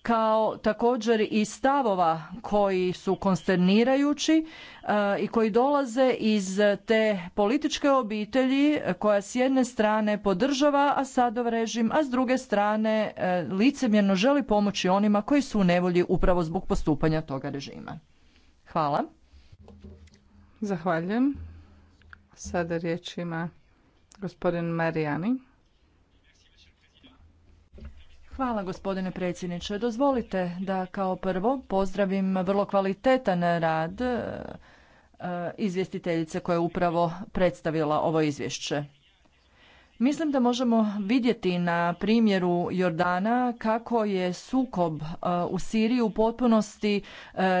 kao također i stavova koji su konsternirajući e, i koji dolaze iz te političke obitelji koja s jedne strane podržava Asadov režim, a s druge strane e, licemjerno želi pomoći onima koji su u nevolji upravo zbog postupanja toga režima. Hvala. Zahvaljujem. Sada riječ ima gospodin Marijani. Hvala gospodine predsjedniče. Dozvolite da kao prvo pozdravim vrlo kvalitetan rad e, e, izvjestiteljice koja je upravo predstavila ovo izvješće. Mislim da možemo vidjeti na primjeru Jordana kako je sukob e, u Siriji u potpunosti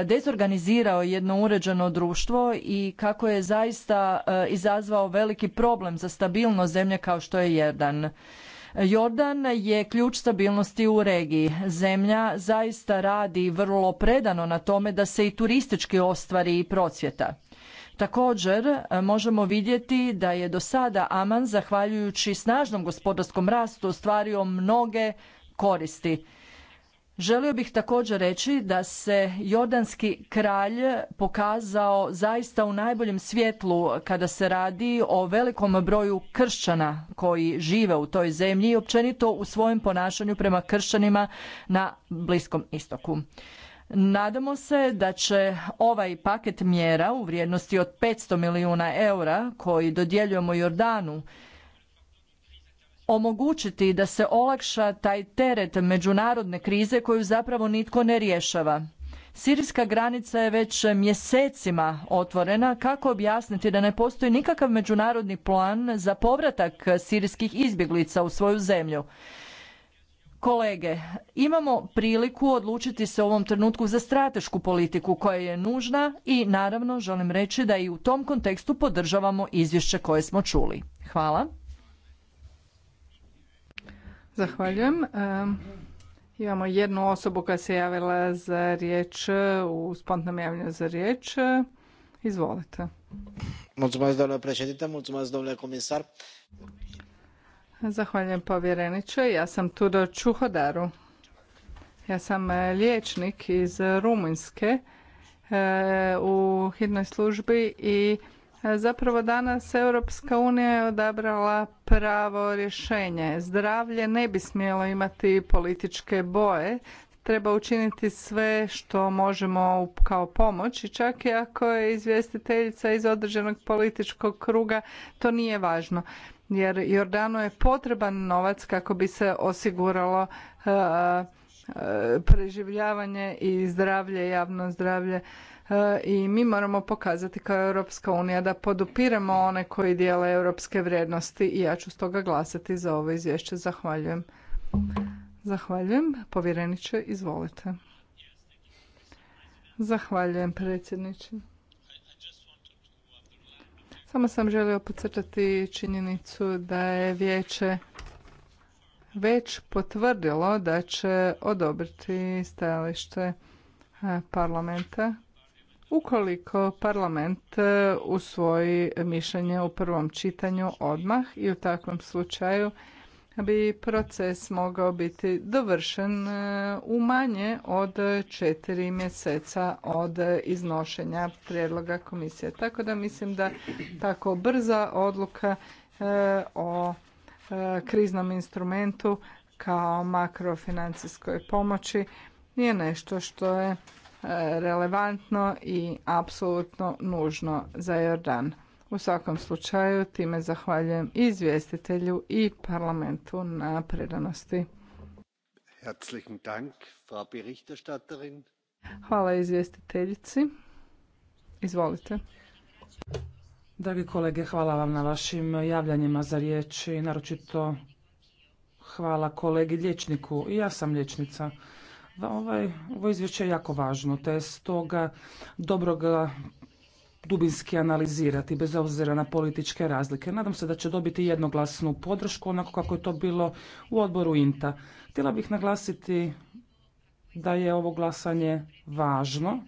dezorganizirao jedno uređeno društvo i kako je zaista izazvao veliki problem za stabilnost zemlje kao što je Jordan. Jordan je ključ stabilnosti u regiji. Zemlja zaista radi vrlo predano na tome da se i turistički ostvari i procvjeta. Također možemo vidjeti da je do sada Aman zahvaljujući snažnom gospodarskom rastu ostvario mnoge koristi Želio bih također reći da se jordanski kralj pokazao zaista u najboljem svjetlu kada se radi o velikom broju kršćana koji žive u toj zemlji i općenito u svojem ponašanju prema kršćanima na Bliskom istoku. Nadamo se da će ovaj paket mjera u vrijednosti od 500 milijuna eura koji dodjeljujemo Jordanu omogućiti da se olakša taj teret međunarodne krize koju zapravo nitko ne rješava. Sirijska granica je već mjesecima otvorena. Kako objasniti da ne postoji nikakav međunarodni plan za povratak sirijskih izbjeglica u svoju zemlju? Kolege, imamo priliku odlučiti se u ovom trenutku za stratešku politiku koja je nužna i naravno želim reći da i u tom kontekstu podržavamo izvješće koje smo čuli. Hvala. Zahvaljujem. Imamo jednu osobu koja se javila za riječ e, u spontanom javljanju za riječ. E, izvolite. Mulțumesc, președinte, mulțumesc, domnule comisar. Zahvaljujem povjereniče. Ja sam Tudor Čuhodaru. Ja sam e, liječnik iz Rumunjske u hitnoj službi i Zapravo danas Europska unija je odabrala pravo rješenje. Zdravlje ne bi smjelo imati političke boje. Treba učiniti sve što možemo kao pomoć i čak i ako je izvjestiteljica iz određenog političkog kruga, to nije važno. Jer Jordanu je potreban novac kako bi se osiguralo e, e, preživljavanje i zdravlje, javno zdravlje E, i mi moramo pokazati kao Europska unija da podupiramo one koji dijele europske vrijednosti i ja ću stoga glasati za ovo izvješće. Zahvaljujem. Zahvaljujem. Povjereniče, izvolite. Zahvaljujem, predsjedniče. Samo sam želio podcrtati činjenicu da je vijeće već potvrdilo da će odobriti stajalište e, parlamenta ukoliko parlament e, usvoji mišljenje u prvom čitanju odmah i u takvom slučaju bi proces mogao biti dovršen e, u manje od četiri mjeseca od iznošenja prijedloga komisije. Tako da mislim da tako brza odluka e, o kriznom instrumentu kao makrofinancijskoj pomoći nije nešto što je relevantno i apsolutno nužno za Jordan. U svakom slučaju time zahvaljujem i izvjestitelju i parlamentu na predanosti. Hvala izvjestiteljici. Izvolite. Dragi kolege, hvala vam na vašim javljanjima za riječ i naročito hvala kolegi liječniku. I ja sam liječnica. Ovaj, ovo izvješće je jako važno, te stoga dobro ga dubinski analizirati, bez obzira na političke razlike. Nadam se da će dobiti jednoglasnu podršku, onako kako je to bilo u odboru INTA. Htjela bih naglasiti da je ovo glasanje važno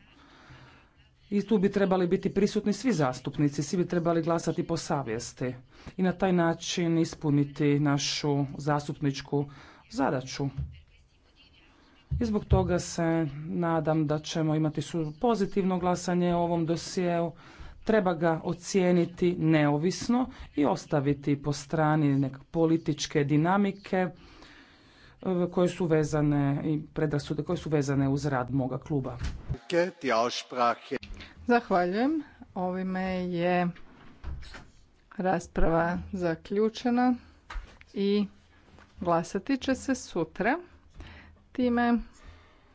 i tu bi trebali biti prisutni svi zastupnici, svi bi trebali glasati po savjesti i na taj način ispuniti našu zastupničku zadaću. I zbog toga se nadam da ćemo imati su pozitivno glasanje o ovom dosjeu. Treba ga ocijeniti neovisno i ostaviti po strani neke političke dinamike e, koje su vezane i predrasude koje su vezane uz rad moga kluba. Zahvaljujem. Ovime je rasprava zaključena i glasati će se sutra. Time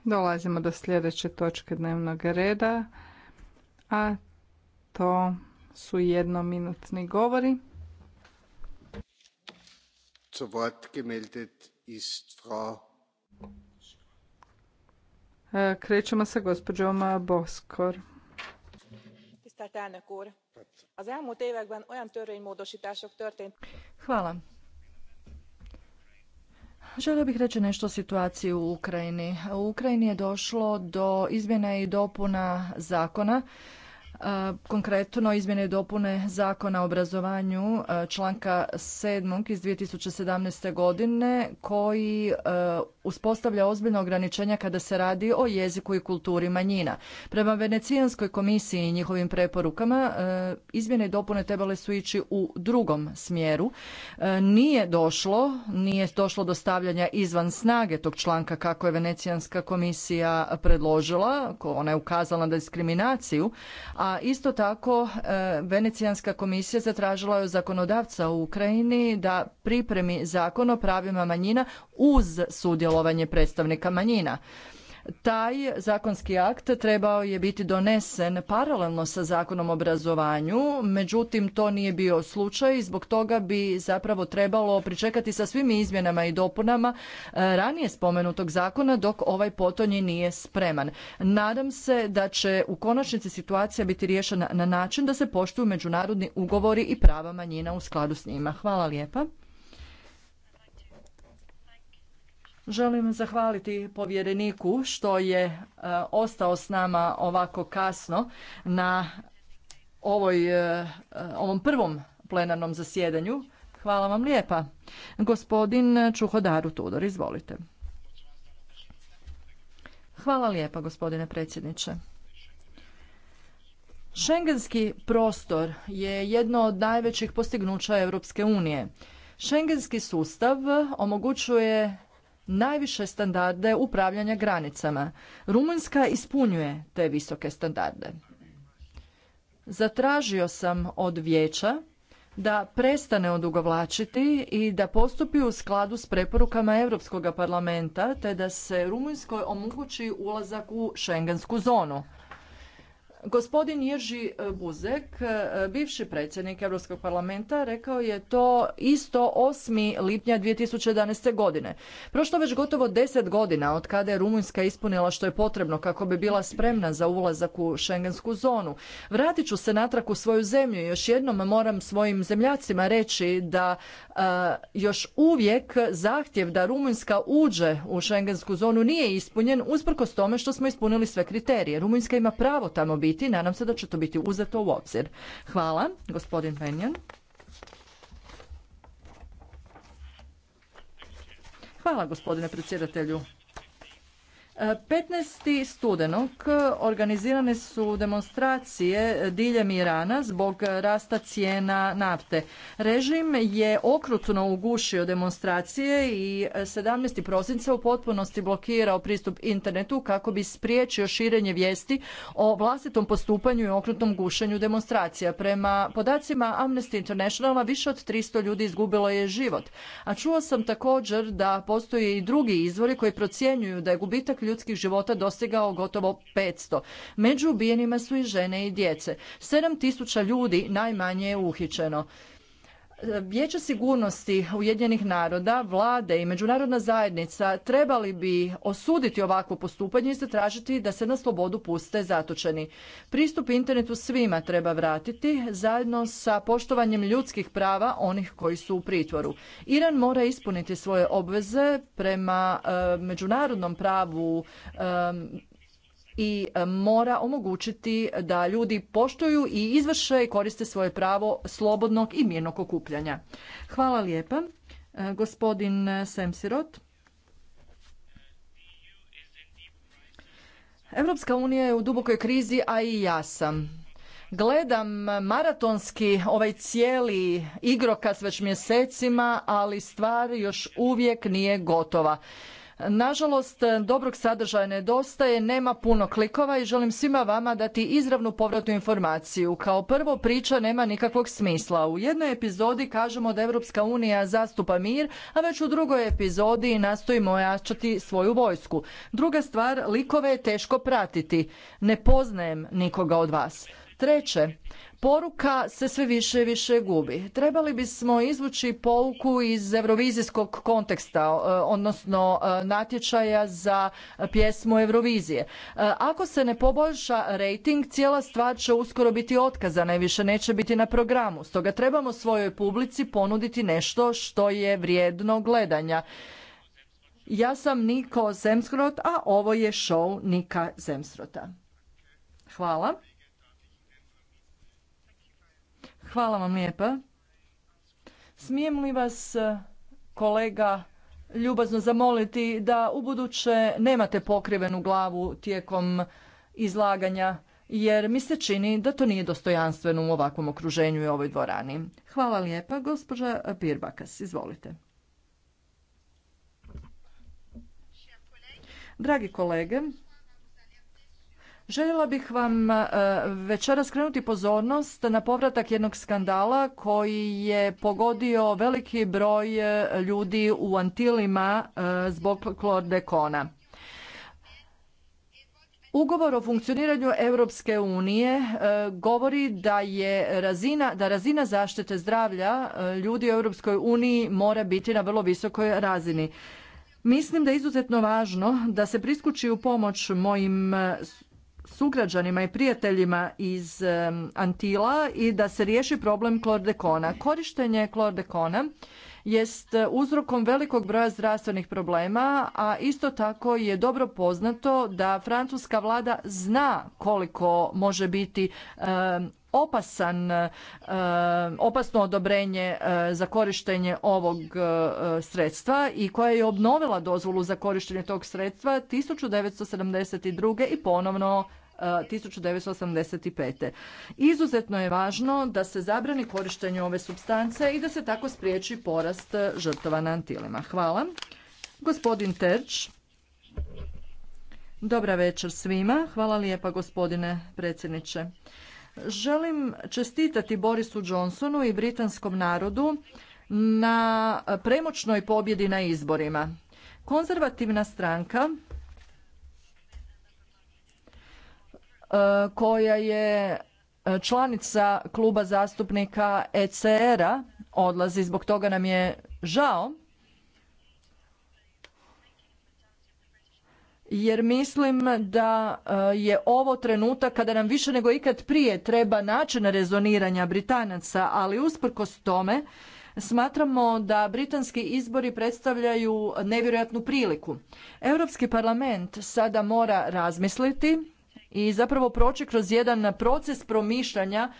dolazimo do sljedeće točke dnevnog reda, a to su jednominutni govori. gemeldet ist e, Krećemo sa gospođom Boskor. Hvala. Želio bih reći nešto o situaciji u Ukrajini. U Ukrajini je došlo do izmjena i dopuna zakona Konkretno izmjene i dopune Zakona o obrazovanju članka 7. iz 2017. godine koji uspostavlja ozbiljna ograničenja kada se radi o jeziku i kulturi manjina. Prema Venecijanskoj komisiji i njihovim preporukama izmjene i dopune trebale su ići u drugom smjeru. Nije došlo, nije došlo do stavljanja izvan snage tog članka kako je Venecijanska komisija predložila, ona je ukazala na diskriminaciju, a a isto tako e, Venecijanska komisija zatražila je od zakonodavca u Ukrajini da pripremi zakon o pravima manjina uz sudjelovanje predstavnika manjina. Taj zakonski akt trebao je biti donesen paralelno sa zakonom o obrazovanju, međutim to nije bio slučaj i zbog toga bi zapravo trebalo pričekati sa svim izmjenama i dopunama e, ranije spomenutog zakona dok ovaj potonji nije spreman. Nadam se da će u konačnici situacija biti riješena na način da se poštuju međunarodni ugovori i prava manjina u skladu s njima. Hvala lijepa. Želim zahvaliti povjereniku što je e, ostao s nama ovako kasno na ovoj, e, e, ovom prvom plenarnom zasjedanju. Hvala vam lijepa. Gospodin Čuhodaru Tudor, izvolite. Hvala lijepa, gospodine predsjedniče. Schengenski prostor je jedno od najvećih postignuća Europske unije. Schengenski sustav omogućuje najviše standarde upravljanja granicama. Rumunjska ispunjuje te visoke standarde. Zatražio sam od vijeća da prestane odugovlačiti i da postupi u skladu s preporukama Europskog parlamenta te da se Rumunjskoj omogući ulazak u šengensku zonu. Gospodin Jerži e, Buzek, e, bivši predsjednik Europskog parlamenta, rekao je to isto 8. lipnja 2011. godine. Prošlo već gotovo 10 godina od kada je Rumunjska ispunila što je potrebno kako bi bila spremna za ulazak u šengensku zonu. Vratit ću se natrag u svoju zemlju i još jednom moram svojim zemljacima reći da e, još uvijek zahtjev da Rumunjska uđe u šengensku zonu nije ispunjen usprkos tome što smo ispunili sve kriterije. Rumunjska ima pravo tamo biti biti nadam se da će to biti uzeto u obzir. Hvala, gospodin Benjan. Hvala, gospodine predsjedatelju. 15. studenog organizirane su demonstracije diljem Irana zbog rasta cijena nafte. Režim je okrutno ugušio demonstracije i 17. prosinca u potpunosti blokirao pristup internetu kako bi spriječio širenje vijesti o vlastitom postupanju i okrutnom gušenju demonstracija. Prema podacima Amnesty Internationala više od 300 ljudi izgubilo je život. A čuo sam također da postoje i drugi izvori koji procjenjuju da je gubitak ljudskih života dostigao gotovo 500. Među ubijenima su i žene i djece. 7000 ljudi najmanje je uhićeno. Vijeće sigurnosti Ujedinjenih naroda, vlade i međunarodna zajednica trebali bi osuditi ovakvo postupanje i zatražiti da se na slobodu puste zatočeni. Pristup internetu svima treba vratiti zajedno sa poštovanjem ljudskih prava onih koji su u pritvoru. Iran mora ispuniti svoje obveze prema e, međunarodnom pravu e, i e, mora omogućiti da ljudi poštuju i izvrše i koriste svoje pravo slobodnog i mirnog okupljanja. Hvala lijepa. E, gospodin Semsirot. Evropska unija je u dubokoj krizi, a i ja sam. Gledam maratonski ovaj cijeli igrokaz već mjesecima, ali stvar još uvijek nije gotova. Nažalost, dobrog sadržaja nedostaje, nema puno klikova i želim svima vama dati izravnu povratnu informaciju. Kao prvo, priča nema nikakvog smisla. U jednoj epizodi kažemo da Europska unija zastupa mir, a već u drugoj epizodi nastojimo ojačati svoju vojsku. Druga stvar, likove je teško pratiti. Ne poznajem nikoga od vas. Treće, poruka se sve više i više gubi. Trebali bismo izvući pouku iz eurovizijskog konteksta, e, odnosno e, natječaja za pjesmu Eurovizije. E, ako se ne poboljša rejting, cijela stvar će uskoro biti otkazana i više neće biti na programu. Stoga trebamo svojoj publici ponuditi nešto što je vrijedno gledanja. Ja sam Niko Zemsrot, a ovo je show Nika Zemsrota. Hvala. Hvala vam lijepa. Smijem li vas, e, kolega, ljubazno zamoliti da ubuduće nemate pokrivenu glavu tijekom izlaganja, jer mi se čini da to nije dostojanstveno u ovakvom okruženju i ovoj dvorani. Hvala lijepa, gospođa Pirbakas, izvolite. Dragi kolege, Željela bih vam e, večeras skrenuti pozornost na povratak jednog skandala koji je pogodio veliki broj e, ljudi u Antilima e, zbog klordekona. Ugovor o funkcioniranju Europske unije govori da je razina, da razina zaštite zdravlja ljudi u Europskoj uniji mora biti na vrlo visokoj razini. Mislim da je izuzetno važno da se priskuči u pomoć mojim sugrađanima i prijateljima iz Antila i da se riješi problem klordekona. Korištenje klordekona jest uzrokom velikog broja zdravstvenih problema, a isto tako je dobro poznato da francuska vlada zna koliko može biti opasan, e, opasno odobrenje e, za korištenje ovog e, sredstva i koja je obnovila dozvolu za korištenje tog sredstva 1972. i ponovno 1985. Izuzetno je važno da se zabrani korištenje ove substance i da se tako spriječi porast žrtava na antilima. Hvala. Gospodin Terč. Dobra večer svima. Hvala lijepa gospodine predsjedniče. Želim čestitati Borisu Johnsonu i britanskom narodu na premoćnoj pobjedi na izborima. Konzervativna stranka e, koja je članica kluba zastupnika ECR-a odlazi, zbog toga nam je žao, jer mislim da eh, je ovo trenutak kada nam više nego ikad prije treba način rezoniranja Britanaca, ali usprkos tome smatramo da britanski izbori predstavljaju nevjerojatnu priliku. Europski parlament sada mora razmisliti i zapravo proći kroz jedan proces promišljanja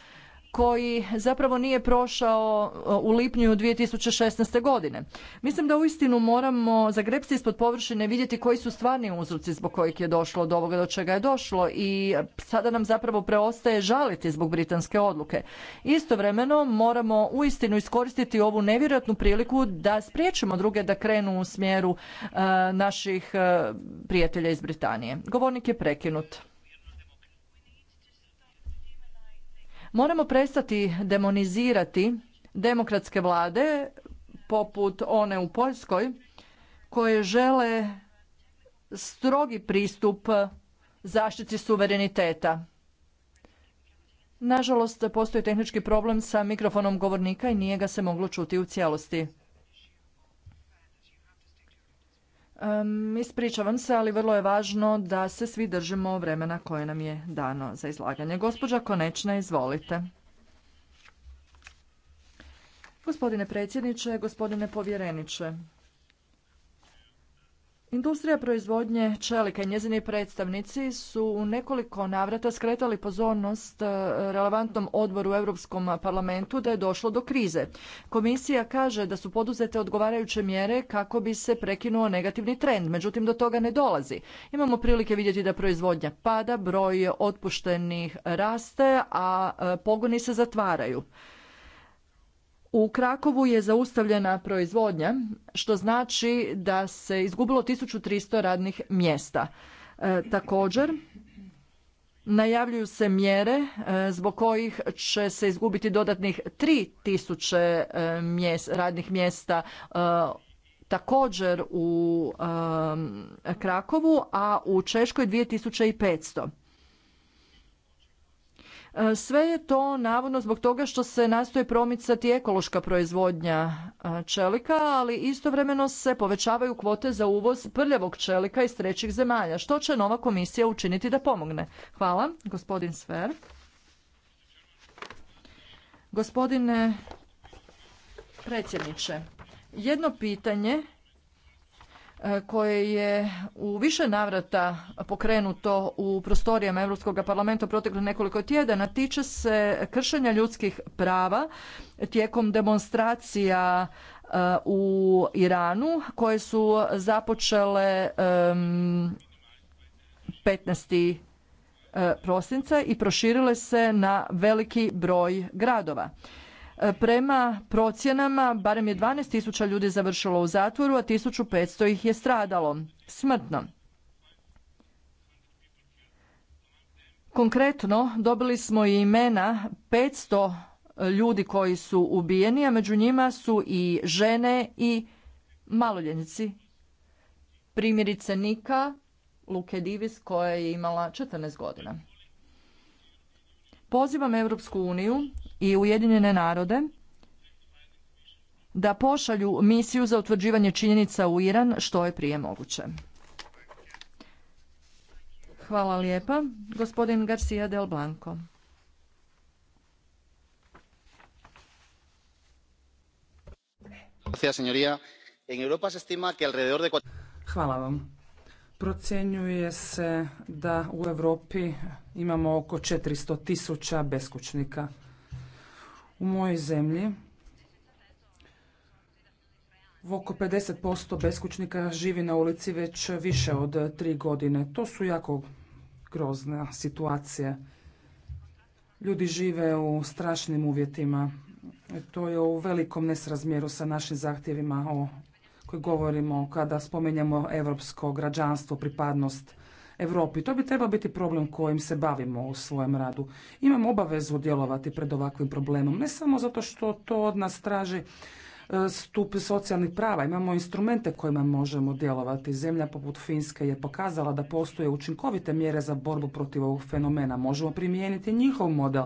koji zapravo nije prošao e, u lipnju 2016. godine. Mislim da uistinu moramo zagrepsti ispod površine vidjeti koji su stvarni uzroci zbog kojih je došlo do ovoga do čega je došlo i sada nam zapravo preostaje žaliti zbog britanske odluke. Istovremeno moramo uistinu iskoristiti ovu nevjerojatnu priliku da spriječimo druge da krenu u smjeru e, naših e, prijatelja iz Britanije. Govornik je prekinut. Moramo prestati demonizirati demokratske vlade poput one u Poljskoj koje žele strogi pristup zaštiti suvereniteta. Nažalost, postoji tehnički problem sa mikrofonom govornika i nije ga se moglo čuti u cijelosti. ispričavam se, ali vrlo je važno da se svi držimo vremena koje nam je dano za izlaganje. Gospođa Konečna, izvolite. Gospodine predsjedniče, gospodine povjereniče, Industrija proizvodnje čelika i njezini predstavnici su u nekoliko navrata skretali pozornost e, relevantnom odboru u Europskom parlamentu da je došlo do krize. Komisija kaže da su poduzete odgovarajuće mjere kako bi se prekinuo negativni trend, međutim do toga ne dolazi. Imamo prilike vidjeti da proizvodnja pada, broj otpuštenih raste, a e, pogoni se zatvaraju. U Krakovu je zaustavljena proizvodnja, što znači da se izgubilo 1300 radnih mjesta. E, također, najavljuju se mjere e, zbog kojih će se izgubiti dodatnih 3000 e, radnih mjesta također u Krakovu, a u Češkoj 2500. E, sve je to navodno zbog toga što se nastoji promicati ekološka proizvodnja e, čelika, ali istovremeno se povećavaju kvote za uvoz prljavog čelika iz trećih zemalja. Što će nova komisija učiniti da pomogne? Hvala, gospodin Sver. Gospodine predsjedniče, jedno pitanje E, koje je u više navrata pokrenuto u prostorijama Europskog parlamenta u proteklih nekoliko tjedana tiče se kršenja ljudskih prava tijekom demonstracija e, u Iranu koje su započele 15 e, prosinca i proširile se na veliki broj gradova. E, prema procjenama, barem je 12.000 ljudi završilo u zatvoru, a 1.500 ih je stradalo smrtno. Konkretno, dobili smo i imena 500 ljudi koji su ubijeni, a među njima su i žene i maloljenici. Primjerice Nika Luke Divis koja je imala 14 godina. Pozivam Europsku uniju i Ujedinjene narode da pošalju misiju za utvrđivanje činjenica u Iran što je prije moguće. Hvala lijepa. Gospodin Garcia del Blanco. Hvala vam. Procjenjuje se da u Europi imamo oko 400 tisuća beskućnika. U mojoj zemlji oko 50% beskućnika živi na ulici već više od tri godine. To su jako grozne situacije. Ljudi žive u strašnim uvjetima. To je u velikom nesrazmjeru sa našim zahtjevima o koji govorimo kada spominjemo europsko građanstvo, pripadnost Europi. To bi trebao biti problem kojim se bavimo u svojem radu. Imamo obavezu djelovati pred ovakvim problemom, ne samo zato što to od nas traži e, stup socijalnih prava. Imamo instrumente kojima možemo djelovati. Zemlja poput Finske je pokazala da postoje učinkovite mjere za borbu protiv ovog fenomena. Možemo primijeniti njihov model.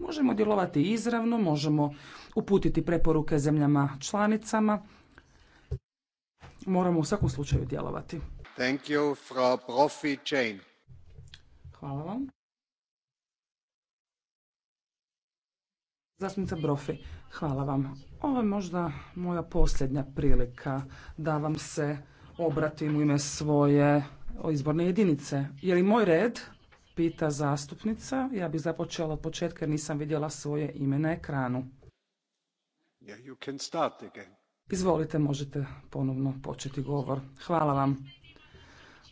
Možemo djelovati izravno, možemo uputiti preporuke zemljama članicama moramo u svakom slučaju djelovati. Hvala vam. Zastupnica Brofi, hvala vam. Ovo je možda moja posljednja prilika da vam se obratim u ime svoje izborne jedinice. Je li moj red? Pita zastupnica. Ja bih započela od početka jer nisam vidjela svoje ime na ekranu. Yeah, you Izvolite, možete ponovno početi govor. Hvala vam.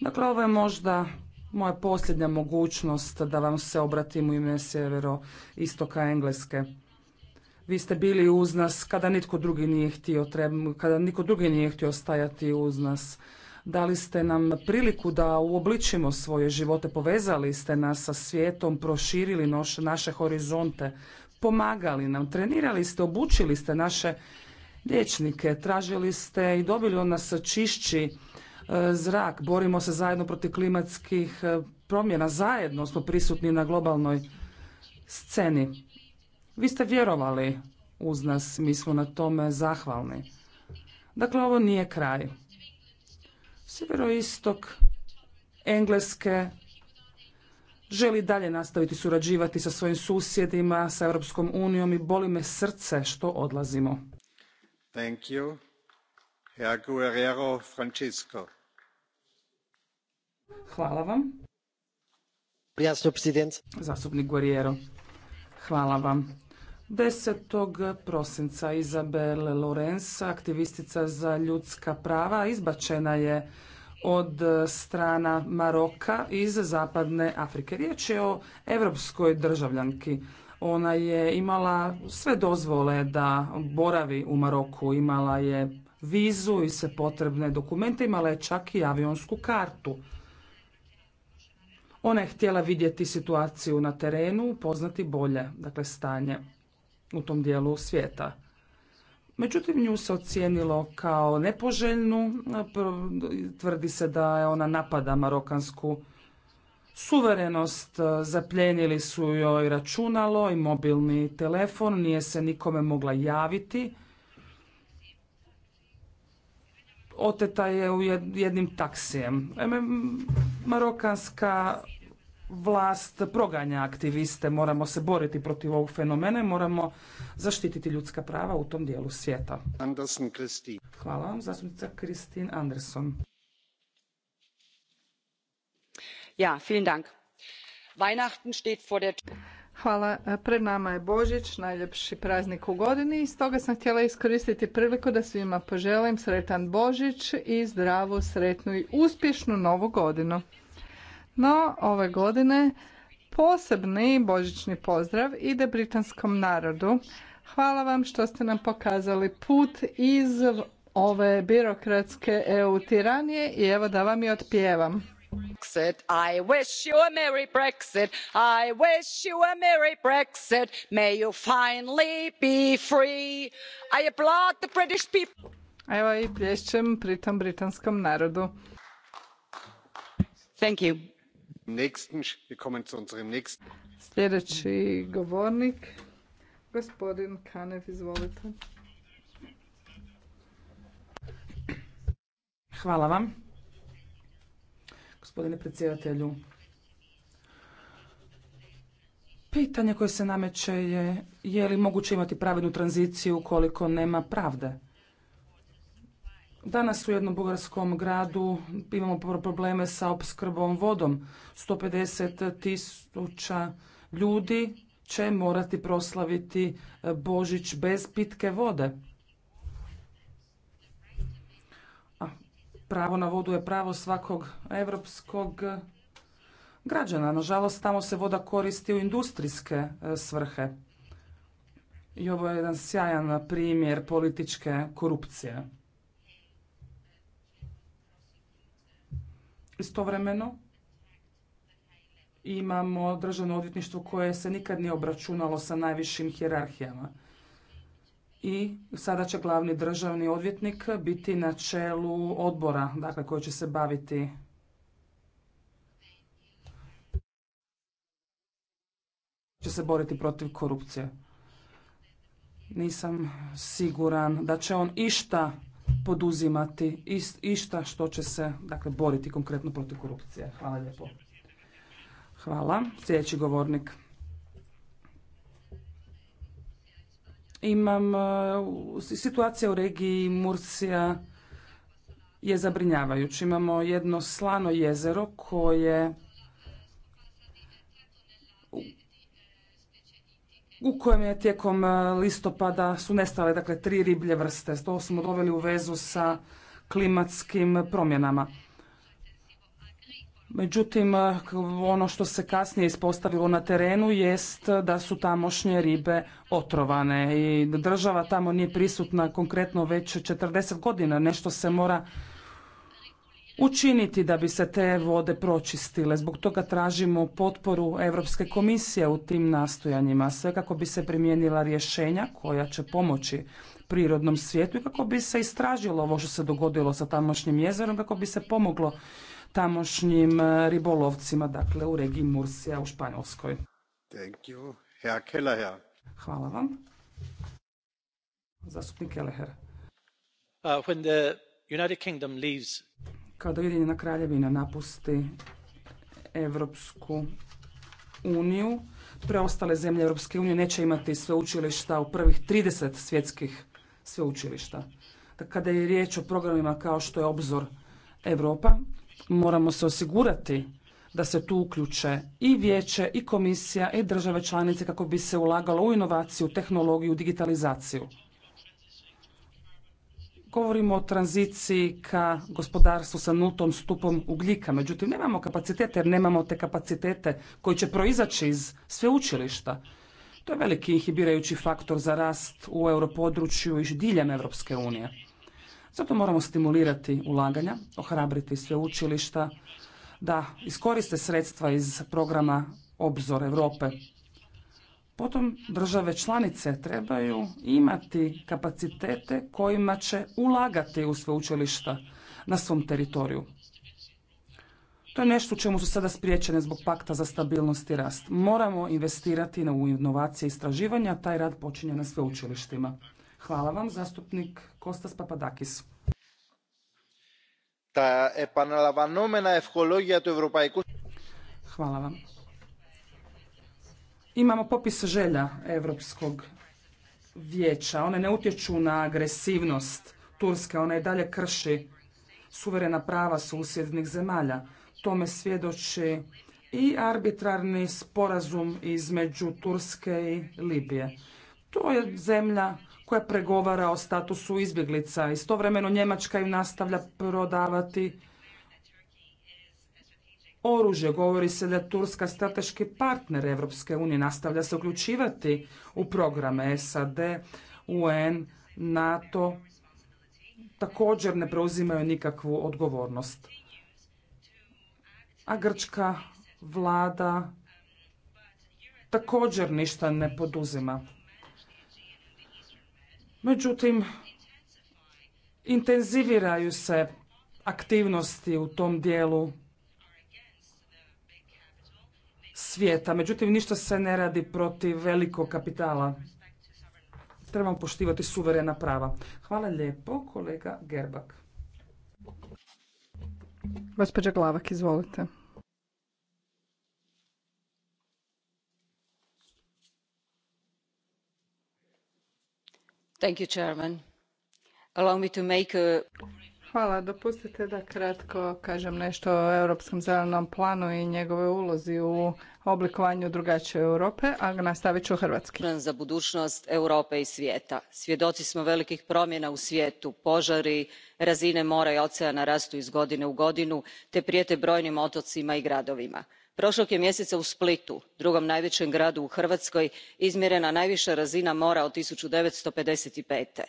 Dakle, ovo je možda moja posljednja mogućnost da vam se obratim u ime sjevero istoka Engleske. Vi ste bili uz nas kada nitko drugi nije htio, kada niko drugi nije htio stajati uz nas. Dali ste nam priliku da uobličimo svoje živote, povezali ste nas sa svijetom, proširili naše horizonte, pomagali nam, trenirali ste, obučili ste naše liječnike, tražili ste i dobili od nas čišći e, zrak, borimo se zajedno protiv klimatskih e, promjena, zajedno smo prisutni na globalnoj sceni. Vi ste vjerovali uz nas, mi smo na tome zahvalni. Dakle, ovo nije kraj. Sjeveroistok Engleske želi dalje nastaviti surađivati sa svojim susjedima, sa Europskom unijom i boli me srce što odlazimo. Hvala vam. Zastupnik Hvala vam. 10. prosinca Izabel Lorenza, aktivistica za ljudska prava, izbačena je od strana Maroka iz zapadne Afrike. Riječ je o Europskoj državljanki. Ona je imala sve dozvole da boravi u Maroku, imala je vizu i sve potrebne dokumente, imala je čak i avionsku kartu. Ona je htjela vidjeti situaciju na terenu, poznati bolje, dakle stanje u tom dijelu svijeta. Međutim, nju se ocijenilo kao nepoželjnu, tvrdi se da je ona napada marokansku suverenost, e, zapljenili su joj računalo i mobilni telefon, nije se nikome mogla javiti. Oteta je u jednim taksijem. E, marokanska vlast proganja aktiviste, moramo se boriti protiv ovog fenomena i moramo zaštititi ljudska prava u tom dijelu svijeta. Hvala vam, zastupnica Kristin Anderson. Hvala. Pred nama je Božić, najljepši praznik u godini i stoga sam htjela iskoristiti priliku da svima poželim sretan Božić i zdravu, sretnu i uspješnu novu godinu. No, ove godine posebni božićni pozdrav ide britanskom narodu. Hvala vam što ste nam pokazali put iz ove birokratske EU tiranije i evo da vam i otpjevam brexit i wish you a merry brexit i wish you a merry brexit may you finally be free i applaud the british people. evo i plješćem britanskom narodu. Thank you. sljedeći govornik gospodin kanev izvolite. Hvala vam gospodine predsjedatelju. Pitanje koje se nameće je je li moguće imati pravednu tranziciju koliko nema pravde. Danas u jednom bugarskom gradu imamo probleme sa opskrbom vodom. 150 tisuća ljudi će morati proslaviti e, Božić bez pitke vode. Pravo na vodu je pravo svakog evropskog građana. Nažalost, tamo se voda koristi u industrijske e, svrhe. I ovo je jedan sjajan primjer političke korupcije. Istovremeno imamo državno odvjetništvo koje se nikad nije obračunalo sa najvišim hjerarhijama i sada će glavni državni odvjetnik biti na čelu odbora dakle, koji će se baviti će se boriti protiv korupcije. Nisam siguran da će on išta poduzimati, išta što će se dakle, boriti konkretno protiv korupcije. Hvala lijepo. Hvala. Sljedeći govornik. imam e, situacija u regiji Murcija je zabrinjavajuća. Imamo jedno slano jezero koje u kojem je tijekom e, listopada su nestale dakle tri riblje vrste. To smo doveli u vezu sa klimatskim promjenama. Međutim, eh, ono što se kasnije ispostavilo na terenu jest da su tamošnje ribe otrovane i država tamo nije prisutna konkretno već 40 godina. Nešto se mora učiniti da bi se te vode pročistile. Zbog toga tražimo potporu Europske komisije u tim nastojanjima, sve kako bi se primijenila rješenja koja će pomoći prirodnom svijetu i kako bi se istražilo ovo što se dogodilo sa tamošnjim jezerom, kako bi se pomoglo tamošnjim e, ribolovcima, dakle u regiji Mursija u Španjolskoj. Thank you. Herr Hvala vam. Zastupnik Kelleher. Uh, when the United Kada Ujedinjena kraljevina napusti Evropsku uniju, preostale zemlje Evropske unije neće imati sveučilišta u prvih 30 svjetskih sveučilišta. Kada je riječ o programima kao što je obzor Europa, Moramo se osigurati da se tu uključe i vijeće i komisija i države članice kako bi se ulagalo u inovaciju, tehnologiju, digitalizaciju. Govorimo o tranziciji ka gospodarstvu sa nultom stupom ugljika, međutim nemamo kapacitete jer nemamo te kapacitete koji će proizaći iz sveučilišta. To je veliki inhibirajući faktor za rast u europodručju i diljem Europske unije. Zato moramo stimulirati ulaganja, ohrabriti sveučilišta da iskoriste sredstva iz programa Obzor Europe. Potom države članice trebaju imati kapacitete kojima će ulagati u sveučilišta na svom teritoriju. To je nešto čemu su sada spriječene zbog pakta za stabilnost i rast. Moramo investirati u inovacije i istraživanja, a taj rad počinje na sveučilištima. Hvala vam, zastupnik Kostas Papadakis. Ta Hvala vam. Imamo popis želja Evropskog vijeća. One ne utječu na agresivnost Turske, ona i dalje krši suverena prava susjednih zemalja. Tome svjedoči i arbitrarni sporazum između Turske i Libije. To je zemlja koja pregovara o statusu izbjeglica. Istovremeno Njemačka im nastavlja prodavati oružje. Govori se da Turska strateški partner Evropske unije. Nastavlja se uključivati u programe SAD, UN, NATO. Također ne preuzimaju nikakvu odgovornost. A grčka vlada također ništa ne poduzima. Međutim, intenziviraju se aktivnosti u tom dijelu svijeta. Međutim, ništa se ne radi protiv velikog kapitala. Trebamo poštivati suverena prava. Hvala lijepo, kolega Gerbak. Gospođa Glavak, izvolite. Thank Hvala. Dopustite da kratko kažem nešto o Europskom zelenom planu i njegove ulozi u oblikovanju drugačije Europe, a nastavit ću hrvatski. Za budućnost Europe i svijeta. Svjedoci smo velikih promjena u svijetu. Požari, razine mora i oceana rastu iz godine u godinu, te prijete brojnim otocima i gradovima prošlog je mjeseca u splitu drugom najvećem gradu u hrvatskoj izmjerena najviša razina mora od. one thousand nine hundred and fifty five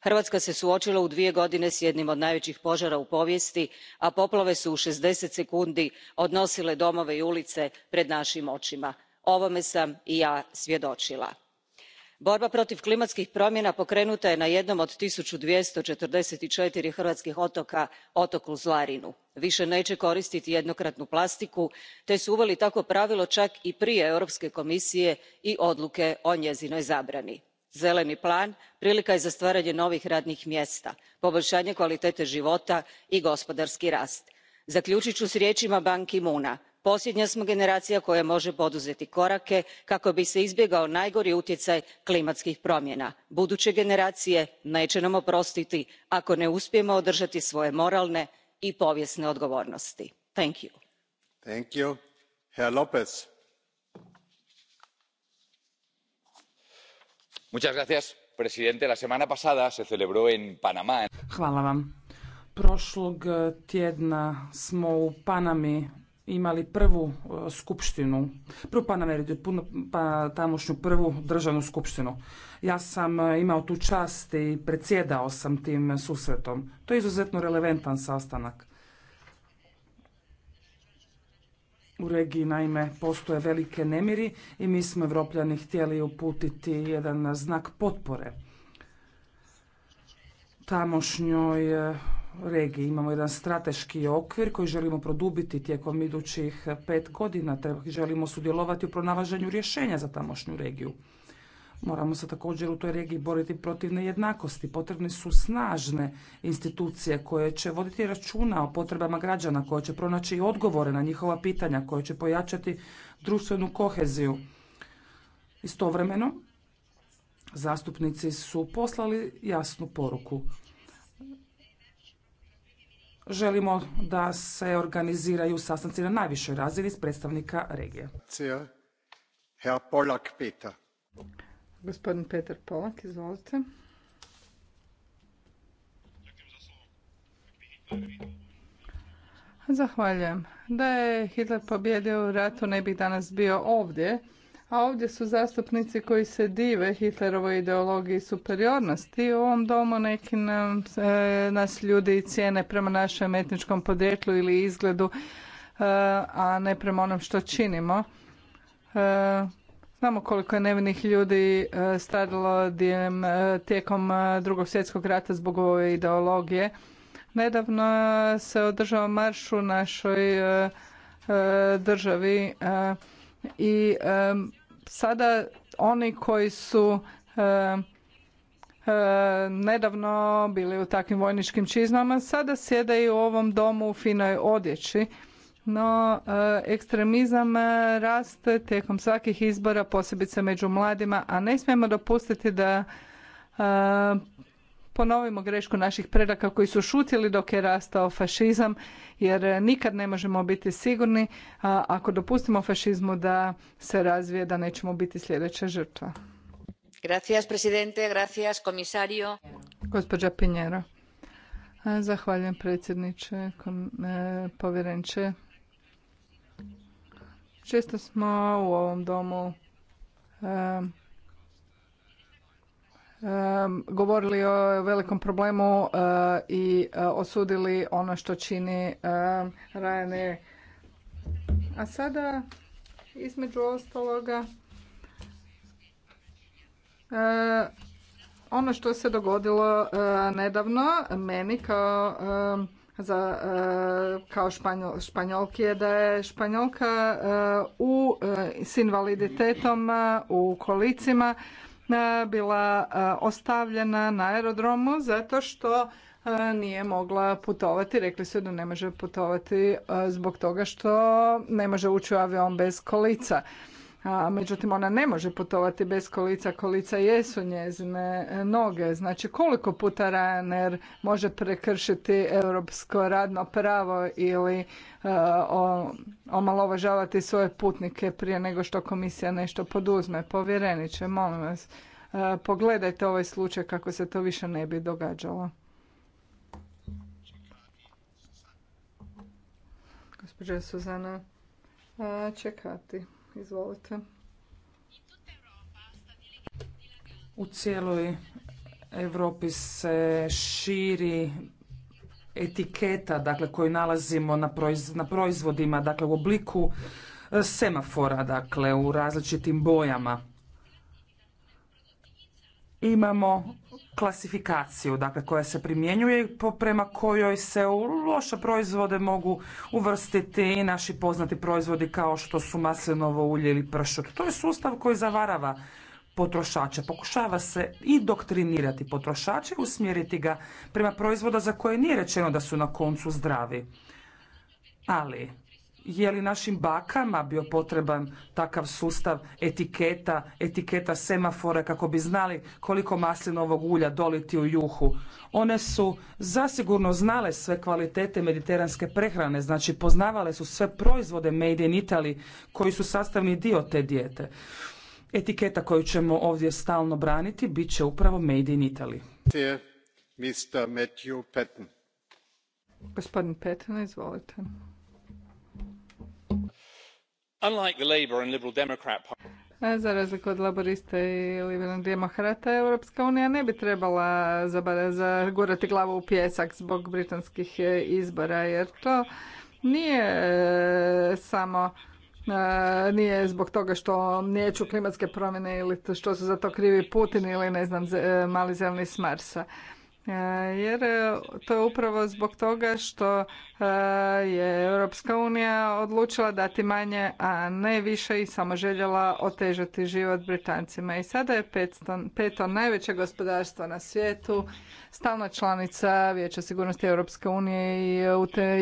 hrvatska se suočila u dvije godine s jednim od najvećih požara u povijesti a poplave su u šezdeset sekundi odnosile domove i ulice pred našim očima. ovome sam i ja svjedočila borba protiv klimatskih promjena pokrenuta je na jednom od one two hundred and forty hrvatskih otoka otoku zlarinu vie nee koristiti jednokratnu plastiku te su uveli takvo pravilo čak i prije europske komisije i odluke o njezinoj zabrani. zeleni plan prilika je za stvaranje novih radnih mjesta poboljšanje kvalitete ivota i gospodarski rast. zakljuit u s rijeima ban ki posljednja smo generacija koja može poduzeti korake kako bi se izbjegao najgori utjecaj klimatskih promjena. buduće generacije neće nam oprostiti ako ne uspijemo održati svoje moralne i povijesne odgovornosti. la semana pasada tjedna smo u panami imali prvu e, skupštinu, prvu puno pa tamošnju prvu državnu skupštinu. Ja sam e, imao tu čast i predsjedao sam tim susretom. To je izuzetno relevantan sastanak. U regiji naime postoje velike nemiri i mi smo Evropljani htjeli uputiti jedan znak potpore tamošnjoj e, regiji. Imamo jedan strateški okvir koji želimo produbiti tijekom idućih pet godina. Želimo sudjelovati u pronalaženju rješenja za tamošnju regiju. Moramo se također u toj regiji boriti protiv nejednakosti. Potrebne su snažne institucije koje će voditi računa o potrebama građana, koje će pronaći odgovore na njihova pitanja, koje će pojačati društvenu koheziju. Istovremeno, zastupnici su poslali jasnu poruku. Želimo da se organiziraju sastanci na najvišoj razini s predstavnika regije. Herr Polak, Peter. Gospodin Peter izvolite. Zahvaljujem. Da je Hitler pobjedio u ratu ne bih danas bio ovdje, a ovdje su zastupnici koji se dive Hitlerovoj ideologiji superiornosti. U ovom domu neki nam, e, nas ljudi cijene prema našem etničkom podrijetlu ili izgledu, e, a ne prema onom što činimo. E, znamo koliko je nevinih ljudi e, stradalo dijem, tijekom drugog svjetskog rata zbog ove ideologije. Nedavno se održava marš u našoj državi i sada oni koji su e, e, nedavno bili u takvim vojničkim čizmama, sada sjede i u ovom domu u finoj odjeći. No, e, ekstremizam raste tijekom svakih izbora, posebice među mladima, a ne smijemo dopustiti da ponovimo grešku naših predaka koji su šutili dok je rastao fašizam jer e, nikad ne možemo biti sigurni a ako dopustimo fašizmu da se razvije da nećemo biti sljedeća žrtva. Gracias, presidente. Gracias, komisario. Gospođa Pinjero. E, zahvaljujem predsjedniče, e, povjerenče. Često smo u ovom domu govorili o velikom problemu e, i e, osudili ono što čini e, Ryanair. A sada, između ostaloga, ono što se dogodilo nedavno meni kao za kao španjolki je da je španjolka u s invaliditetom u kolicima E, bila e, ostavljena na aerodromu zato što e, nije mogla putovati. Rekli su da ne može putovati zbog toga što ne može ući u avion bez kolica a međutim ona ne može putovati bez kolica, kolica jesu njezine noge. Znači koliko puta Ryanair može prekršiti europsko radno pravo ili e, o omalovažavati svoje putnike prije nego što komisija nešto poduzme. Povjereniče, molim vas, e, pogledajte ovaj slučaj kako se to više ne bi događalo. Gospođa Suzana čekati. Izvolite. U cijeloj Europi se širi etiketa dakle koju nalazimo na proizvodima dakle u obliku e, semafora dakle u različitim bojama imamo klasifikaciju dakle, koja se primjenjuje i prema kojoj se u loše proizvode mogu uvrstiti i naši poznati proizvodi kao što su maslinovo ulje ili pršut. To je sustav koji zavarava potrošača. Pokušava se i doktrinirati potrošače, usmjeriti ga prema proizvoda za koje nije rečeno da su na koncu zdravi. Ali je li našim bakama bio potreban takav sustav etiketa, etiketa semafora kako bi znali koliko maslinovog ulja doliti u juhu. One su zasigurno znale sve kvalitete mediteranske prehrane, znači poznavale su sve proizvode made in Italy koji su sastavni dio te dijete. Etiketa koju ćemo ovdje stalno braniti bit će upravo made in Italy. Gospodin Patton, izvolite. Unlike e, za razliku od laborista i liberalnih demokrata, Europska unija ne bi trebala zagurati glavu u pjesak zbog britanskih e, izbora, jer to nije e, samo nije zbog toga što neću klimatske promjene ili što su za to krivi Putin ili ne znam mali zeleni s Marsa. E, jer e, to je upravo zbog toga što e, je Europska unija odlučila dati manje, a ne više i samo željela otežati život Britancima. I sada je peto, peto najveće gospodarstvo na svijetu, stalna članica Vijeća sigurnosti Europske unije i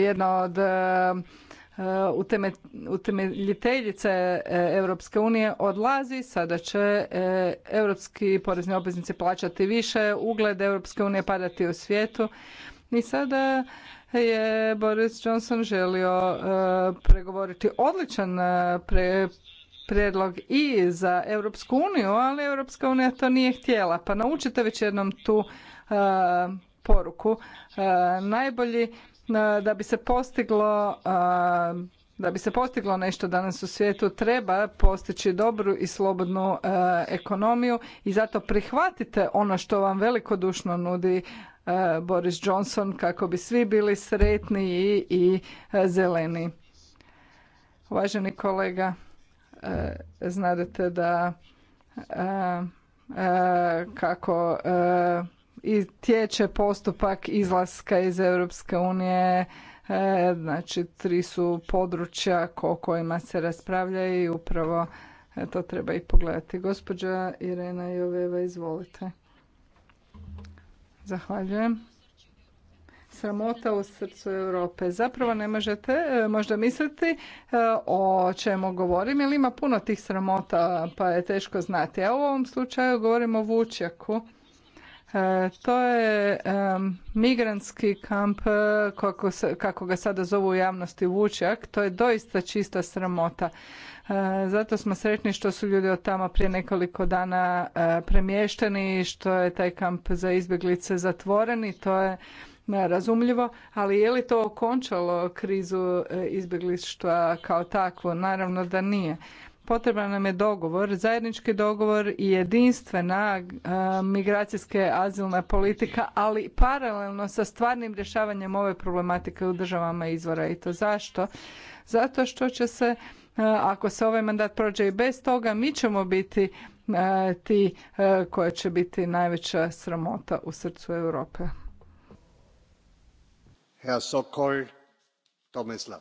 jedna od Uh, utemeljiteljice uh, Europske unije odlazi, sada će uh, europski porezni obveznici plaćati više, ugled Europske unije padati u svijetu i sada je Boris Johnson želio pregovoriti odličan prijedlog i za Europsku uniju, ali Europska unija to nije htjela. Pa naučite već jednom tu poruku. Najbolji da bi se postiglo da bi se postiglo nešto danas u svijetu treba postići dobru i slobodnu ekonomiju i zato prihvatite ono što vam velikodušno nudi Boris Johnson kako bi svi bili sretni i, i zeleni. Uvaženi kolega, znate da kako tječe postupak izlaska iz Europske unije. E, znači, tri su područja o kojima se raspravlja i upravo e, to treba i pogledati. Gospođa Irena Joveva, izvolite. Zahvaljujem. Sramota u srcu Europe. Zapravo ne možete e, možda misliti o čemu govorim, jer ima puno tih sramota pa je teško znati. A u ovom slučaju govorimo o Vučjaku E, to je migrantski kamp, e, kako, ga sada zovu u javnosti Vučjak, to je doista čista sramota. E, zato smo sretni što su ljudi od tamo prije nekoliko dana premješteni i što je taj kamp za izbjeglice zatvoren i to je razumljivo, ali je li to okončalo krizu izbjeglištva kao takvo? Naravno da nije. Potreban nam je dogovor, zajednički dogovor i jedinstvena migracijske azilna politika, ali paralelno sa stvarnim rješavanjem ove problematike u državama izvora. I to zašto? Zato što će se, ako se ovaj mandat prođe i bez toga, mi ćemo biti ti koja će biti najveća sramota u srcu Europe. Herr Tomislav.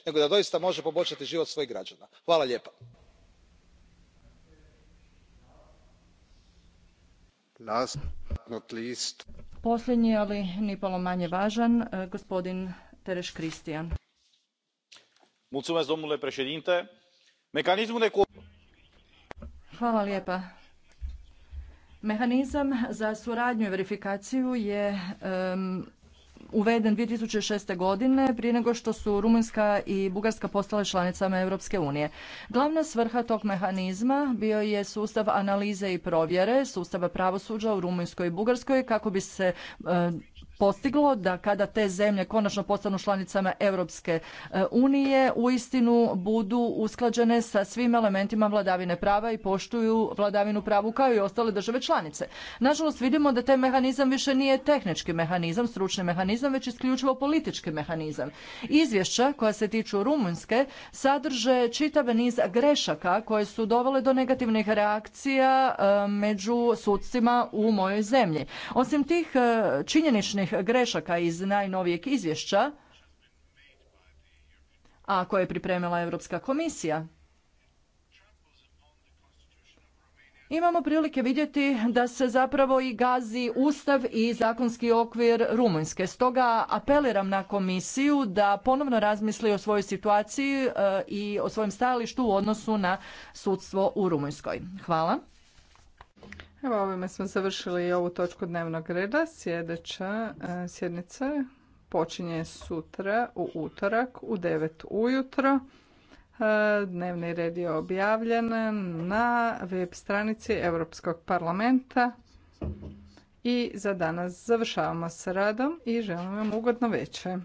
nego da doista može poboljšati život svojih građana. hvala lijepa. posljednji ali nimalo manje važan e, gospodin Tereš cristian. domnule președinte mecanismul Hvala lijepa. Mehanizam za suradnju i verifikaciju je uveden 2006. godine prije nego što su Rumunjska i Bugarska postale članicama Europske unije. Glavna svrha tog mehanizma bio je sustav analize i provjere sustava pravosuđa u Rumunjskoj i Bugarskoj kako bi se e, postiglo da kada te zemlje konačno postanu članicama Europske e, unije uistinu budu usklađene sa svim elementima vladavine prava i poštuju vladavinu pravu kao i ostale države članice. Nažalost vidimo da taj mehanizam više nije tehnički mehanizam, stručni mehanizam, već isključivo politički mehanizam. Izvješća koja se tiču Rumunjske sadrže čitav niz grešaka koje su dovele do negativnih reakcija e, među sudcima u mojoj zemlji. Osim tih e, činjeničnih grešaka iz najnovijeg izvješća, a koje je pripremila Europska komisija. Imamo prilike vidjeti da se zapravo i gazi ustav i zakonski okvir Rumunjske. Stoga apeliram na komisiju da ponovno razmisli o svojoj situaciji e, i o svojem stajalištu u odnosu na sudstvo u Rumunjskoj. Hvala. Evo ovime smo završili ovu točku dnevnog reda. Sljedeća e, sjednica počinje sutra u utorak u 9 ujutro. E, dnevni red je objavljen na web stranici Europskog parlamenta. I za danas završavamo s radom i želim vam ugodno večer.